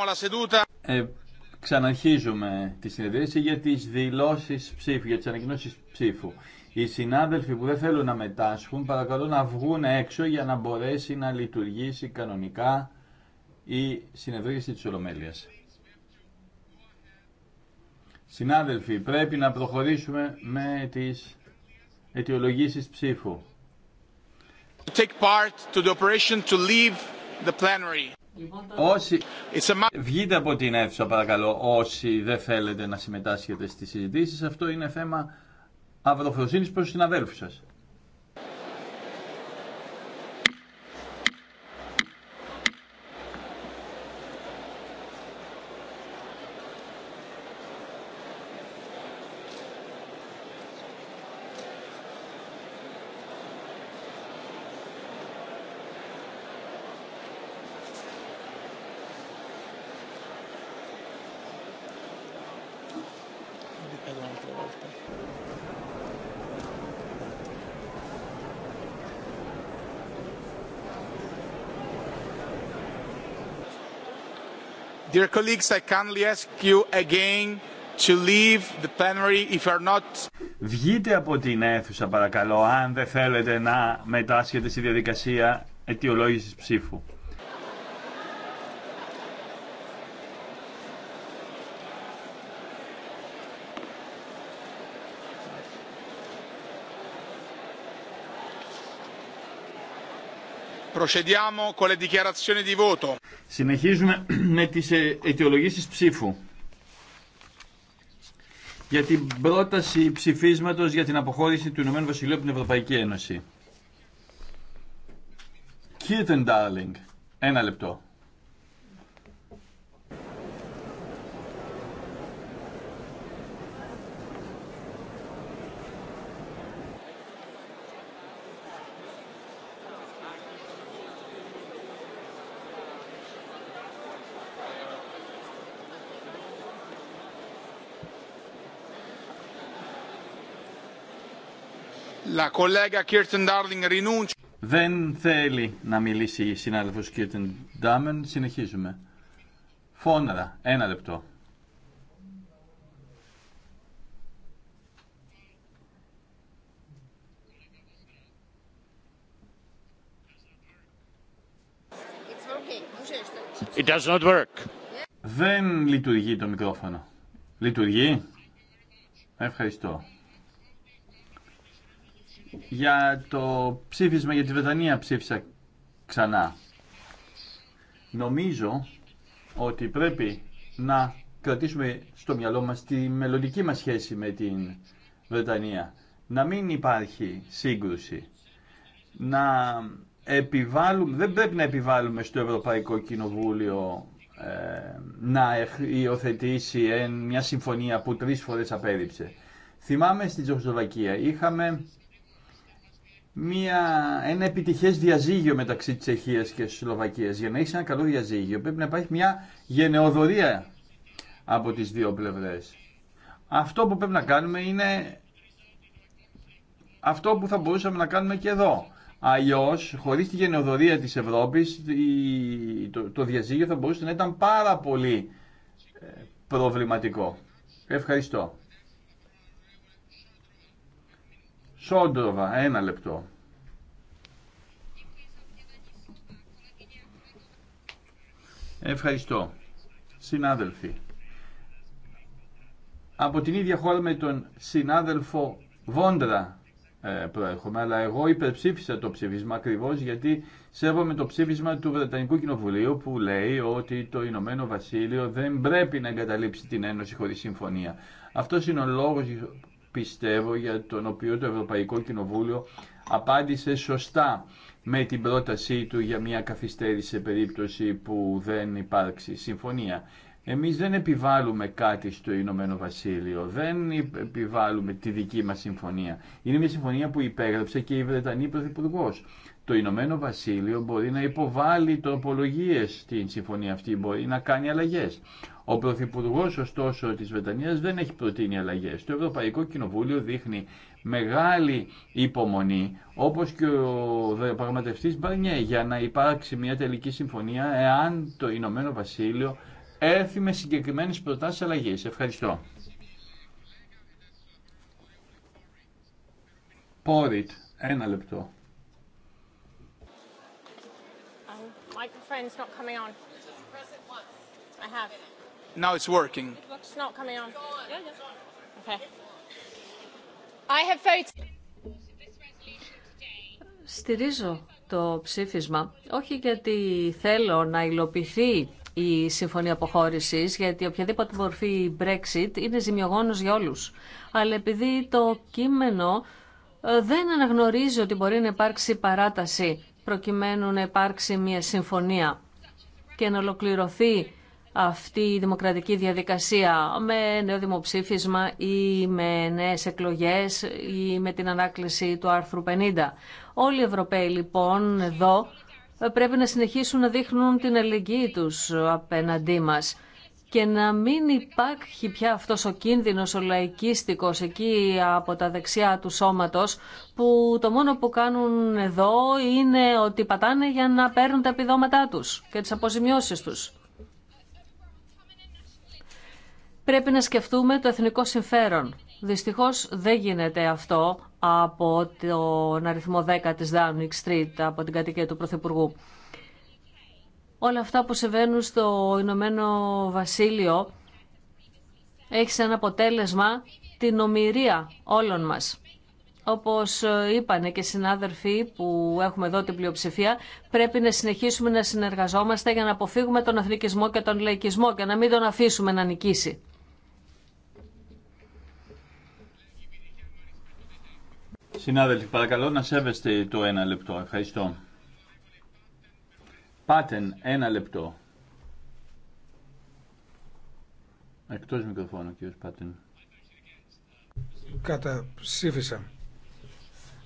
I: όλα σεδούτα.
F: ξαναρχίζουμε τη συνεδρίαση για τι δηλώσει ψήφου, για τι ανακοινώσει ψήφου. Οι συνάδελφοι που δεν θέλουν να μετάσχουν παρακαλώ να βγουν έξω για να μπορέσει να λειτουργήσει κανονικά η συνεδρίαση τη ολομέλεια. Συνάδελφοι, πρέπει να προχωρήσουμε με τι αιτιολογήσει ψήφου. Take part to the operation to leave the plenary. Βγείτε από την αίθουσα παρακαλώ όσοι δεν θέλετε να συμμετάσχετε στις συζητήσεις. Αυτό είναι θέμα αυροφροσύνης προς την συναδέλφους σας.
I: Dear colleagues, I kindly ask you again to leave the plenary
F: if you are not... Βγείτε από την αίθουσα παρακαλώ αν δεν θέλετε να μετάσχετε στη διαδικασία αιτιολόγησης ψήφου.
I: Procediamo con le dichiarazioni di
F: Συνεχίζουμε με τις ε, αιτιολογήσεις ψήφου. Για την πρόταση ψηφίσματος για την αποχώρηση του Ηνωμένου Βασιλείου από την Ευρωπαϊκή Ένωση. Κύριε Τεντάρλινγκ, ένα λεπτό. Δεν θέλει να μιλήσει η συνάδελφος Κίρτεν Ντάμεν. Συνεχίζουμε. Φώναρα. Ένα λεπτό. It does not work. Δεν λειτουργεί το μικρόφωνο. Λειτουργεί. Ευχαριστώ. Για το ψήφισμα για τη Βρετανία ψήφισα ξανά. Νομίζω ότι πρέπει να κρατήσουμε στο μυαλό μας τη μελλοντική μας σχέση με την Βρετανία. Να μην υπάρχει σύγκρουση. Να επιβάλλουμε, δεν πρέπει να επιβάλλουμε στο Ευρωπαϊκό Κοινοβούλιο ε, να υιοθετήσει μια συμφωνία που τρεις φορές απέριψε. Θυμάμαι στην Τσεχοσλοβακία είχαμε μια, ένα επιτυχές διαζύγιο μεταξύ Τσεχίας και Σλοβακίας. Για να έχει ένα καλό διαζύγιο πρέπει να υπάρχει μια γενεοδορία από τις δύο πλευρές. Αυτό που πρέπει να κάνουμε είναι αυτό που θα μπορούσαμε να κάνουμε και εδώ. Αλλιώ, χωρίς τη γενεοδορία της Ευρώπης, το, το διαζύγιο θα μπορούσε να ήταν πάρα πολύ ε, προβληματικό. Ευχαριστώ. Σόντροβα, ένα λεπτό. Ευχαριστώ. Συνάδελφοι. Από την ίδια χώρα με τον συνάδελφο Βόντρα ε, προέρχομαι, αλλά εγώ υπερψήφισα το ψήφισμα ακριβώ γιατί σέβομαι το ψήφισμα του Βρετανικού Κοινοβουλίου που λέει ότι το Ηνωμένο Βασίλειο δεν πρέπει να εγκαταλείψει την Ένωση χωρί συμφωνία. Αυτό είναι ο λόγο πιστεύω για τον οποίο το Ευρωπαϊκό Κοινοβούλιο απάντησε σωστά με την πρότασή του για μια καθυστέρηση σε περίπτωση που δεν υπάρξει συμφωνία. Εμείς δεν επιβάλλουμε κάτι στο Ηνωμένο Βασίλειο, δεν επιβάλλουμε τη δική μας συμφωνία. Είναι μια συμφωνία που υπέγραψε και η Βρετανή Πρωθυπουργός το Ηνωμένο Βασίλειο μπορεί να υποβάλει τροπολογίε στην συμφωνία αυτή, μπορεί να κάνει αλλαγές. Ο Πρωθυπουργό, ωστόσο, τη Βρετανία δεν έχει προτείνει αλλαγέ. Το Ευρωπαϊκό Κοινοβούλιο δείχνει μεγάλη υπομονή, όπω και ο διαπραγματευτή Μπαρνιέ, για να υπάρξει μια τελική συμφωνία, εάν το Ηνωμένο Βασίλειο έρθει με συγκεκριμένε προτάσει αλλαγή. Ευχαριστώ. Πόριτ, ένα λεπτό.
G: microphone's not coming on. I have.
I: Now it's working.
G: It's not coming on. Okay.
A: I have
I: voted. Στηρίζω
G: το ψήφισμα, όχι γιατί θέλω να υλοποιηθεί η συμφωνία αποχώρησης, γιατί οποιαδήποτε μορφή Brexit είναι ζημιογόνος για όλου. Αλλά επειδή το κείμενο ε, δεν αναγνωρίζει ότι μπορεί να υπάρξει παράταση προκειμένου να υπάρξει μια συμφωνία και να ολοκληρωθεί αυτή η δημοκρατική διαδικασία με νέο δημοψήφισμα ή με νέες εκλογές ή με την ανάκληση του άρθρου 50. Όλοι οι Ευρωπαίοι λοιπόν εδώ πρέπει να συνεχίσουν να δείχνουν την αλληλεγγύη τους απέναντί μας και να μην υπάρχει πια αυτός ο κίνδυνος ο λαϊκίστικος εκεί από τα δεξιά του σώματος που το μόνο που κάνουν εδώ είναι ότι πατάνε για να παίρνουν τα επιδόματά τους και τις αποζημιώσεις τους. Πρέπει να σκεφτούμε το εθνικό συμφέρον. Δυστυχώς δεν γίνεται αυτό από τον αριθμό 10 της Downing Street, από την κατοικία του Πρωθυπουργού όλα αυτά που συμβαίνουν στο Ηνωμένο Βασίλειο έχει σαν αποτέλεσμα την ομοιρία όλων μας. Όπως είπανε και συνάδελφοι που έχουμε εδώ την πλειοψηφία, πρέπει να συνεχίσουμε να συνεργαζόμαστε για να αποφύγουμε τον αθλητισμό και τον λαϊκισμό και να μην τον αφήσουμε να νικήσει.
F: Συνάδελφοι, παρακαλώ να σέβεστε το ένα λεπτό. Ευχαριστώ. Πάτεν, ένα λεπτό. Εκτός μικροφώνου, κύριος Πάτεν.
H: Καταψήφισα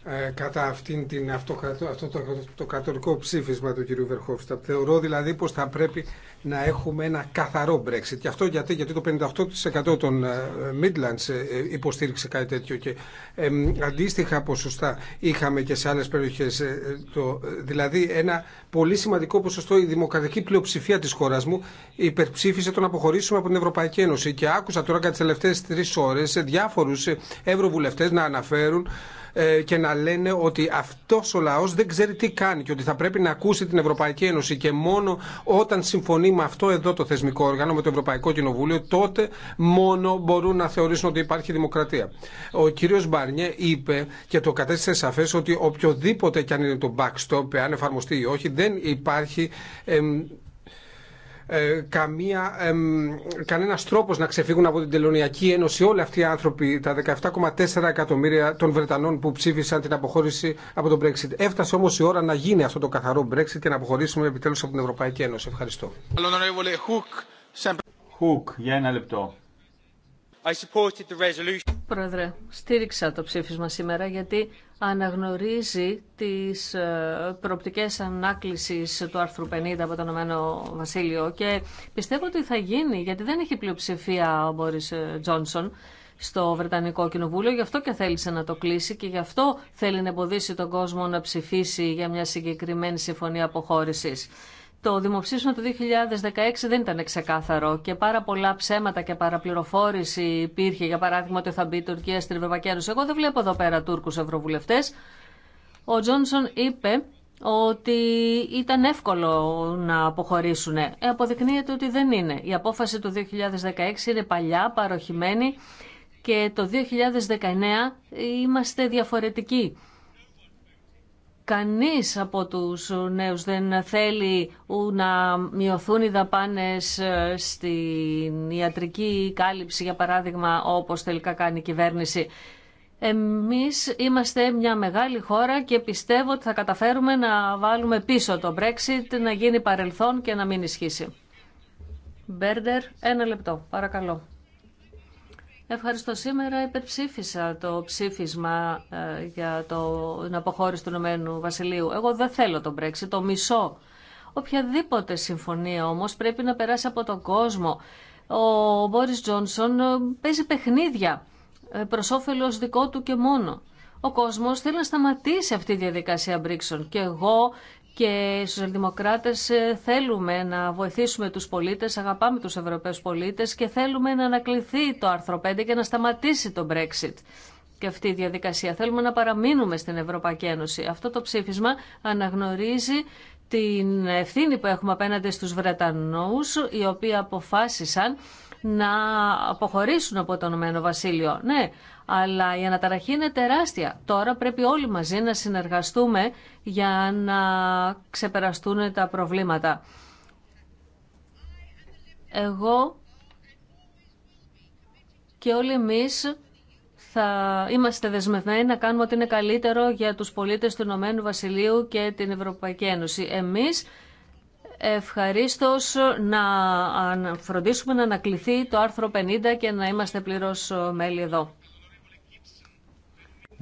H: ε, κατά αυτήν την αυτό το, το, το, κατολικό ψήφισμα του κυρίου Βερχόφστα. Θεωρώ δηλαδή πως θα πρέπει να έχουμε ένα καθαρό Brexit. Και αυτό γιατί, γιατί το 58% των ε, Midlands ε, ε, υποστήριξε κάτι τέτοιο και αντίστοιχα ποσοστά είχαμε και σε άλλες περιοχές. το, δηλαδή ένα πολύ σημαντικό ποσοστό η δημοκρατική πλειοψηφία της χώρας μου υπερψήφισε το να αποχωρήσουμε από την Ευρωπαϊκή Ένωση. Και άκουσα τώρα κατά τις τελευταίες τρεις ώρες διάφορους ευρωβουλευτές να αναφέρουν και να λένε ότι αυτό ο λαό δεν ξέρει τι κάνει και ότι θα πρέπει να ακούσει την Ευρωπαϊκή Ένωση και μόνο όταν συμφωνεί με αυτό εδώ το θεσμικό όργανο, με το Ευρωπαϊκό Κοινοβούλιο, τότε μόνο μπορούν να θεωρήσουν ότι υπάρχει δημοκρατία. Ο κύριος Μπαρνιέ είπε και το κατέστησε σαφέ ότι οποιοδήποτε και αν είναι το backstop, αν εφαρμοστεί ή όχι, δεν υπάρχει ε, καμία, κανένας τρόπος να ξεφύγουν από την Τελωνιακή Ένωση όλοι αυτοί οι άνθρωποι, τα 17,4 εκατομμύρια των Βρετανών που ψήφισαν την αποχώρηση από τον Brexit. Έφτασε όμως η ώρα να γίνει αυτό το καθαρό Brexit και να αποχωρήσουμε επιτέλους από την Ευρωπαϊκή Ένωση. Ευχαριστώ. Χουκ, για ένα λεπτό.
G: Πρόεδρε, στήριξα το ψήφισμα σήμερα γιατί αναγνωρίζει τις ε, προοπτικές ανάκλησης του άρθρου 50 από το Ηνωμένο Βασίλειο και πιστεύω ότι θα γίνει, γιατί δεν έχει πλειοψηφία ο Μπόρις ε, Τζόνσον στο Βρετανικό Κοινοβούλιο, γι' αυτό και θέλησε να το κλείσει και γι' αυτό θέλει να εμποδίσει τον κόσμο να ψηφίσει για μια συγκεκριμένη συμφωνία αποχώρησης το δημοψήφισμα του 2016 δεν ήταν ξεκάθαρο και πάρα πολλά ψέματα και παραπληροφόρηση υπήρχε. Για παράδειγμα, ότι θα μπει η Τουρκία στην Ευρωπαϊκή Ένωση. Εγώ δεν βλέπω εδώ πέρα Τούρκου ευρωβουλευτέ. Ο Τζόνσον είπε ότι ήταν εύκολο να αποχωρήσουν. Ε, αποδεικνύεται ότι δεν είναι. Η απόφαση του 2016 είναι παλιά, παροχημένη και το 2019 είμαστε διαφορετικοί. Κανείς από τους νέους δεν θέλει να μειωθούν οι δαπάνες ε, στην ιατρική κάλυψη, για παράδειγμα, όπως τελικά κάνει η κυβέρνηση. Εμείς είμαστε μια μεγάλη χώρα και πιστεύω ότι θα καταφέρουμε να βάλουμε πίσω το Brexit, να γίνει παρελθόν και να μην ισχύσει. Μπέρντερ, ένα λεπτό, παρακαλώ. Ευχαριστώ. Σήμερα υπερψήφισα το ψήφισμα ε, για το, την αποχώρηση του Ηνωμένου Βασιλείου. Εγώ δεν θέλω τον Brexit, το μισό. Οποιαδήποτε συμφωνία όμως πρέπει να περάσει από τον κόσμο. Ο Μπόρις Τζόνσον ε, παίζει παιχνίδια ε, προς όφελος δικό του και μόνο. Ο κόσμος θέλει να σταματήσει αυτή η διαδικασία Μπρίξον και εγώ και οι σοσιαλδημοκράτες ε, θέλουμε να βοηθήσουμε τους πολίτες, αγαπάμε τους Ευρωπαίους πολίτες και θέλουμε να ανακληθεί το άρθρο 5 και να σταματήσει το Brexit και αυτή η διαδικασία. Θέλουμε να παραμείνουμε στην Ευρωπαϊκή Ένωση. Αυτό το ψήφισμα αναγνωρίζει την ευθύνη που έχουμε απέναντι στους Βρετανούς, οι οποίοι αποφάσισαν να αποχωρήσουν από το Ηνωμένο Βασίλειο. Ναι, αλλά η αναταραχή είναι τεράστια. Τώρα πρέπει όλοι μαζί να συνεργαστούμε για να ξεπεραστούν τα προβλήματα. Εγώ και όλοι εμείς θα είμαστε δεσμευμένοι να κάνουμε ό,τι είναι καλύτερο για τους πολίτες του Ηνωμένου Βασιλείου και την Ευρωπαϊκή Ένωση. Εμείς ευχαρίστως να φροντίσουμε να ανακληθεί το άρθρο 50 και να είμαστε πλήρως μέλη εδώ.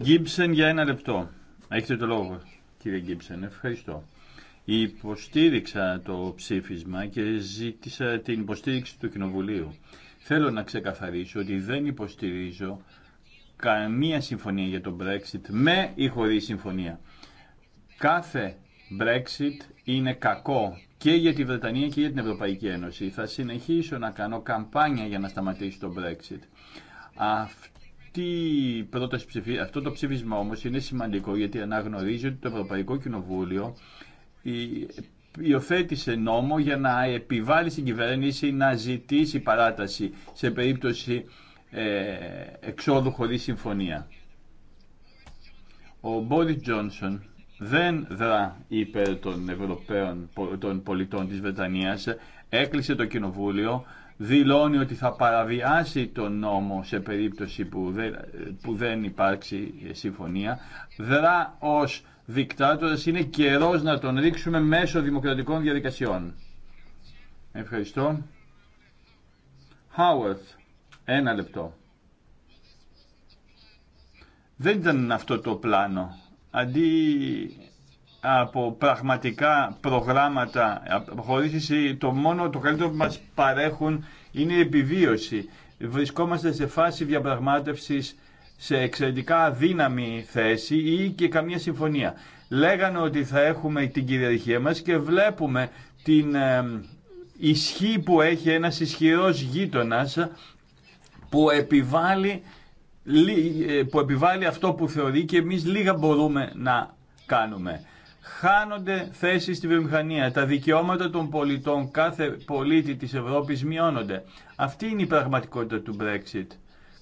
F: Γκίμψεν για ένα λεπτό. Έχετε το λόγο, κύριε Γκίμψεν. Ευχαριστώ. Υποστήριξα το ψήφισμα και ζήτησα την υποστήριξη του Κοινοβουλίου. Θέλω να ξεκαθαρίσω ότι δεν υποστηρίζω καμία συμφωνία για το Brexit με ή Χωρί συμφωνία. Κάθε Brexit είναι κακό και για τη Βρετανία και για την Ευρωπαϊκή Ένωση. Θα συνεχίσω να κάνω καμπάνια για να σταματήσει το Brexit. Αυτή αυτό το ψήφισμα όμως είναι σημαντικό γιατί αναγνωρίζει ότι το Ευρωπαϊκό Κοινοβούλιο υιοθέτησε νόμο για να επιβάλλει στην κυβέρνηση να ζητήσει παράταση σε περίπτωση ε, εξόδου χωρίς συμφωνία. Ο Μπόρις Τζόνσον δεν δρά υπέρ των Ευρωπαίων των πολιτών της Βρετανίας, έκλεισε το κοινοβούλιο, δηλώνει ότι θα παραβιάσει τον νόμο σε περίπτωση που δεν, που δεν υπάρξει ε, συμφωνία, δρά ως δικτάτορας είναι καιρός να τον ρίξουμε μέσω δημοκρατικών διαδικασιών. Ευχαριστώ. Χάουερθ, ένα λεπτό. Δεν ήταν αυτό το πλάνο. Αντί από πραγματικά προγράμματα αποχωρήσει το μόνο το καλύτερο που μας παρέχουν είναι η επιβίωση. Βρισκόμαστε σε φάση διαπραγμάτευσης σε εξαιρετικά αδύναμη θέση ή και καμία συμφωνία. Λέγανε ότι θα έχουμε την κυριαρχία μας και βλέπουμε την ε, ισχύ που έχει ένας ισχυρός γείτονας που επιβάλλει, ε, που επιβάλλει αυτό που θεωρεί και εμείς λίγα μπορούμε να κάνουμε χάνονται θέσεις στη βιομηχανία. Τα δικαιώματα των πολιτών κάθε πολίτη της Ευρώπης μειώνονται. Αυτή είναι η πραγματικότητα του Brexit.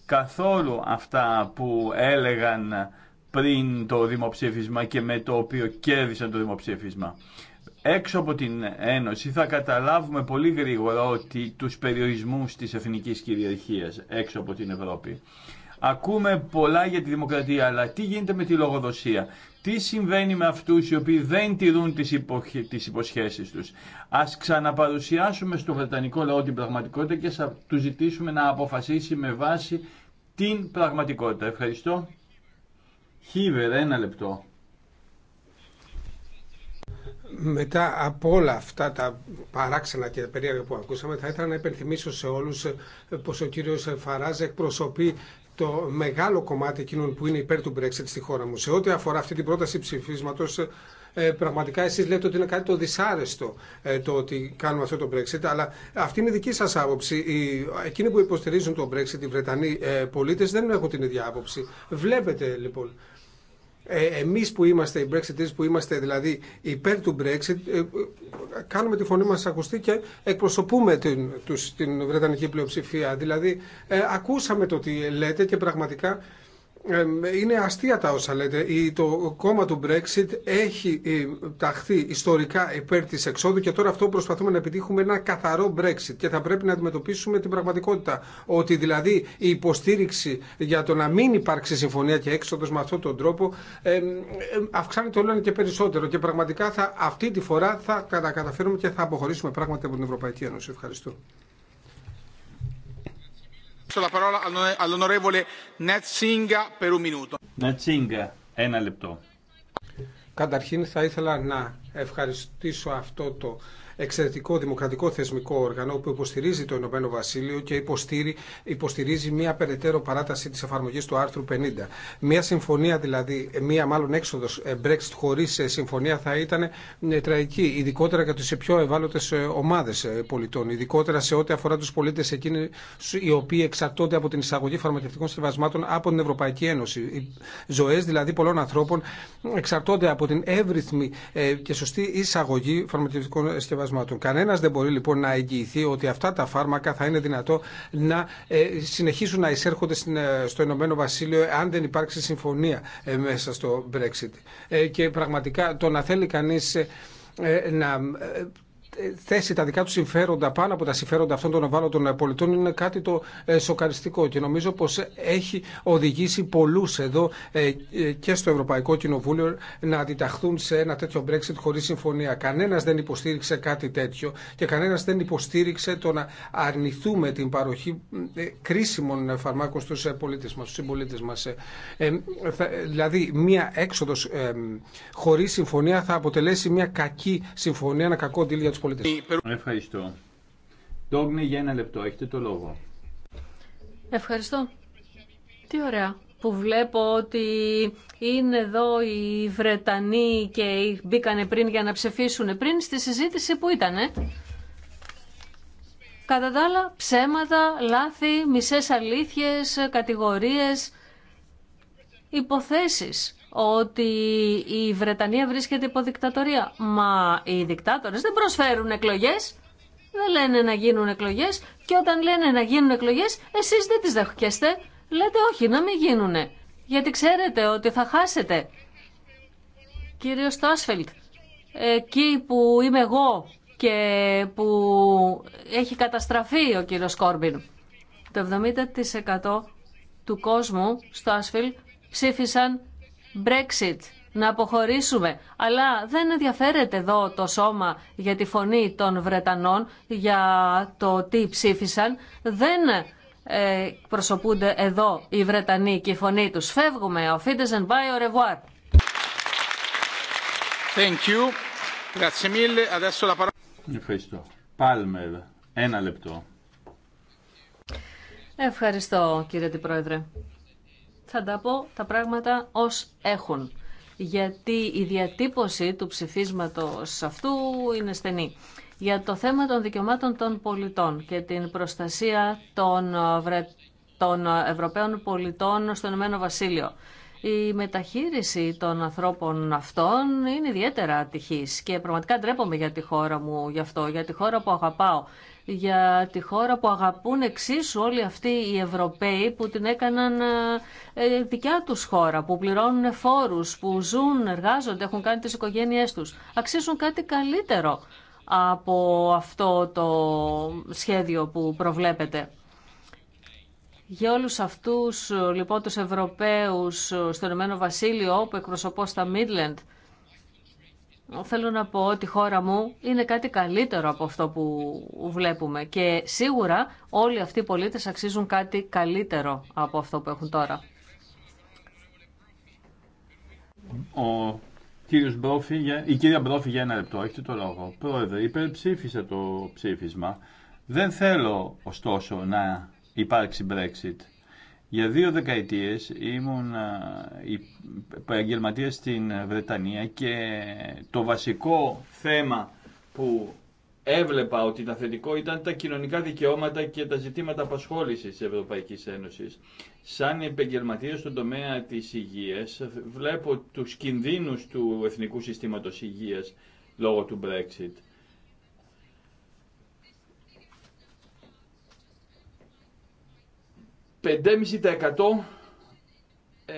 F: Καθόλου αυτά που έλεγαν πριν το δημοψήφισμα και με το οποίο κέρδισαν το δημοψήφισμα. Έξω από την Ένωση θα καταλάβουμε πολύ γρήγορα ότι τους περιορισμούς της εθνικής κυριαρχίας έξω από την Ευρώπη. Ακούμε πολλά για τη δημοκρατία, αλλά τι γίνεται με τη λογοδοσία. Τι συμβαίνει με αυτούς οι οποίοι δεν τηρούν τις, υποσχέσει τις υποσχέσεις τους. Ας ξαναπαρουσιάσουμε στο Βρετανικό λαό την πραγματικότητα και θα του ζητήσουμε να αποφασίσει με βάση την πραγματικότητα. Ευχαριστώ. Χίβερ, ένα λεπτό.
H: Μετά από όλα αυτά τα παράξενα και τα περίεργα που ακούσαμε, θα ήθελα να υπενθυμίσω σε όλους πως ο κύριος Φαράζ εκπροσωπεί το μεγάλο κομμάτι εκείνων που είναι υπέρ του Brexit στη χώρα μου. Σε ό,τι αφορά αυτή την πρόταση ψηφίσματο, ε, πραγματικά εσεί λέτε ότι είναι κάτι το δυσάρεστο ε, το ότι κάνουμε αυτό το Brexit, αλλά αυτή είναι η δική σα άποψη. Εκείνοι που υποστηρίζουν το Brexit, οι Βρετανοί ε, πολίτε, δεν έχουν την ίδια άποψη. Βλέπετε λοιπόν ε, εμείς που είμαστε οι Brexiters, που είμαστε δηλαδή υπέρ του Brexit ε, κάνουμε τη φωνή μας ακουστή και εκπροσωπούμε την, τους, την Βρετανική πλειοψηφία δηλαδή ε, ακούσαμε το τι λέτε και πραγματικά είναι αστεία τα όσα λέτε. Το κόμμα του Brexit έχει ε, ταχθεί ιστορικά υπέρ τη εξόδου και τώρα αυτό προσπαθούμε να επιτύχουμε ένα καθαρό Brexit και θα πρέπει να αντιμετωπίσουμε την πραγματικότητα. Ότι δηλαδή η υποστήριξη για το να μην υπάρξει συμφωνία και έξοδος με αυτόν τον τρόπο αυξάνεται όλο και περισσότερο και πραγματικά θα, αυτή τη φορά θα καταφέρουμε και θα αποχωρήσουμε πράγματι από την Ευρωπαϊκή Ένωση. Ευχαριστώ
F: ένα λεπτό.
H: Καταρχήν θα ήθελα να ευχαριστήσω αυτό το εξαιρετικό δημοκρατικό θεσμικό όργανο που υποστηρίζει το Ηνωμένο Βασίλειο και υποστηρίζει μια περαιτέρω παράταση τη εφαρμογή του άρθρου 50. Μια συμφωνία δηλαδή, μια μάλλον έξοδο ε, Brexit χωρί ε, συμφωνία θα ήταν ε, τραγική, ειδικότερα για τι πιο ευάλωτε ομάδε πολιτών, ειδικότερα σε ό,τι αφορά του πολίτε εκείνου οι οποίοι εξαρτώνται από την εισαγωγή φαρμακευτικών συμβασμάτων από την Ευρωπαϊκή Ένωση. Οι ζωέ δηλαδή πολλών ανθρώπων εξαρτώνται από την εύρυθμη και σωστή εισαγωγή φαρμακευτικών συμβασμάτων αποτέλεσμα Κανένα δεν μπορεί λοιπόν να εγγυηθεί ότι αυτά τα φάρμακα θα είναι δυνατό να ε, συνεχίσουν να εισέρχονται ε, στο Ηνωμένο Βασίλειο αν δεν υπάρξει συμφωνία ε, μέσα στο Brexit. Και πραγματικά το να θέλει κανεί να θέσει τα δικά του συμφέροντα πάνω από τα συμφέροντα αυτών των ευάλωτων ε, πολιτών είναι κάτι το ε, σοκαριστικό και νομίζω πως έχει οδηγήσει πολλούς εδώ ε, και στο Ευρωπαϊκό Κοινοβούλιο να αντιταχθούν σε ένα τέτοιο Brexit χωρίς συμφωνία. Κανένας δεν υποστήριξε κάτι τέτοιο και κανένας δεν υποστήριξε το να αρνηθούμε την παροχή κρίσιμων φαρμάκων στους πολίτες μας, στους συμπολίτες μας. δηλαδή μία έξοδος χωρίς συμφωνία θα αποτελέσει μια κακή συμφωνία, ένα κακό για τους πολίτες. Ευχαριστώ. Ντόγνε για ένα λεπτό, έχετε το λόγο.
G: Ευχαριστώ. Τι ωραία που βλέπω ότι είναι εδώ οι Βρετανοί και μπήκανε πριν για να ψεφίσουν πριν στη συζήτηση που ήτανε. Κατά τα άλλα, ψέματα, λάθη, μισές αλήθειες, κατηγορίες, υποθέσεις ότι η Βρετανία βρίσκεται υπό δικτατορία. Μα οι δικτάτορες δεν προσφέρουν εκλογές, δεν λένε να γίνουν εκλογές και όταν λένε να γίνουν εκλογές εσείς δεν τις δεχκέστε, λέτε όχι να μην γίνουνε. Γιατί ξέρετε ότι θα χάσετε. Κύριο Στάσφελτ, εκεί που είμαι εγώ και που έχει καταστραφεί ο κύριο Κόρμπιν, το 70% του κόσμου στο Άσφιλ ψήφισαν Brexit, να αποχωρήσουμε. Αλλά δεν ενδιαφέρεται εδώ το σώμα για τη φωνή των Βρετανών, για το τι ψήφισαν. Δεν ε, προσωπούνται εδώ οι Βρετανοί και η φωνή τους. Φεύγουμε. Ο and bye, ο Ρεβουάρ.
F: Ευχαριστώ. Πάλμερ, ένα λεπτό.
G: Ευχαριστώ κύριε Την Πρόεδρε θα τα πω τα πράγματα ως έχουν. Γιατί η διατύπωση του ψηφίσματος αυτού είναι στενή. Για το θέμα των δικαιωμάτων των πολιτών και την προστασία των, Ευρωπαίων πολιτών στον Ηνωμένο Βασίλειο. Η μεταχείριση των ανθρώπων αυτών είναι ιδιαίτερα ατυχής και πραγματικά ντρέπομαι για τη χώρα μου γι' αυτό, για τη χώρα που αγαπάω για τη χώρα που αγαπούν εξίσου όλοι αυτοί οι Ευρωπαίοι που την έκαναν ε, ε, δικιά τους χώρα, που πληρώνουν φόρους, που ζουν, εργάζονται, έχουν κάνει τις οικογένειές τους. Αξίζουν κάτι καλύτερο από αυτό το σχέδιο που προβλέπετε. Για όλους αυτούς λοιπόν τους Ευρωπαίους στον Ενωμένο Βασίλειο που εκπροσωπώ στα Midland, Θέλω να πω ότι η χώρα μου είναι κάτι καλύτερο από αυτό που βλέπουμε και σίγουρα όλοι αυτοί οι πολίτες αξίζουν κάτι καλύτερο από αυτό που έχουν τώρα.
F: Ο κύριος η κυρία Μπρόφη για ένα λεπτό, έχετε το λόγο. Πρόεδρε, υπερψήφισε το ψήφισμα. Δεν θέλω ωστόσο να υπάρξει Brexit. Για δύο δεκαετίες ήμουν επαγγελματία στην Βρετανία και το βασικό θέμα που έβλεπα ότι ήταν θετικό ήταν τα κοινωνικά δικαιώματα και τα ζητήματα απασχόλησης της Ευρωπαϊκής Ένωσης. Σαν επαγγελματία στον τομέα της υγείας βλέπω τους κινδύνους του εθνικού συστήματος υγείας λόγω του Brexit. 5,5% ε,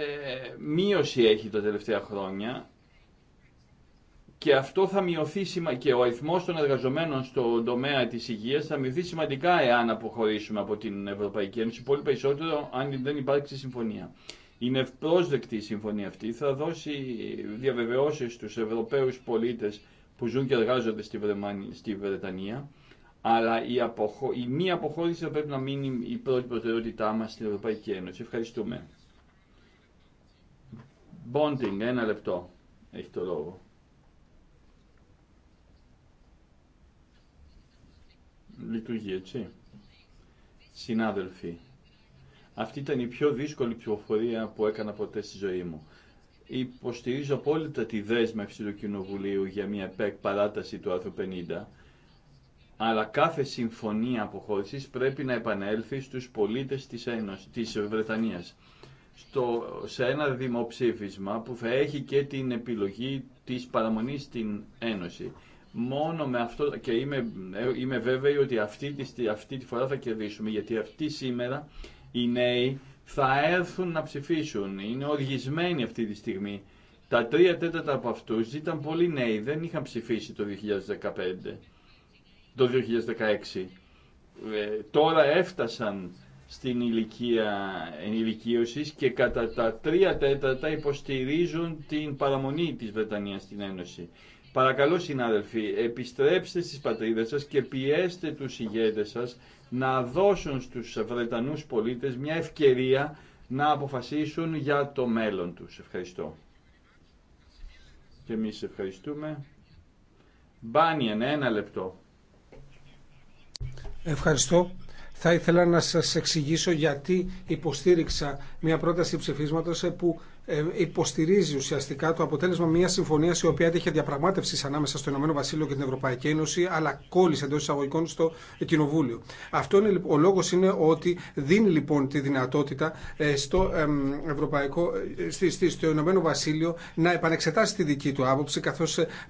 F: μείωση έχει τα τελευταία χρόνια και αυτό θα μειωθεί και ο αριθμό των εργαζομένων στον τομέα τη υγεία θα μειωθεί σημαντικά εάν αποχωρήσουμε από την Ευρωπαϊκή Ένωση. Πολύ περισσότερο αν δεν υπάρξει συμφωνία. Είναι ευπρόσδεκτη η συμφωνία αυτή. Θα δώσει διαβεβαιώσει στου Ευρωπαίου πολίτε που ζουν και εργάζονται στη Βρετανία αλλά η, αποχω... η μη αποχώρηση θα πρέπει να μείνει η πρώτη προτεραιότητά μα στην Ευρωπαϊκή Ένωση. Ευχαριστούμε. Bonding, ένα λεπτό. Έχει το λόγο. Λειτουργεί, έτσι. Συνάδελφοι, αυτή ήταν η πιο δύσκολη ψηφοφορία που έκανα ποτέ στη ζωή μου. Υποστηρίζω απόλυτα τη δέσμευση του Κοινοβουλίου για μια παράταση του άρθρου 50 αλλά κάθε συμφωνία αποχώρησης πρέπει να επανέλθει στους πολίτες της, Ένωσης, της Βρετανίας στο, σε ένα δημοψήφισμα που θα έχει και την επιλογή της παραμονής στην Ένωση. Μόνο με αυτό, και είμαι, είμαι βέβαιη ότι αυτή τη, φορά θα κερδίσουμε, γιατί αυτή σήμερα οι νέοι θα έρθουν να ψηφίσουν. Είναι οργισμένοι αυτή τη στιγμή. Τα τρία τέταρτα από αυτούς ήταν πολύ νέοι, δεν είχαν ψηφίσει το 2015 το 2016. Ε, τώρα έφτασαν στην ηλικία ενηλικίωσης και κατά τα τρία τέταρτα υποστηρίζουν την παραμονή της Βρετανίας στην Ένωση. Παρακαλώ συνάδελφοι, επιστρέψτε στις πατρίδες σας και πιέστε τους ηγέτες σας να δώσουν στους Βρετανούς πολίτες μια ευκαιρία να αποφασίσουν για το μέλλον τους. Ευχαριστώ. Και εμείς ευχαριστούμε. Μπάνιεν, ένα λεπτό.
H: Ευχαριστώ. Θα ήθελα να σας εξηγήσω γιατί υποστήριξα μια πρόταση ψηφίσματος ε, που ε, υποστηρίζει ουσιαστικά το αποτέλεσμα μια συμφωνία η οποία έτυχε διαπραγμάτευση ανάμεσα στο Ηνωμένο Βασίλειο και την Ευρωπαϊκή Ένωση, αλλά κόλλησε εντό εισαγωγικών στο Κοινοβούλιο. Αυτό είναι, λοιπόν, ο λόγο είναι ότι δίνει λοιπόν τη δυνατότητα ε, στο, Ευρωπαϊκό, ε, στο Ηνωμένο Βασίλειο να επανεξετάσει τη δική του άποψη, καθώ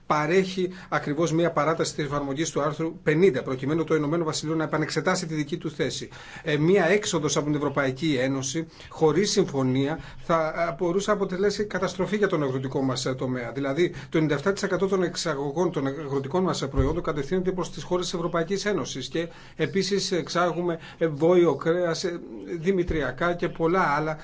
H: παρέχει ακριβώ μια παράταση τη εφαρμογή του άρθρου 50, προκειμένου το Ηνωμένο Βασίλειο να επανεξετάσει τη δική του θέση. μια έξοδο από την Ευρωπαϊκή Ένωση χωρί συμφωνία θα μπορούσε μπορούσε αποτελέσει καταστροφή για τον αγροτικό μα ε, τομέα. Δηλαδή, το 97% των εξαγωγών των αγροτικών μα ε, προϊόντων κατευθύνεται προ τι χώρε τη Ευρωπαϊκή Ένωση. Και επίση ε, εξάγουμε βόλιο κρέα, δημητριακά και πολλά άλλα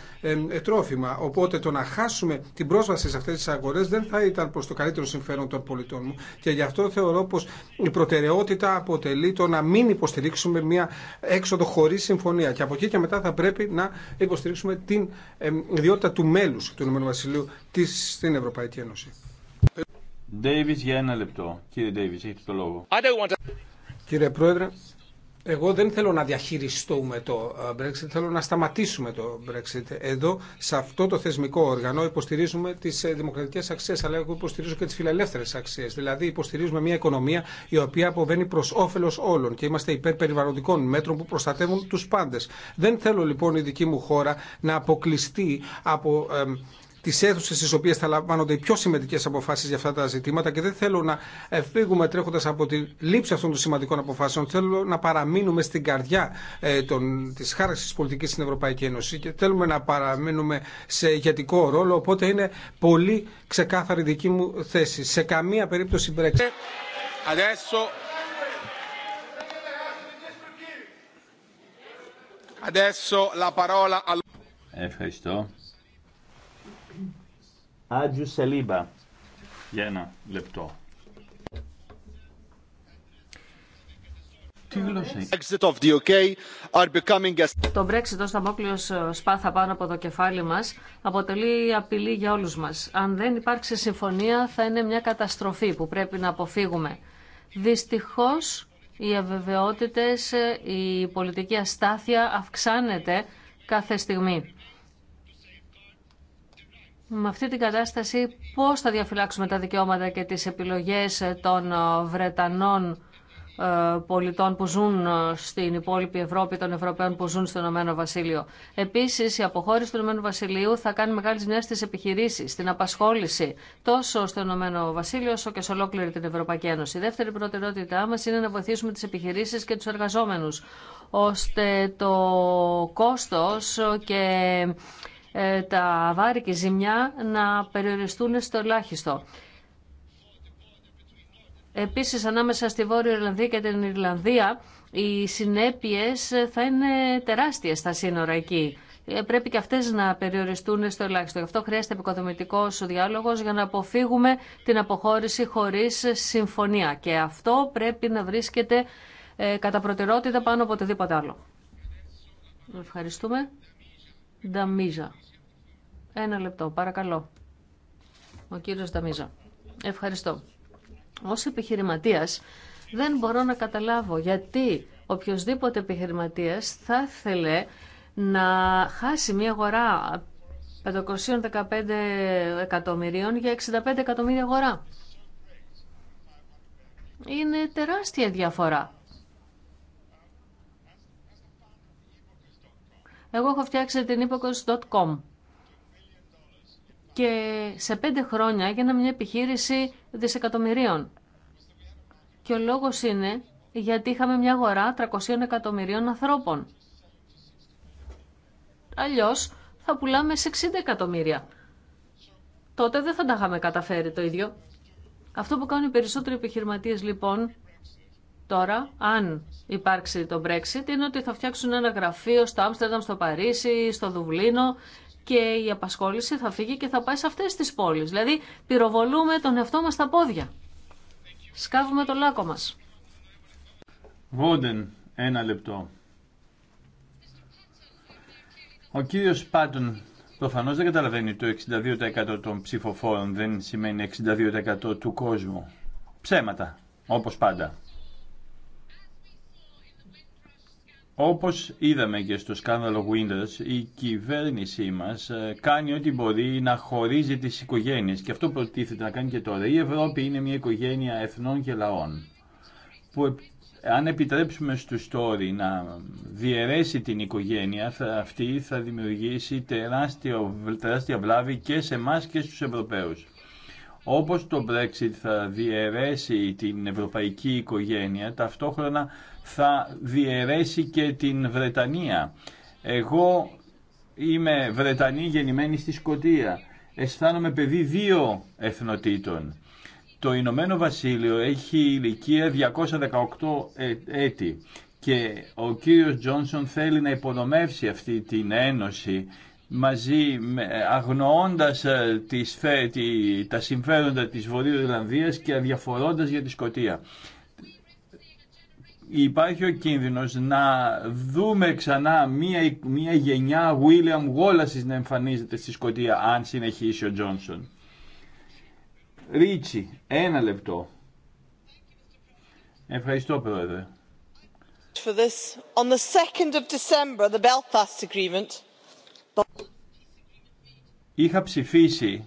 H: τρόφιμα. Οπότε το να χάσουμε την πρόσβαση σε αυτέ τι αγορέ δεν θα ήταν προ το καλύτερο συμφέρον των πολιτών μου. Και γι' αυτό θεωρώ πω η προτεραιότητα αποτελεί το να μην υποστηρίξουμε μια έξοδο χωρί συμφωνία. Και από εκεί και μετά θα πρέπει να υποστηρίξουμε την ιδιότητα του μέλου του Ηνωμένου Βασιλείου της, στην Ευρωπαϊκή Ένωση.
F: Ντέιβις, για ένα λεπτό. Κύριε Ντέιβις, έχετε το λόγο.
H: To... Κύριε Πρόεδρε, εγώ δεν θέλω να διαχειριστούμε το ε, Brexit, θέλω να σταματήσουμε το Brexit. Εδώ, σε αυτό το θεσμικό όργανο, υποστηρίζουμε τι ε, δημοκρατικέ αξίε, αλλά εγώ υποστηρίζω και τι φιλελεύθερε αξίε. Δηλαδή, υποστηρίζουμε μια οικονομία η οποία αποβαίνει προ όφελο όλων και είμαστε υπέρ μέτρων που προστατεύουν του πάντε. Δεν θέλω λοιπόν η δική μου χώρα να αποκλειστεί από. Ε, τι αίθουσε στι οποίε θα λαμβάνονται οι πιο σημαντικέ αποφάσει για αυτά τα ζητήματα και δεν θέλω να φύγουμε τρέχοντα από τη λήψη αυτών των σημαντικών αποφάσεων. Θέλω να παραμείνουμε στην καρδιά ε, τη χάραξη τη πολιτική στην Ευρωπαϊκή Ένωση και θέλουμε να παραμείνουμε σε ηγετικό ρόλο. Οπότε είναι πολύ ξεκάθαρη δική μου θέση. Σε καμία περίπτωση Brexit.
I: Adesso... Adesso la parola...
F: Ευχαριστώ. Άντζου Σελίμπα. Για ένα λεπτό.
G: Το Brexit ως ε, σπάθα πάνω από το κεφάλι μας αποτελεί απειλή για όλους μας. Αν δεν υπάρξει συμφωνία θα είναι μια καταστροφή που πρέπει να αποφύγουμε. Δυστυχώς οι αβεβαιότητες, ε, η πολιτική αστάθεια αυξάνεται κάθε στιγμή. Με αυτή την κατάσταση πώς θα διαφυλάξουμε τα δικαιώματα και τις επιλογές των ε, Βρετανών ε, πολιτών που ζουν ε, στην υπόλοιπη Ευρώπη, των Ευρωπαίων που ζουν στον Ηνωμένο Βασίλειο. Επίση, η αποχώρηση του Ηνωμένου Βασιλείου θα κάνει μεγάλη ζημιά στι επιχειρήσει, στην απασχόληση τόσο στο Ηνωμένο Βασίλειο όσο και σε ολόκληρη την Ευρωπαϊκή Ένωση. Η δεύτερη προτεραιότητά μα είναι να βοηθήσουμε τι επιχειρήσει και του εργαζόμενου, ώστε το κόστο και ε, τα βάρη και ζημιά να περιοριστούν στο ελάχιστο. Επίσης, ανάμεσα στη Βόρεια Ιρλανδία και την Ιρλανδία, οι συνέπειες θα είναι τεράστιες στα σύνορα εκεί. Ε, πρέπει και αυτές να περιοριστούν στο ελάχιστο. Γι' αυτό χρειάζεται επικοδομητικός διάλογος για να αποφύγουμε την αποχώρηση χωρίς συμφωνία. Και αυτό πρέπει να βρίσκεται ε, κατά προτεραιότητα πάνω από οτιδήποτε άλλο. Ευχαριστούμε. Νταμίζα. Ένα λεπτό, παρακαλώ. Ο κύριος Ταμίζα. Ευχαριστώ. Ω επιχειρηματία, δεν μπορώ να καταλάβω γιατί οποιοδήποτε επιχειρηματίας θα ήθελε να χάσει μια αγορά 515 εκατομμυρίων για 65 εκατομμύρια αγορά. Είναι τεράστια διαφορά. Εγώ έχω φτιάξει την ύποκος.com και σε πέντε χρόνια έγινε μια επιχείρηση δισεκατομμυρίων. Και ο λόγος είναι γιατί είχαμε μια αγορά 300 εκατομμυρίων ανθρώπων. Αλλιώς θα πουλάμε σε 60 εκατομμύρια. Τότε δεν θα τα είχαμε καταφέρει το ίδιο. Αυτό που κάνουν οι περισσότεροι επιχειρηματίες λοιπόν τώρα, αν υπάρξει το Brexit, είναι ότι θα φτιάξουν ένα γραφείο στο Άμστερνταμ, στο Παρίσι, στο Δουβλίνο και η απασχόληση θα φύγει και θα πάει σε αυτές τις πόλεις. Δηλαδή πυροβολούμε τον εαυτό μας στα πόδια. Σκάβουμε το λάκκο μας.
F: Βόντεν, ένα λεπτό. Ο κύριος Πάτον προφανώς δεν καταλαβαίνει το 62% των ψηφοφόρων δεν σημαίνει 62% του κόσμου. Ψέματα, όπως πάντα. Όπως είδαμε και στο σκάνδαλο Windows, η κυβέρνησή μας ε, κάνει ό,τι μπορεί να χωρίζει τις οικογένειες και αυτό προτίθεται να κάνει και τώρα. Η Ευρώπη είναι μια οικογένεια εθνών και λαών που αν επιτρέψουμε στους τόροι να διαιρέσει την οικογένεια αυτή θα δημιουργήσει τεράστια βλάβη και σε εμά και στους Ευρωπαίους. Όπως το Brexit θα διαιρέσει την ευρωπαϊκή οικογένεια, ταυτόχρονα θα διαιρέσει και την Βρετανία. Εγώ είμαι Βρετανή γεννημένη στη Σκωτία. Αισθάνομαι παιδί δύο εθνοτήτων. Το Ηνωμένο Βασίλειο έχει ηλικία 218 ε, έτη και ο κύριος Τζόνσον θέλει να υπονομεύσει αυτή την ένωση μαζί με, αγνοώντας ε, τις, φε, τα συμφέροντα της Βορείου Ιρλανδίας και αδιαφορώντας για τη Σκοτία. Υπάρχει ο κίνδυνος να δούμε ξανά μία, μία γενιά William Wallace να εμφανίζεται στη Σκοτία αν συνεχίσει ο Τζόνσον. Ρίτσι, ένα λεπτό. Ευχαριστώ, Πρόεδρε.
E: For this. 2
F: Είχα ψηφίσει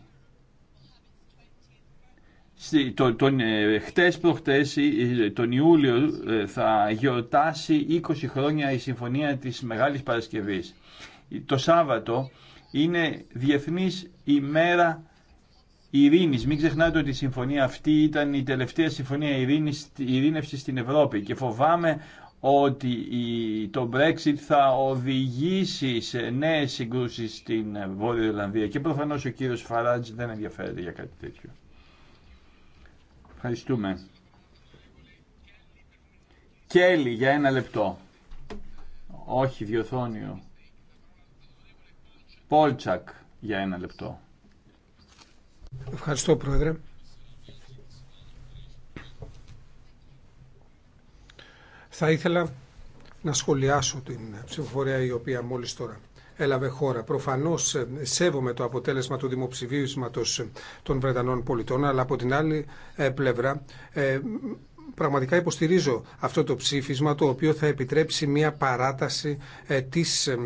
F: τον, τον, ε, χτες προχτες, ε, ε, τον Ιούλιο θα γιορτάσει 20 χρόνια η Συμφωνία της Μεγάλης Παρασκευής. Το Σάββατο είναι Διεθνής ημέρα ειρήνης. Μην ξεχνάτε ότι η συμφωνία αυτή ήταν η τελευταία συμφωνία ειρήνης, ειρήνευσης στην Ευρώπη και φοβάμαι ότι το Brexit θα οδηγήσει σε νέες συγκρούσεις στην Βόρεια Ιρλανδία και προφανώς ο κύριος Φαράτζ δεν ενδιαφέρεται για κάτι τέτοιο. Ευχαριστούμε. Κέλλη για ένα λεπτό. Όχι διοθόνιο. Πόλτσακ για ένα
H: λεπτό. Ευχαριστώ Πρόεδρε. Θα ήθελα να σχολιάσω την ψηφοφορία η οποία μόλις τώρα έλαβε χώρα. Προφανώ ε, σέβομαι το αποτέλεσμα του δημοψηφίσματο των Βρετανών πολιτών, αλλά από την άλλη ε, πλευρά ε, πραγματικά υποστηρίζω αυτό το ψήφισμα το οποίο θα επιτρέψει μια παράταση ε, της ε,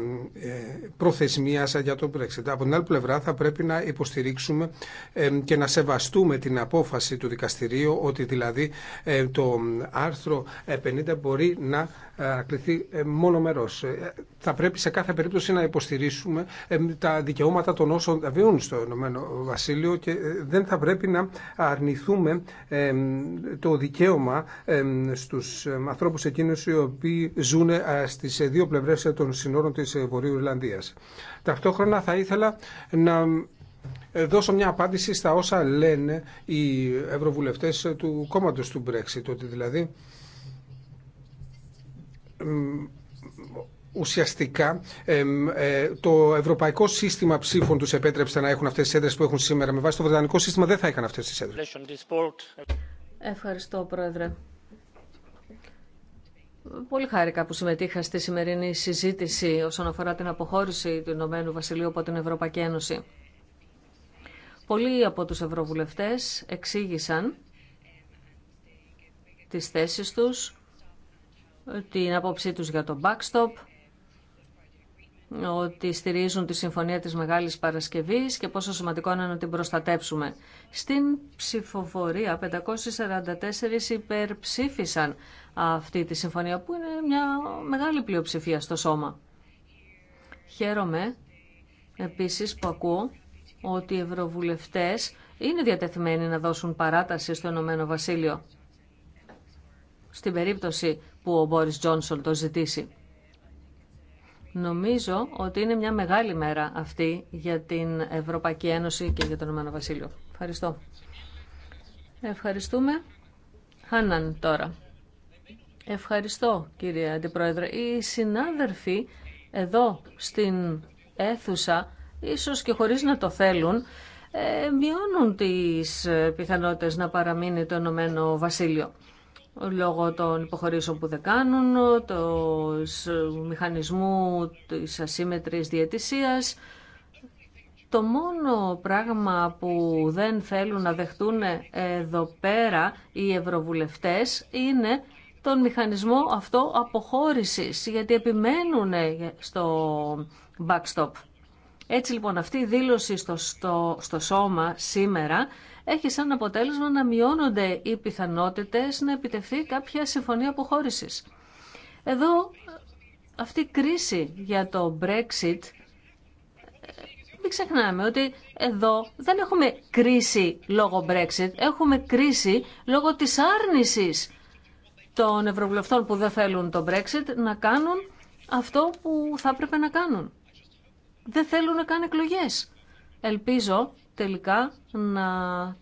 H: προθεσμίας για το Brexit. Από την άλλη πλευρά θα πρέπει να υποστηρίξουμε ε, και να σεβαστούμε την απόφαση του δικαστηρίου ότι δηλαδή το άρθρο 50 μπορεί να κληθεί μόνο μερός θα πρέπει σε κάθε περίπτωση να υποστηρίσουμε ε, τα δικαιώματα των όσων βιώνουν στο Ηνωμένο Βασίλειο και ε, δεν θα πρέπει να αρνηθούμε ε, το δικαίωμα στους ανθρώπους εκείνους οι οποίοι ζουν στις δύο πλευρές των συνόρων της Βορείου Ιρλανδίας. Ταυτόχρονα θα ήθελα να δώσω μια απάντηση στα όσα λένε οι ευρωβουλευτές του κόμματος του Brexit, ότι δηλαδή ουσιαστικά ε, το ευρωπαϊκό σύστημα ψήφων τους επέτρεψε να έχουν αυτές τις έδρες που έχουν σήμερα. Με βάση το βρετανικό σύστημα δεν θα είχαν αυτές τις έδρες.
G: Ευχαριστώ, Πρόεδρε. Πολύ χάρηκα που συμμετείχα στη σημερινή συζήτηση όσον αφορά την αποχώρηση του Ηνωμένου Βασιλείου από την Ευρωπαϊκή Ένωση. Πολλοί από τους ευρωβουλευτές εξήγησαν τις θέσεις τους, την άποψή τους για το backstop, ότι στηρίζουν τη Συμφωνία της Μεγάλης Παρασκευής και πόσο σημαντικό είναι να την προστατέψουμε. Στην ψηφοφορία 544 υπερψήφισαν αυτή τη συμφωνία που είναι μια μεγάλη πλειοψηφία στο σώμα. Χαίρομαι επίσης που ακούω ότι οι ευρωβουλευτές είναι διατεθειμένοι να δώσουν παράταση στο Ηνωμένο Βασίλειο στην περίπτωση που ο Μπόρις Τζόνσον το ζητήσει. Νομίζω ότι είναι μια μεγάλη μέρα αυτή για την Ευρωπαϊκή Ένωση και για τον Ηνωμένο Βασίλειο. Ευχαριστώ. Ευχαριστούμε. Χάναν τώρα. Ευχαριστώ κύριε Αντιπρόεδρε. Οι συνάδελφοι εδώ στην αίθουσα, ίσως και χωρίς να το θέλουν, ε, μειώνουν τις πιθανότητες να παραμείνει το Ηνωμένο Βασίλειο λόγω των υποχωρήσεων που δεν κάνουν, του μηχανισμού της ασύμετρης διαιτησίας. Το μόνο πράγμα που δεν θέλουν να δεχτούν εδώ πέρα οι ευρωβουλευτές είναι τον μηχανισμό αυτό αποχώρησης, γιατί επιμένουν στο backstop. Έτσι λοιπόν αυτή η δήλωση στο, στο, στο σώμα σήμερα έχει σαν αποτέλεσμα να μειώνονται οι πιθανότητες να επιτευχθεί κάποια συμφωνία αποχώρησης. Εδώ αυτή η κρίση για το Brexit, μην ξεχνάμε ότι εδώ δεν έχουμε κρίση λόγω Brexit, έχουμε κρίση λόγω της άρνησης των ευρωβουλευτών που δεν θέλουν το Brexit να κάνουν αυτό που θα έπρεπε να κάνουν. Δεν θέλουν να κάνουν εκλογές. Ελπίζω τελικά να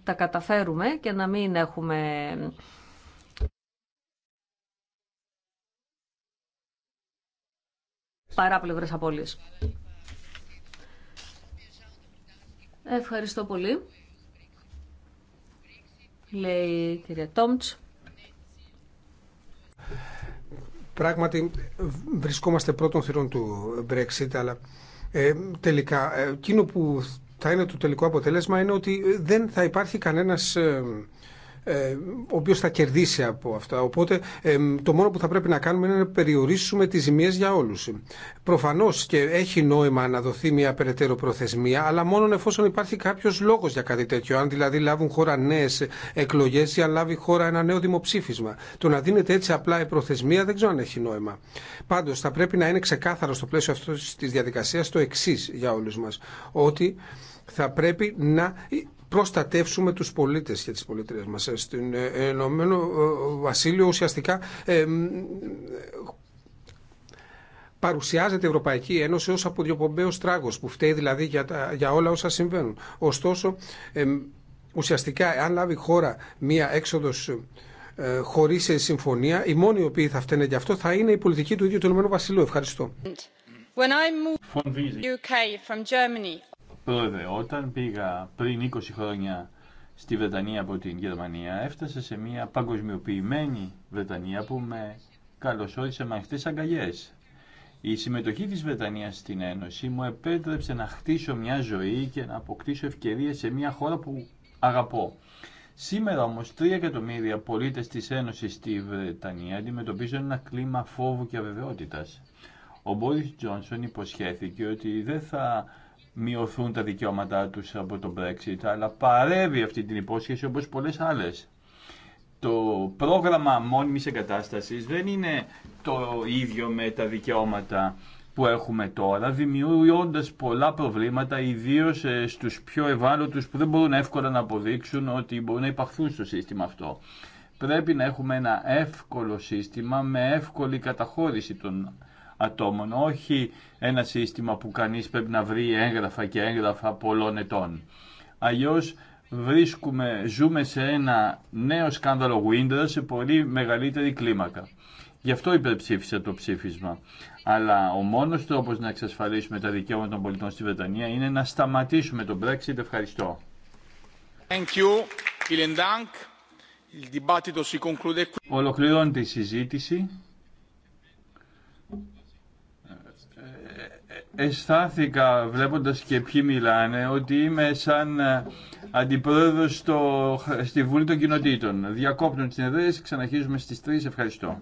G: τα καταφέρουμε και να μην έχουμε παράπλευρες απώλειες. Ευχαριστώ πολύ. Λέει η κυρία Τόμτς.
H: Πράγματι βρισκόμαστε πρώτων θυρών του Brexit, αλλά ε, τελικά ε, εκείνο που θα είναι το τελικό αποτέλεσμα είναι ότι ε, δεν θα υπάρχει κανένας ε, ε, ο οποίος θα κερδίσει από αυτά. Οπότε το μόνο που θα πρέπει να κάνουμε είναι να περιορίσουμε τις ζημίες για όλους. Προφανώς και έχει νόημα να δοθεί μια περαιτέρω προθεσμία, αλλά μόνο εφόσον υπάρχει κάποιος λόγος για κάτι τέτοιο. Αν δηλαδή λάβουν χώρα νέες εκλογές ή αν λάβει χώρα ένα νέο δημοψήφισμα. Το να δίνεται έτσι απλά η προθεσμία δεν ξέρω αν έχει νόημα. Πάντως θα πρέπει να είναι ξεκάθαρο στο πλαίσιο αυτή τη διαδικασία το εξή για όλους μας. Ότι θα πρέπει να προστατεύσουμε τους πολίτες και τις πολίτριες μας. Στην ε, ε, Ενωμένο ε, Βασίλειο ουσιαστικά παρουσιάζεται η Ευρωπαϊκή Ένωση ως αποδιοπομπαίος τράγος που φταίει δηλαδή για, για όλα όσα συμβαίνουν. Ωστόσο, ουσιαστικά αν λάβει χώρα μία έξοδος χωρί συμφωνία, οι μόνοι οι οποίοι θα φταίνε γι' αυτό θα είναι η πολιτική του ίδιου του Ηνωμένου Βασιλείου. Ευχαριστώ.
F: UK from Germany,
H: Πρόεδρε, όταν
F: πήγα πριν 20 χρόνια στη Βρετανία από την Γερμανία, έφτασα σε μια παγκοσμιοποιημένη Βρετανία που με καλωσόρισε με ανοιχτέ αγκαλιέ. Η συμμετοχή της Βρετανίας στην Ένωση μου επέτρεψε να χτίσω μια ζωή και να αποκτήσω ευκαιρίες σε μια χώρα που αγαπώ. Σήμερα όμως 3 εκατομμύρια πολίτες της Ένωσης στη Βρετανία αντιμετωπίζουν ένα κλίμα φόβου και αβεβαιότητας. Ο Μπόρις Τζόνσον υποσχέθηκε ότι δεν θα μειωθούν τα δικαιώματά τους από το Brexit, αλλά παρεύει αυτή την υπόσχεση όπως πολλές άλλες. Το πρόγραμμα μόνιμης εγκατάστασης δεν είναι το ίδιο με τα δικαιώματα που έχουμε τώρα, δημιουργώντα πολλά προβλήματα, ιδίω ε, στους πιο ευάλωτους που δεν μπορούν εύκολα να αποδείξουν ότι μπορούν να υπαχθούν στο σύστημα αυτό. Πρέπει να έχουμε ένα εύκολο σύστημα με εύκολη καταχώρηση των ατόμων, όχι ένα σύστημα που κανείς πρέπει να βρει έγγραφα και έγγραφα πολλών ετών. Αλλιώς βρίσκουμε, ζούμε σε ένα νέο σκάνδαλο Windows σε πολύ μεγαλύτερη κλίμακα. Γι' αυτό υπερψήφισα το ψήφισμα. Αλλά ο μόνος τρόπος να εξασφαλίσουμε τα δικαιώματα των πολιτών στη Βρετανία είναι να σταματήσουμε τον Brexit. Ευχαριστώ. Thank you. Ολοκληρώνεται η συζήτηση. αισθάνθηκα βλέποντας και ποιοι μιλάνε ότι είμαι σαν ε, αντιπρόεδρος στο, στη Βουλή των Κοινοτήτων. Διακόπτουν τις συνεδρίες, ξαναρχίζουμε στις 3. Ευχαριστώ.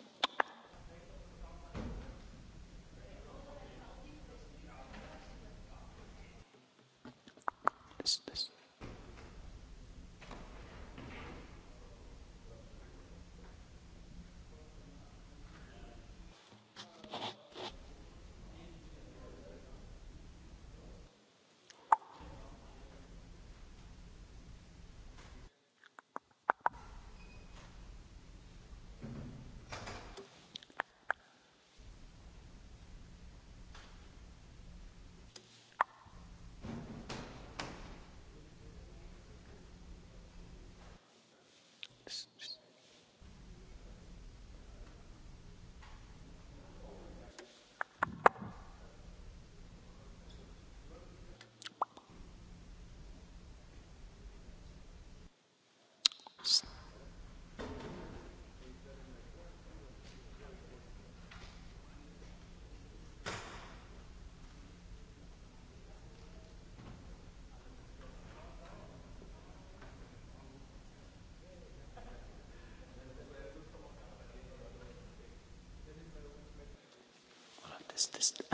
G: Ευχαριστώ,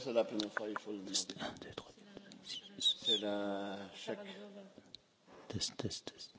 B: C'est la Test, test, test.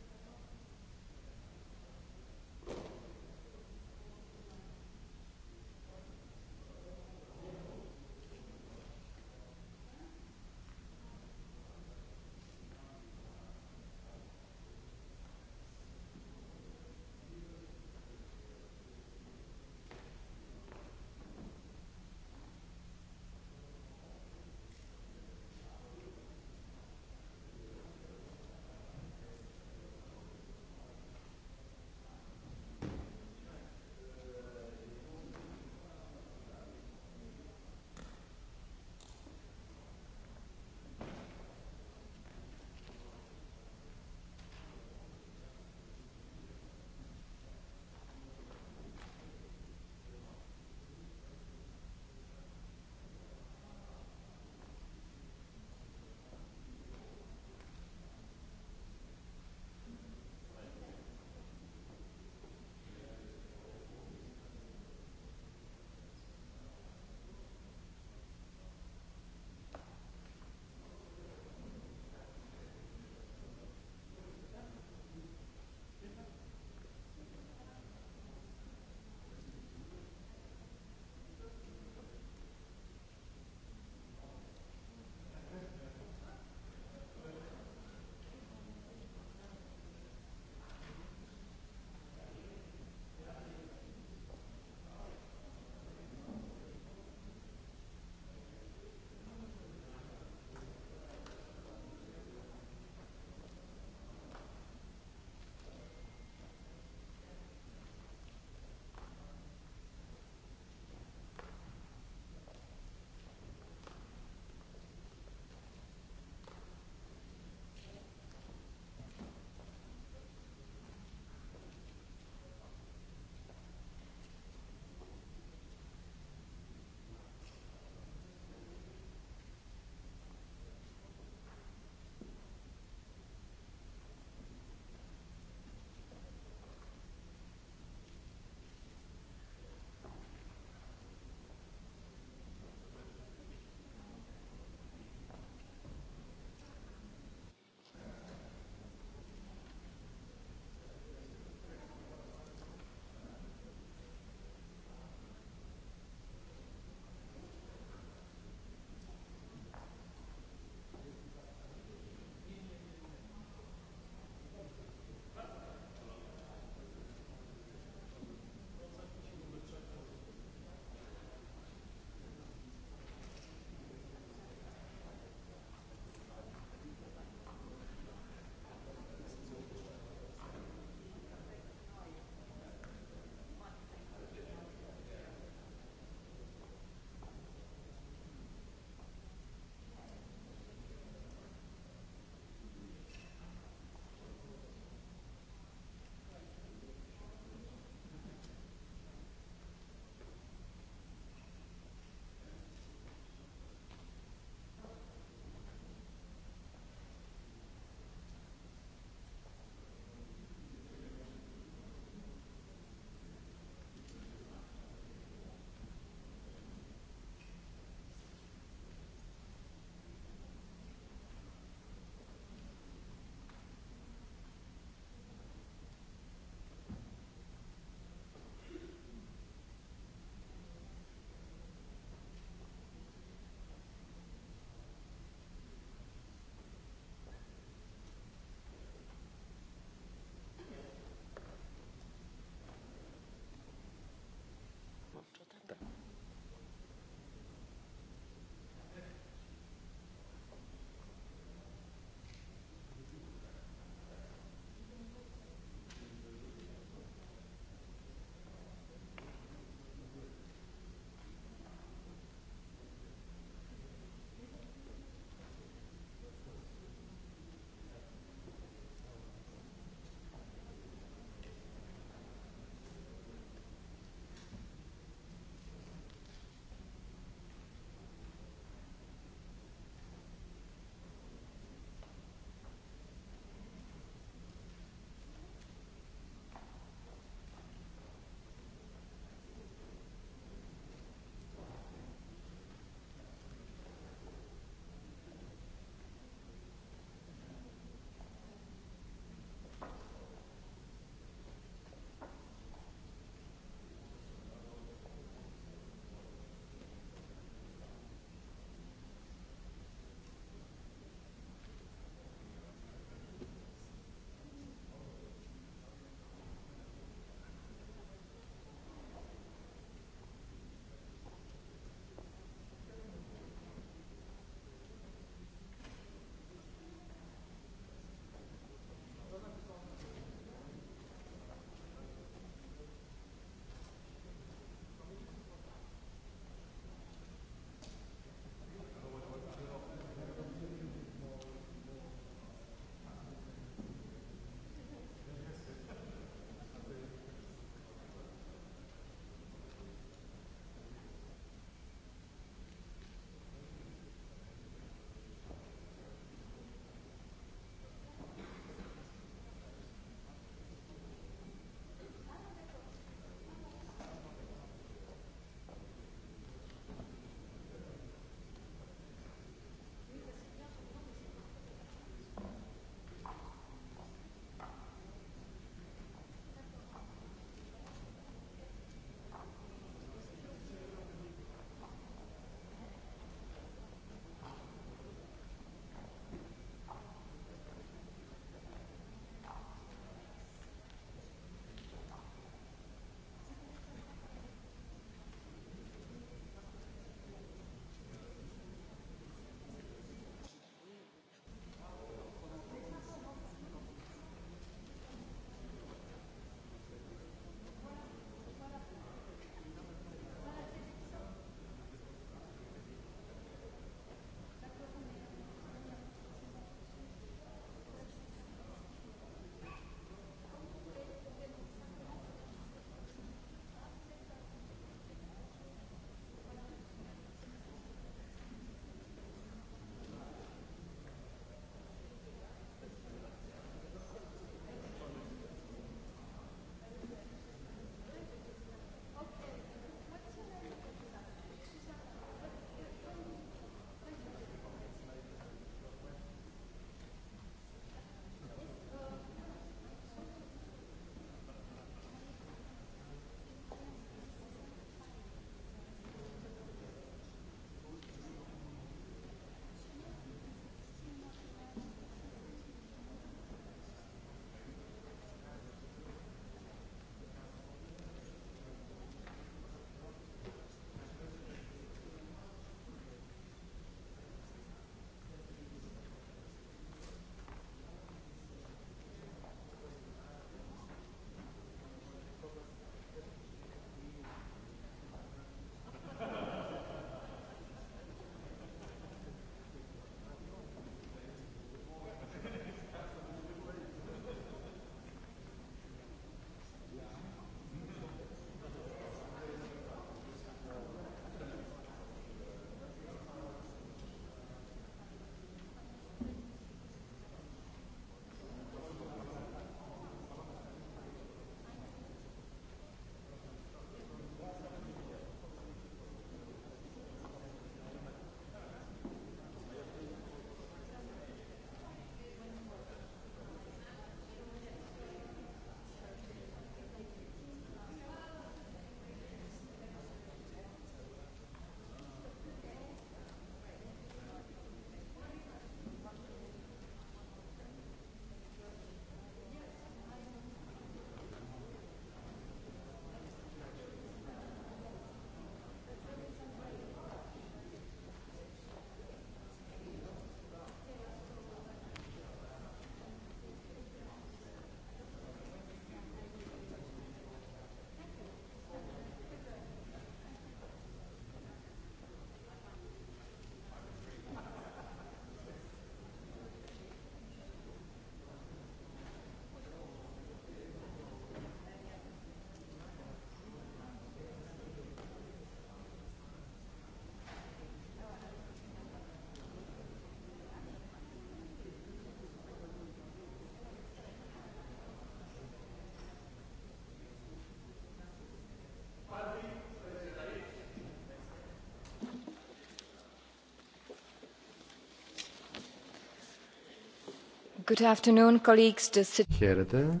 A: Good afternoon, colleagues.
D: Χαίρετε.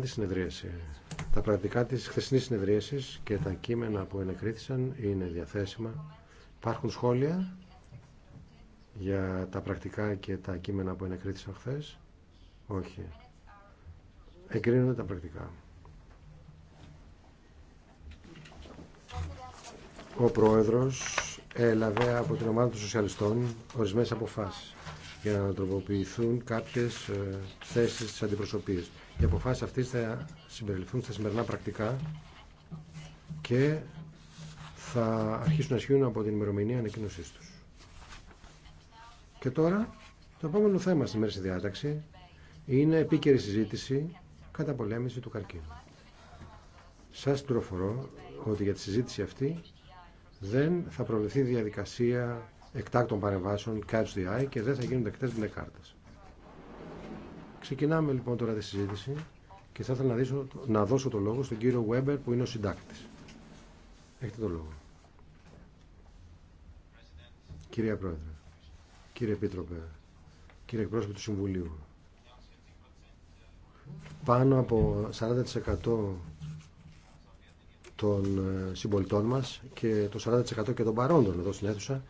D: τη συνεδρίαση. Τα πρακτικά της χθεσινής συνεδρίασης και τα κείμενα που ενεκρίθησαν είναι διαθέσιμα. Υπάρχουν σχόλια για τα πρακτικά και τα κείμενα που ενεκρίθησαν χθε. Όχι. Εγκρίνονται τα πρακτικά. Ο Πρόεδρος έλαβε από την ομάδα των Σοσιαλιστών ορισμένες αποφάσεις για να ανατροποποιηθούν κάποιες ε, θέσεις της αντιπροσωπείας. Οι αποφάσεις αυτές θα συμπεριληφθούν στα σημερινά πρακτικά και θα αρχίσουν να ισχύουν από την ημερομηνία ανακοίνωσή του. Και τώρα, το επόμενο θέμα στη μέρη διάταξη είναι επίκαιρη συζήτηση κατά πολέμηση του καρκίνου. Σας πληροφορώ ότι για τη συζήτηση αυτή δεν θα προβληθεί διαδικασία εκτάκτων παρεμβάσεων, catch the eye και δεν θα γίνουν δεκτές μπλε κάρτες. Ξεκινάμε λοιπόν τώρα τη συζήτηση και θα ήθελα να, δώσω το λόγο στον κύριο Βέμπερ που είναι ο συντάκτης. Έχετε το λόγο. Κυρία Πρόεδρε, κύριε Επίτροπε, κύριε εκπρόσωπο του Συμβουλίου, πάνω από 40% των ε, συμπολιτών μας και το 40% και των παρόντων εδώ στην αίθουσα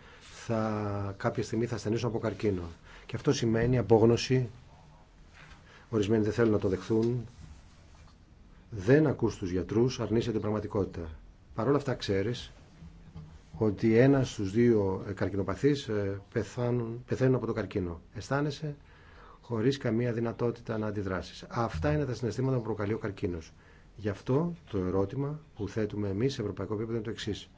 D: θα, κάποια στιγμή θα ασθενήσω από καρκίνο. Και αυτό σημαίνει απόγνωση. Ορισμένοι δεν θέλουν να το δεχθούν. Δεν ακούς τους γιατρούς, αρνείσαι την πραγματικότητα. Παρ' όλα αυτά ξέρεις ότι ένα στους δύο καρκινοπαθείς ε, πεθάνουν, πεθαίνουν από το καρκίνο. Αισθάνεσαι χωρίς καμία δυνατότητα να αντιδράσεις. Αυτά είναι τα συναισθήματα που προκαλεί ο καρκίνος. Γι' αυτό το ερώτημα που θέτουμε εμείς σε ευρωπαϊκό επίπεδο είναι το εξή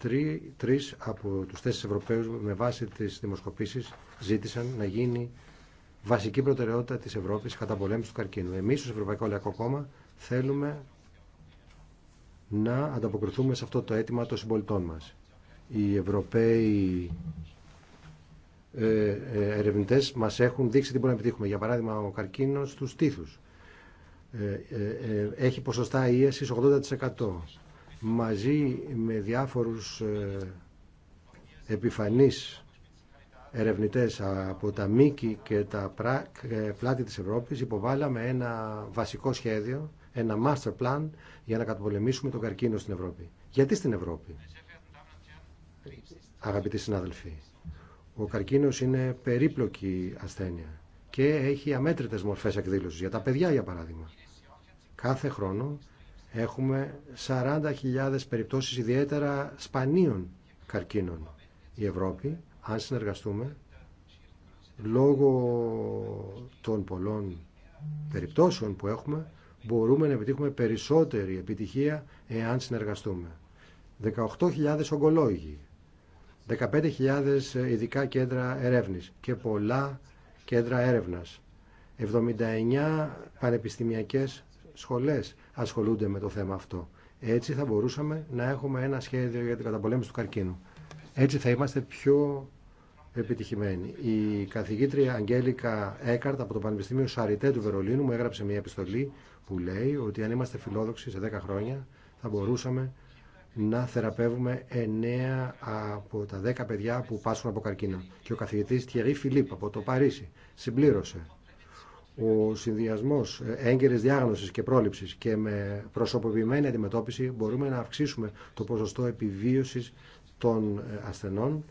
D: τρει, από τους τέσσερις Ευρωπαίους με βάση τις δημοσκοπήσεις ζήτησαν να γίνει βασική προτεραιότητα της Ευρώπης κατά πολέμηση του καρκίνου. Εμείς ως Ευρωπαϊκό Λαϊκό Κόμμα θέλουμε να ανταποκριθούμε σε αυτό το αίτημα των συμπολιτών μας. Οι Ευρωπαίοι ε, ε, ερευνητέ μας έχουν δείξει τι μπορούμε να επιτύχουμε. Για παράδειγμα, ο καρκίνος στους ε, ε, Έχει ποσοστά ίεσης 80% μαζί με διάφορους ε, επιφανείς ερευνητές από τα μήκη και τα ε, πλάτη της Ευρώπης υποβάλαμε ένα βασικό σχέδιο, ένα master plan για να καταπολεμήσουμε τον καρκίνο στην Ευρώπη. Γιατί στην Ευρώπη, αγαπητοί συνάδελφοι, ο καρκίνος είναι περίπλοκη ασθένεια και έχει αμέτρητες μορφές εκδήλωσης. Για τα παιδιά, για παράδειγμα, κάθε χρόνο έχουμε 40.000 περιπτώσεις ιδιαίτερα σπανίων καρκίνων. Η Ευρώπη, αν συνεργαστούμε, λόγω των πολλών περιπτώσεων που έχουμε, μπορούμε να επιτύχουμε περισσότερη επιτυχία εάν συνεργαστούμε. 18.000 ογκολόγοι, 15.000 ειδικά κέντρα ερεύνης και πολλά κέντρα έρευνας, 79 πανεπιστημιακές σχολές ασχολούνται με το θέμα αυτό. Έτσι θα μπορούσαμε να έχουμε ένα σχέδιο για την καταπολέμηση του καρκίνου. Έτσι θα είμαστε πιο επιτυχημένοι. Η καθηγήτρια Αγγέλικα Έκαρτ από το Πανεπιστήμιο Σαριτέ του Βερολίνου μου έγραψε μια επιστολή που λέει ότι αν είμαστε φιλόδοξοι σε 10 χρόνια θα μπορούσαμε να θεραπεύουμε 9 από τα 10 παιδιά που πάσχουν από καρκίνο. Και ο καθηγητής Thierry Φιλίπ από το Παρίσι συμπλήρωσε ο συνδυασμό ε, έγκαιρη διάγνωση και πρόληψη και με προσωποποιημένη αντιμετώπιση μπορούμε να αυξήσουμε το ποσοστό επιβίωση των ε, ασθενών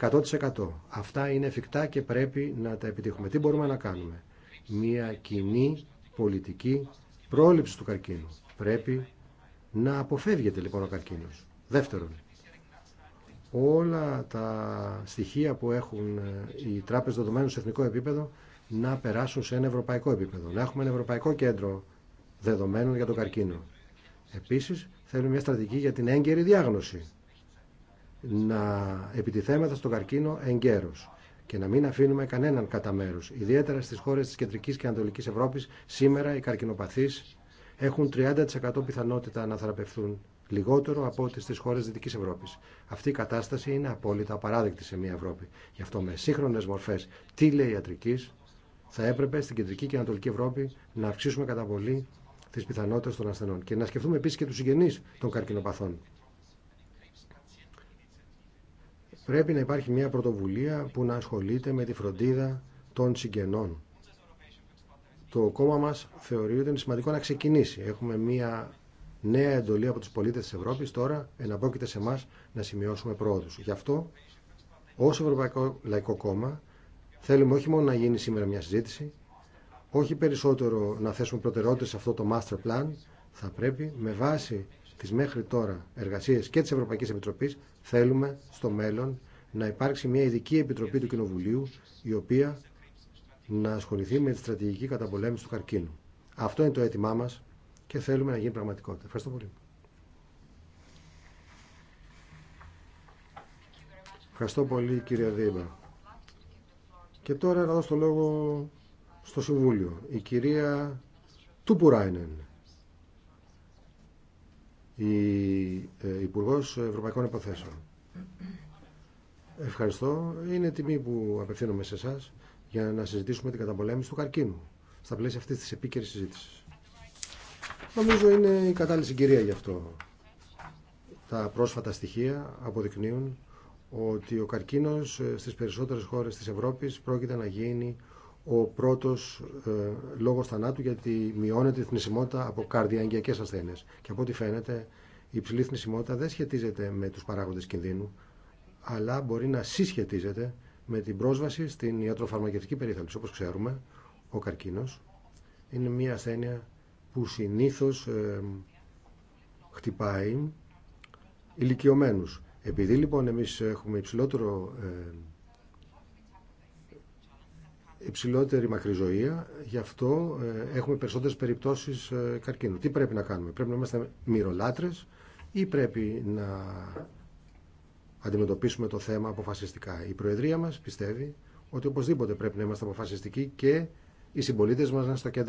D: 100%. Αυτά είναι εφικτά και πρέπει να τα επιτύχουμε. Τι μπορούμε να κάνουμε. Μια κοινή πολιτική πρόληψη του καρκίνου. Πρέπει να αποφεύγεται λοιπόν ο καρκίνος. Δεύτερον, όλα τα στοιχεία που έχουν ε, οι τράπεζες δεδομένων σε εθνικό επίπεδο να περάσουν σε ένα ευρωπαϊκό επίπεδο. Να έχουμε ένα ευρωπαϊκό κέντρο δεδομένων για τον καρκίνο. Επίση, θέλουμε μια στρατηγική για την έγκαιρη διάγνωση. Να επιτιθέμεθα στον καρκίνο εγκαίρω και να μην αφήνουμε κανέναν κατά μέρου. Ιδιαίτερα στι χώρε τη κεντρική και ανατολική Ευρώπη, σήμερα οι καρκινοπαθεί έχουν 30% πιθανότητα να θεραπευθούν λιγότερο από ό,τι στι χώρε Δυτική Ευρώπη. Αυτή η κατάσταση είναι απόλυτα απαράδεκτη σε μια Ευρώπη. Γι' αυτό με σύγχρονε μορφέ τηλεϊατρική θα έπρεπε στην κεντρική και ανατολική Ευρώπη να αυξήσουμε κατά πολύ τι πιθανότητε των ασθενών. Και να σκεφτούμε επίση και του συγγενεί των καρκινοπαθών. Πρέπει να υπάρχει μια πρωτοβουλία που να ασχολείται με τη φροντίδα των συγγενών. Το κόμμα μας θεωρεί ότι είναι σημαντικό να ξεκινήσει. Έχουμε μια νέα εντολή από του πολίτε τη Ευρώπη Τώρα εναπόκειται σε εμά να σημειώσουμε πρόοδου. Γι' αυτό, ω Ευρωπαϊκό Λαϊκό Κόμμα, Θέλουμε όχι μόνο να γίνει σήμερα μια συζήτηση, όχι περισσότερο να θέσουμε προτεραιότητες σε αυτό το master plan, θα πρέπει με βάση τις μέχρι τώρα εργασίες και της Ευρωπαϊκής Επιτροπής θέλουμε στο μέλλον να υπάρξει μια ειδική επιτροπή του Κοινοβουλίου η οποία να ασχοληθεί με τη στρατηγική καταπολέμηση του καρκίνου. Αυτό είναι το αίτημά μας και θέλουμε να γίνει πραγματικότητα. Ευχαριστώ πολύ. Ευχαριστώ πολύ κύριε και τώρα να δώσω το λόγο στο Συμβούλιο. Η κυρία Τουπουράινεν, η ε, Υπουργό Ευρωπαϊκών Υποθέσεων. Ευχαριστώ. Είναι τιμή που απευθύνομαι σε εσά για να συζητήσουμε την καταπολέμηση του καρκίνου στα πλαίσια αυτή τη επίκαιρη συζήτηση. Νομίζω είναι η κατάλληλη συγκυρία γι' αυτό. Τα πρόσφατα στοιχεία αποδεικνύουν ότι ο καρκίνος ε, στις περισσότερες χώρες της Ευρώπης πρόκειται να γίνει ο πρώτος ε, λόγος θανάτου γιατί μειώνεται η θνησιμότητα από καρδιαγγειακές ασθένειες. Και από ό,τι φαίνεται η υψηλή θνησιμότητα δεν σχετίζεται με τους παράγοντες κινδύνου αλλά μπορεί να συσχετίζεται με την πρόσβαση στην ιατροφαρμακευτική περίθαλψη. Όπως ξέρουμε, ο καρκίνος είναι μια ασθένεια που συνήθως ε, χτυπάει ηλικιωμένους επειδή λοιπόν εμείς έχουμε υψηλότερο, ε, υψηλότερη μακριζωία, γι' αυτό ε, έχουμε περισσότερες περιπτώσεις ε, καρκίνου. Τι πρέπει να κάνουμε, πρέπει να είμαστε μυρολάτρες ή πρέπει να αντιμετωπίσουμε το θέμα αποφασιστικά. Η Προεδρία μας πιστεύει ότι οπωσδήποτε πρέπει να είμαστε αποφασιστικοί και οι συμπολίτες μας να είναι στο κέντρο